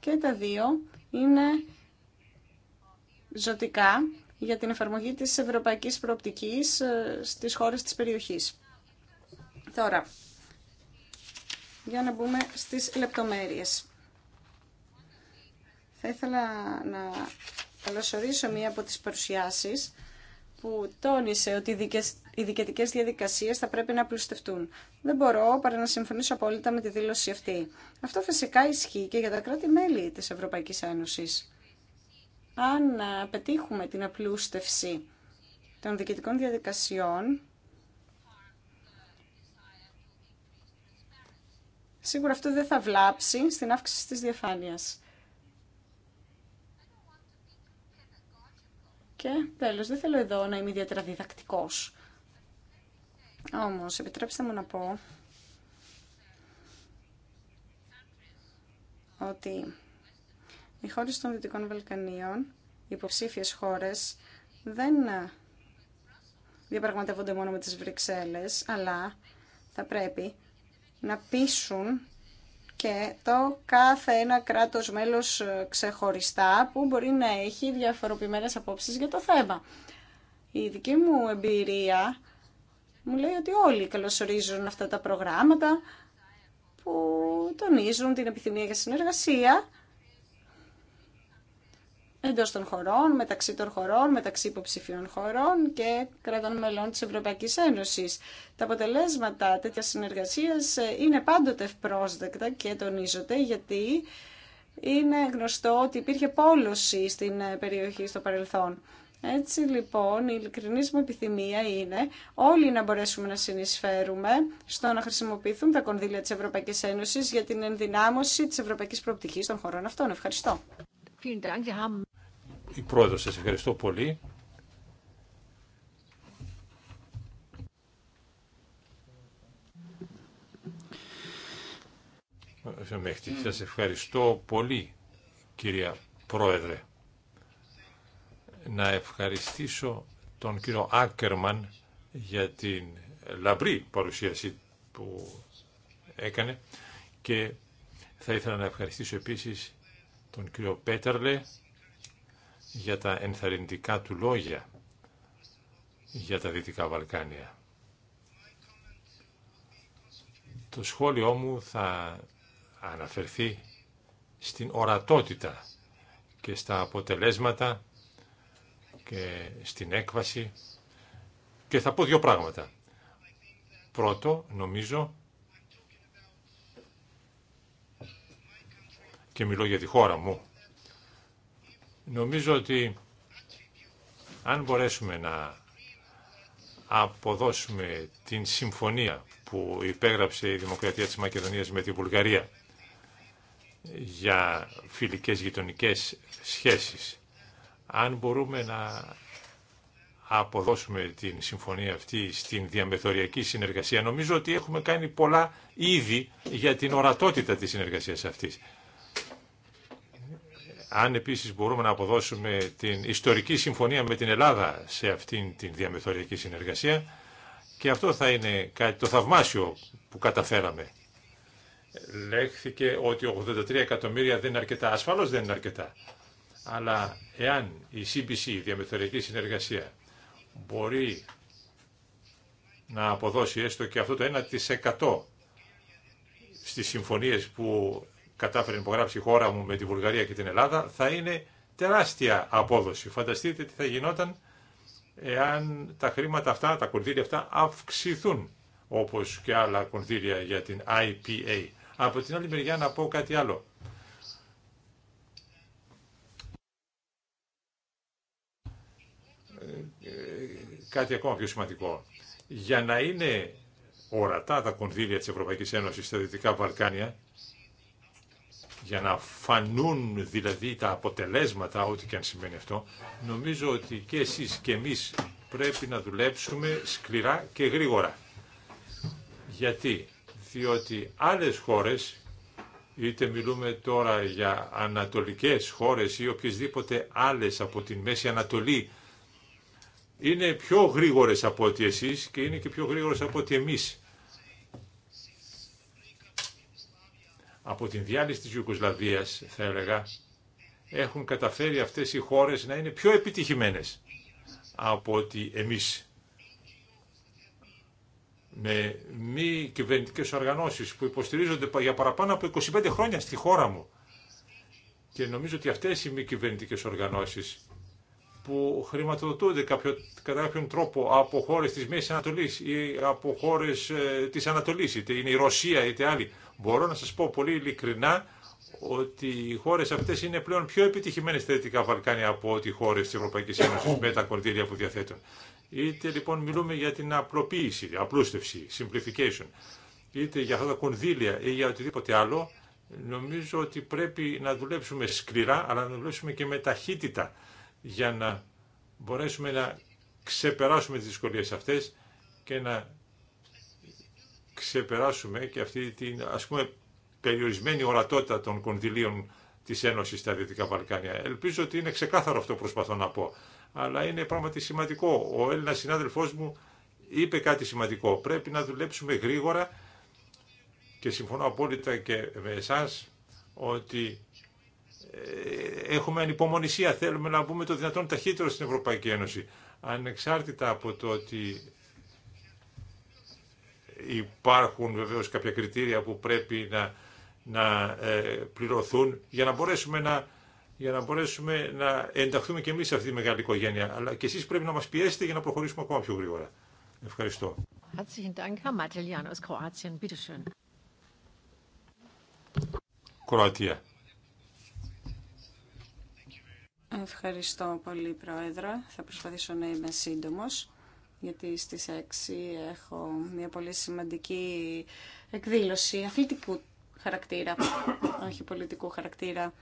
Και τα δύο είναι ζωτικά για την εφαρμογή της ευρωπαϊκής προοπτικής ε, στις χώρες της περιοχής. Τώρα, για να μπούμε στις λεπτομέρειες. Θα ήθελα να καλωσορίσω μία από τις παρουσιάσεις που τόνισε ότι οι δικαιτικές διαδικασίες θα πρέπει να πλουστευτούν. Δεν μπορώ παρά να συμφωνήσω απόλυτα με τη δήλωση αυτή. Αυτό φυσικά ισχύει και για τα κράτη-μέλη της Ευρωπαϊκής Ένωσης. Αν ε, πετύχουμε την απλούστευση των δικαιτικών διαδικασιών, σίγουρα αυτό δεν θα βλάψει στην αύξηση της διαφάνειας. Και τέλος, δεν θέλω εδώ να είμαι ιδιαίτερα διδακτικός. Όμως, επιτρέψτε μου να πω ότι οι χώρες των Δυτικών Βαλκανίων, οι υποψήφιες χώρες, δεν διαπραγματεύονται μόνο με τις Βρυξέλλες, αλλά θα πρέπει να πείσουν και το κάθε ένα κράτος μέλος ξεχωριστά που μπορεί να έχει διαφοροποιημένες απόψεις για το θέμα. Η δική μου εμπειρία μου λέει ότι όλοι καλωσορίζουν αυτά τα προγράμματα που τονίζουν την επιθυμία για συνεργασία εντός των χωρών, μεταξύ των χωρών, μεταξύ υποψηφίων χωρών και κρατών μελών της Ευρωπαϊκής Ένωσης. Τα αποτελέσματα τέτοιας συνεργασίας ε, είναι πάντοτε ευπρόσδεκτα και τονίζονται γιατί είναι γνωστό ότι υπήρχε πόλωση στην ε, περιοχή στο παρελθόν. Έτσι λοιπόν η ειλικρινής μου επιθυμία είναι όλοι να μπορέσουμε να συνεισφέρουμε στο να χρησιμοποιηθούν τα κονδύλια της Ευρωπαϊκής Ένωσης για την ενδυνάμωση της ευρωπαϊκής προοπτικής των χωρών αυτών. Ευχαριστώ. Η πρόεδρος, σας ευχαριστώ πολύ. Σας ευχαριστώ πολύ, κυρία Πρόεδρε. Να ευχαριστήσω τον κύριο Άκερμαν για την λαμπρή παρουσίαση που έκανε και θα ήθελα να ευχαριστήσω επίσης τον κύριο Πέτερλε για τα ενθαρρυντικά του λόγια για τα Δυτικά Βαλκάνια. Το σχόλιο μου θα αναφερθεί στην ορατότητα και στα αποτελέσματα και στην έκβαση και θα πω δύο πράγματα. Πρώτο, νομίζω και μιλώ για τη χώρα μου, νομίζω ότι αν μπορέσουμε να αποδώσουμε την συμφωνία που υπέγραψε η Δημοκρατία της Μακεδονίας με τη Βουλγαρία για φιλικές γειτονικές σχέσεις, αν μπορούμε να αποδώσουμε την συμφωνία αυτή στην διαμεθοριακή συνεργασία, νομίζω ότι έχουμε κάνει πολλά ήδη για την ορατότητα της συνεργασίας αυτής. Αν επίσης μπορούμε να αποδώσουμε την ιστορική συμφωνία με την Ελλάδα σε αυτήν την διαμεθοριακή συνεργασία και αυτό θα είναι κάτι το θαυμάσιο που καταφέραμε. Λέχθηκε ότι 83 εκατομμύρια δεν είναι αρκετά. Ασφαλώς δεν είναι αρκετά. Αλλά εάν η CBC, η διαμεθοριακή συνεργασία, μπορεί να αποδώσει έστω και αυτό το 1% στις συμφωνίες που κατάφερε να υπογράψει η χώρα μου με τη Βουλγαρία και την Ελλάδα θα είναι τεράστια απόδοση. Φανταστείτε τι θα γινόταν εάν τα χρήματα αυτά, τα κονδύλια αυτά αυξηθούν όπως και άλλα κονδύλια για την IPA. Από την άλλη μεριά να πω κάτι άλλο. Κάτι ακόμα πιο σημαντικό. Για να είναι ορατά τα κονδύλια της Ευρωπαϊκής Ένωσης στα Δυτικά Βαλκάνια, για να φανούν δηλαδή τα αποτελέσματα, ό,τι και αν σημαίνει αυτό, νομίζω ότι και εσείς και εμείς πρέπει να δουλέψουμε σκληρά και γρήγορα. Γιατί, διότι άλλες χώρες, είτε μιλούμε τώρα για ανατολικές χώρες ή οποιασδήποτε άλλες από την Μέση Ανατολή, είναι πιο γρήγορες από ότι εσείς και είναι και πιο γρήγορες από ότι εμείς. από την διάλυση της Ιουγκοσλαβίας, θα έλεγα, έχουν καταφέρει αυτές οι χώρες να είναι πιο επιτυχημένες από ότι εμείς με μη κυβερνητικές οργανώσεις που υποστηρίζονται για παραπάνω από 25 χρόνια στη χώρα μου. Και νομίζω ότι αυτές οι μη κυβερνητικές οργανώσεις που χρηματοδοτούνται κάποιο, κατά κάποιον τρόπο από χώρε τη Μέση Ανατολή ή από χώρε ε, τη Ανατολή, είτε είναι η Ρωσία είτε άλλοι. Μπορώ να σα πω πολύ ειλικρινά ότι οι χώρε αυτέ είναι πλέον πιο επιτυχημένε στα Βαλκάνια από ό,τι οι χώρε τη Ευρωπαϊκή Ένωση με τα κονδύλια που διαθέτουν. Είτε λοιπόν μιλούμε για την απλοποίηση, απλούστευση, simplification, είτε για αυτά τα κονδύλια ή για οτιδήποτε άλλο, νομίζω ότι πρέπει να δουλέψουμε σκληρά, αλλά να δουλέψουμε και με ταχύτητα για να μπορέσουμε να ξεπεράσουμε τις δυσκολίες αυτές και να ξεπεράσουμε και αυτή την ας πούμε περιορισμένη ορατότητα των κονδυλίων της Ένωσης στα Δυτικά Βαλκάνια. Ελπίζω ότι είναι ξεκάθαρο αυτό που προσπαθώ να πω. Αλλά είναι πράγματι σημαντικό. Ο Έλληνας συνάδελφός μου είπε κάτι σημαντικό. Πρέπει να δουλέψουμε γρήγορα και συμφωνώ απόλυτα και με εσάς ότι ε, έχουμε ανυπομονησία, θέλουμε να μπούμε το δυνατόν ταχύτερο στην Ευρωπαϊκή Ένωση. Ανεξάρτητα από το ότι υπάρχουν βεβαίως κάποια κριτήρια που πρέπει να, να ε, πληρωθούν για να μπορέσουμε να, για να μπορέσουμε να ενταχθούμε και εμείς σε αυτή τη μεγάλη οικογένεια. Αλλά και εσείς πρέπει να μας πιέσετε για να προχωρήσουμε ακόμα πιο γρήγορα. Ευχαριστώ. Κροατία. Ευχαριστώ πολύ, Πρόεδρε. Θα προσπαθήσω να είμαι σύντομος, γιατί στις 6 έχω μια πολύ σημαντική εκδήλωση αθλητικού χαρακτήρα, όχι πολιτικού χαρακτήρα.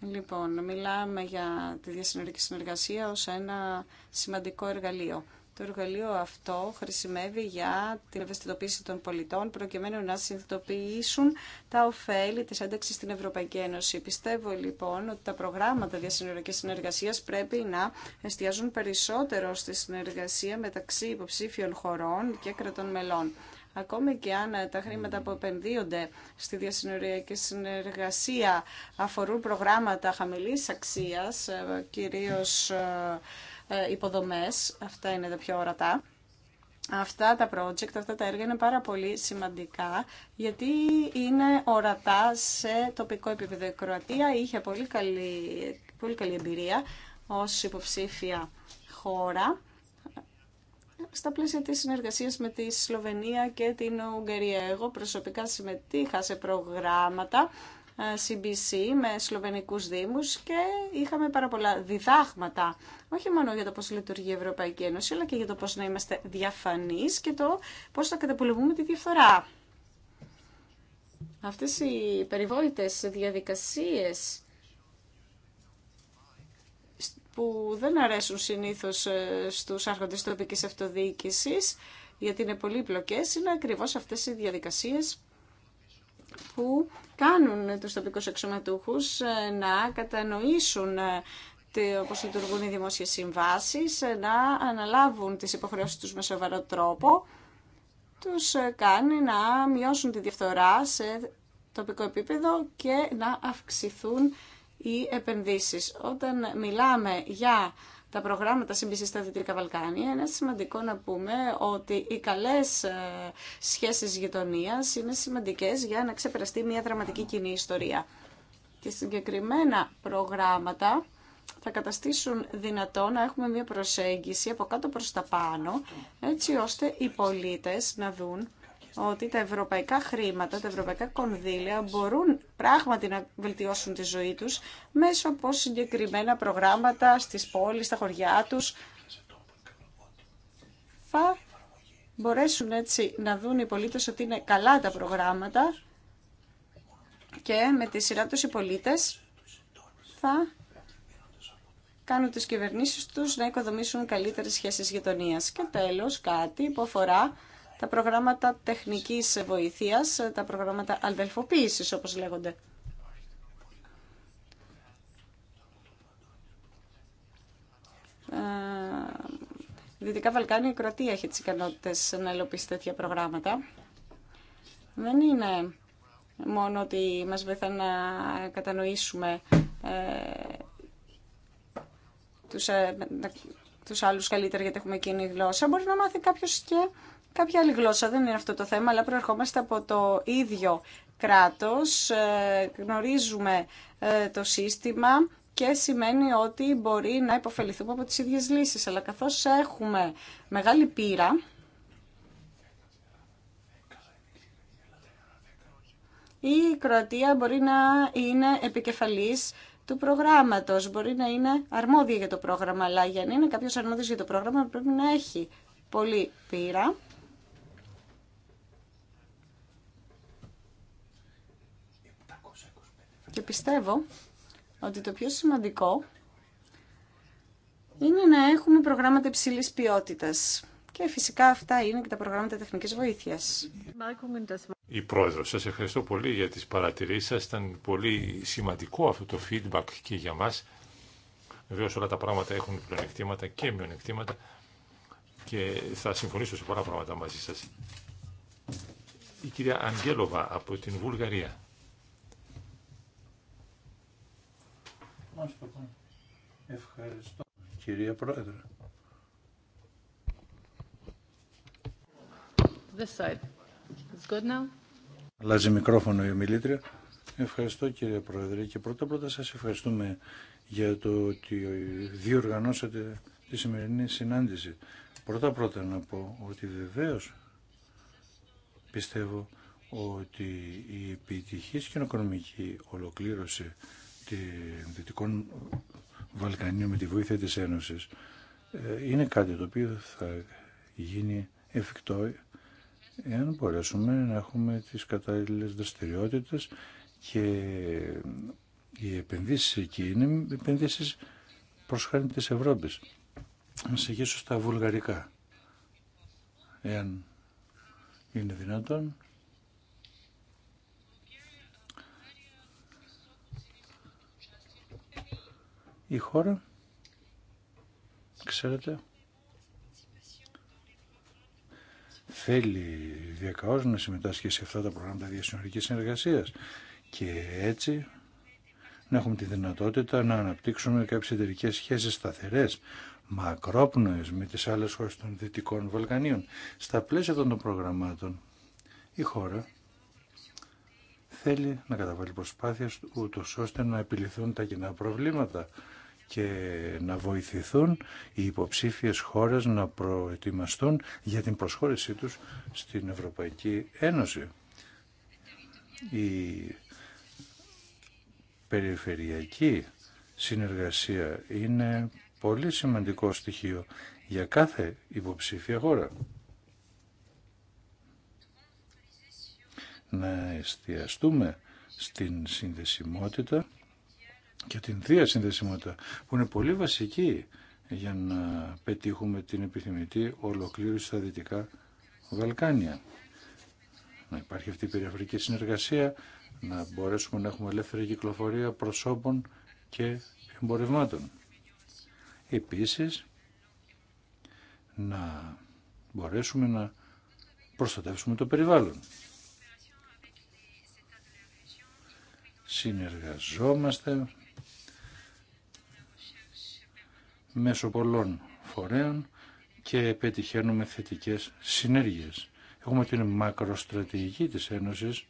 Λοιπόν, μιλάμε για τη διασυνορική συνεργασία ως ένα σημαντικό εργαλείο το εργαλείο αυτό χρησιμεύει για την ευαισθητοποίηση των πολιτών προκειμένου να συνειδητοποιήσουν τα ωφέλη της ένταξης στην Ευρωπαϊκή Ένωση. Πιστεύω λοιπόν ότι τα προγράμματα διασυνοριακής συνεργασίας πρέπει να εστιάζουν περισσότερο στη συνεργασία μεταξύ υποψήφιων χωρών και κρατών μελών. Ακόμη και αν τα χρήματα που επενδύονται στη διασυνοριακή συνεργασία αφορούν προγράμματα χαμηλής αξίας, ε, κυρίως ε, ε, υποδομές, αυτά είναι τα πιο ορατά. Αυτά τα project, αυτά τα έργα είναι πάρα πολύ σημαντικά γιατί είναι ορατά σε τοπικό επίπεδο. Η Κροατία είχε πολύ καλή, πολύ καλή εμπειρία ως υποψήφια χώρα στα πλαίσια της συνεργασίας με τη Σλοβενία και την Ουγγαρία. Εγώ προσωπικά συμμετείχα σε προγράμματα CBC με σλοβενικούς δήμους και είχαμε πάρα πολλά διδάγματα, όχι μόνο για το πώς λειτουργεί η Ευρωπαϊκή Ένωση, αλλά και για το πώς να είμαστε διαφανείς και το πώς θα καταπολεμούμε τη διαφθορά. Αυτές οι περιβόητες διαδικασίες που δεν αρέσουν συνήθως ε, στους άρχοντες τοπικής αυτοδιοίκησης, γιατί είναι πολύπλοκες, είναι ακριβώς αυτές οι διαδικασίες που κάνουν τους τοπικούς αξιωματούχους ε, να κατανοήσουν ε, πώς λειτουργούν οι δημόσιες συμβάσεις, ε, να αναλάβουν τις υποχρεώσεις τους με σοβαρό τρόπο, τους κάνει να μειώσουν τη διαφθορά σε τοπικό επίπεδο και να αυξηθούν οι επενδύσεις. Όταν μιλάμε για τα προγράμματα σύμπισης στα Δυτικά Βαλκάνια, είναι σημαντικό να πούμε ότι οι καλές ε, σχέσεις γειτονία είναι σημαντικές για να ξεπεραστεί μια δραματική κοινή ιστορία. Και συγκεκριμένα προγράμματα θα καταστήσουν δυνατό να έχουμε μια προσέγγιση από κάτω προς τα πάνω, έτσι ώστε οι πολίτες να δουν ότι τα ευρωπαϊκά χρήματα, τα ευρωπαϊκά κονδύλια μπορούν πράγματι να βελτιώσουν τη ζωή τους μέσω από συγκεκριμένα προγράμματα στις πόλεις, στα χωριά τους. Θα μπορέσουν έτσι να δουν οι πολίτες ότι είναι καλά τα προγράμματα και με τη σειρά τους οι πολίτες θα κάνουν τις κυβερνήσεις τους να οικοδομήσουν καλύτερες σχέσεις γειτονίας. Και τέλος κάτι που αφορά τα προγράμματα τεχνικής βοήθειας, τα προγράμματα αδελφοποίησης όπως λέγονται. Ε, Δυτικά Βαλκάνια, η Κροατία έχει τις ικανότητες να ελοπίσει τέτοια προγράμματα. Δεν είναι μόνο ότι μας βοηθά να κατανοήσουμε ε, τους, ε, τους άλλους καλύτερα γιατί έχουμε κοινή γλώσσα. Μπορεί να μάθει κάποιος και κάποια άλλη γλώσσα, δεν είναι αυτό το θέμα, αλλά προερχόμαστε από το ίδιο κράτος, ε, γνωρίζουμε ε, το σύστημα και σημαίνει ότι μπορεί να υποφεληθούμε από τις ίδιες λύσεις. Αλλά καθώς έχουμε μεγάλη πείρα, η Κροατία μπορεί να είναι επικεφαλής του προγράμματος, μπορεί να είναι αρμόδια για το πρόγραμμα, αλλά για να είναι κάποιος αρμόδιος για το πρόγραμμα πρέπει να έχει πολύ πείρα Και πιστεύω ότι το πιο σημαντικό είναι να έχουμε προγράμματα υψηλής ποιότητας. Και φυσικά αυτά είναι και τα προγράμματα τεχνικής βοήθειας. Η πρόεδρο, σας ευχαριστώ πολύ για τις παρατηρήσεις σας. Ήταν πολύ σημαντικό αυτό το feedback και για μας. Βεβαίω όλα τα πράγματα έχουν πλεονεκτήματα και μειονεκτήματα και θα συμφωνήσω σε πολλά πράγματα μαζί σας. Η κυρία Αγγέλοβα από την Βουλγαρία. Ευχαριστώ, κυρία Πρόεδρε. This side. It's good now. Αλλάζει μικρόφωνο η ομιλήτρια. Ευχαριστώ κύριε Πρόεδρε και πρώτα πρώτα σας ευχαριστούμε για το ότι διοργανώσατε τη σημερινή συνάντηση. Πρώτα πρώτα να πω ότι βεβαίως πιστεύω ότι η επιτυχής και ολοκλήρωση των Δυτικών Βαλκανίων με τη βοήθεια της Ένωσης ε, είναι κάτι το οποίο θα γίνει εφικτό εάν μπορέσουμε να έχουμε τις κατάλληλες δραστηριότητε και οι επενδύσεις εκεί είναι επενδύσεις προς χάρη της Ευρώπης. Να σε στα βουλγαρικά. Εάν είναι δυνατόν η χώρα, ξέρετε, θέλει διακαώς να συμμετάσχει σε αυτά τα προγράμματα διασυνορικής συνεργασίας και έτσι να έχουμε τη δυνατότητα να αναπτύξουμε κάποιες εταιρικέ σχέσεις σταθερές, μακρόπνοες με τις άλλες χώρες των Δυτικών Βαλκανίων. Στα πλαίσια των προγραμμάτων η χώρα θέλει να καταβάλει προσπάθειες ούτως ώστε να επιληθούν τα κοινά προβλήματα και να βοηθηθούν οι υποψήφιες χώρες να προετοιμαστούν για την προσχώρησή τους στην Ευρωπαϊκή Ένωση. Η περιφερειακή συνεργασία είναι πολύ σημαντικό στοιχείο για κάθε υποψήφια χώρα. Να εστιαστούμε στην συνδεσιμότητα και την θεία συνδεσιμότητα που είναι πολύ βασική για να πετύχουμε την επιθυμητή ολοκλήρωση στα Δυτικά Βαλκάνια. Να υπάρχει αυτή η περιαφρική συνεργασία, να μπορέσουμε να έχουμε ελεύθερη κυκλοφορία προσώπων και εμπορευμάτων. Επίσης, να μπορέσουμε να προστατεύσουμε το περιβάλλον. Συνεργαζόμαστε μέσω πολλών φορέων και πετυχαίνουμε θετικές συνέργειες. Έχουμε την μακροστρατηγική της Ένωσης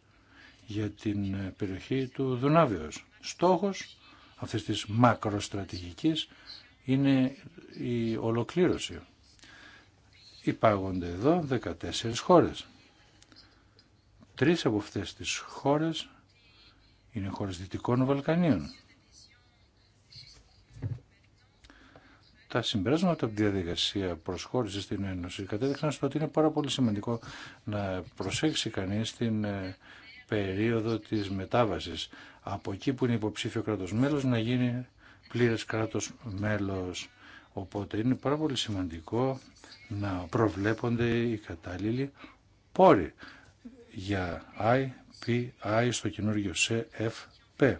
για την ε, περιοχή του Δουνάβιος. Στόχος αυτής της μακροστρατηγικής είναι η ολοκλήρωση. Υπάγονται εδώ 14 χώρες. Τρεις από αυτές τις χώρες είναι χώρες Δυτικών Βαλκανίων. τα συμπεράσματα από τη διαδικασία προσχώρηση στην Ένωση κατέδειξαν στο ότι είναι πάρα πολύ σημαντικό να προσέξει κανείς την ε, περίοδο της μετάβασης από εκεί που είναι υποψήφιο κράτος μέλος να γίνει πλήρες κράτος μέλος. Οπότε είναι πάρα πολύ σημαντικό να προβλέπονται οι κατάλληλοι πόροι για IPI στο καινούργιο CFP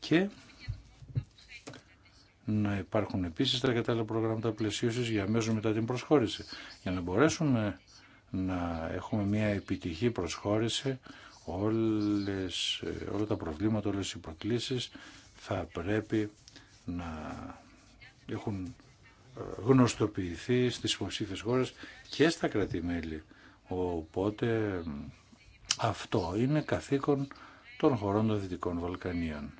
και να υπάρχουν επίσης τα κατάλληλα προγράμματα πλαισίωσης για αμέσως μετά την προσχώρηση. Για να μπορέσουμε να έχουμε μια επιτυχή προσχώρηση, όλες, όλα τα προβλήματα, όλες οι προκλήσεις θα πρέπει να έχουν ε, γνωστοποιηθεί στις υποψήφιες χώρες και στα κρατημέλη. Οπότε αυτό είναι καθήκον των χωρών των Δυτικών Βαλκανίων.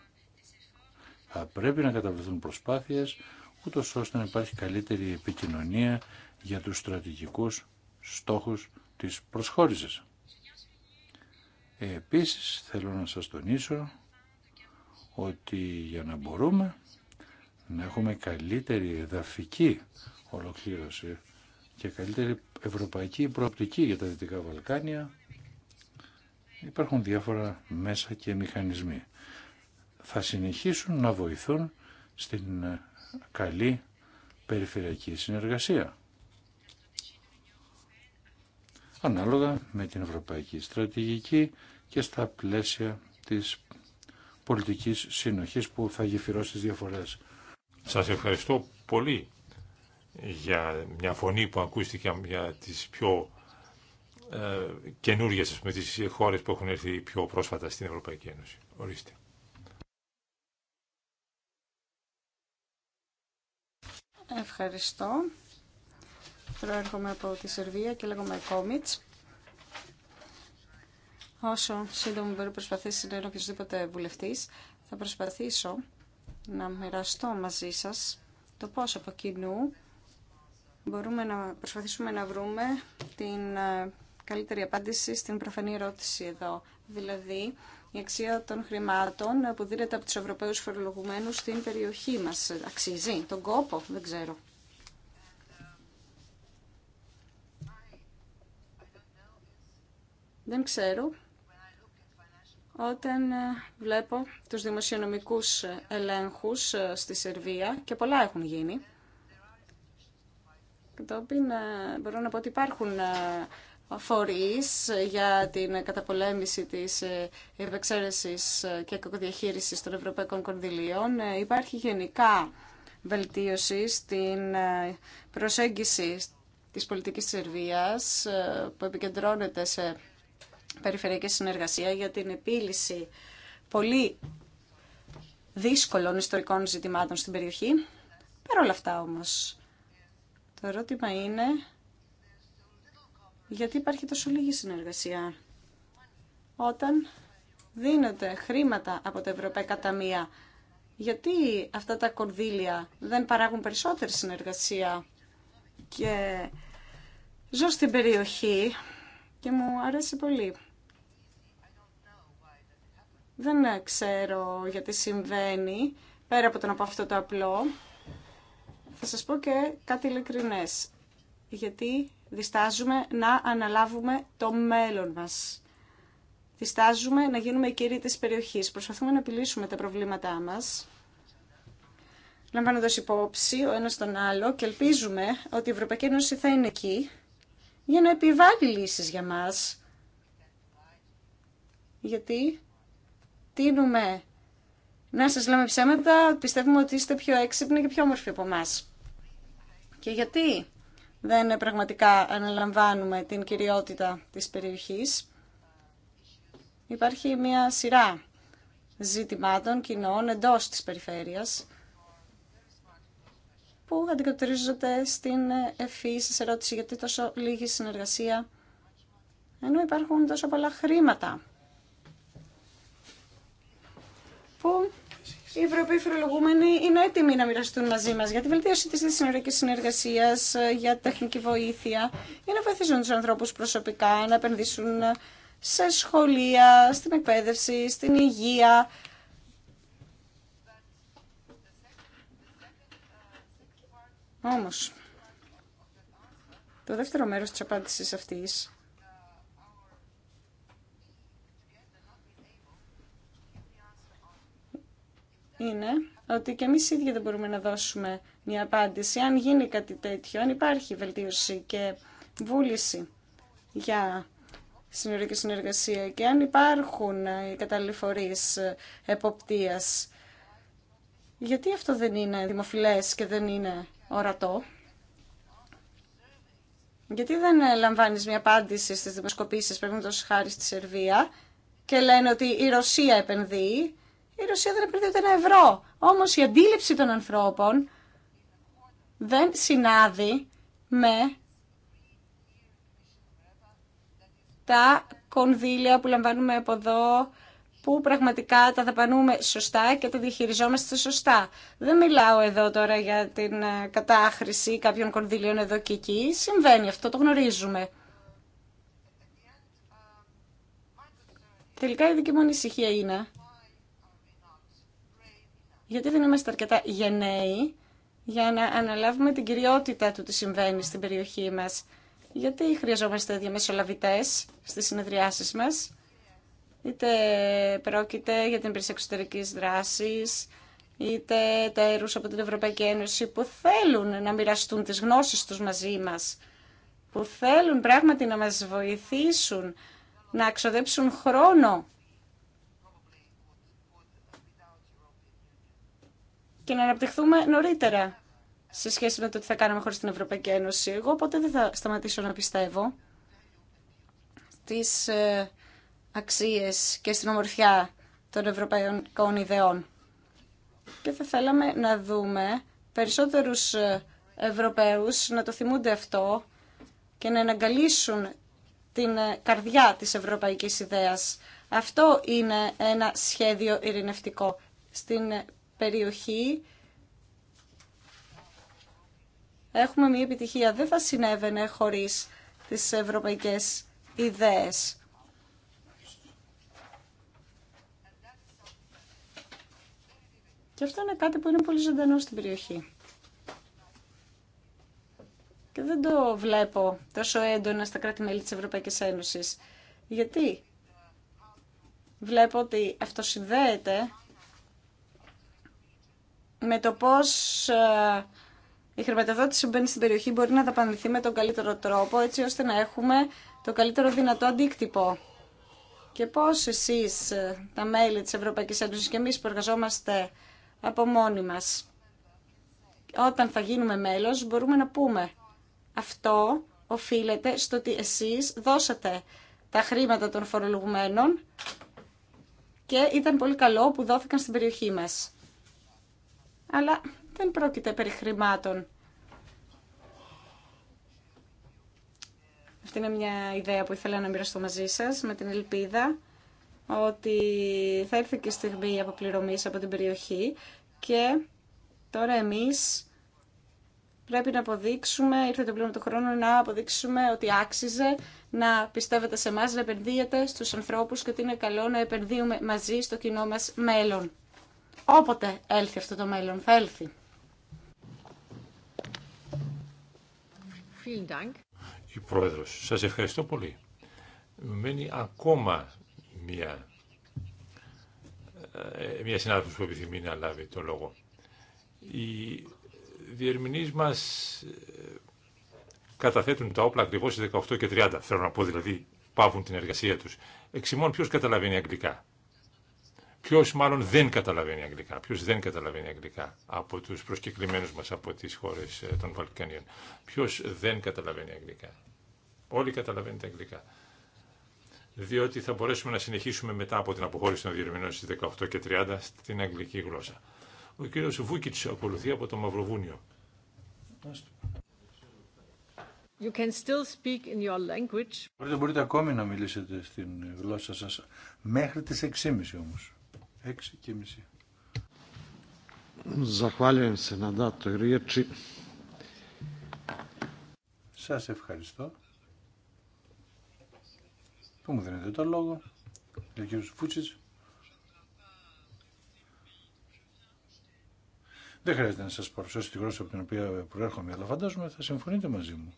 Θα πρέπει να καταβληθούν προσπάθειες ούτως ώστε να υπάρχει καλύτερη επικοινωνία για τους στρατηγικούς στόχους της προσχώρησης. Επίσης θέλω να σας τονίσω ότι για να μπορούμε να έχουμε καλύτερη εδαφική ολοκλήρωση και καλύτερη ευρωπαϊκή προοπτική για τα Δυτικά Βαλκάνια υπάρχουν διάφορα μέσα και μηχανισμοί θα συνεχίσουν να βοηθούν στην ε, καλή περιφερειακή συνεργασία. Ανάλογα με την Ευρωπαϊκή Στρατηγική και στα πλαίσια της πολιτικής συνοχής που θα γεφυρώσει τις διαφορές. Σας ευχαριστώ πολύ για μια φωνή που ακούστηκε για τις πιο ε, καινούργιες, με τις χώρες που έχουν έρθει πιο πρόσφατα στην Ευρωπαϊκή Ένωση. Ορίστε. Ευχαριστώ. Προέρχομαι από τη Σερβία και λέγομαι Κόμιτς. Όσο σύντομο μπορεί να προσπαθήσει να είναι οποιοδήποτε βουλευτής, θα προσπαθήσω να μοιραστώ μαζί σας το πώς από κοινού μπορούμε να προσπαθήσουμε να βρούμε την ε, καλύτερη απάντηση στην προφανή ερώτηση εδώ. Δηλαδή, η αξία των χρημάτων που δίνεται από τους Ευρωπαίους φορολογουμένους στην περιοχή μας. Αξίζει τον κόπο, δεν ξέρω. Δεν ξέρω. Όταν ε, βλέπω τους δημοσιονομικούς ελέγχους ε, στη Σερβία, και πολλά έχουν γίνει, κατόπιν ε, μπορώ να πω ότι υπάρχουν φορείς για την καταπολέμηση της ε, ευεξαίρεσης ε, και κακοδιαχείρισης των ευρωπαϊκών κονδυλίων. Ε, υπάρχει γενικά βελτίωση στην προσέγγιση της πολιτικής της που επικεντρώνεται σε περιφερειακή συνεργασία για την επίλυση πολύ δύσκολων ιστορικών ζητημάτων στην περιοχή. Παρ' όλα αυτά όμως, το ερώτημα είναι γιατί υπάρχει τόσο λίγη συνεργασία. Όταν δίνονται χρήματα από τα Ευρωπαϊκά Ταμεία, γιατί αυτά τα κονδύλια δεν παράγουν περισσότερη συνεργασία και ζω στην περιοχή και μου αρέσει πολύ. Δεν ξέρω γιατί συμβαίνει, πέρα από τον να αυτό το απλό. Θα σας πω και κάτι ειλικρινές, γιατί διστάζουμε να αναλάβουμε το μέλλον μας. Διστάζουμε να γίνουμε οι κύριοι της περιοχής. Προσπαθούμε να επιλύσουμε τα προβλήματά μας, λαμβάνοντα υπόψη ο ένας τον άλλο και ελπίζουμε ότι η Ευρωπαϊκή Ένωση θα είναι εκεί για να επιβάλλει λύσεις για μας. Γιατί τίνουμε να σας λέμε ψέματα, πιστεύουμε ότι είστε πιο έξυπνοι και πιο όμορφοι από εμά. Και γιατί δεν πραγματικά αναλαμβάνουμε την κυριότητα της περιοχής. Υπάρχει μια σειρά ζητημάτων κοινών εντός της περιφέρειας που αντικατορίζονται στην ευφύ σε ερώτηση γιατί τόσο λίγη συνεργασία ενώ υπάρχουν τόσο πολλά χρήματα που οι Ευρωπαίοι φορολογούμενοι είναι έτοιμοι να μοιραστούν μαζί μα για τη βελτίωση τη συνορική συνεργασία, για τεχνική βοήθεια, για να βοηθήσουν του ανθρώπου προσωπικά να επενδύσουν σε σχολεία, στην εκπαίδευση, στην υγεία. Όμως, το δεύτερο μέρος της απάντησης αυτής είναι ότι και εμείς ίδιοι δεν μπορούμε να δώσουμε μια απάντηση. Αν γίνει κάτι τέτοιο, αν υπάρχει βελτίωση και βούληση για συνεργασία και αν υπάρχουν ε, οι καταληφορείς ε, εποπτείας, γιατί αυτό δεν είναι δημοφιλές και δεν είναι ορατό. Γιατί δεν ε, λαμβάνεις μια απάντηση στις δημοσκοπήσεις, πρέπει να χάρη στη Σερβία και λένε ότι η Ρωσία επενδύει η Ρωσία δεν επενδύει ένα ευρώ. Όμως η αντίληψη των ανθρώπων δεν συνάδει με τα κονδύλια που λαμβάνουμε από εδώ, που πραγματικά τα δαπανούμε σωστά και τα διαχειριζόμαστε σωστά. Δεν μιλάω εδώ τώρα για την ε, κατάχρηση κάποιων κονδύλιων εδώ και εκεί. Συμβαίνει αυτό, το γνωρίζουμε. Τελικά η δική μου ανησυχία είναι γιατί δεν είμαστε αρκετά γενναίοι για να αναλάβουμε την κυριότητα του τι συμβαίνει στην περιοχή μας. Γιατί χρειαζόμαστε διαμεσολαβητές στις συνεδριάσεις μας, είτε πρόκειται για την υπηρεσία εξωτερική δράσης, είτε τα έρους από την Ευρωπαϊκή Ένωση που θέλουν να μοιραστούν τις γνώσεις τους μαζί μας, που θέλουν πράγματι να μας βοηθήσουν να ξοδέψουν χρόνο και να αναπτυχθούμε νωρίτερα σε σχέση με το τι θα κάναμε χωρίς την Ευρωπαϊκή Ένωση. Εγώ ποτέ δεν θα σταματήσω να πιστεύω στις ε, αξίες και στην ομορφιά των ευρωπαϊκών ιδεών. Και θα θέλαμε να δούμε περισσότερους ε, Ευρωπαίους να το θυμούνται αυτό και να εναγκαλίσουν την ε, καρδιά της ευρωπαϊκής ιδέας. Αυτό είναι ένα σχέδιο ειρηνευτικό. Στην περιοχή έχουμε μια επιτυχία. Δεν θα συνέβαινε χωρίς τις ευρωπαϊκές ιδέες. Και αυτό είναι κάτι που είναι πολύ ζωντανό στην περιοχή. Και δεν το βλέπω τόσο έντονα στα κράτη-μέλη της Ευρωπαϊκής Ένωσης. Γιατί βλέπω ότι αυτό συνδέεται με το πώς ε, η χρηματοδότηση που μπαίνει στην περιοχή μπορεί να δαπανηθεί με τον καλύτερο τρόπο, έτσι ώστε να έχουμε το καλύτερο δυνατό αντίκτυπο. Και πώς εσείς, ε, τα μέλη της Ευρωπαϊκής Ένωσης και εμείς που εργαζόμαστε από μόνοι μα. όταν θα γίνουμε μέλος μπορούμε να πούμε αυτό οφείλεται στο ότι εσείς δώσατε τα χρήματα των φορολογουμένων και ήταν πολύ καλό που δόθηκαν στην περιοχή μας αλλά δεν πρόκειται περί χρημάτων. Αυτή είναι μια ιδέα που ήθελα να μοιραστώ μαζί σας με την ελπίδα ότι θα έρθει και η στιγμή αποπληρωμής από την περιοχή και τώρα εμείς πρέπει να αποδείξουμε, ήρθε το πλήρωμα του χρόνου να αποδείξουμε ότι άξιζε να πιστεύετε σε εμά, να επενδύετε στους ανθρώπους και ότι είναι καλό να επενδύουμε μαζί στο κοινό μας μέλλον. Όποτε έλθει αυτό το μέλλον, θα έλθει. Η Πρόεδρος, σας ευχαριστώ πολύ. Μένει ακόμα μία, ε, μία συνάδελφος που επιθυμεί να λάβει το λόγο. Οι διερμηνείς μας ε, καταθέτουν τα όπλα ακριβώς στις 18 και 30, θέλω να πω δηλαδή, πάβουν την εργασία τους. Εξημών ποιος καταλαβαίνει αγγλικά. Ποιο μάλλον δεν καταλαβαίνει αγγλικά, ποιο δεν καταλαβαίνει αγγλικά από του προσκεκλημένου μα από τι χώρε ε, των Βαλκανίων. Ποιο δεν καταλαβαίνει αγγλικά. Όλοι καταλαβαίνετε αγγλικά. Διότι θα μπορέσουμε να συνεχίσουμε μετά από την αποχώρηση των διερμηνών στι 18 και 30 στην αγγλική γλώσσα. Ο κύριο Βούκιτ ακολουθεί από το Μαυροβούνιο. You can still speak in your language. Μπορείτε, μπορείτε ακόμη να μιλήσετε στην γλώσσα σας μέχρι τις 6.30 όμως. Σα Σας ευχαριστώ που μου δίνετε το λόγο. Ο κ. Φούτσης. Δεν χρειάζεται να σας παρουσιάσω τη γλώσσα από την οποία προέρχομαι, αλλά φαντάζομαι θα συμφωνείτε μαζί μου.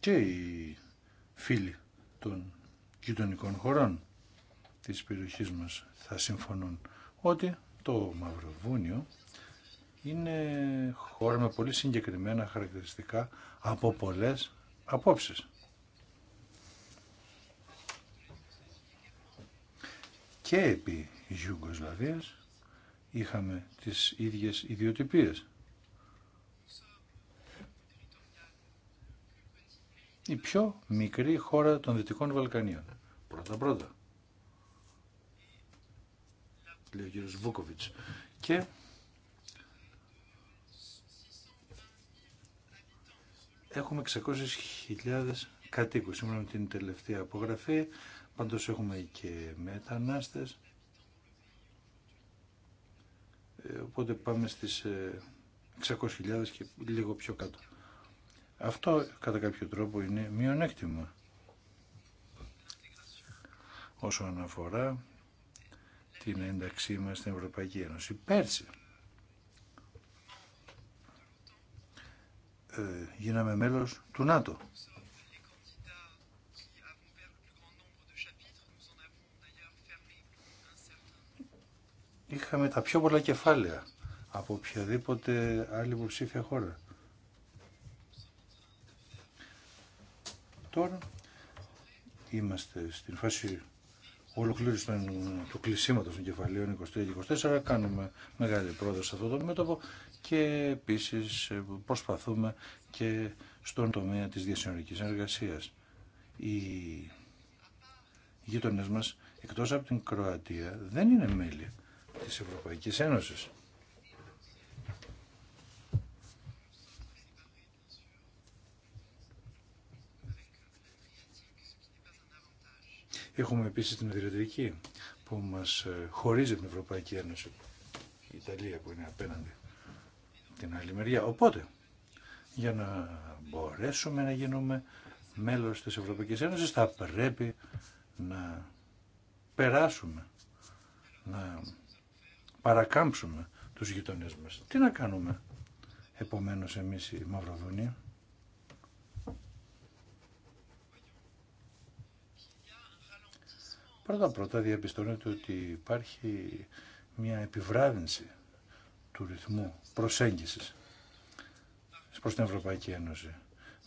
Και οι φίλοι των γειτονικών χωρών της περιοχής μας θα συμφωνούν ότι το Μαυροβούνιο είναι χώρα με πολύ συγκεκριμένα χαρακτηριστικά από πολλές απόψεις. Και επί Ιουγκοσλαβίας είχαμε τις ίδιες ιδιοτυπίες. Η πιο μικρή χώρα των Δυτικών Βαλκανίων. Πρώτα-πρώτα λέει ο κύριος Βούκοβιτς. Και έχουμε 600.000 κατοίκους, σήμερα με την τελευταία απογραφή, πάντως έχουμε και μετανάστες. Ε, οπότε πάμε στις 600.000 ε, και λίγο πιο κάτω. Αυτό κατά κάποιο τρόπο είναι μειονέκτημα όσον αφορά την ένταξή μας στην Ευρωπαϊκή Ένωση. Πέρσι ε, γίναμε μέλος του ΝΑΤΟ. Είχαμε τα πιο πολλά κεφάλαια από οποιαδήποτε άλλη υποψήφια χώρα. Τώρα είμαστε στην φάση ολοκλήρωση του κλεισίματος των κεφαλαίων 23 και 24 κάνουμε μεγάλη πρόοδο σε αυτό το μέτωπο και επίση ε, προσπαθούμε και στον τομέα της διασυνορικής εργασίας. Οι γείτονε μας εκτός από την Κροατία δεν είναι μέλη της Ευρωπαϊκής Ένωσης. Έχουμε επίση την Αδριατική που μας ε, χωρίζει την Ευρωπαϊκή Ένωση. Η Ιταλία που είναι απέναντι την άλλη μεριά. Οπότε, για να μπορέσουμε να γίνουμε μέλος της Ευρωπαϊκής Ένωσης θα πρέπει να περάσουμε, να παρακάμψουμε τους γειτονές μας. Τι να κάνουμε επομένως εμείς οι Μαυροδονοί. Πρώτα-πρώτα διαπιστώνεται ότι υπάρχει μια επιβράδυνση του ρυθμού προσέγγισης προς την Ευρωπαϊκή Ένωση.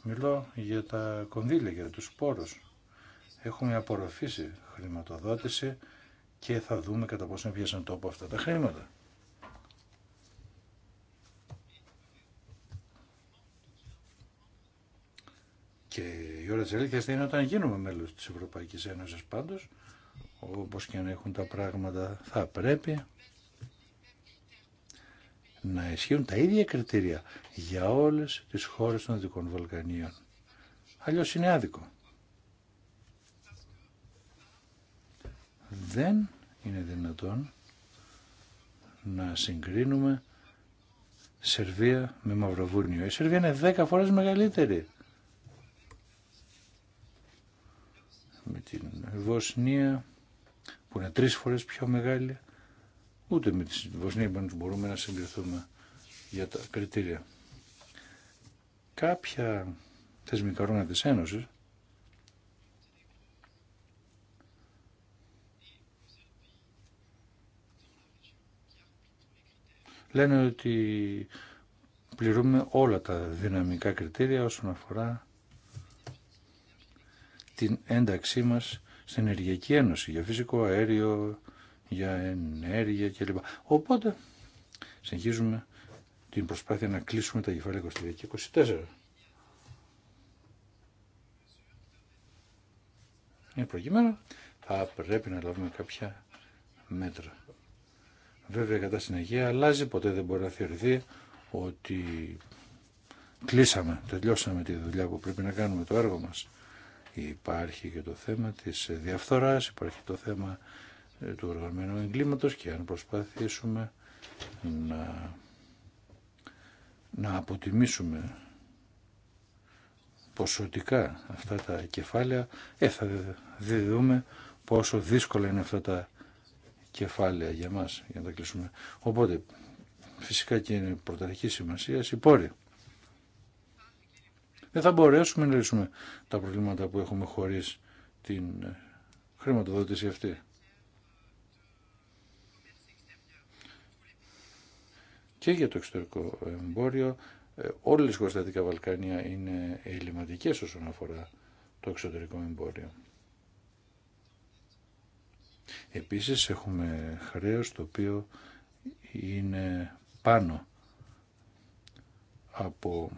Μιλώ για τα κονδύλια, για τους πόρους. Έχουμε απορροφήσει χρηματοδότηση και θα δούμε κατά πόσο πιάσαν τόπο αυτά τα χρήματα. Και η ώρα της αλήθειας είναι όταν γίνουμε μέλος της Ευρωπαϊκής Ένωσης πάντως όπως και να έχουν τα πράγματα, θα πρέπει να ισχύουν τα ίδια κριτήρια για όλες τις χώρες των Δυτικών Βαλκανίων. Αλλιώς είναι άδικο. Δεν είναι δυνατόν να συγκρίνουμε Σερβία με Μαυροβούνιο. Η Σερβία είναι 10 φορές μεγαλύτερη. Με την Βοσνία που είναι τρεις φορές πιο μεγάλη, ούτε με τη Βοσνία μπορούμε να συγκριθούμε για τα κριτήρια. Κάποια θεσμικά όργανα της Ένωσης λένε ότι πληρούμε όλα τα δυναμικά κριτήρια όσον αφορά την ένταξή μας στην Ενεργειακή Ένωση για φυσικό αέριο, για ενέργεια κλπ. Οπότε συνεχίζουμε την προσπάθεια να κλείσουμε τα κεφάλαια 23 και 24. Είναι προκειμένου θα πρέπει να λάβουμε κάποια μέτρα. Βέβαια κατά συνεχεία αλλάζει, ποτέ δεν μπορεί να θεωρηθεί ότι κλείσαμε, τελειώσαμε τη δουλειά που πρέπει να κάνουμε το έργο μας. Υπάρχει και το θέμα της διαφθοράς, υπάρχει το θέμα ε, του οργανωμένου εγκλήματος και αν προσπαθήσουμε να, αποτιμήσουμε ποσοτικά αυτά τα κεφάλαια, ε, θα δούμε πόσο δύσκολα είναι αυτά τα κεφάλαια για μας, για να τα κλείσουμε. Οπότε, φυσικά και είναι πρωταρχική σημασία οι δεν θα μπορέσουμε να λύσουμε τα προβλήματα που έχουμε χωρίς την ε, χρηματοδότηση αυτή. Και για το εξωτερικό εμπόριο, ε, όλες οι χώρες Βαλκάνια είναι ελληματικές όσον αφορά το εξωτερικό εμπόριο. Επίσης έχουμε χρέος το οποίο είναι πάνω από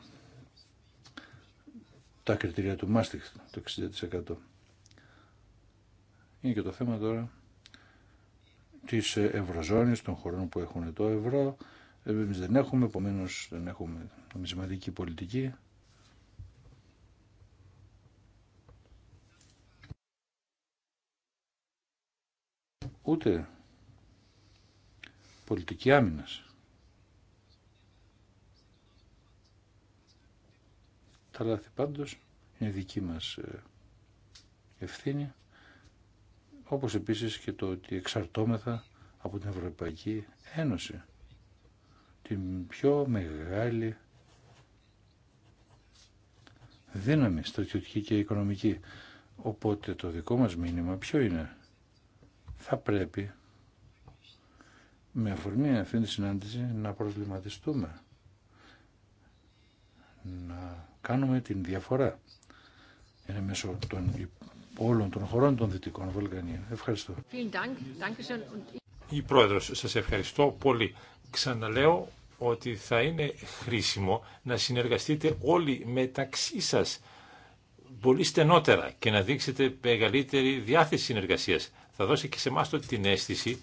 τα κριτήρια του Μάστιχ, το 60%. Είναι και το θέμα τώρα της ε, Ευρωζώνης, των χωρών που έχουν το ευρώ. Εμείς δεν έχουμε, επομένω δεν έχουμε νομισματική πολιτική. Ούτε πολιτική άμυνας. τα λάθη είναι δική μας ε, ευθύνη όπως επίσης και το ότι εξαρτώμεθα από την Ευρωπαϊκή Ένωση την πιο μεγάλη δύναμη στρατιωτική και οικονομική. Οπότε το δικό μας μήνυμα ποιο είναι. Θα πρέπει με αφορμή αυτήν τη συνάντηση να προβληματιστούμε να κάνουμε την διαφορά. Είναι μέσω των όλων των χωρών των Δυτικών Βαλκανίων. Ευχαριστώ. Η Πρόεδρος, σας ευχαριστώ πολύ. Ξαναλέω ότι θα είναι χρήσιμο να συνεργαστείτε όλοι μεταξύ σας πολύ στενότερα και να δείξετε μεγαλύτερη διάθεση συνεργασίας. Θα δώσει και σε εμάς την αίσθηση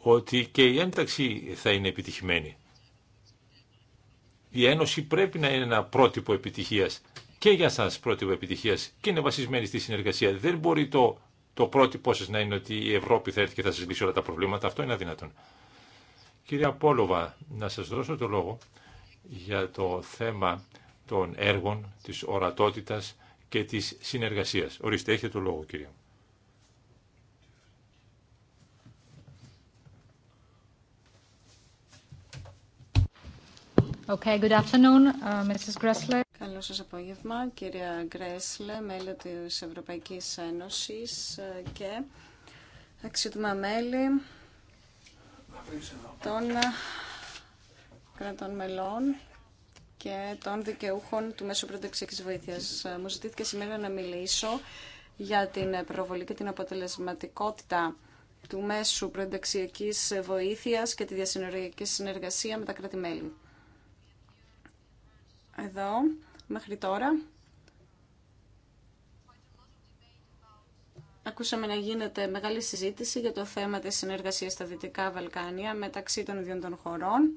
ότι και η ένταξη θα είναι επιτυχημένη. Η Ένωση πρέπει να είναι ένα πρότυπο επιτυχίας και για σας πρότυπο επιτυχίας και είναι βασισμένη στη συνεργασία. Δεν μπορεί το, το πρότυπό σα να είναι ότι η Ευρώπη θα έρθει και θα σα λύσει όλα τα προβλήματα. Αυτό είναι αδυνατόν. Κύριε Πόλοβα, να σας δώσω το λόγο για το θέμα των έργων, της ορατότητα και τη συνεργασία. Ορίστε, έχετε το λόγο, κύριε. Okay, good afternoon, uh, Mrs. Καλό σας απόγευμα, κυρία Γκρέσλε, μέλη της Ευρωπαϊκής Ένωσης ε, και αξιότιμα μέλη των ε, κρατών μελών και των δικαιούχων του Μέσου Πρωτοεξιακής Βοήθειας. Ε, μου ζητήθηκε σήμερα να μιλήσω για την προβολή και την αποτελεσματικότητα του Μέσου Πρωτοεξιακής Βοήθειας και τη διασυνοριακή συνεργασία με τα κράτη-μέλη εδώ μέχρι τώρα. Ακούσαμε να γίνεται μεγάλη συζήτηση για το θέμα της συνεργασίας στα Δυτικά Βαλκάνια μεταξύ των ίδιων των χωρών.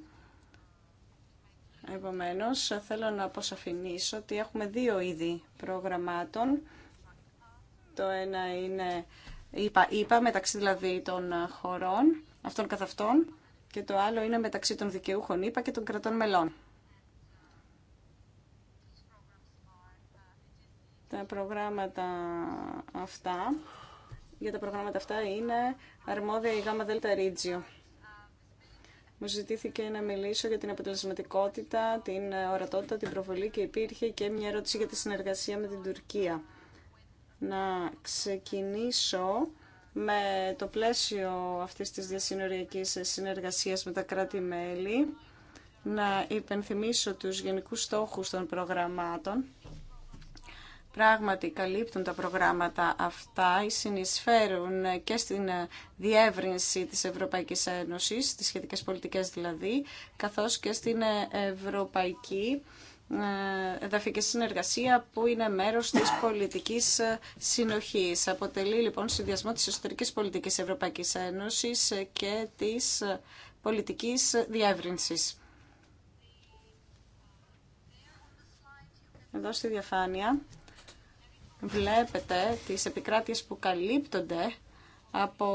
Επομένως, θέλω να αποσαφηνίσω ότι έχουμε δύο είδη προγραμμάτων. Το ένα είναι, είπα, είπα μεταξύ δηλαδή των χωρών, αυτών καθ' αυτών, και το άλλο είναι μεταξύ των δικαιούχων, είπα, και των κρατών μελών. τα προγράμματα αυτά, για τα προγράμματα αυτά είναι αρμόδια η ΓΑΜΑ ΔΕΛΤΑ Ρίτζιο. Μου ζητήθηκε να μιλήσω για την αποτελεσματικότητα, την ορατότητα, την προβολή και υπήρχε και μια ερώτηση για τη συνεργασία με την Τουρκία. Να ξεκινήσω με το πλαίσιο αυτής της διασυνοριακής συνεργασίας με τα κράτη-μέλη, να υπενθυμίσω τους γενικούς στόχους των προγραμμάτων πράγματι καλύπτουν τα προγράμματα αυτά ή συνεισφέρουν και στην διεύρυνση της Ευρωπαϊκής Ένωσης, τις σχετικές πολιτικές δηλαδή, καθώς και στην Ευρωπαϊκή ε, εδαφική συνεργασία που είναι μέρος της πολιτικής συνοχής. Αποτελεί λοιπόν συνδυασμό της εσωτερικής πολιτικής Ευρωπαϊκής Ένωσης και της πολιτικής διεύρυνσης. Εδώ στη διαφάνεια βλέπετε τις επικράτειες που καλύπτονται από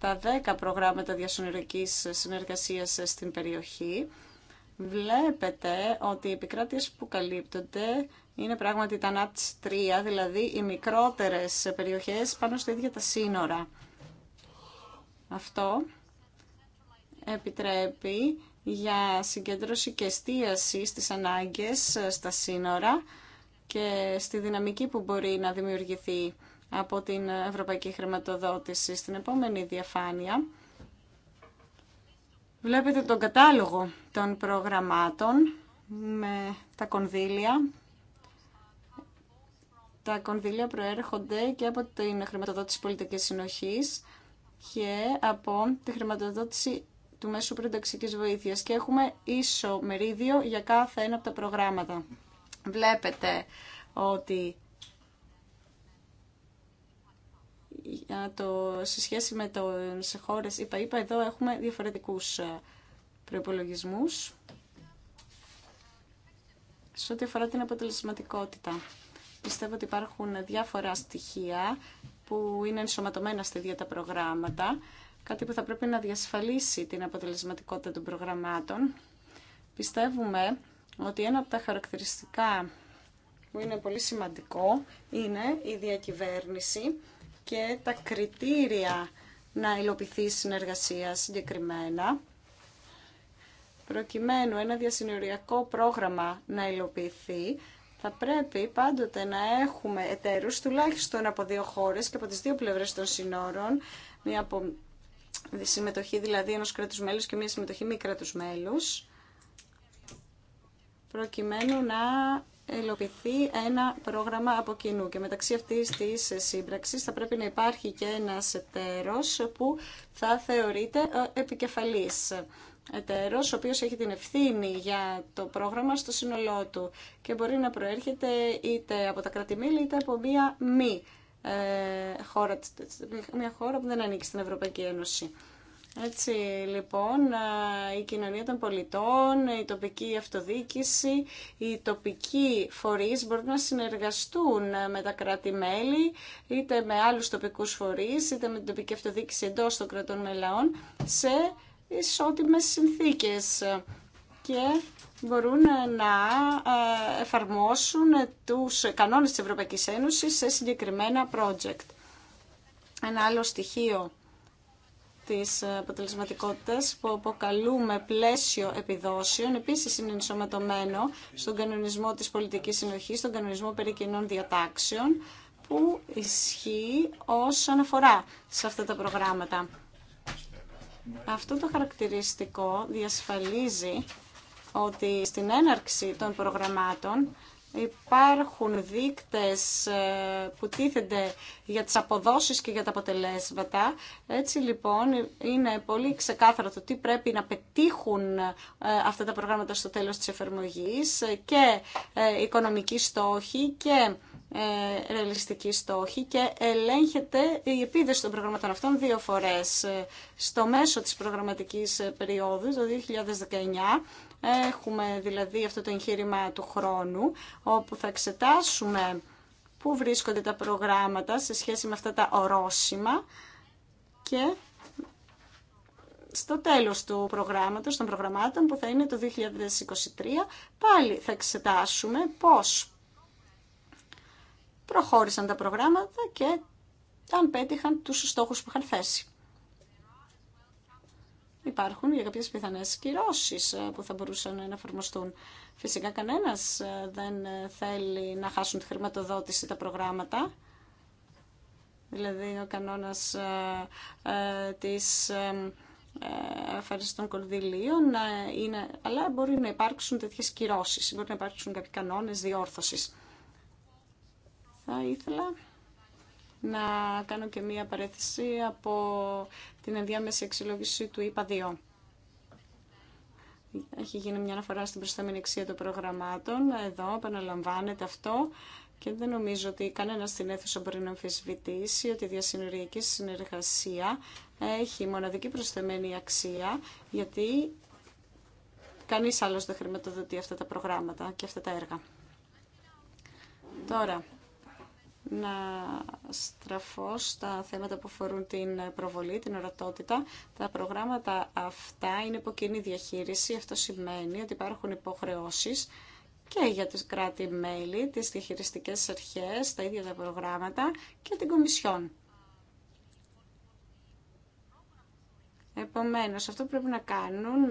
τα 10 προγράμματα διασυνορικής συνεργασίας στην περιοχή. Βλέπετε ότι οι επικράτειες που καλύπτονται είναι πράγματι τα Nats 3, δηλαδή οι μικρότερες περιοχές πάνω στα ίδια τα σύνορα. Αυτό επιτρέπει για συγκέντρωση και εστίαση στις ανάγκες στα σύνορα και στη δυναμική που μπορεί να δημιουργηθεί από την Ευρωπαϊκή Χρηματοδότηση. Στην επόμενη διαφάνεια βλέπετε τον κατάλογο των προγραμμάτων με τα κονδύλια. Τα κονδύλια προέρχονται και από την χρηματοδότηση πολιτικής συνοχής και από τη χρηματοδότηση του μέσου πρωταξικής βοήθειας και έχουμε ίσο μερίδιο για κάθε ένα από τα προγράμματα. Βλέπετε ότι το, σε σχέση με το, σε χώρες, είπα, είπα, εδώ έχουμε διαφορετικούς ε, προϋπολογισμούς σε ό,τι αφορά την αποτελεσματικότητα. Πιστεύω ότι υπάρχουν διάφορα στοιχεία που είναι ενσωματωμένα στα ίδια τα προγράμματα, κάτι που θα πρέπει να διασφαλίσει την αποτελεσματικότητα των προγραμμάτων. Πιστεύουμε ότι ένα από τα χαρακτηριστικά που είναι πολύ σημαντικό είναι η διακυβέρνηση και τα κριτήρια να υλοποιηθεί η συνεργασία συγκεκριμένα προκειμένου ένα διασυνοριακό πρόγραμμα να υλοποιηθεί θα πρέπει πάντοτε να έχουμε εταίρους τουλάχιστον από δύο χώρες και από τις δύο πλευρές των συνόρων μια από συμμετοχή δηλαδή ενός κράτους μέλους και μια συμμετοχή μη κράτους μέλους προκειμένου να ελοπιθεί ένα πρόγραμμα από κοινού. Και μεταξύ αυτής της σύμπραξης θα πρέπει να υπάρχει και ένας εταίρος που θα θεωρείται ε, επικεφαλής εταίρος, ο οποίος έχει την ευθύνη για το πρόγραμμα στο σύνολό του και μπορεί να προέρχεται είτε από τα κρατημήλη είτε από μία μη ε, χώρα, μια χώρα που δεν ανήκει στην Ευρωπαϊκή Ένωση. Έτσι λοιπόν η κοινωνία των πολιτών, η τοπική αυτοδίκηση, οι τοπικοί φορείς μπορούν να συνεργαστούν με τα κράτη-μέλη είτε με άλλους τοπικούς φορείς είτε με την τοπική αυτοδίκηση εντός των κρατών μελών, σε ισότιμες συνθήκες και μπορούν να εφαρμόσουν τους κανόνες της Ευρωπαϊκής Ένωσης σε συγκεκριμένα project. Ένα άλλο στοιχείο της αποτελεσματικότητας που αποκαλούμε πλαίσιο επιδόσεων επίσης είναι ενσωματωμένο στον κανονισμό της πολιτικής συνοχής, στον κανονισμό περί κοινών διατάξεων που ισχύει ως αναφορά σε αυτά τα προγράμματα. Αυτό το χαρακτηριστικό διασφαλίζει ότι στην έναρξη των προγραμμάτων υπάρχουν δείκτες ε, που τίθενται για τις αποδόσεις και για τα αποτελέσματα. Έτσι λοιπόν είναι πολύ ξεκάθαρο το τι πρέπει να πετύχουν ε, αυτά τα προγράμματα στο τέλος της εφαρμογής ε, και οικονομική στόχη και ρεαλιστική στόχοι και ελέγχεται η επίδεση των προγραμματών αυτών δύο φορές. Στο μέσο της προγραμματικής περίοδου, το 2019, Έχουμε δηλαδή αυτό το εγχείρημα του χρόνου, όπου θα εξετάσουμε πού βρίσκονται τα προγράμματα σε σχέση με αυτά τα ορόσημα και στο τέλος του προγράμματος, των προγραμμάτων που θα είναι το 2023, πάλι θα εξετάσουμε πώς προχώρησαν τα προγράμματα και αν πέτυχαν τους στόχους που είχαν θέσει υπάρχουν για κάποιες πιθανές κυρώσεις ε, που θα μπορούσαν να εφαρμοστούν. Φυσικά κανένας ε, δεν ε, θέλει να χάσουν τη χρηματοδότηση τα προγράμματα. Δηλαδή ο κανόνας ε, της ε, των κονδυλίων είναι, αλλά μπορεί να υπάρξουν τέτοιες κυρώσεις, μπορεί να υπάρξουν κάποιοι κανόνες διόρθωσης. Θα ήθελα να κάνω και μία παρέθεση από την ενδιάμεση εξυλλόγηση του ΙΠΑ 2. Έχει γίνει μια αναφορά στην προσθεμένη αξία των προγραμμάτων. Εδώ επαναλαμβάνεται αυτό και δεν νομίζω ότι κανένα στην αίθουσα μπορεί να αμφισβητήσει ότι η διασυνοριακή συνεργασία έχει μοναδική προσθεμένη αξία γιατί κάνει άλλος δεν χρηματοδοτεί αυτά τα προγράμματα και αυτά τα έργα. Τώρα, να στραφώ στα θέματα που αφορούν την προβολή, την ορατότητα. Τα προγράμματα αυτά είναι υπό κοινή διαχείριση. Αυτό σημαίνει ότι υπάρχουν υποχρεώσεις και για τους κράτη-μέλη, τις διαχειριστικές αρχές, τα ίδια τα προγράμματα και την Κομισιόν. Επομένως, αυτό που πρέπει να κάνουν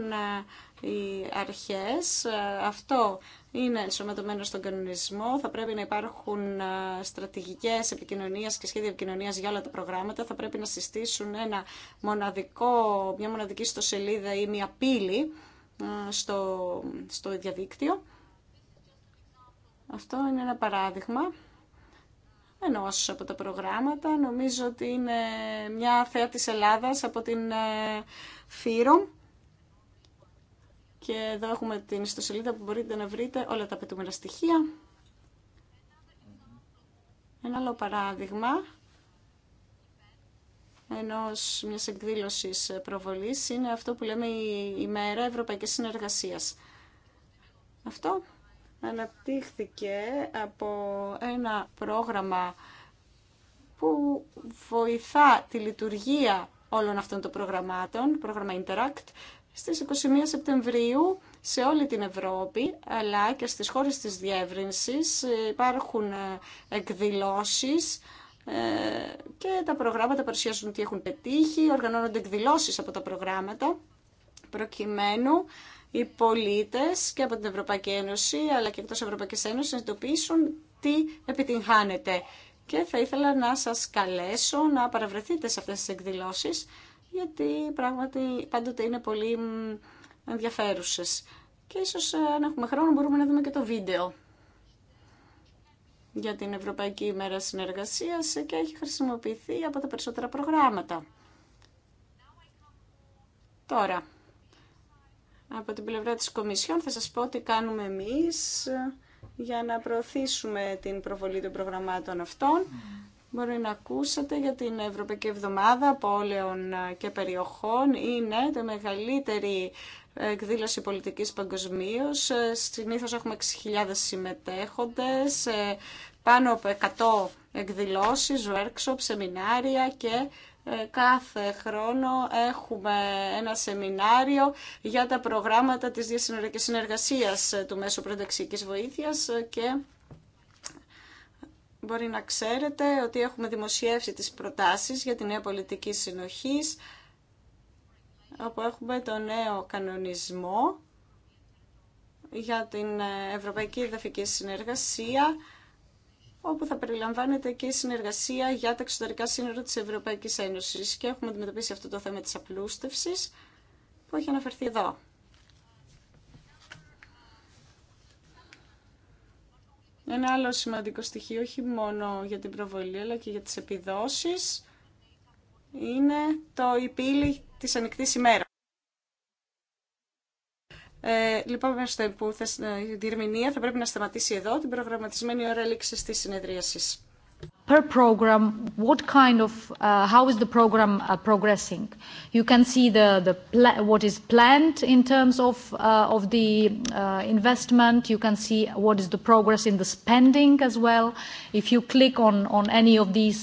ε, οι αρχές, ε, αυτό είναι ενσωματωμένο στον κανονισμό, θα πρέπει να υπάρχουν ε, στρατηγικές επικοινωνίας και σχέδια επικοινωνίας για όλα τα προγράμματα, θα πρέπει να συστήσουν ένα μοναδικό, μια μοναδική ιστοσελίδα ή μια πύλη στο, στο διαδίκτυο. Αυτό είναι ένα παράδειγμα ενός από τα προγράμματα. Νομίζω ότι είναι μια θέα της Ελλάδας από την ε, Φύρο. Και εδώ έχουμε την ιστοσελίδα που μπορείτε να βρείτε όλα τα απαιτούμενα στοιχεία. Ένα άλλο παράδειγμα ενός μιας εκδήλωσης προβολής είναι αυτό που λέμε η ημέρα Ευρωπαϊκής Συνεργασίας. Αυτό αναπτύχθηκε από ένα πρόγραμμα που βοηθά τη λειτουργία όλων αυτών των προγραμμάτων, πρόγραμμα Interact, στις 21 Σεπτεμβρίου σε όλη την Ευρώπη, αλλά και στις χώρες της διεύρυνσης υπάρχουν ε, εκδηλώσεις ε, και τα προγράμματα παρουσιάζουν τι έχουν πετύχει, οργανώνονται εκδηλώσεις από τα προγράμματα, προκειμένου οι πολίτες και από την Ευρωπαϊκή Ένωση αλλά και εκτός Ευρωπαϊκής Ένωσης να συνειδητοποιήσουν τι επιτυγχάνεται. Και θα ήθελα να σας καλέσω να παραβρεθείτε σε αυτές τις εκδηλώσεις γιατί πράγματι πάντοτε είναι πολύ ενδιαφέρουσες. Και ίσως ε, αν έχουμε χρόνο μπορούμε να δούμε και το βίντεο για την Ευρωπαϊκή μέρα συνεργασίας και έχει χρησιμοποιηθεί από τα περισσότερα προγράμματα. Τώρα, από την πλευρά της Κομισιόν θα σας πω τι κάνουμε εμείς ε, για να προωθήσουμε την προβολή των προγραμμάτων αυτών. Μπορεί να ακούσατε για την Ευρωπαϊκή Εβδομάδα Πόλεων ε, και Περιοχών. Είναι το μεγαλύτερη εκδήλωση πολιτικής παγκοσμίω. Ε, συνήθως έχουμε 6.000 συμμετέχοντες, πάνω από 100 εκδηλώσεις, workshops, σεμινάρια και ε, κάθε χρόνο έχουμε ένα σεμινάριο για τα προγράμματα της διασυνοριακής συνεργασίας ε, του Μέσου Προταξικής Βοήθειας ε, και μπορεί να ξέρετε ότι έχουμε δημοσιεύσει τις προτάσεις για τη νέα πολιτική συνοχής όπου έχουμε το νέο κανονισμό για την Ευρωπαϊκή Εδαφική Συνεργασία όπου θα περιλαμβάνεται και η συνεργασία για τα εξωτερικά σύνορα της Ευρωπαϊκής Ένωσης. Και έχουμε αντιμετωπίσει αυτό το θέμα της απλούστευσης που έχει αναφερθεί εδώ. Ένα άλλο σημαντικό στοιχείο, όχι μόνο για την προβολή, αλλά και για τις επιδόσεις, είναι το η πύλη της ανοιχτής ημέρα. Ε, λοιπόν, λυπάμαστε που θα, την ερμηνεία θα πρέπει να σταματήσει εδώ την προγραμματισμένη ώρα λήξης της συνεδρίασης. Per program, what kind of, uh, how is the program uh, progressing? You can see the, the what is planned in terms of, uh, of the uh, investment. You can see what is the progress in the spending as well. If you click on, on any of these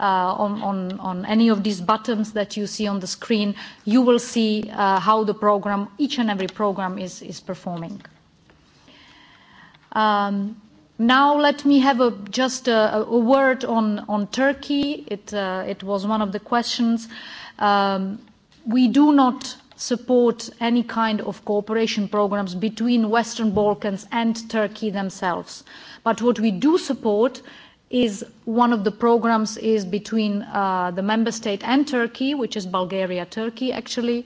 on any of these buttons that you see on the screen, you will see how the program, each and every program, is performing. Now let me have just a word on Turkey. It was one of the questions. We do not support any kind of cooperation programs between Western Balkans and Turkey themselves. But what we do support is one of the programs is between uh the member state and Turkey, which is Bulgaria, Turkey actually,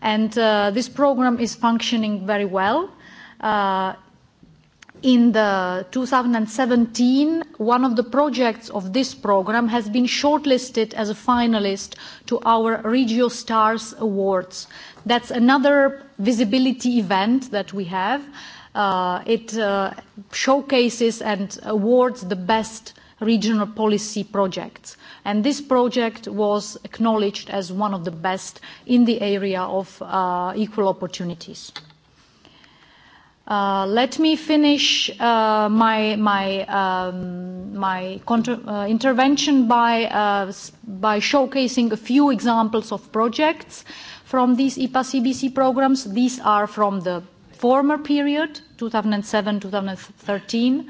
and this program is functioning very well. In the 2017, one of the projects of this program has been shortlisted as a finalist to our Regio Stars Awards. That's another visibility event that we have. It showcases and awards the best regional policy projects. And this project was acknowledged as one of the best in the area of equal opportunities. Let me finish my intervention by by showcasing a few examples of projects from these IPA CBC programs. These are from the former period, 2007-2013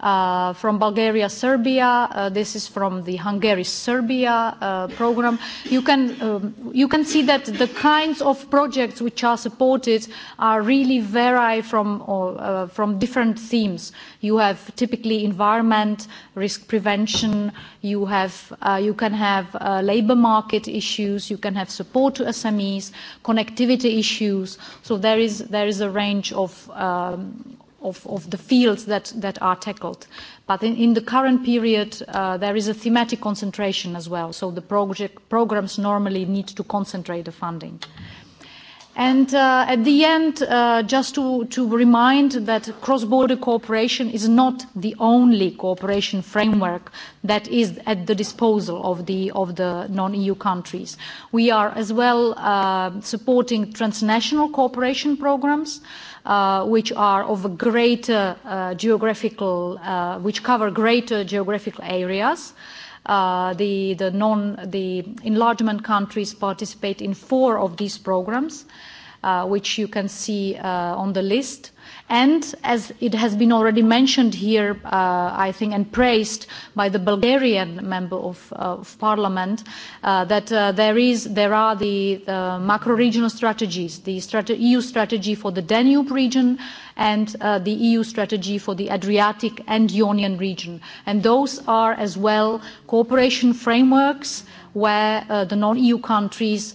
from Bulgaria, Serbia. This is from the Hungary-Serbia program. You can you can see that the kinds of projects which are supported are really vary from from different themes. You have typically environment, risk prevention. You have you can have labor market issues. You can have support to SMEs, connectivity issues. So there is there is a range of of the fields that are tackled. But in the current period, there is a thematic concentration as well, so the programs normally need to concentrate the funding. And at the end, just to remind that cross-border cooperation is not the only cooperation framework that is at the disposal of the non-EU countries. We are as well supporting transnational cooperation programs, which are of greater geographical, which cover greater geographical areas. The the non the enlargement countries participate in four of these programs, which you can see on the list. And as it has been already mentioned here, I think, and praised by the Bulgarian member of Parliament, that there is, there are the macro-regional strategies, the EU strategy for the Danube region and the EU strategy for the Adriatic and Ionian region. And those are as well cooperation frameworks where the non-EU countries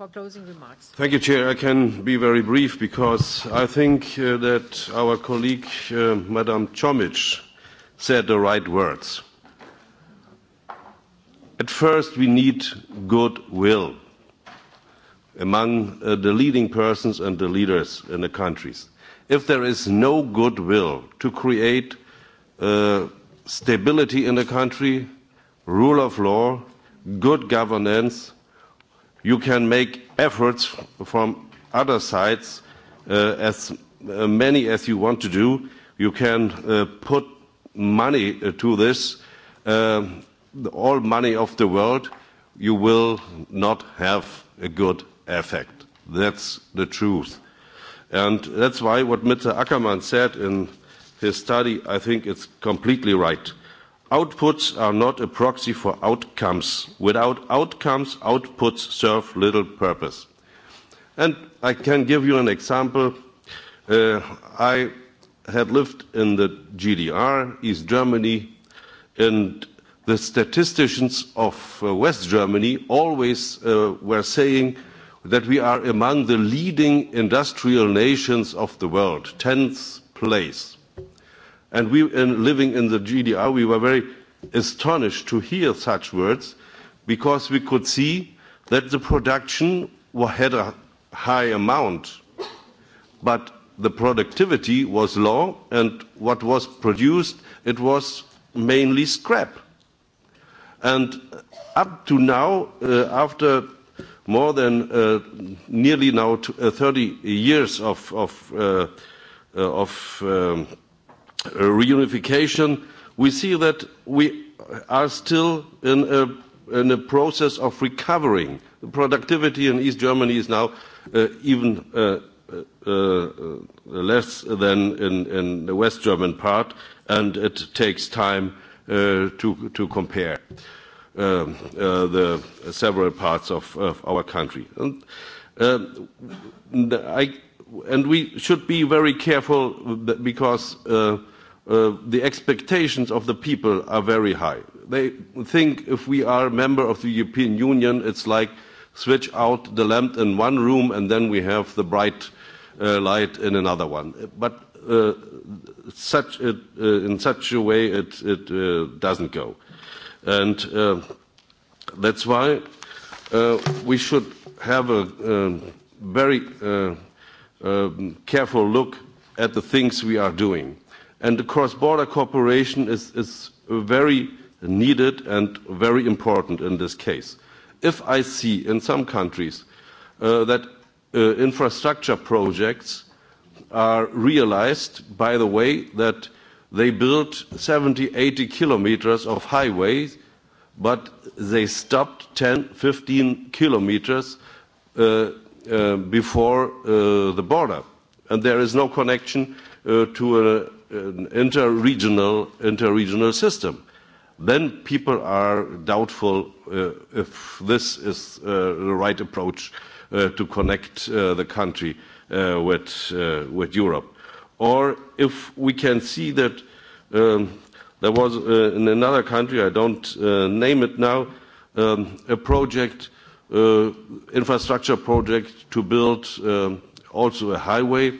for closing remarks. Thank you, Chair. I can be very brief because I think that our colleague, Madam Chomic, said the right words. At first, we need goodwill among the leading persons and the leaders in the countries. If there is no goodwill to create stability in the country, rule of law, good governance, you can make efforts from other sides as many as you want to do. You can put money to this, all money of the world. You will not have a good effect. That's the truth. And that's why what Mr. Ackermann said in his study, I think it's completely right. Outputs are not a proxy for outcomes. Without outcomes, outputs serve little purpose. And I can give you an example. I had lived in the GDR, East Germany, and the statisticians of West Germany always were saying that we are among the leading industrial nations of the world, 10th place. And we, living in the GDR, we were very astonished to hear such words because we could see that the production had a high amount, but the productivity was low, and what was produced, it was mainly scrap. And up to now, after more than nearly now 30 years of reunification, we see that we are still in a process of recovering. The productivity in East Germany is now even less than in the West German part, and it takes time to compare the several parts of our country. And we should be very careful because the expectations of the people are very high. They think if we are a member of the European Union, it's like switch out the lamp in one room and then we have the bright light in another one. But such in such a way it it doesn't go. And that's why we should have a very careful look at the things we are doing and the cross-border cooperation is, is very needed and very important in this case. If I see in some countries that infrastructure projects are realized by the way that they built 70, 80 kilometers of highways, but they stopped 10, 15 kilometers before the border. And there is no connection to inter-regional inter-regional system. Then people are doubtful if this is the right approach to connect the country with with Europe, or if we can see that there was in another country I don't name it now a project infrastructure project to build also a highway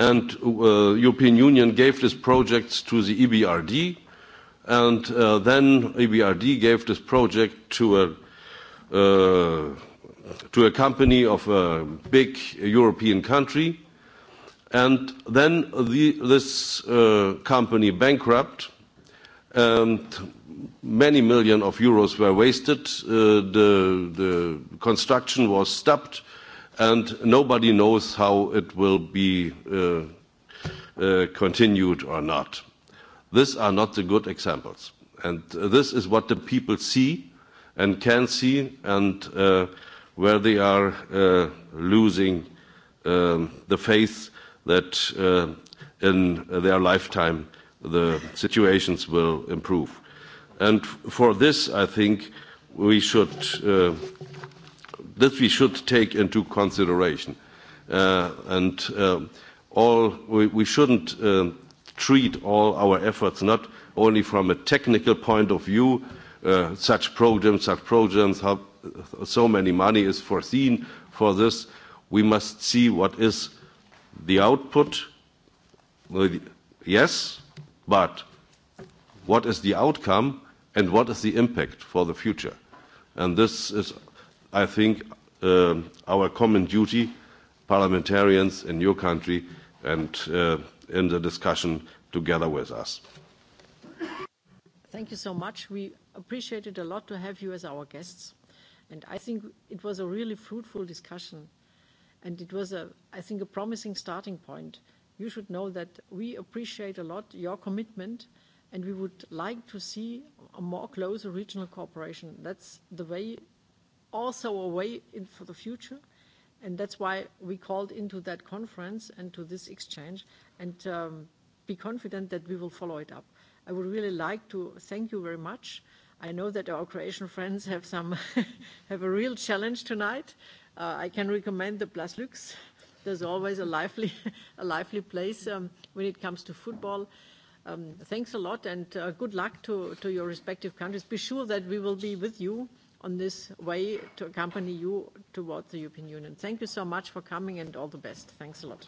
and European Union gave this project to the EBRD and then EBRD gave this project to a to a company of a big European country and then this company bankrupt and many million of euros were wasted the the construction was stopped and nobody knows how it will be continued or not. These are not the good examples. And this is what the people see and can see and where they are losing the faith that in their lifetime the situations will improve. And for this, I think we should That we should take into consideration. And all we we shouldn't treat all our efforts not only from a technical point of view, such programs, such programs, how so many money is foreseen for this. We must see what is the output. Yes, but what is the outcome and what is the impact for the future? And this is I think our common duty, parliamentarians in your country and in the discussion together with us. Thank you so much. We appreciated a lot to have you as our guests. And I think it was a really fruitful discussion. And it was, a, I think, a promising starting point. You should know that we appreciate a lot your commitment and we would like to see a more closer regional cooperation. That's the way also a way in for the future. And that's why we called into that conference and to this exchange and be confident that we will follow it up. I would really like to thank you very much. I know that our Croatian friends have some have a real challenge tonight. I can recommend the Plus Lux. There's always a lively a lively place when it comes to football. Thanks a lot and good luck to to your respective countries. Be sure that we will be with you on this way to accompany you towards the European Union. Thank you so much for coming and all the best. Thanks a lot.